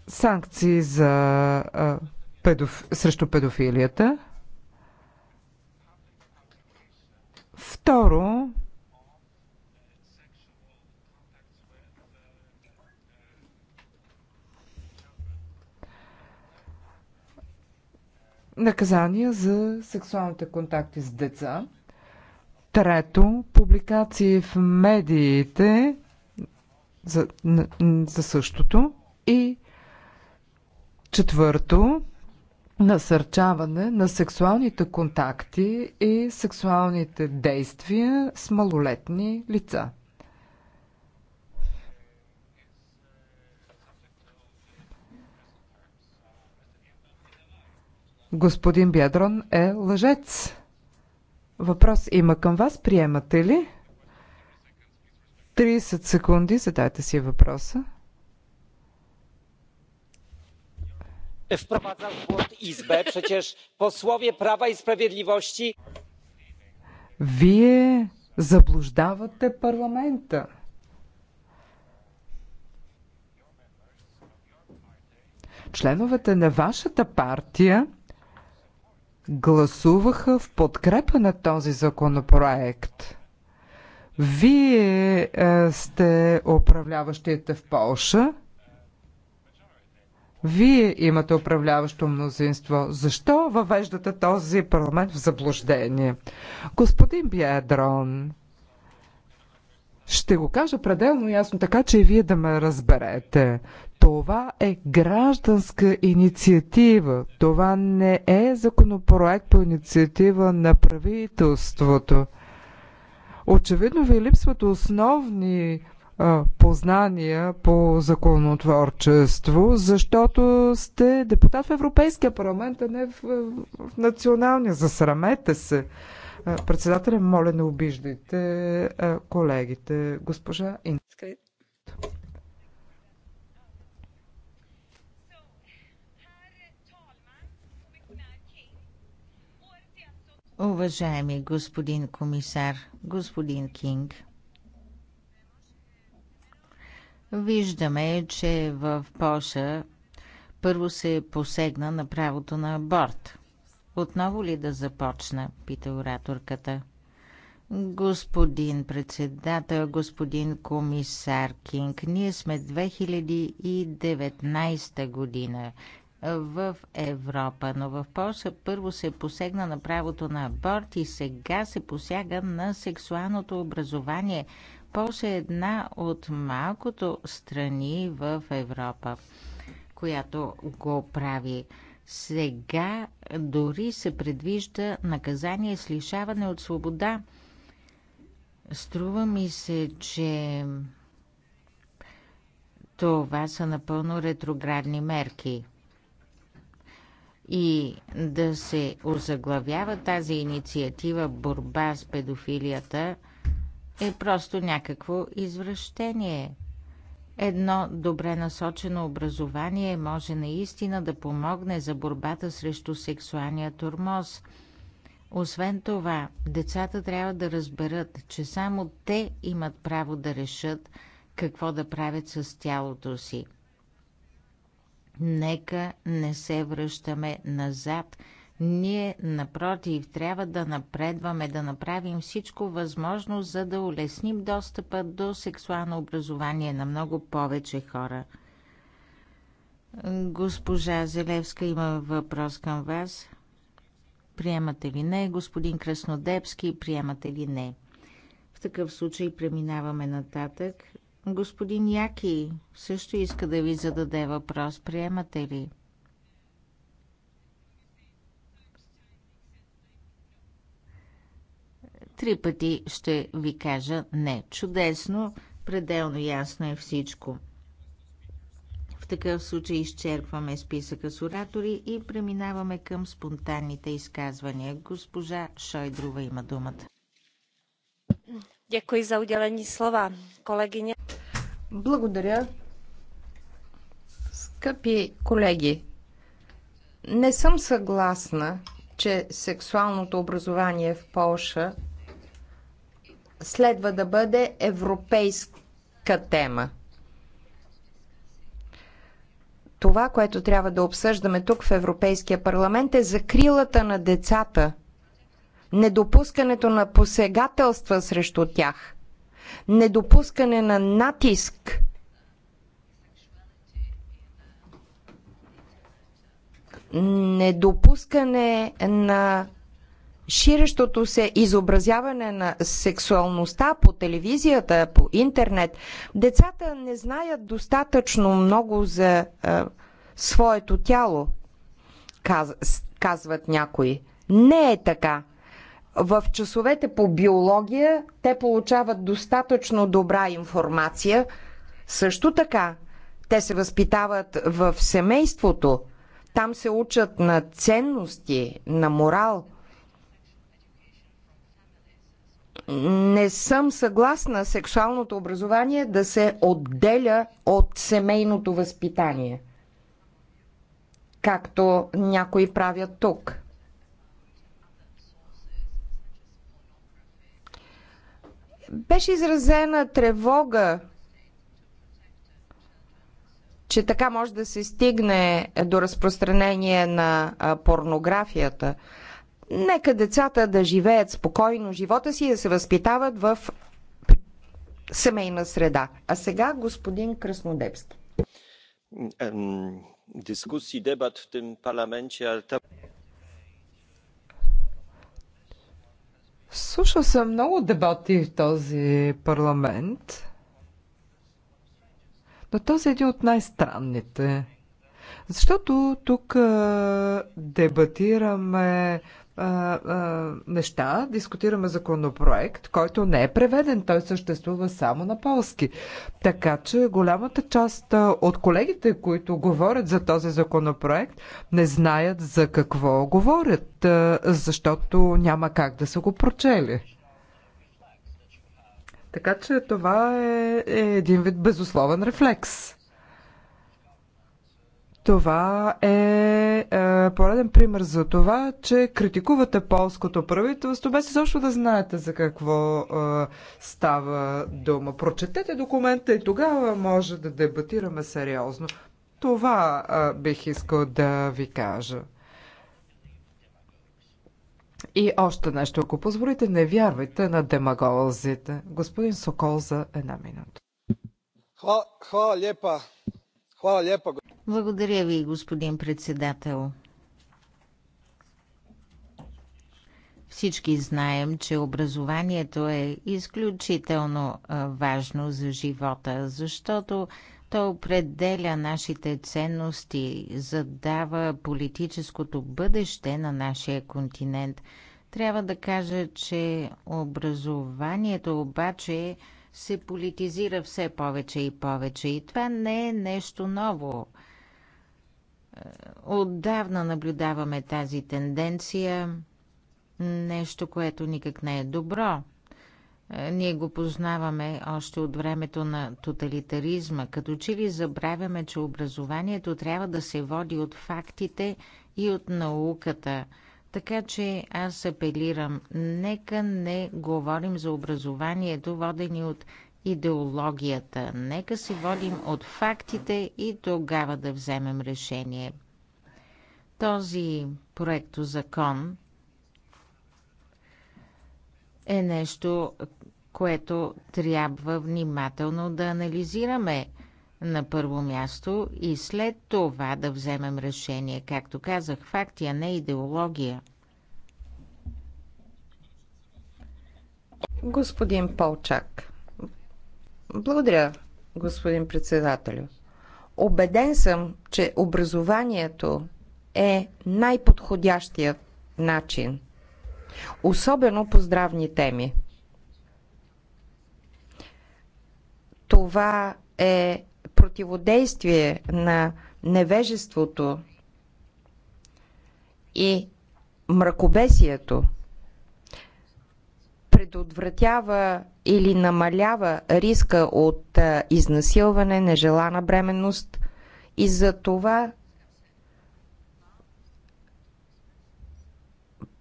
санкции за, е, педоф... срещу педофилията. Второ, наказания за сексуалните контакти с деца. Трето, публикации в медиите за, за същото. И четвърто, насърчаване на сексуалните контакти и сексуалните действия с малолетни лица. Господин Бядрон е лъжец. Въпрос има към вас. Приемате ли? 30 секунди. Задайте си въпроса. wprowadza w błąd Izbę. Przecież posłowie Prawa i Sprawiedliwości. Вие заблуждавате парламента. Членовете на вашата партия гласуваха в подкрепа на този законопроект. Вие е, сте управляващите в Полша. Вие имате управляващо мнозинство. Защо въвеждате този парламент в заблуждение? Господин Биедрон, ще го кажа пределно ясно, така че и вие да ме разберете. Това е гражданска инициатива. Това не е законопроект по инициатива на правителството. Очевидно ви липсват основни познания по законотворчество, защото сте депутат в Европейския парламент, а не в, в националния. Засрамете се. Председателя, моля, не обиждайте колегите. Госпожа Инскрит. Уважаеми господин комисар, господин Кинг, Виждаме, че в Польша първо се посегна на правото на аборт. Отново ли да започна? пита ораторката. Господин председател, господин комисар Кинг, ние сме 2019 година в Европа, но в Польша първо се посегна на правото на аборт и сега се посяга на сексуалното образование. Полша е една от малкото страни в Европа, която го прави. Сега дори се предвижда наказание с лишаване от свобода. Струва ми се, че това са напълно ретроградни мерки. И да се озаглавява тази инициатива борба с педофилията – е просто някакво извращение. Едно добре насочено образование може наистина да помогне за борбата срещу сексуалния тормоз. Освен това, децата трябва да разберат, че само те имат право да решат какво да правят с тялото си. Нека не се връщаме назад – ние, напротив, трябва да напредваме, да направим всичко възможно, за да улесним достъпа до сексуално образование на много повече хора. Госпожа Зелевска има въпрос към вас. Приемате ли не? Господин Краснодепски, приемате ли не? В такъв случай преминаваме нататък. Господин Яки също иска да ви зададе въпрос. Приемате ли? Три пъти ще ви кажа не. Чудесно, пределно ясно е всичко. В такъв случай изчерпваме списъка с оратори и преминаваме към спонтанните изказвания. Госпожа Шойдрова има думата. Дякую за отделени слова, колегиня. Благодаря. Скъпи колеги, не съм съгласна, че сексуалното образование в Полша следва да бъде европейска тема. Това, което трябва да обсъждаме тук в Европейския парламент е закрилата на децата, недопускането на посегателства срещу тях, недопускане на натиск недопускане на ширещото се изобразяване на сексуалността по телевизията, по интернет, децата не знаят достатъчно много за а, своето тяло, каз, казват някои. Не е така. В часовете по биология те получават достатъчно добра информация. Също така, те се възпитават в семейството. Там се учат на ценности, на морал – не съм съгласна сексуалното образование да се отделя от семейното възпитание, както някои правят тук. Беше изразена тревога, че така може да се стигне до разпространение на порнографията. Нека децата да живеят спокойно живота си и да се възпитават в семейна среда. А сега господин Краснодебски. Дискусии, дебат в тем парламенте, Слушал съм много дебати в този парламент, но този е един от най-странните. Защото тук е, дебатираме неща дискутираме законопроект, който не е преведен. Той съществува само на полски. Така че голямата част от колегите, които говорят за този законопроект, не знаят за какво говорят, защото няма как да са го прочели. Така че това е, е един вид безусловен рефлекс. Това е, е пореден пример за това, че критикувате полското правителство, без изобщо да знаете за какво е, става дума. Прочетете документа и тогава може да дебатираме сериозно. Това е, бих искал да ви кажа. И още нещо, ако позволите, не вярвайте на демагозите. Господин Сокол за една минута. Хвала, хвала лепа. Хвала лепа, благодаря ви, господин председател. Всички знаем, че образованието е изключително важно за живота, защото то определя нашите ценности, задава политическото бъдеще на нашия континент. Трябва да кажа, че образованието обаче се политизира все повече и повече и това не е нещо ново. Отдавна наблюдаваме тази тенденция, нещо, което никак не е добро. Е, ние го познаваме още от времето на тоталитаризма, като че ли забравяме, че образованието трябва да се води от фактите и от науката. Така че аз апелирам, нека не говорим за образованието, водени от идеологията. Нека се водим от фактите и тогава да вземем решение. Този проекто закон е нещо, което трябва внимателно да анализираме на първо място и след това да вземем решение, както казах, факти, е, а не идеология. Господин Полчак, благодаря, господин председателю. Обеден съм, че образованието е най-подходящият начин, особено по здравни теми. Това е противодействие на невежеството и мракобесието – предотвратява или намалява риска от изнасилване, нежелана бременност и за това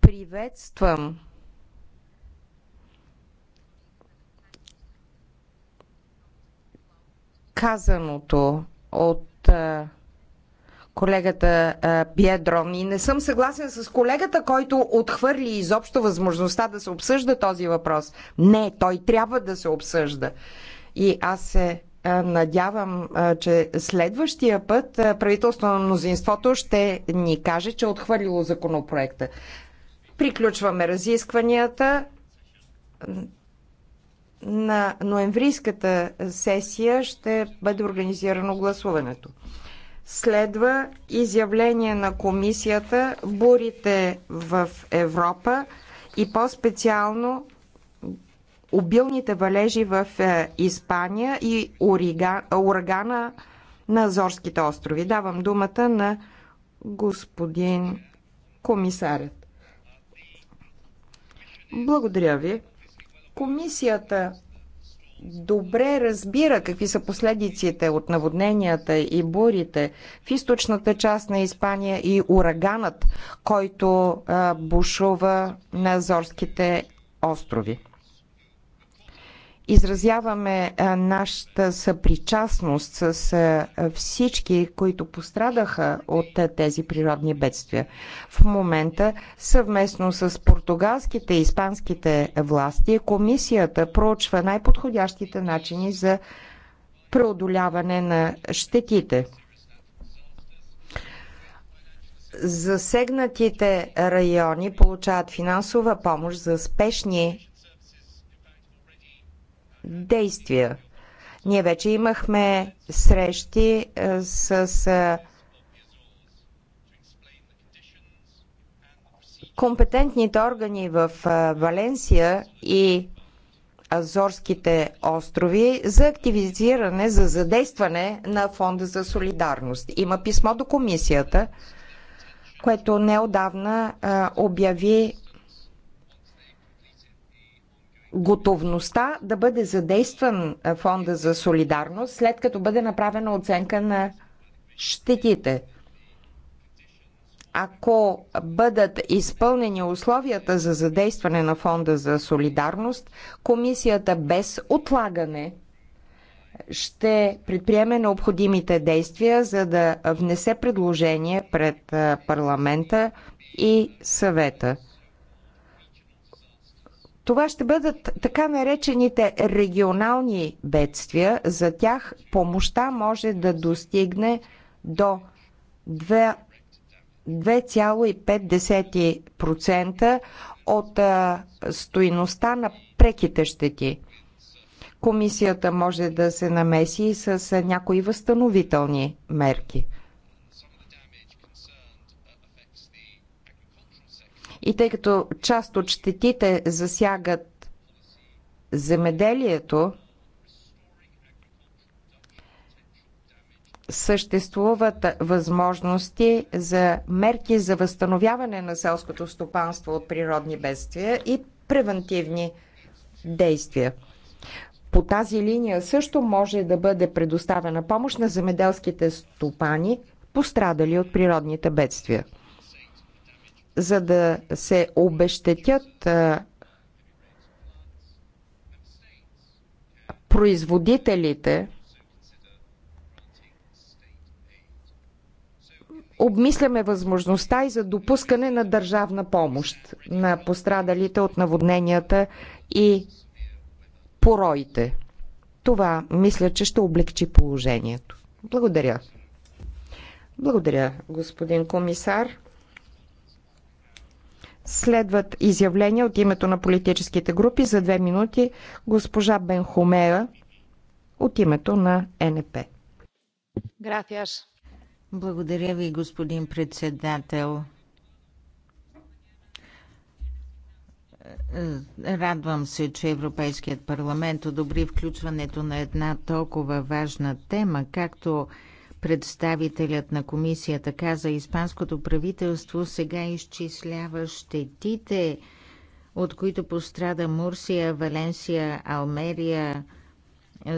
приветствам казаното от колегата Пьедрон и не съм съгласен с колегата, който отхвърли изобщо възможността да се обсъжда този въпрос. Не, той трябва да се обсъжда. И аз се надявам, че следващия път правителство на мнозинството ще ни каже, че е отхвърлило законопроекта. Приключваме разискванията. На ноемврийската сесия ще бъде организирано гласуването. Следва изявление на комисията Бурите в Европа и по-специално обилните валежи в е, Испания и урагана на Азорските острови. Давам думата на господин комисарят. Благодаря ви. Комисията добре разбира какви са последиците от наводненията и бурите в източната част на Испания и ураганът, който бушува на Азорските острови. Изразяваме нашата съпричастност с всички, които пострадаха от тези природни бедствия. В момента, съвместно с португалските и испанските власти, комисията проучва най-подходящите начини за преодоляване на щетите. Засегнатите райони получават финансова помощ за спешни действия. Ние вече имахме срещи е, с е, компетентните органи в е, Валенсия и Азорските острови за активизиране, за задействане на Фонда за солидарност. Има писмо до комисията, което неодавна обяви готовността да бъде задействан фонда за солидарност, след като бъде направена оценка на щетите. Ако бъдат изпълнени условията за задействане на фонда за солидарност, комисията без отлагане ще предприеме необходимите действия, за да внесе предложение пред парламента и съвета. Това ще бъдат така наречените регионални бедствия. За тях помощта може да достигне до 2,5% от стоиността на преките щети. Комисията може да се намеси с някои възстановителни мерки. И тъй като част от щетите засягат земеделието, съществуват възможности за мерки за възстановяване на селското стопанство от природни бедствия и превентивни действия. По тази линия също може да бъде предоставена помощ на земеделските стопани, пострадали от природните бедствия за да се обещетят производителите, обмисляме възможността и за допускане на държавна помощ на пострадалите от наводненията и пороите. Това мисля, че ще облегчи положението. Благодаря. Благодаря, господин комисар. Следват изявления от името на политическите групи за две минути госпожа Бенхомея от името на НП. Gracias. Благодаря ви, господин председател. Радвам се, че Европейският парламент одобри включването на една толкова важна тема, както Представителят на комисията каза, испанското правителство сега изчислява щетите, от които пострада Мурсия, Валенсия, Алмерия,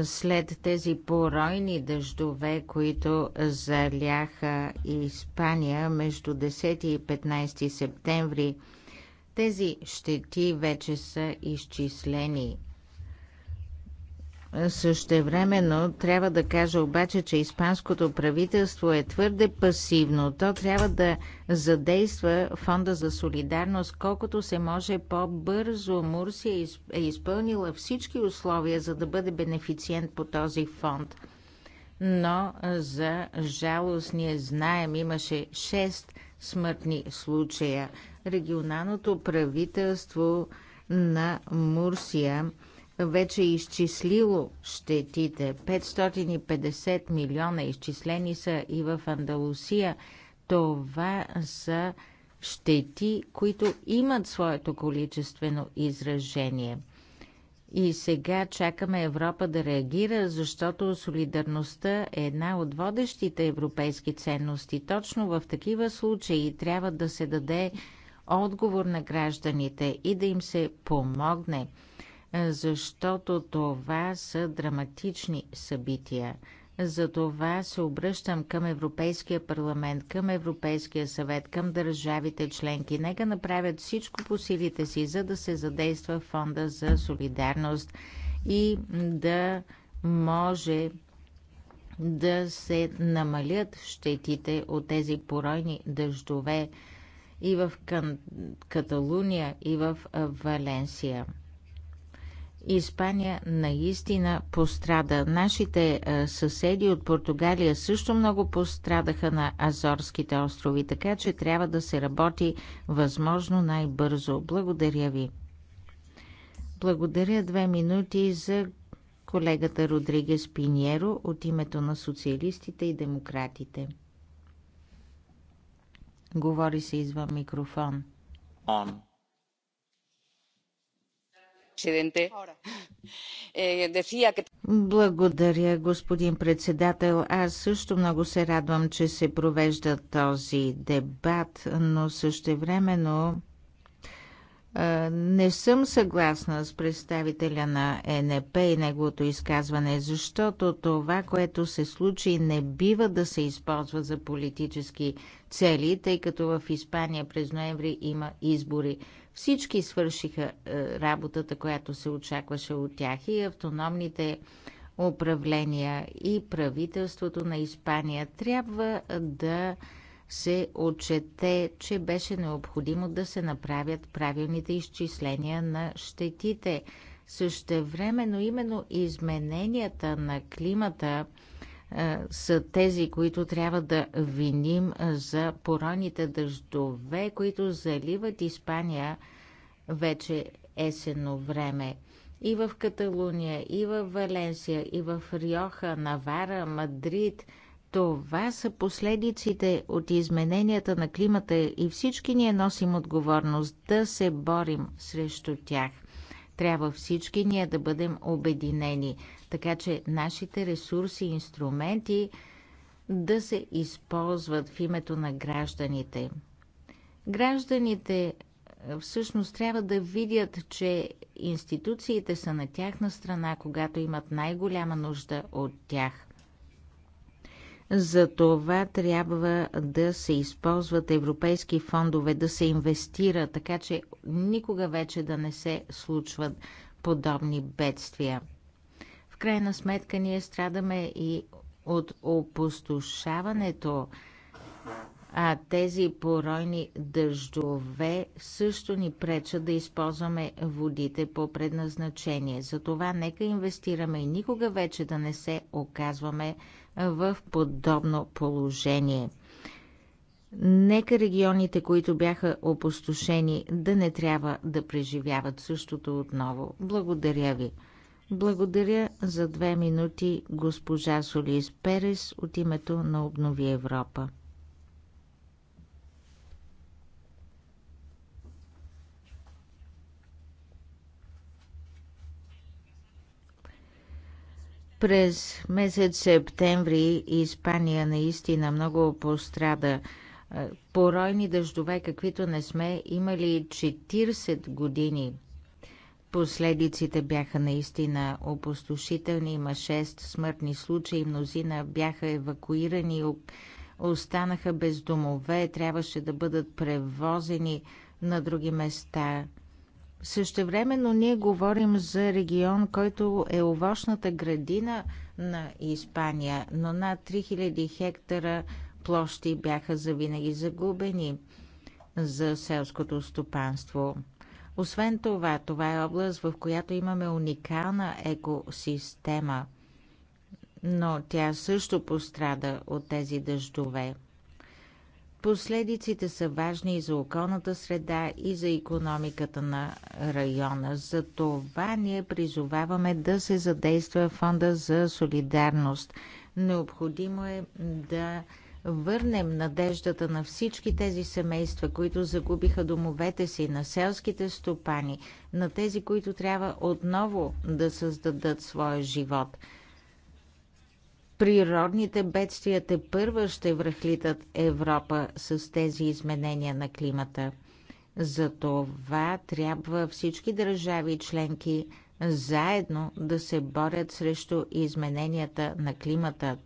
след тези поройни дъждове, които заляха Испания между 10 и 15 септември. Тези щети вече са изчислени. Същевременно трябва да кажа обаче, че испанското правителство е твърде пасивно. То трябва да задейства Фонда за солидарност колкото се може по-бързо. Мурсия е изпълнила всички условия, за да бъде бенефициент по този фонд. Но за жалост ние знаем, имаше 6 смъртни случая. Регионалното правителство на Мурсия вече е изчислило щетите. 550 милиона изчислени са и в Андалусия. Това са щети, които имат своето количествено изражение. И сега чакаме Европа да реагира, защото солидарността е една от водещите европейски ценности. Точно в такива случаи трябва да се даде отговор на гражданите и да им се помогне – защото това са драматични събития. За това се обръщам към Европейския парламент, към Европейския съвет, към държавите членки. Нека направят всичко по силите си, за да се задейства фонда за солидарност и да може да се намалят щетите от тези поройни дъждове и в Каталуния, и в Валенсия. Испания наистина пострада. Нашите е, съседи от Португалия също много пострадаха на Азорските острови, така че трябва да се работи възможно най-бързо. Благодаря ви. Благодаря две минути за колегата Родригес Пиньеро от името на социалистите и демократите. Говори се извън микрофон. On. Eh, Благодаря, господин председател. Аз също много се радвам, че се провежда този дебат, но същевременно не съм съгласна с представителя на ЕНП и неговото изказване, защото това, което се случи, не бива да се използва за политически цели, тъй като в Испания през ноември има избори. Всички свършиха е, работата, която се очакваше от тях и автономните управления и правителството на Испания. Трябва е, да се отчете, че беше необходимо да се направят правилните изчисления на щетите. времено, именно измененията на климата е, са тези, които трябва да виним е, за пораните дъждове, които заливат Испания вече есенно време. И в Каталуния, и в Валенсия, и в Риоха, Навара, Мадрид. Това са последиците от измененията на климата и всички ние носим отговорност да се борим срещу тях. Трябва всички ние да бъдем обединени така че нашите ресурси и инструменти да се използват в името на гражданите. Гражданите е, всъщност трябва да видят, че институциите са на тяхна страна, когато имат най-голяма нужда от тях. За това трябва да се използват европейски фондове, да се инвестира, така че никога вече да не се случват подобни бедствия крайна сметка ние страдаме и от опустошаването, а тези поройни дъждове също ни пречат да използваме водите по предназначение. Затова нека инвестираме и никога вече да не се оказваме в подобно положение. Нека регионите, които бяха опустошени, да не трябва да преживяват същото отново. Благодаря ви. Благодаря за две минути госпожа Солис Перес от името на Обнови Европа. През месец септември Испания наистина много пострада. Поройни дъждове, каквито не сме имали 40 години – Последиците бяха наистина опустошителни. Има 6 смъртни случаи. Мнозина бяха евакуирани, останаха без домове, трябваше да бъдат превозени на други места. Също времено ние говорим за регион, който е овощната градина на Испания, но над 3000 хектара площи бяха завинаги загубени за селското стопанство. Освен това, това е област, в която имаме уникална екосистема, но тя също пострада от тези дъждове. Последиците са важни и за околната среда, и за економиката на района. За това ние призоваваме да се задейства фонда за солидарност. Необходимо е да върнем надеждата на всички тези семейства, които загубиха домовете си, на селските стопани, на тези, които трябва отново да създадат своя живот. Природните бедствия те първа ще връхлитат Европа с тези изменения на климата. Затова трябва всички държави членки заедно да се борят срещу измененията на климата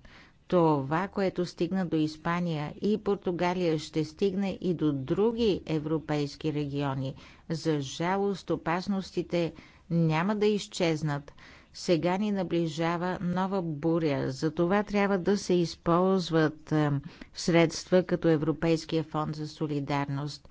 това, което стигна до Испания и Португалия, ще стигне и до други европейски региони. За жалост, опасностите няма да изчезнат. Сега ни наближава нова буря. За това трябва да се използват е, средства като Европейския фонд за солидарност.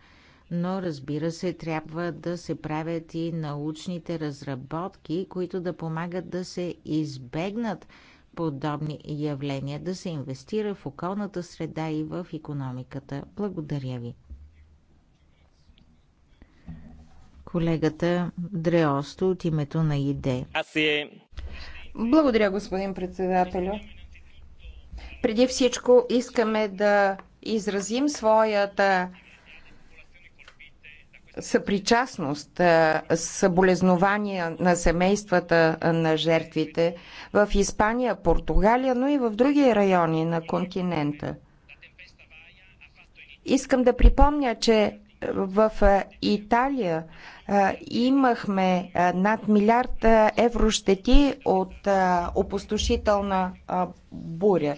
Но разбира се, трябва да се правят и научните разработки, които да помагат да се избегнат подобни явления, да се инвестира в околната среда и в економиката. Благодаря ви. Колегата Дреосто от името на ИДЕ. Благодаря, господин председателю. Преди всичко искаме да изразим своята съпричастност, съболезнования на семействата на жертвите в Испания, Португалия, но и в други райони на континента. Искам да припомня, че в Италия имахме над милиард евро щети от опустошителна буря.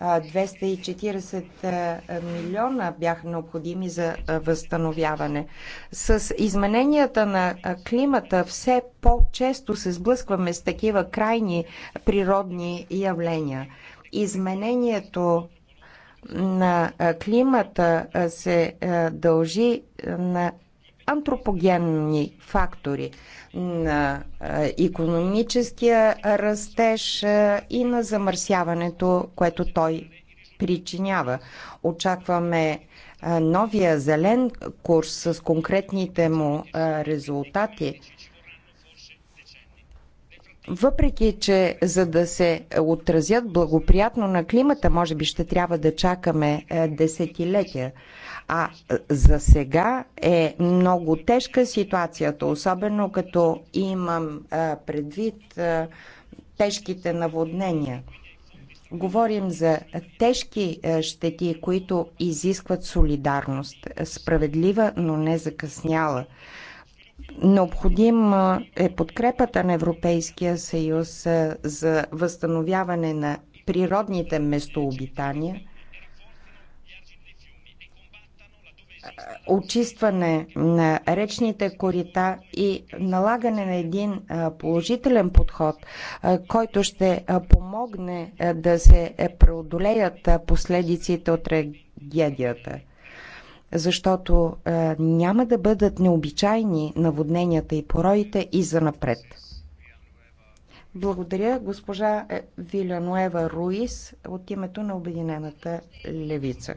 240 милиона бяха необходими за възстановяване. С измененията на климата все по-често се сблъскваме с такива крайни природни явления. Изменението на климата се дължи на антропогенни фактори на економическия растеж и на замърсяването, което той причинява. Очакваме новия зелен курс с конкретните му резултати въпреки, че за да се отразят благоприятно на климата, може би ще трябва да чакаме е, десетилетия. А е, за сега е много тежка ситуацията, особено като имам е, предвид тежките наводнения. Говорим за тежки щети, които изискват солидарност, справедлива, но не закъсняла. Необходима е подкрепата на Европейския съюз за възстановяване на природните местообитания, очистване на речните корита и налагане на един положителен подход, който ще помогне да се е, преодолеят последиците от трагедията защото е, няма да бъдат необичайни наводненията и пороите и за напред. Благодаря госпожа е, Вилянуева Руис от името на Обединената левица.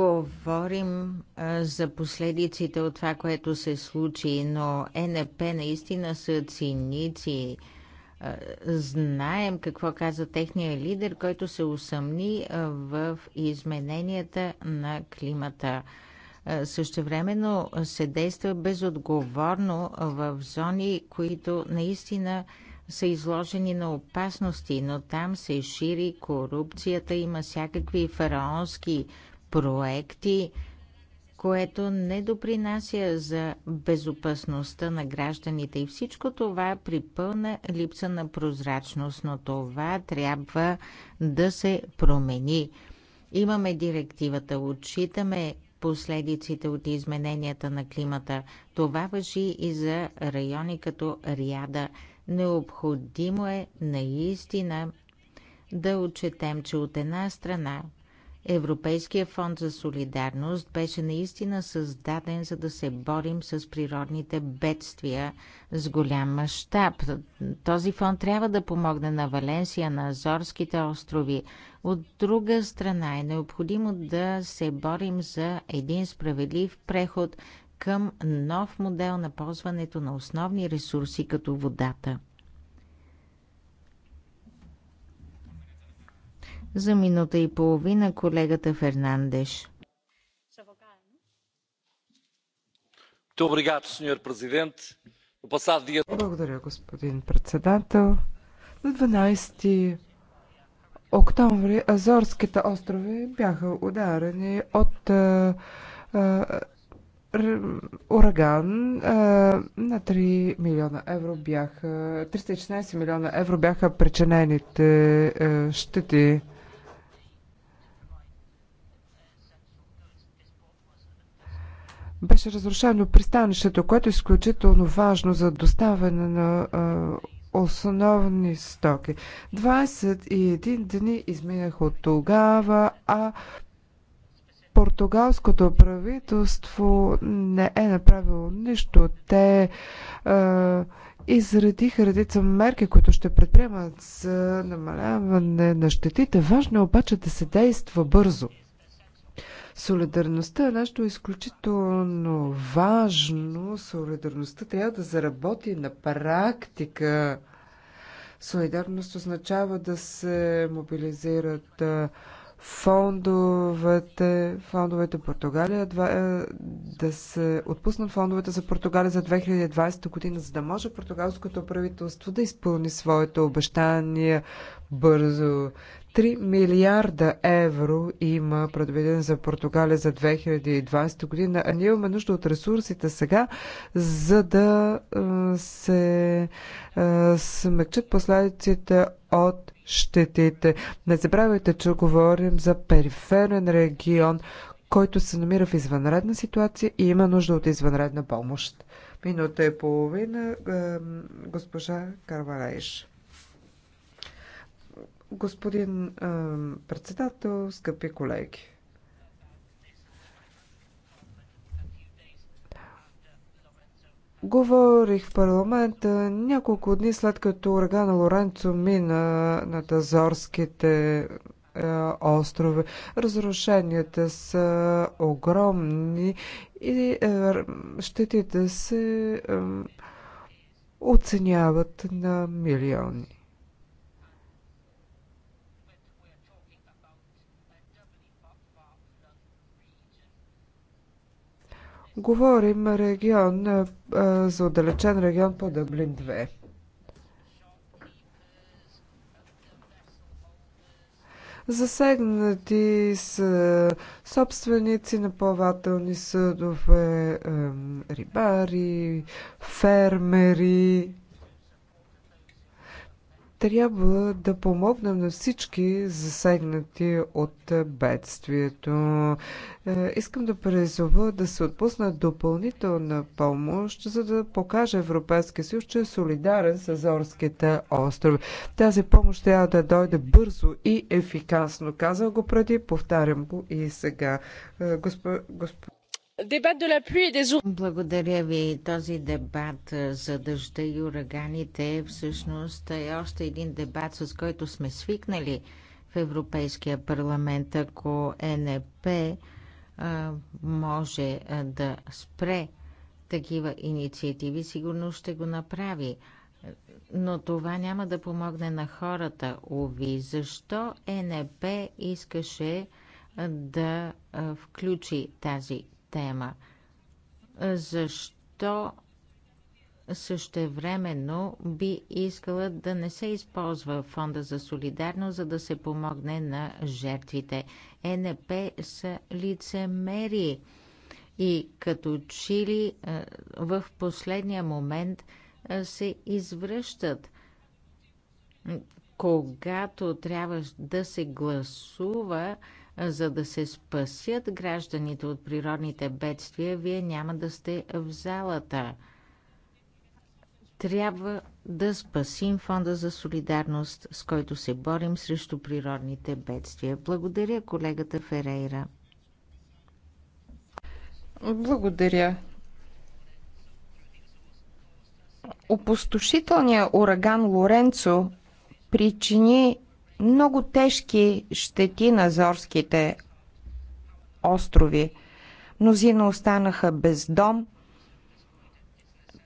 Говорим е, за последиците от това, което се случи, но е НП наистина са циници знаем какво каза техния лидер, който се усъмни в измененията на климата. Същевременно се действа безотговорно в зони, които наистина са изложени на опасности, но там се шири корупцията, има всякакви фараонски проекти, което не допринася за безопасността на гражданите. И всичко това при пълна липса на прозрачност, но това трябва да се промени. Имаме директивата, отчитаме последиците от измененията на климата. Това въжи и за райони като Ряда. Необходимо е наистина да отчетем, че от една страна Европейския фонд за солидарност беше наистина създаден за да се борим с природните бедствия с голям мащаб. Този фонд трябва да помогне на Валенсия, на Азорските острови. От друга страна е необходимо да се борим за един справедлив преход към нов модел на ползването на основни ресурси като водата. За минута и половина колегата Фернандеш. Благодаря, господин председател. На 12 октомври Азорските острови бяха ударени от ураган на 3 милиона евро бяха 316 милиона евро бяха причинените щети. беше разрушено пристанището, което е изключително важно за доставяне на основни стоки. 21 дни изминаха от тогава, а португалското правителство не е направило нищо. Те е, изредиха редица мерки, които ще предприемат за намаляване на щетите. Важно е обаче да се действа бързо. Солидарността е нещо изключително важно. Солидарността трябва да заработи на практика. Солидарност означава да се мобилизират фондовете, фондовете Португалия, е, да се отпуснат фондовете за Португалия за 2020 година, за да може португалското правителство да изпълни своите обещания бързо. 3 милиарда евро има предвиден за Португалия за 2020 година, а ние имаме нужда от ресурсите сега, за да се смекчат последиците от щетите. Не забравяйте, че говорим за периферен регион, който се намира в извънредна ситуация и има нужда от извънредна помощ. Минута и половина, госпожа Карвалайш. Господин председател, скъпи колеги. Говорих в парламента няколко дни след като урагана Лоренцо мина Тазорските е, острови. Разрушенията са огромни и щетите се оценяват на милиони. Говорим регион, за отдалечен регион по Дъблин 2. Засегнати са собственици на плавателни съдове, рибари, фермери, трябва да помогнем на всички засегнати от бедствието. Е, искам да призова да се отпусна допълнителна помощ, за да покаже Европейския съюз, че е солидарен с Азорските острови. Тази помощ трябва да дойде бързо и ефикасно. Казах го преди, повтарям го и сега. Е, госп... Госп... Дебат Благодаря ви. Този дебат за дъжда и ураганите всъщност е още един дебат, с който сме свикнали в Европейския парламент. Ако НП може да спре такива инициативи, сигурно ще го направи. Но това няма да помогне на хората, уви. Защо ЕНП искаше да включи тази тема. Защо същевременно би искала да не се използва фонда за солидарност, за да се помогне на жертвите. Е, НП са лицемери и като чили е, в последния момент е, се извръщат. Когато трябва да се гласува, за да се спасят гражданите от природните бедствия, вие няма да сте в залата. Трябва да спасим Фонда за солидарност, с който се борим срещу природните бедствия. Благодаря колегата Ферейра. Благодаря. Опустошителният ураган Лоренцо причини много тежки щети на Зорските острови. Мнозина останаха без дом.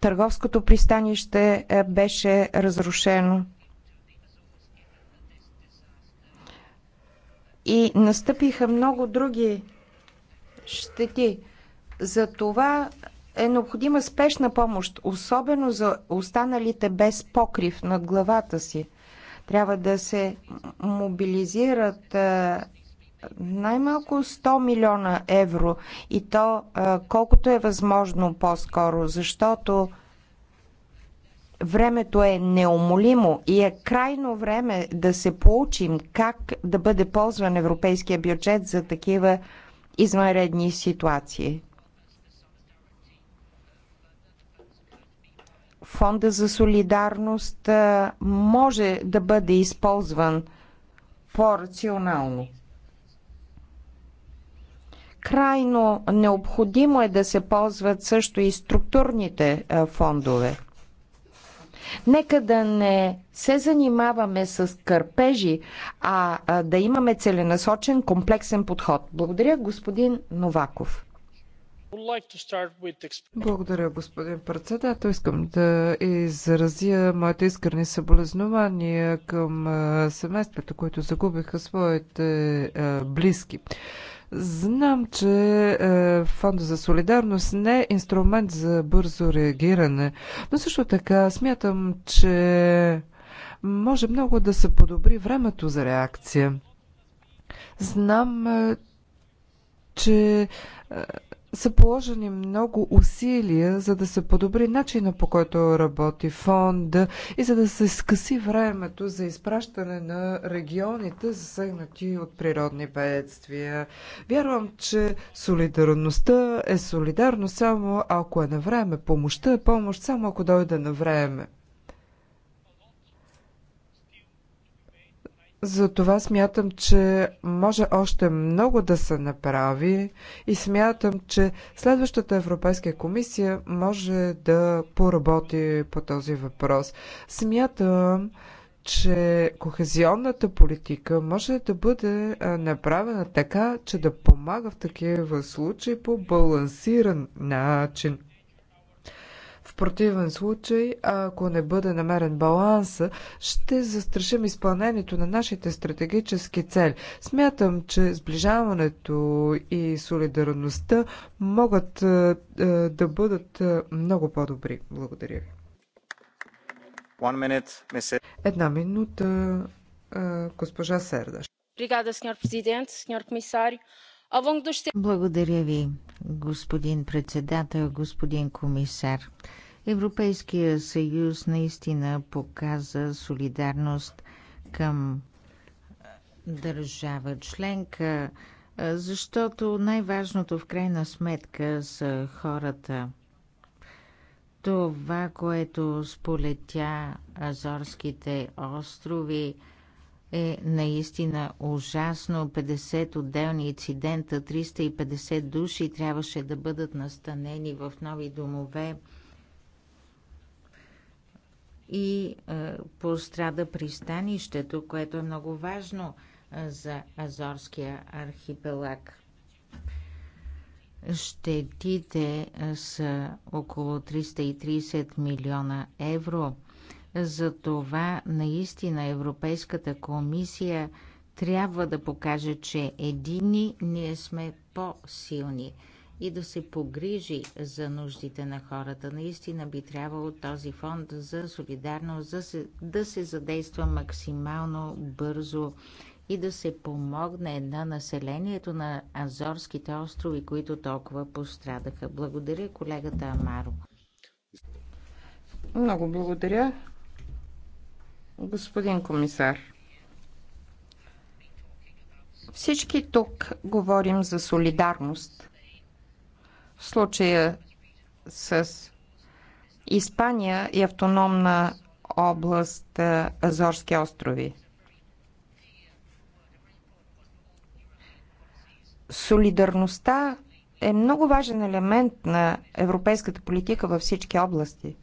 Търговското пристанище е, беше разрушено. И настъпиха много други щети. За това е необходима спешна помощ, особено за останалите без покрив над главата си. Трябва да се мобилизират най-малко 100 милиона евро и то колкото е възможно по-скоро, защото времето е неумолимо и е крайно време да се получим как да бъде ползван европейския бюджет за такива извънредни ситуации. Фонда за солидарност може да бъде използван по-рационално. Крайно необходимо е да се ползват също и структурните фондове. Нека да не се занимаваме с кърпежи, а да имаме целенасочен комплексен подход. Благодаря, господин Новаков. Благодаря, господин председател. Искам да изразя моите искрени съболезнования към семействата, които загубиха своите близки. Знам, че Фонда за солидарност не е инструмент за бързо реагиране, но също така смятам, че може много да се подобри времето за реакция. Знам, че са положени много усилия, за да се подобри начина по който работи фонда и за да се скъси времето за изпращане на регионите, засегнати от природни бедствия. Вярвам, че солидарността е солидарно само ако е на време. Помощта е помощ само ако дойде на време. Затова смятам, че може още много да се направи и смятам, че следващата Европейска комисия може да поработи по този въпрос. Смятам, че кохезионната политика може да бъде направена така, че да помага в такива случаи по балансиран начин. В противен случай, ако не бъде намерен баланс, ще застрашим изпълнението на нашите стратегически цели. Смятам, че сближаването и солидарността могат е, е, да бъдат е, много по-добри. Благодаря ви. Една минута, госпожа Сердаш. Благодаря ви, господин председател, господин комисар. Европейския съюз наистина показа солидарност към държава членка, защото най-важното в крайна сметка са хората. Това, което сполетя Азорските острови, е наистина ужасно. 50 отделни инцидента, 350 души трябваше да бъдат настанени в нови домове и е, пострада пристанището, което е много важно е, за Азорския архипелаг. Щетите е, са около 330 милиона евро. Затова наистина Европейската комисия трябва да покаже, че едини ние сме по-силни и да се погрижи за нуждите на хората. Наистина би трябвало този фонд за солидарност да се, да се задейства максимално бързо и да се помогне на населението на Азорските острови, които толкова пострадаха. Благодаря колегата Амаро. Много благодаря, господин комисар. Всички тук говорим за солидарност случая с Испания и автономна област Азорски острови. Солидарността е много важен елемент на европейската политика във всички области.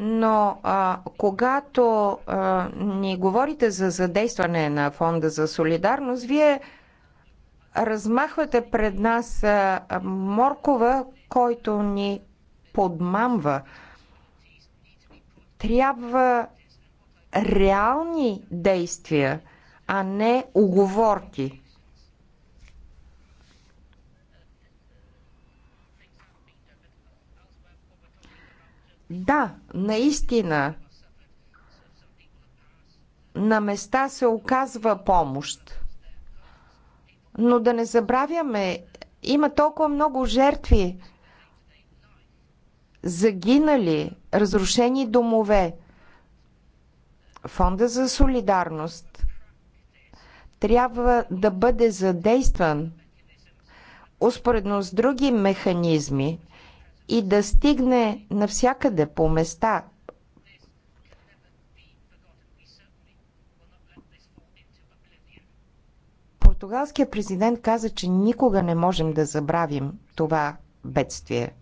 Но а, когато а, ни говорите за задействане на Фонда за солидарност, вие размахвате пред нас а, моркова, който ни подмамва. Трябва реални действия, а не оговорки. Да, наистина на места се оказва помощ. Но да не забравяме, има толкова много жертви, загинали, разрушени домове. Фонда за солидарност трябва да бъде задействан успоредно с други механизми, и да стигне навсякъде по места. Португалският президент каза, че никога не можем да забравим това бедствие.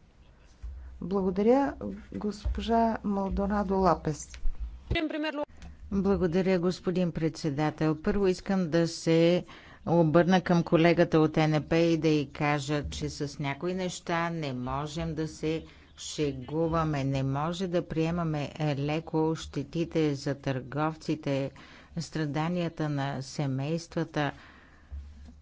Благодаря, госпожа Малдонадо Лапес. Благодаря, господин председател. Първо искам да се обърна към колегата от НП и да й кажа, че с някои неща не можем да се шегуваме, не може да приемаме леко щетите за търговците, страданията на семействата.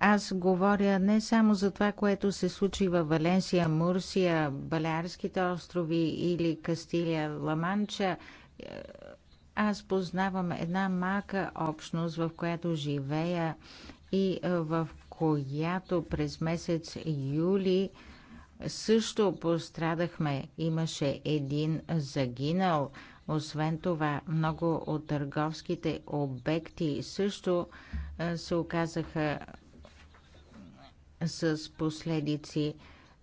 Аз говоря не само за това, което се случи във Валенсия, Мурсия, Балярските острови или Кастилия, Ламанча. Аз познавам една малка общност, в която живея и в която през месец юли също пострадахме. Имаше един загинал. Освен това, много от търговските обекти също се оказаха с последици.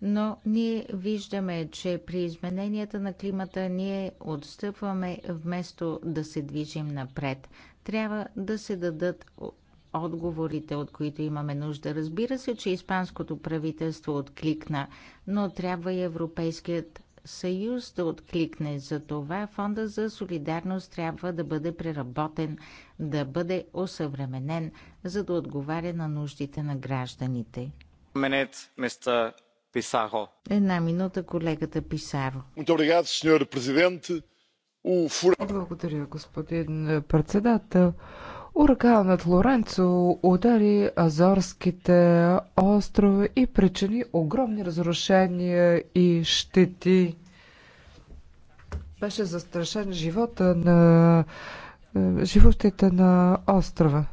Но ние виждаме, че при измененията на климата ние отстъпваме вместо да се движим напред. Трябва да се дадат отговорите, от които имаме нужда. Разбира се, че испанското правителство откликна, но трябва и Европейският съюз да откликне. За това фонда за солидарност трябва да бъде преработен, да бъде осъвременен, за да отговаря на нуждите на гражданите. Минет, мистер Писаро. Една минута, колегата Писаро. Благодаря, господин председател. Ураганът Лоренцо удари Азорските острови и причини огромни разрушения и щети. Беше застрашен живота на е, живущите на острова.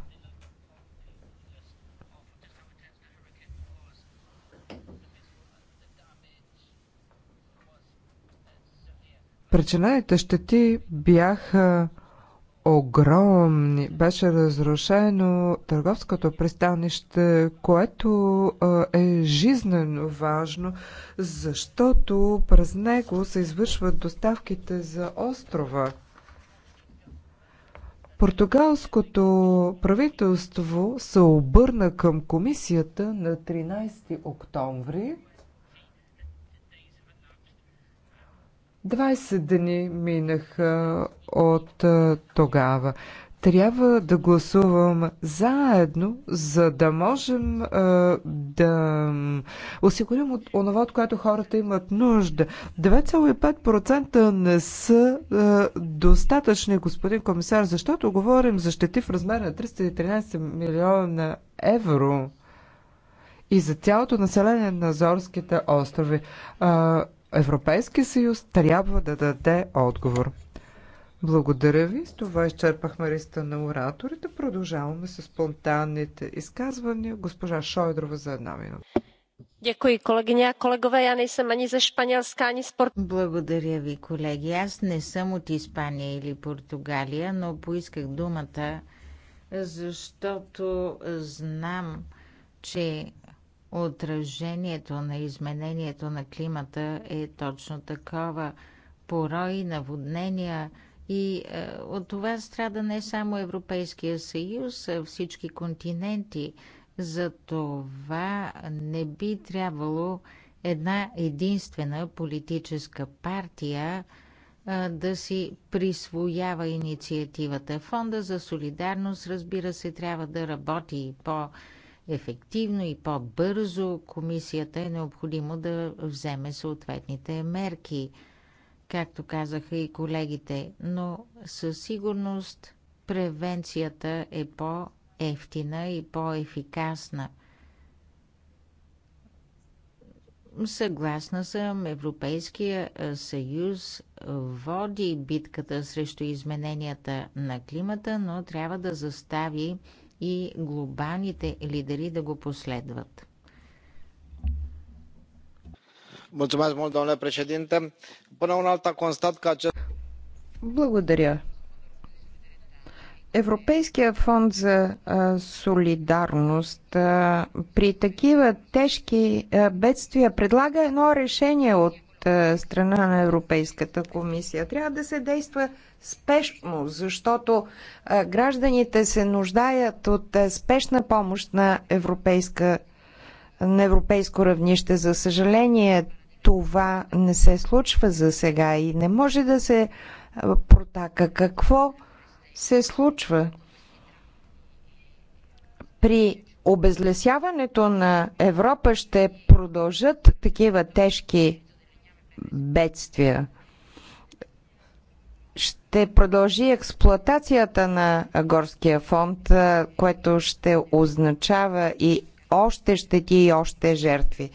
Причинените щети бяха огромни. Беше разрушено търговското пристанище, което е жизнено важно, защото през него се извършват доставките за острова. Португалското правителство се обърна към комисията на 13 октомври 20 дни минаха от тогава. Трябва да гласувам заедно, за да можем а, да осигурим от онова, от което хората имат нужда. 2,5% не са а, достатъчни, господин комисар, защото говорим за щети в размер на 313 милиона евро и за цялото население на Зорските острови. А, Европейския съюз трябва да даде отговор. Благодаря ви. С това изчерпахме листа на ораторите. Продължаваме с спонтанните изказвания. Госпожа Шойдрова за една минута. Děkuji, kolegyně a kolegové. Já nejsem ani ze Španělska, ani z Благодаря ви, колеги. Аз не съм от Испания или Португалия, но поисках думата, защото знам, че Отражението на изменението на климата е точно такова. Порой, наводнения и е, от това страда не само Европейския съюз, а всички континенти. За това не би трябвало една единствена политическа партия е, да си присвоява инициативата. Фонда за солидарност, разбира се, трябва да работи по ефективно и по-бързо, комисията е необходимо да вземе съответните мерки, както казаха и колегите, но със сигурност превенцията е по-ефтина и по-ефикасна. Съгласна съм, Европейския съюз води битката срещу измененията на климата, но трябва да застави и глобалните лидери да го последват. Mulțumesc mult, domnule președinte. Până un alta constat că acest... Благодаря. Европейския фонд за солидарност при такива тежки бедствия предлага едно решение от е, страна на Европейската комисия. Трябва да се действа спешно, защото е, гражданите се нуждаят от е, спешна помощ на, европейска, на европейско равнище. За съжаление, това не се случва за сега и не може да се протака. Какво се случва? При обезлесяването на Европа ще продължат такива тежки бедствия. Ще продължи експлоатацията на горския фонд, което ще означава и още щети и още жертви.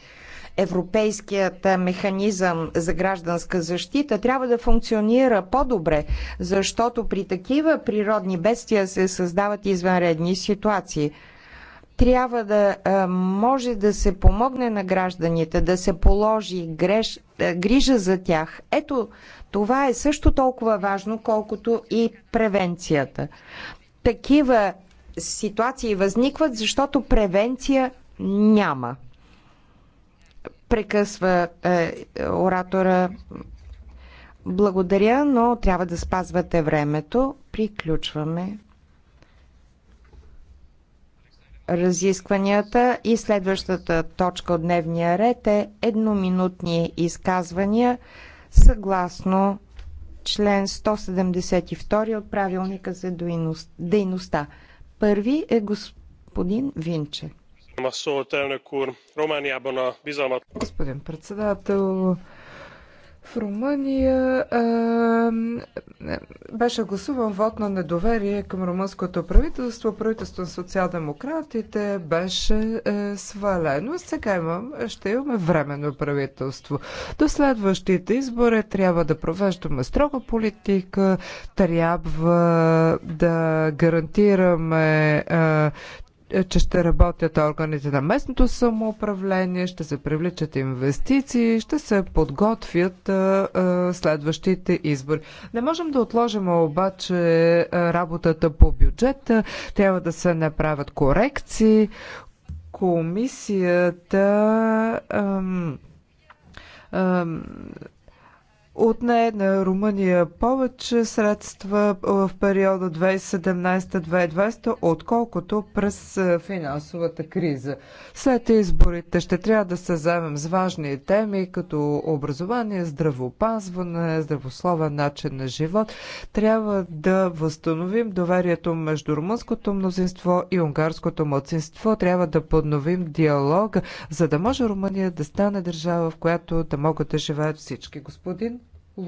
Европейският механизъм за гражданска защита трябва да функционира по-добре, защото при такива природни бедствия се създават извънредни ситуации – трябва да може да се помогне на гражданите, да се положи греш, грижа за тях. Ето, това е също толкова важно, колкото и превенцията. Такива ситуации възникват, защото превенция няма. Прекъсва е, оратора. Благодаря, но трябва да спазвате времето. Приключваме разискванията и следващата точка от дневния ред е едноминутни изказвания съгласно член 172 от правилника за дейността. Първи е господин Винче. Господин председател, в Румъния а, беше гласуван вод на недоверие към румънското правителство. Правителство на социал-демократите беше а, е, свалено. Сега имам, ще имаме временно правителство. До следващите избори трябва да провеждаме строга политика, трябва да гарантираме, а, е, е, че ще работят органите на местното самоуправление, ще се привличат инвестиции, ще се подготвят а, е, а, е, следващите избори. Не можем да отложим обаче работата по бюджета. Трябва да се направят корекции. Комисията. Ам, ам, отне на Румъния повече средства в периода 2017-2020, отколкото през е, финансовата криза. След изборите ще трябва да се заемем с важни теми, като образование, здравопазване, здравословен начин на живот. Трябва да възстановим доверието между румънското мнозинство и унгарското младсинство. Трябва да подновим диалога, за да може Румъния да стане държава, в която да могат да живеят всички. Господин е,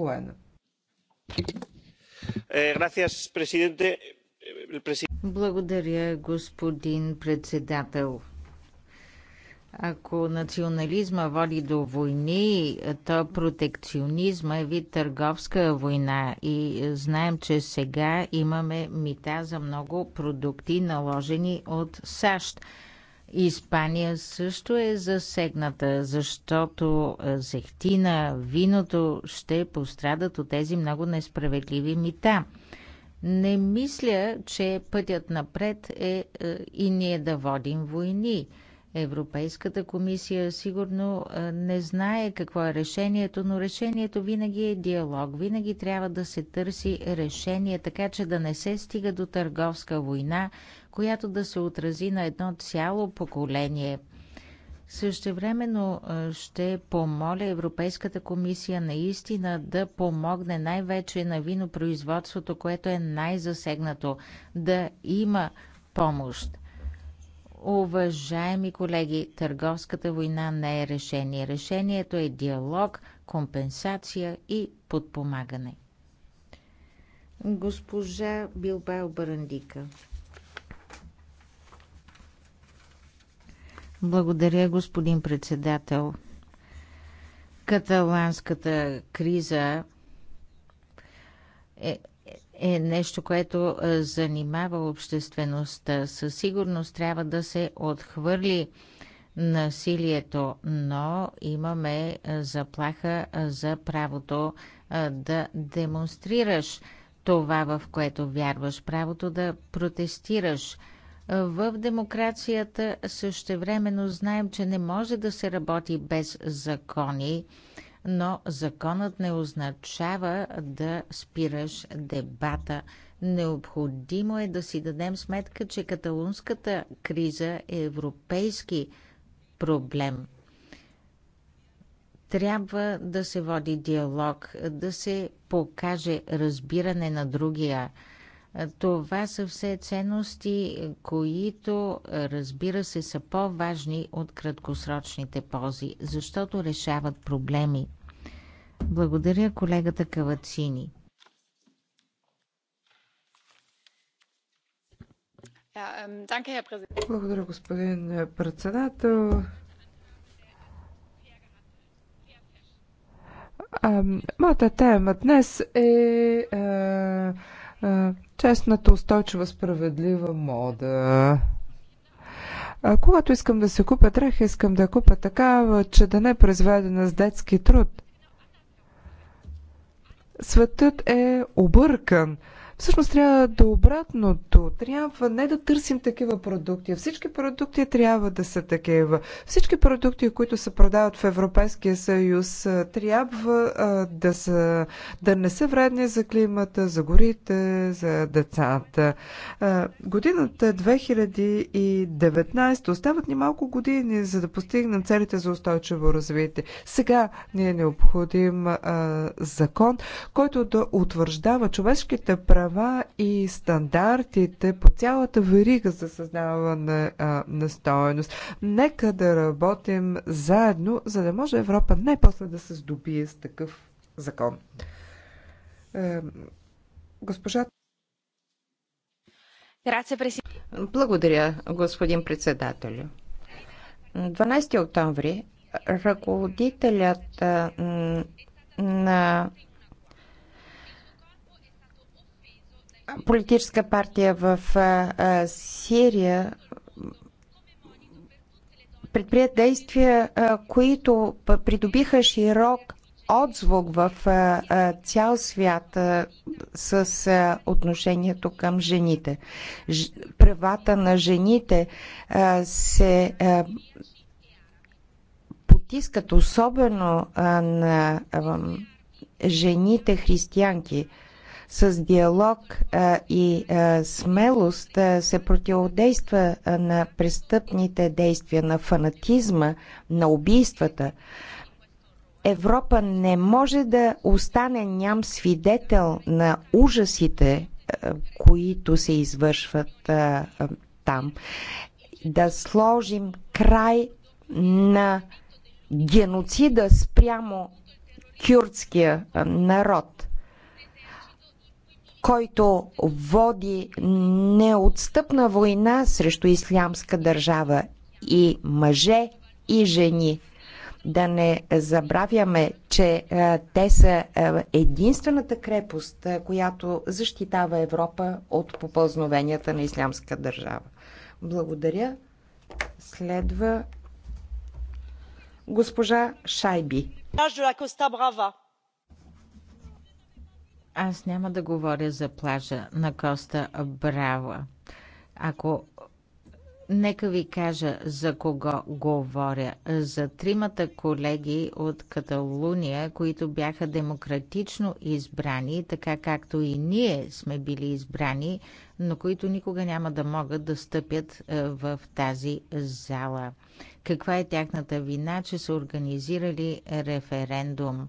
е, Благодаря, господин председател. Ако национализма води до войни, то протекционизма е вид търговска война и знаем, че сега имаме мита за много продукти, наложени от САЩ. Испания също е засегната, защото е, зехтина, виното ще пострадат от тези много несправедливи мита. Не мисля, че пътят напред е, е и ние да водим войни. Европейската комисия сигурно е, не знае какво е решението, но решението винаги е диалог. Винаги трябва да се търси решение, така че да не се стига до търговска война, която да се отрази на едно цяло поколение. Същевременно ще помоля Европейската комисия наистина да помогне най-вече на винопроизводството, което е най-засегнато, да има помощ. Уважаеми колеги, търговската война не е решение. Решението е диалог, компенсация и подпомагане. Госпожа Билбао Барандика. Благодаря, господин председател. Каталанската криза е, е нещо, което е, занимава обществеността. Със сигурност трябва да се отхвърли насилието, но имаме е, заплаха е, за правото да демонстрираш това, в което вярваш, правото да протестираш – в демокрацията. Същевременно знаем, че не може да се работи без закони, но законът не означава да спираш дебата. Необходимо е да си дадем сметка, че каталунската криза е европейски проблем. Трябва да се води диалог, да се покаже разбиране на другия – това са все ценности, които, разбира се, са по-важни от краткосрочните пози, защото решават проблеми. Благодаря колегата Кавацини. Ähm, Благодаря, господин е, председател. моята тема днес е, е честната, устойчива, справедлива мода. А, когато искам да се купя дреха, искам да купя такава, че да не е произведена с детски труд. Светът е объркан. Всъщност трябва да е обратното. Трябва не да търсим такива продукти. Всички продукти трябва да са такива. Всички продукти, които се продават в Европейския съюз, трябва да, са, да не са вредни за климата, за горите, за децата. годината 2019 остават ни малко години, за да постигнем целите за устойчиво развитие. Сега ни е необходим закон, който да утвърждава човешките права права и стандартите по цялата верига за създаване а, на стоеност. Нека да работим заедно, за да може Европа най-после да се здобие с такъв закон. Е, госпожа благодаря, господин председателю. 12 октомври ръководителят на политическа партия в Сирия предприят действия, които придобиха широк отзвук в цял свят с отношението към жените. Правата на жените се потискат особено на жените християнки – с диалог и смелост се противодейства на престъпните действия, на фанатизма, на убийствата. Европа не може да остане ням свидетел на ужасите, които се извършват там. Да сложим край на геноцида спрямо кюрдския народ който води неотстъпна война срещу ислямска държава и мъже и жени. Да не забравяме, че а, те са а, единствената крепост, а, която защитава Европа от попълзновенията на ислямска държава. Благодаря. Следва госпожа Шайби. Наш коста брава. Аз няма да говоря за плажа на Коста Брава. Ако Нека ви кажа за кого говоря. За тримата колеги от Каталуния, които бяха демократично избрани, така както и ние сме били избрани, но които никога няма да могат да стъпят е, в тази зала. Каква е тяхната вина, че са организирали референдум?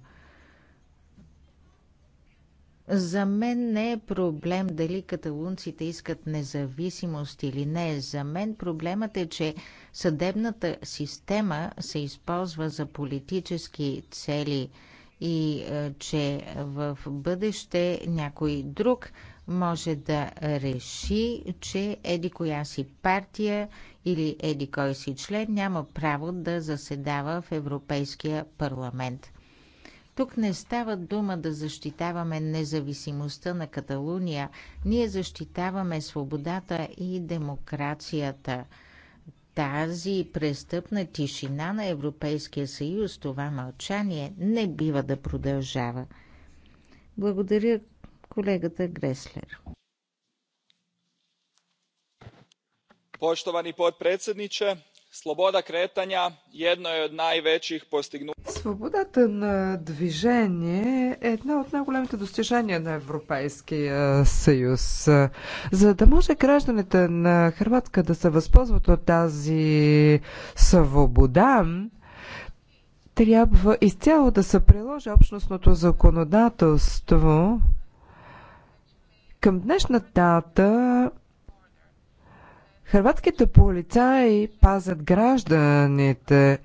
За мен не е проблем дали каталунците искат независимост или не. За мен проблемът е, че съдебната система се използва за политически цели и е, че в бъдеще някой друг може да реши, че еди коя си партия или еди кой си член няма право да заседава в Европейския парламент. Тук не става дума да защитаваме независимостта на Каталуния. Ние защитаваме свободата и демокрацията. Тази престъпна тишина на Европейския съюз, това мълчание, не бива да продължава. Благодаря колегата Греслер. Poštovani potpredsjedniče, Sloboda кретања едно е од највеќих postignuća. Свободата на движение е една от най-големите достижения на Европейския съюз. За да може гражданите на Хрватска да се възползват от тази свобода, трябва изцяло да се приложи общностното законодателство. Към днешна дата Хрватските полицаи пазят гражданите.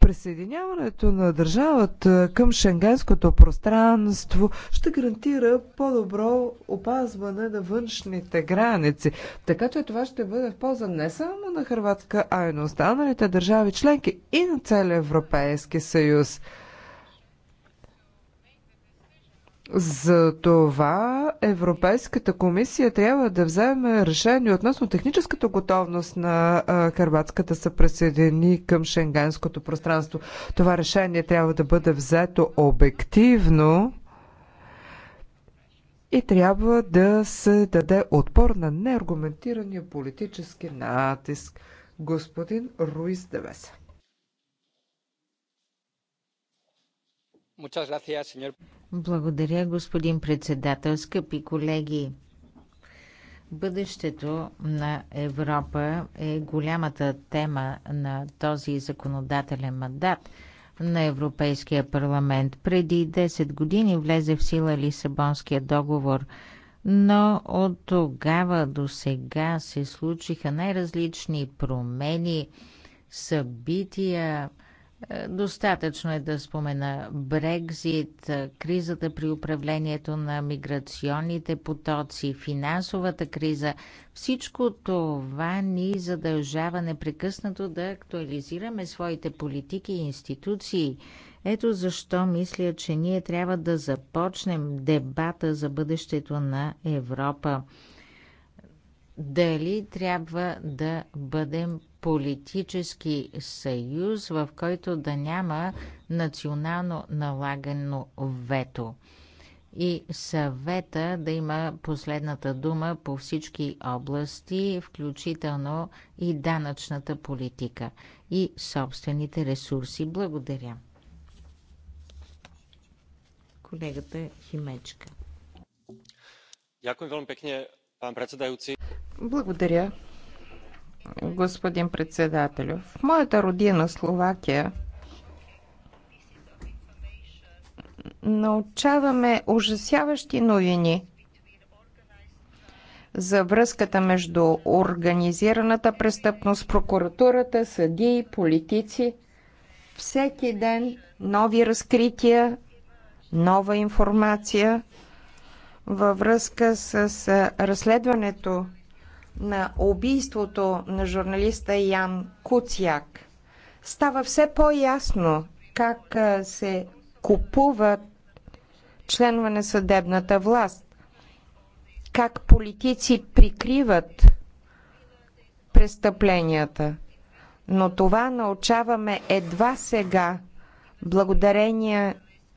Присъединяването на държавата към шенгенското пространство ще гарантира по-добро опазване на външните граници. Така че това ще бъде в полза не само на Хрватска, а и на останалите държави членки и на целия Европейски съюз. За това Европейската комисия трябва да вземе решение относно техническата готовност на Харватска да се присъедини към шенгенското пространство. Това решение трябва да бъде взето обективно и трябва да се даде отпор на неаргументирания политически натиск. Господин Руис Девеса. Благодаря, господин председател. Скъпи колеги, бъдещето на Европа е голямата тема на този законодателен мандат на Европейския парламент. Преди 10 години влезе в сила Лисабонския договор, но от тогава до сега се случиха най-различни промени, събития – Достатъчно е да спомена Брекзит, кризата при управлението на миграционните потоци, финансовата криза. Всичко това ни задължава непрекъснато да актуализираме своите политики и институции. Ето защо мисля, че ние трябва да започнем дебата за бъдещето на Европа. Дали трябва да бъдем политически съюз, в който да няма национално налагано вето и съвета да има последната дума по всички области, включително и данъчната политика и собствените ресурси. Благодаря. Колегата Химечка. пан Благодаря, господин председателю. В моята родина Словакия научаваме ужасяващи новини за връзката между организираната престъпност, прокуратурата, съдии, политици. Всеки ден нови разкрития, нова информация във връзка с разследването на убийството на журналиста Ян Куцяк става все по-ясно как се купуват членове на съдебната власт, как политици прикриват престъпленията. Но това научаваме едва сега, благодарение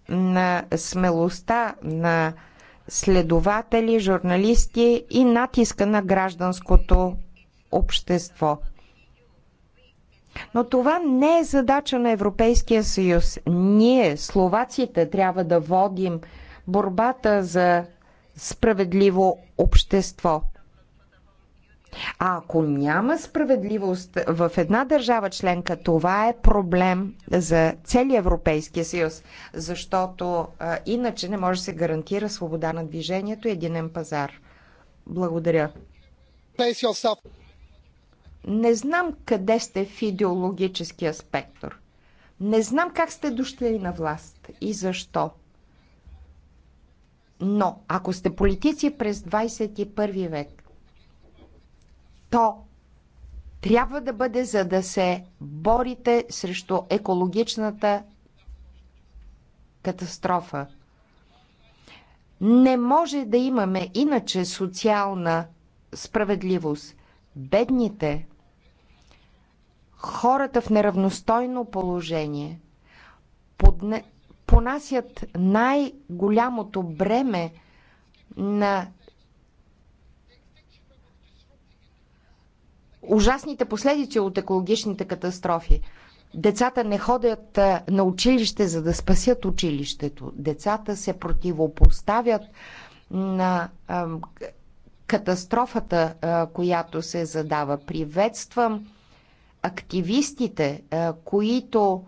на смелостта на следователи, журналисти и натиска на гражданското общество. Но това не е задача на Европейския съюз. Ние, словаците, трябва да водим борбата за справедливо общество. А ако няма справедливост в една държава членка, това е проблем за целия Европейския съюз, защото а, иначе не може да се гарантира свобода на движението и единен пазар. Благодаря. Не знам къде сте в идеологическия спектър. Не знам как сте дошли на власт и защо. Но ако сте политици през 21 век, то трябва да бъде за да се борите срещу екологичната катастрофа. Не може да имаме иначе социална справедливост. Бедните, хората в неравностойно положение, поднасят понасят най-голямото бреме на ужасните последици от екологичните катастрофи. Децата не ходят на училище, за да спасят училището. Децата се противопоставят на катастрофата, която се задава. Приветствам активистите, които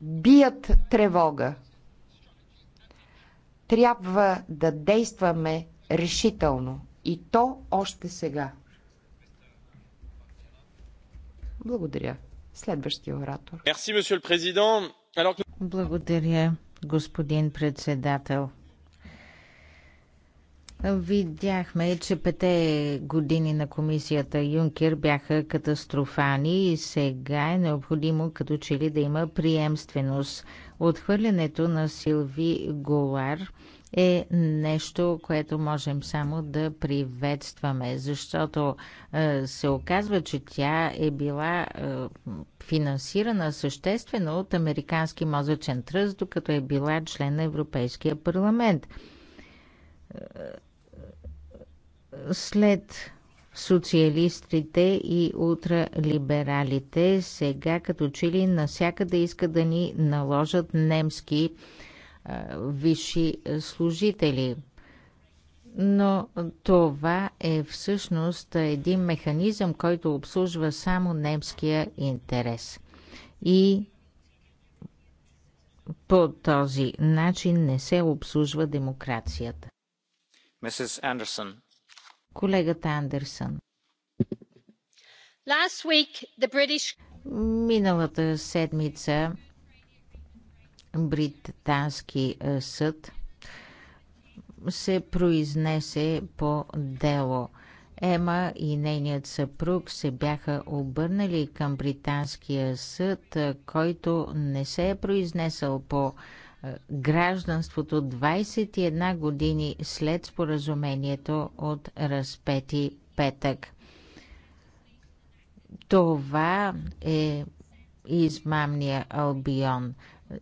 бият тревога. Трябва да действаме решително и то още сега. Благодаря. Следващия оратор. Благодаря, господин председател. Видяхме, че пете години на комисията Юнкер бяха катастрофани и сега е необходимо като че ли да има приемственост. Отхвърлянето на Силви Голар – е нещо, което можем само да приветстваме, защото е, се оказва, че тя е била е, финансирана съществено от Американски мозъчен тръст, докато е била член на Европейския парламент. Е, след социалистите и ултралибералите сега като че ли насякъде искат да ни наложат немски висши служители. Но това е всъщност един механизъм, който обслужва само немския интерес. И по този начин не се обслужва демокрацията. Мисис Колегата Андерсън. Last week, the British... Миналата седмица британски е, съд се произнесе по дело. Ема и нейният съпруг се бяха обърнали към британския съд, е, който не се е произнесъл по е, гражданството 21 години след споразумението от разпети петък. Това е измамния Албион.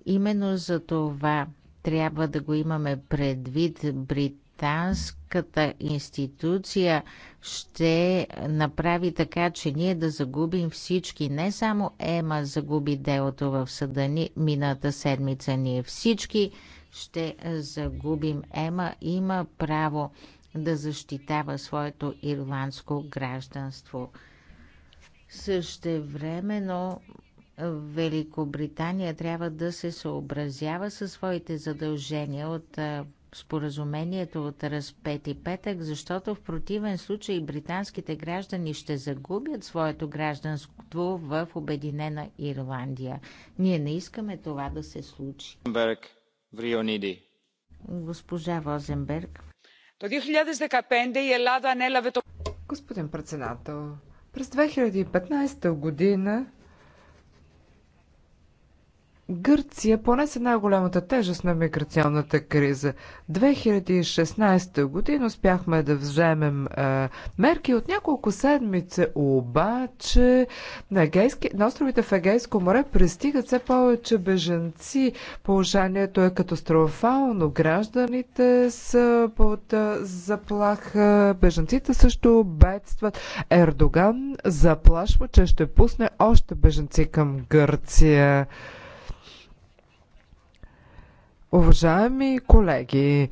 Именно за това трябва да го имаме предвид. Британската институция ще направи така, че ние да загубим всички. Не само Ема загуби делото в съда ни, мината седмица. Ние всички ще загубим. Ема има право да защитава своето ирландско гражданство. Същевременно Великобритания трябва да се съобразява със своите задължения от споразумението от разпети петък, защото в противен случай британските граждани ще загубят своето гражданство в Обединена Ирландия. Ние не искаме това да се случи. Госпожа Возенберг. Господин председател, през 2015 година Гърция понесе най-голямата тежест на миграционната криза. 2016 година успяхме да вземем е, мерки от няколко седмици, обаче на, Егейски, на островите в Егейско море пристигат все повече беженци. Положението е катастрофално. Гражданите са под е, заплаха, беженците също бедстват. Ердоган заплашва, че ще пусне още беженци към Гърция. Уважаеми колеги,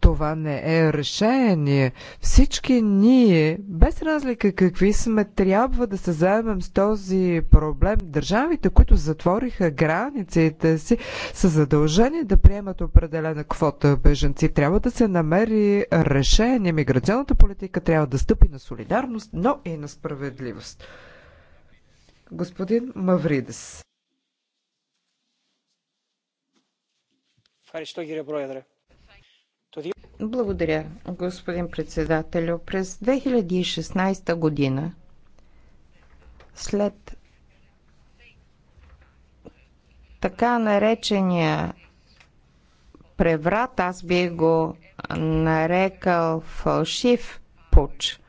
това не е решение. Всички ние, без разлика какви сме, трябва да се заемем с този проблем. Държавите, които затвориха границите си, са задължени да приемат определена квота беженци. Трябва да се намери решение. Миграционната политика трябва да стъпи на солидарност, но и на справедливост. Господин Мавридес. Е нали? Благодаря, господин председателю. През 2016 година, след така наречения преврат, аз би го нарекал фалшив пуч,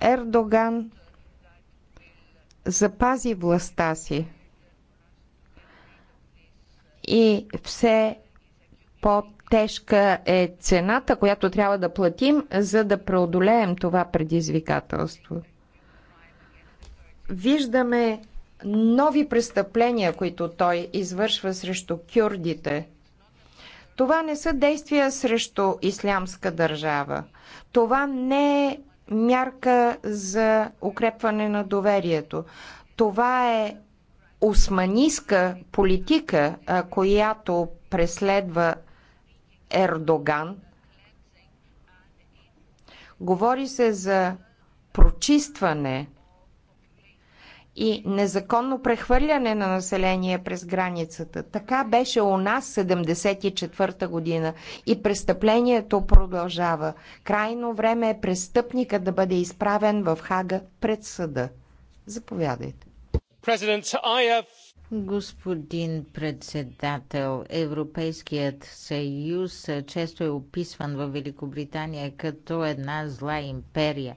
Ердоган запази властта си – и все по-тежка е цената, която трябва да платим, за да преодолеем това предизвикателство. Виждаме нови престъпления, които той извършва срещу кюрдите. Това не са действия срещу ислямска държава. Това не е мярка за укрепване на доверието. Това е османистка политика, която преследва Ердоган. Говори се за прочистване и незаконно прехвърляне на население през границата. Така беше у нас 74-та година и престъплението продължава. Крайно време е престъпника да бъде изправен в Хага пред съда. Заповядайте. Господин председател, Европейският съюз често е описван в Великобритания като една зла империя.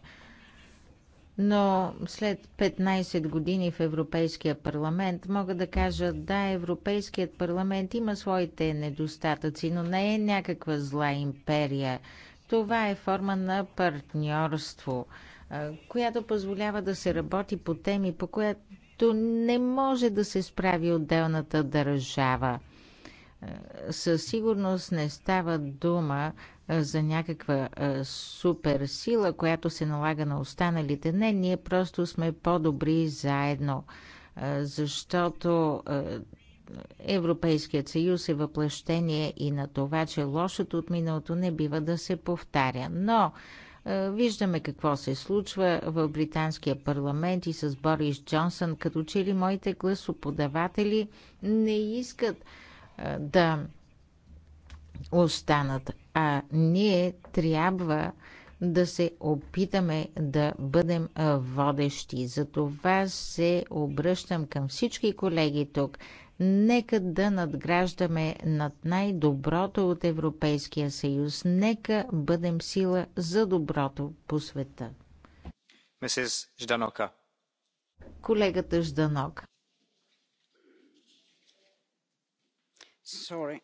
Но след 15 години в Европейския парламент мога да кажа, да, Европейският парламент има своите недостатъци, но не е някаква зла империя. Това е форма на партньорство, която позволява да се работи по теми, по, които който не може да се справи отделната държава. Е, със сигурност не става дума е, за някаква е, суперсила, която се налага на останалите. Не, ние просто сме по-добри заедно, защото Европейският съюз е въплъщение и на това, че лошото от миналото не бива да се повтаря. Но е, виждаме какво се случва в британския парламент и с Борис Джонсън, като че ли моите гласоподаватели не искат е, да останат, а ние трябва да се опитаме да бъдем е, водещи. Затова се обръщам към всички колеги тук. Нека да надграждаме над най-доброто от Европейския съюз. Нека бъдем сила за доброто по света. Жданока. Колегата Жданок. Sorry.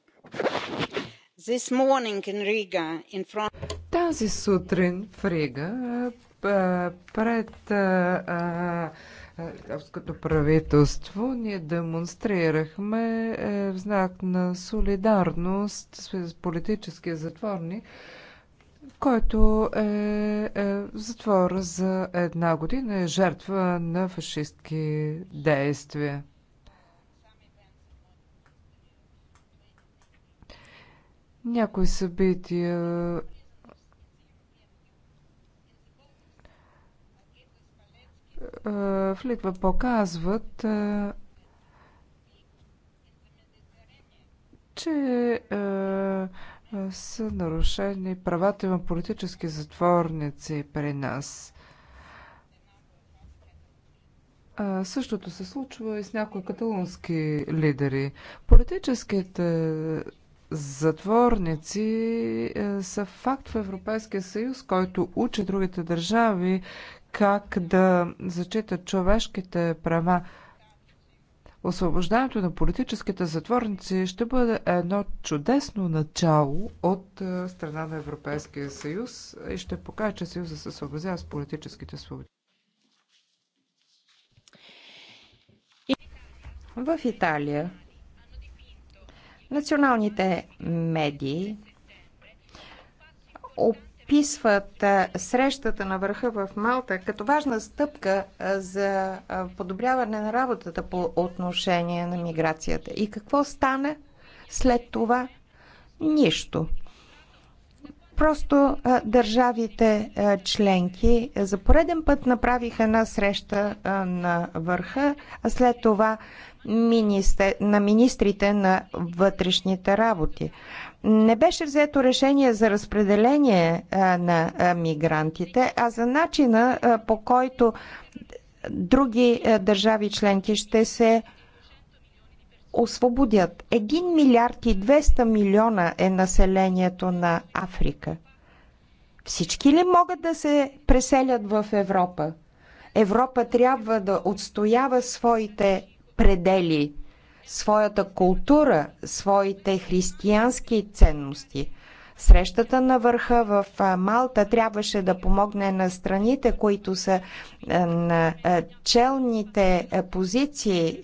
This morning in Riga, in front... Тази сутрин в Рига пред а, а, Литовското правителство, ние демонстрирахме е, в знак на солидарност с политическия затворник, който е, е затвора за една година е жертва на фашистки действия. Някои събития Е, в Литва показват, е, че е, са нарушени правата на политически затворници при нас. Същото се случва и с някои каталунски лидери. Политическите затворници са факт в Европейския съюз, който учи другите държави как да зачитат човешките права. освобождането на политическите затворници ще бъде едно чудесно начало от е, страна на Европейския съюз и ще покаже, че съюза се съобразява с политическите свободи. В Италия националните медии описват срещата на върха в Малта като важна стъпка за подобряване на работата по отношение на миграцията. И какво стана след това? Нищо. Просто държавите членки за пореден път направиха една среща на върха, а след това министр... на министрите на вътрешните работи не беше взето решение за разпределение на мигрантите, а за начина по който други държави членки ще се освободят. 1 милиард и 200 милиона е населението на Африка. Всички ли могат да се преселят в Европа? Европа трябва да отстоява своите предели своята култура, своите християнски ценности. Срещата на върха в Малта трябваше да помогне на страните, които са на челните позиции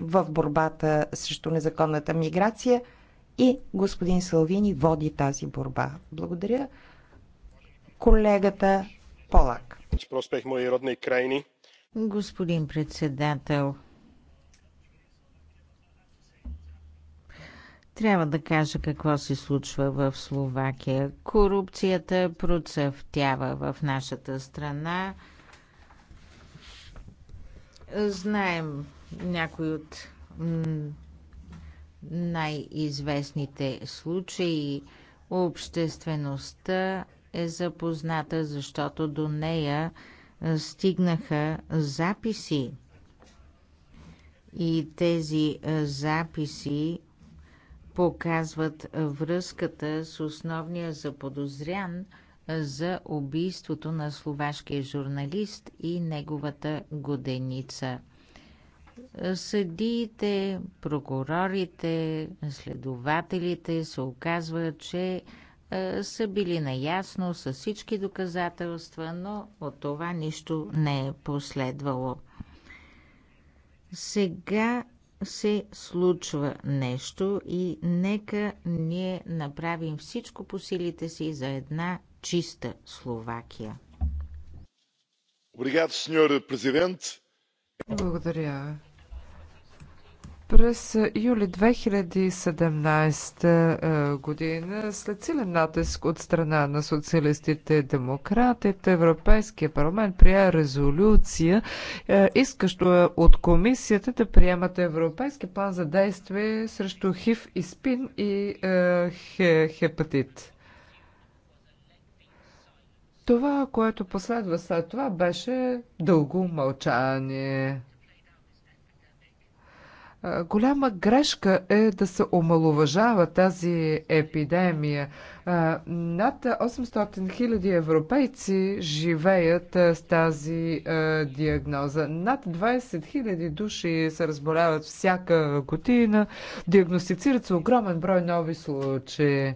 в борбата срещу незаконната миграция и господин Салвини води тази борба. Благодаря колегата Полак. Господин председател, Трябва да кажа какво се случва в Словакия. Корупцията процъфтява в нашата страна. Знаем някои от най-известните случаи. Обществеността е запозната, защото до нея стигнаха записи. И тези записи показват връзката с основния заподозрян за убийството на словашкия журналист и неговата годеница. Съдиите, прокурорите, следователите се оказват, че са били наясно с всички доказателства, но от това нищо не е последвало. Сега се случва нещо и нека ние направим всичко по силите си за една чиста Словакия. Благодаря, през юли 2017 е, година, след силен натиск от страна на социалистите и демократите, Европейския парламент прие резолюция, е, искащо е от комисията да приемат Европейски план за действие срещу ХИВ и СПИН и хепатит. Това, което последва след това, беше дълго мълчание. Голяма грешка е да се омалуважава тази епидемия. Над 800 хиляди европейци живеят с тази диагноза. Над 20 хиляди души се разболяват всяка година. Диагностицират се огромен брой нови случаи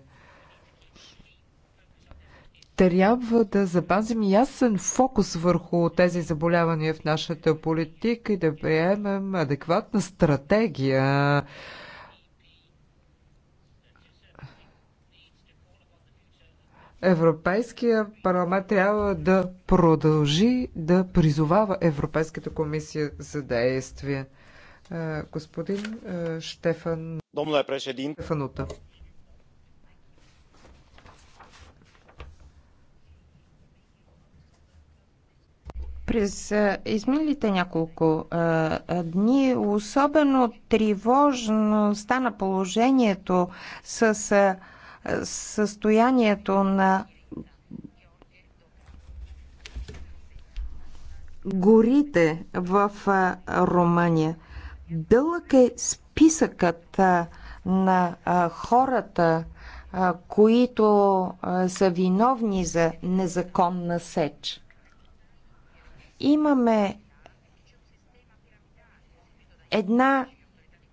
трябва да запазим ясен фокус върху тези заболявания в нашата политика и да приемем адекватна стратегия. Европейския парламент трябва да продължи да призовава Европейската комисия за действие. Е, господин е, Штефан Штефанута. През изминалите няколко а, дни особено тревожно стана положението с а, състоянието на горите в а, Румъния. Дълъг е списъкът а, на а, хората, а, които а, са виновни за незаконна сеч имаме една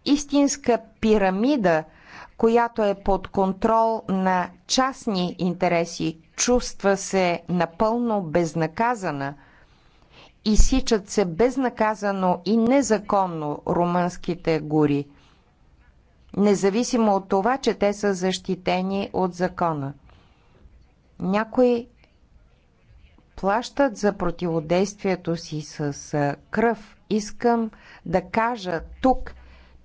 истинска пирамида, която е под контрол на частни интереси, чувства се напълно безнаказана изсичат се безнаказано и незаконно румънските гори, независимо от това, че те са защитени от закона. Някои плащат за противодействието си с кръв. Искам да кажа тук,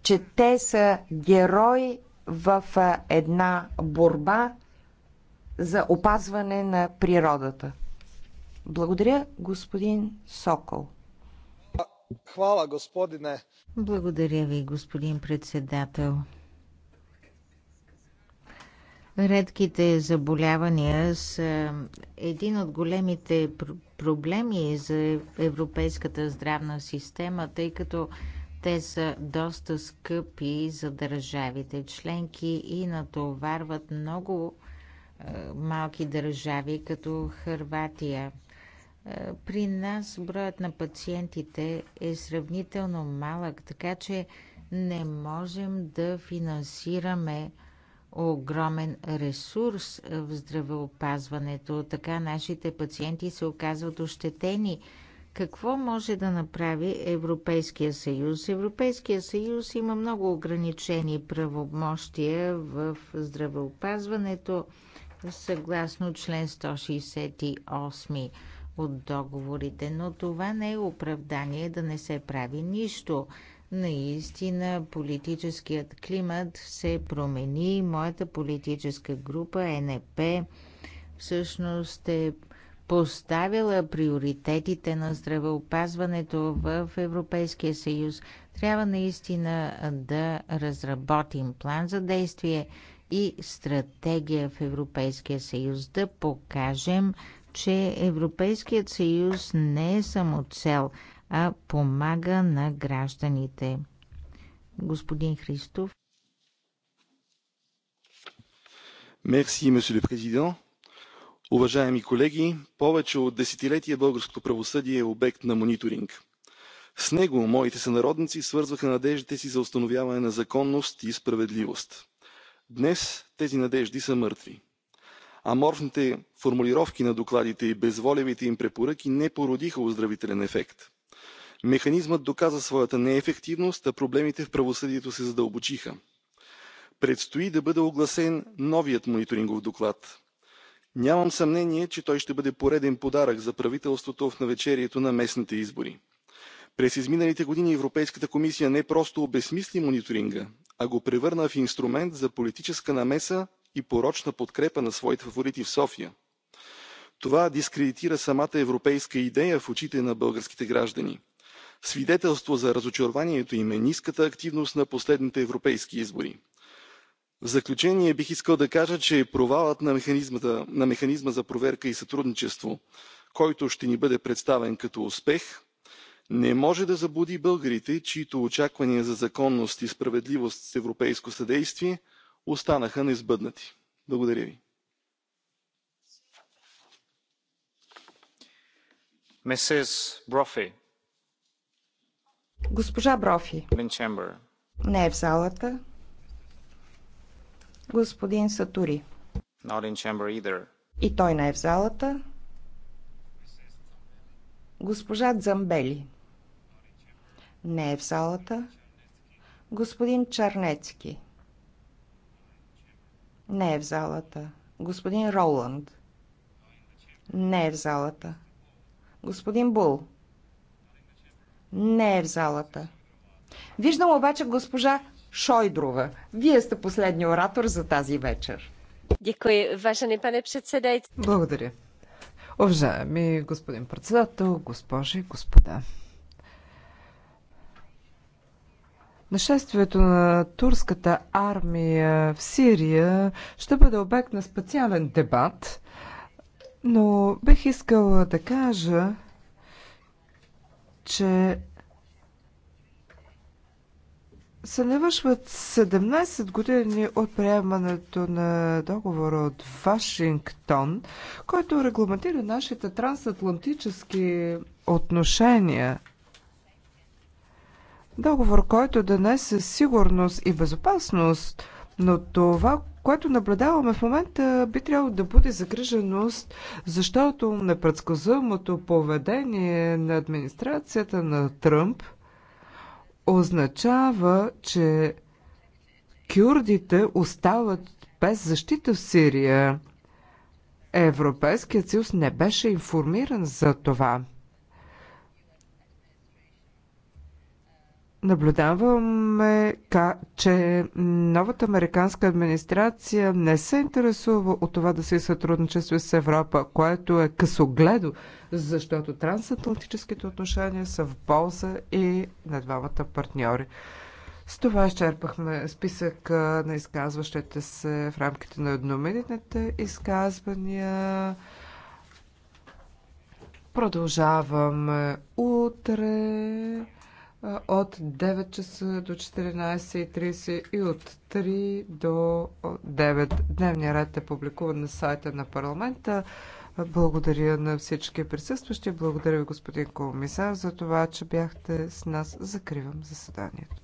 че те са герои в една борба за опазване на природата. Благодаря, господин Сокол. Хвала, господине. Благодаря ви, господин председател. Редките заболявания са един от големите проблеми за европейската здравна система, тъй като те са доста скъпи за държавите членки и натоварват много е, малки държави, като Хърватия. Е, при нас броят на пациентите е сравнително малък, така че не можем да финансираме огромен ресурс в здравеопазването. Така нашите пациенти се оказват ощетени. Какво може да направи Европейския съюз? Европейския съюз има много ограничени правомощия в здравеопазването съгласно член 168 от договорите, но това не е оправдание да не се прави нищо. Наистина политическият климат се промени. Моята политическа група НП всъщност е поставила приоритетите на здравеопазването в Европейския съюз. Трябва наистина да разработим план за действие и стратегия в Европейския съюз, да покажем, че Европейският съюз не е само цел, а помага на гражданите. Господин Христов. Мерси, месье президент. Уважаеми колеги, повече от десетилетия българското правосъдие е обект на мониторинг. С него моите сънародници свързваха надеждите си за установяване на законност и справедливост. Днес тези надежди са мъртви. Аморфните формулировки на докладите и безволевите им препоръки не породиха оздравителен ефект. Механизмът доказа своята неефективност, а проблемите в правосъдието се задълбочиха. Предстои да бъде огласен новият мониторингов доклад. Нямам съмнение, че той ще бъде пореден подарък за правителството в навечерието на местните избори. През изминалите години Европейската комисия не просто обезсмисли мониторинга, а го превърна в инструмент за политическа намеса и порочна подкрепа на своите фаворити в София. Това дискредитира самата европейска идея в очите на българските граждани. Свидетелство за разочарованието им е ниската активност на последните европейски избори. В заключение бих искал да кажа, че провалът на, на механизма за проверка и сътрудничество, който ще ни бъде представен като успех, не може да заблуди българите, чието очаквания за законност и справедливост с европейско съдействие останаха несбъднати. Благодаря ви. Mrs. Brophy. Госпожа Брофи. Не е в залата. Господин Сатури. И той не е в залата. Госпожа Дзамбели. Не е в залата. Господин Чарнецки. Не е в залата. Господин Роланд. Не е в залата. Господин Бул не е в залата. Виждам обаче госпожа Шойдрова. Вие сте последния оратор за тази вечер. Дякую, важен пане председател. Благодаря. Уважаеми господин председател, госпожи и господа. Нашествието на турската армия в Сирия ще бъде обект на специален дебат, но бих искала да кажа, че се навършват 17 години от приемането на договора от Вашингтон, който регламентира нашите трансатлантически отношения. Договор, който донесе сигурност и безопасност, но това, което наблюдаваме в момента, би трябвало да бъде загриженост, защото непредсказуемото поведение на администрацията на Тръмп означава, че кюрдите остават без защита в Сирия. Европейският съюз не беше информиран за това. Наблюдаваме, че новата американска администрация не се интересува от това да се сътрудничество с Европа, което е късогледо, защото трансатлантическите отношения са в полза и на двамата партньори. С това изчерпахме списък на изказващите се в рамките на едноминитните изказвания. Продължаваме утре от 9 часа до 14.30 и от 3 до 9. Дневният ред е публикуван на сайта на парламента. Благодаря на всички присъстващи. Благодаря ви, господин комисар, за това, че бяхте с нас. Закривам заседанието.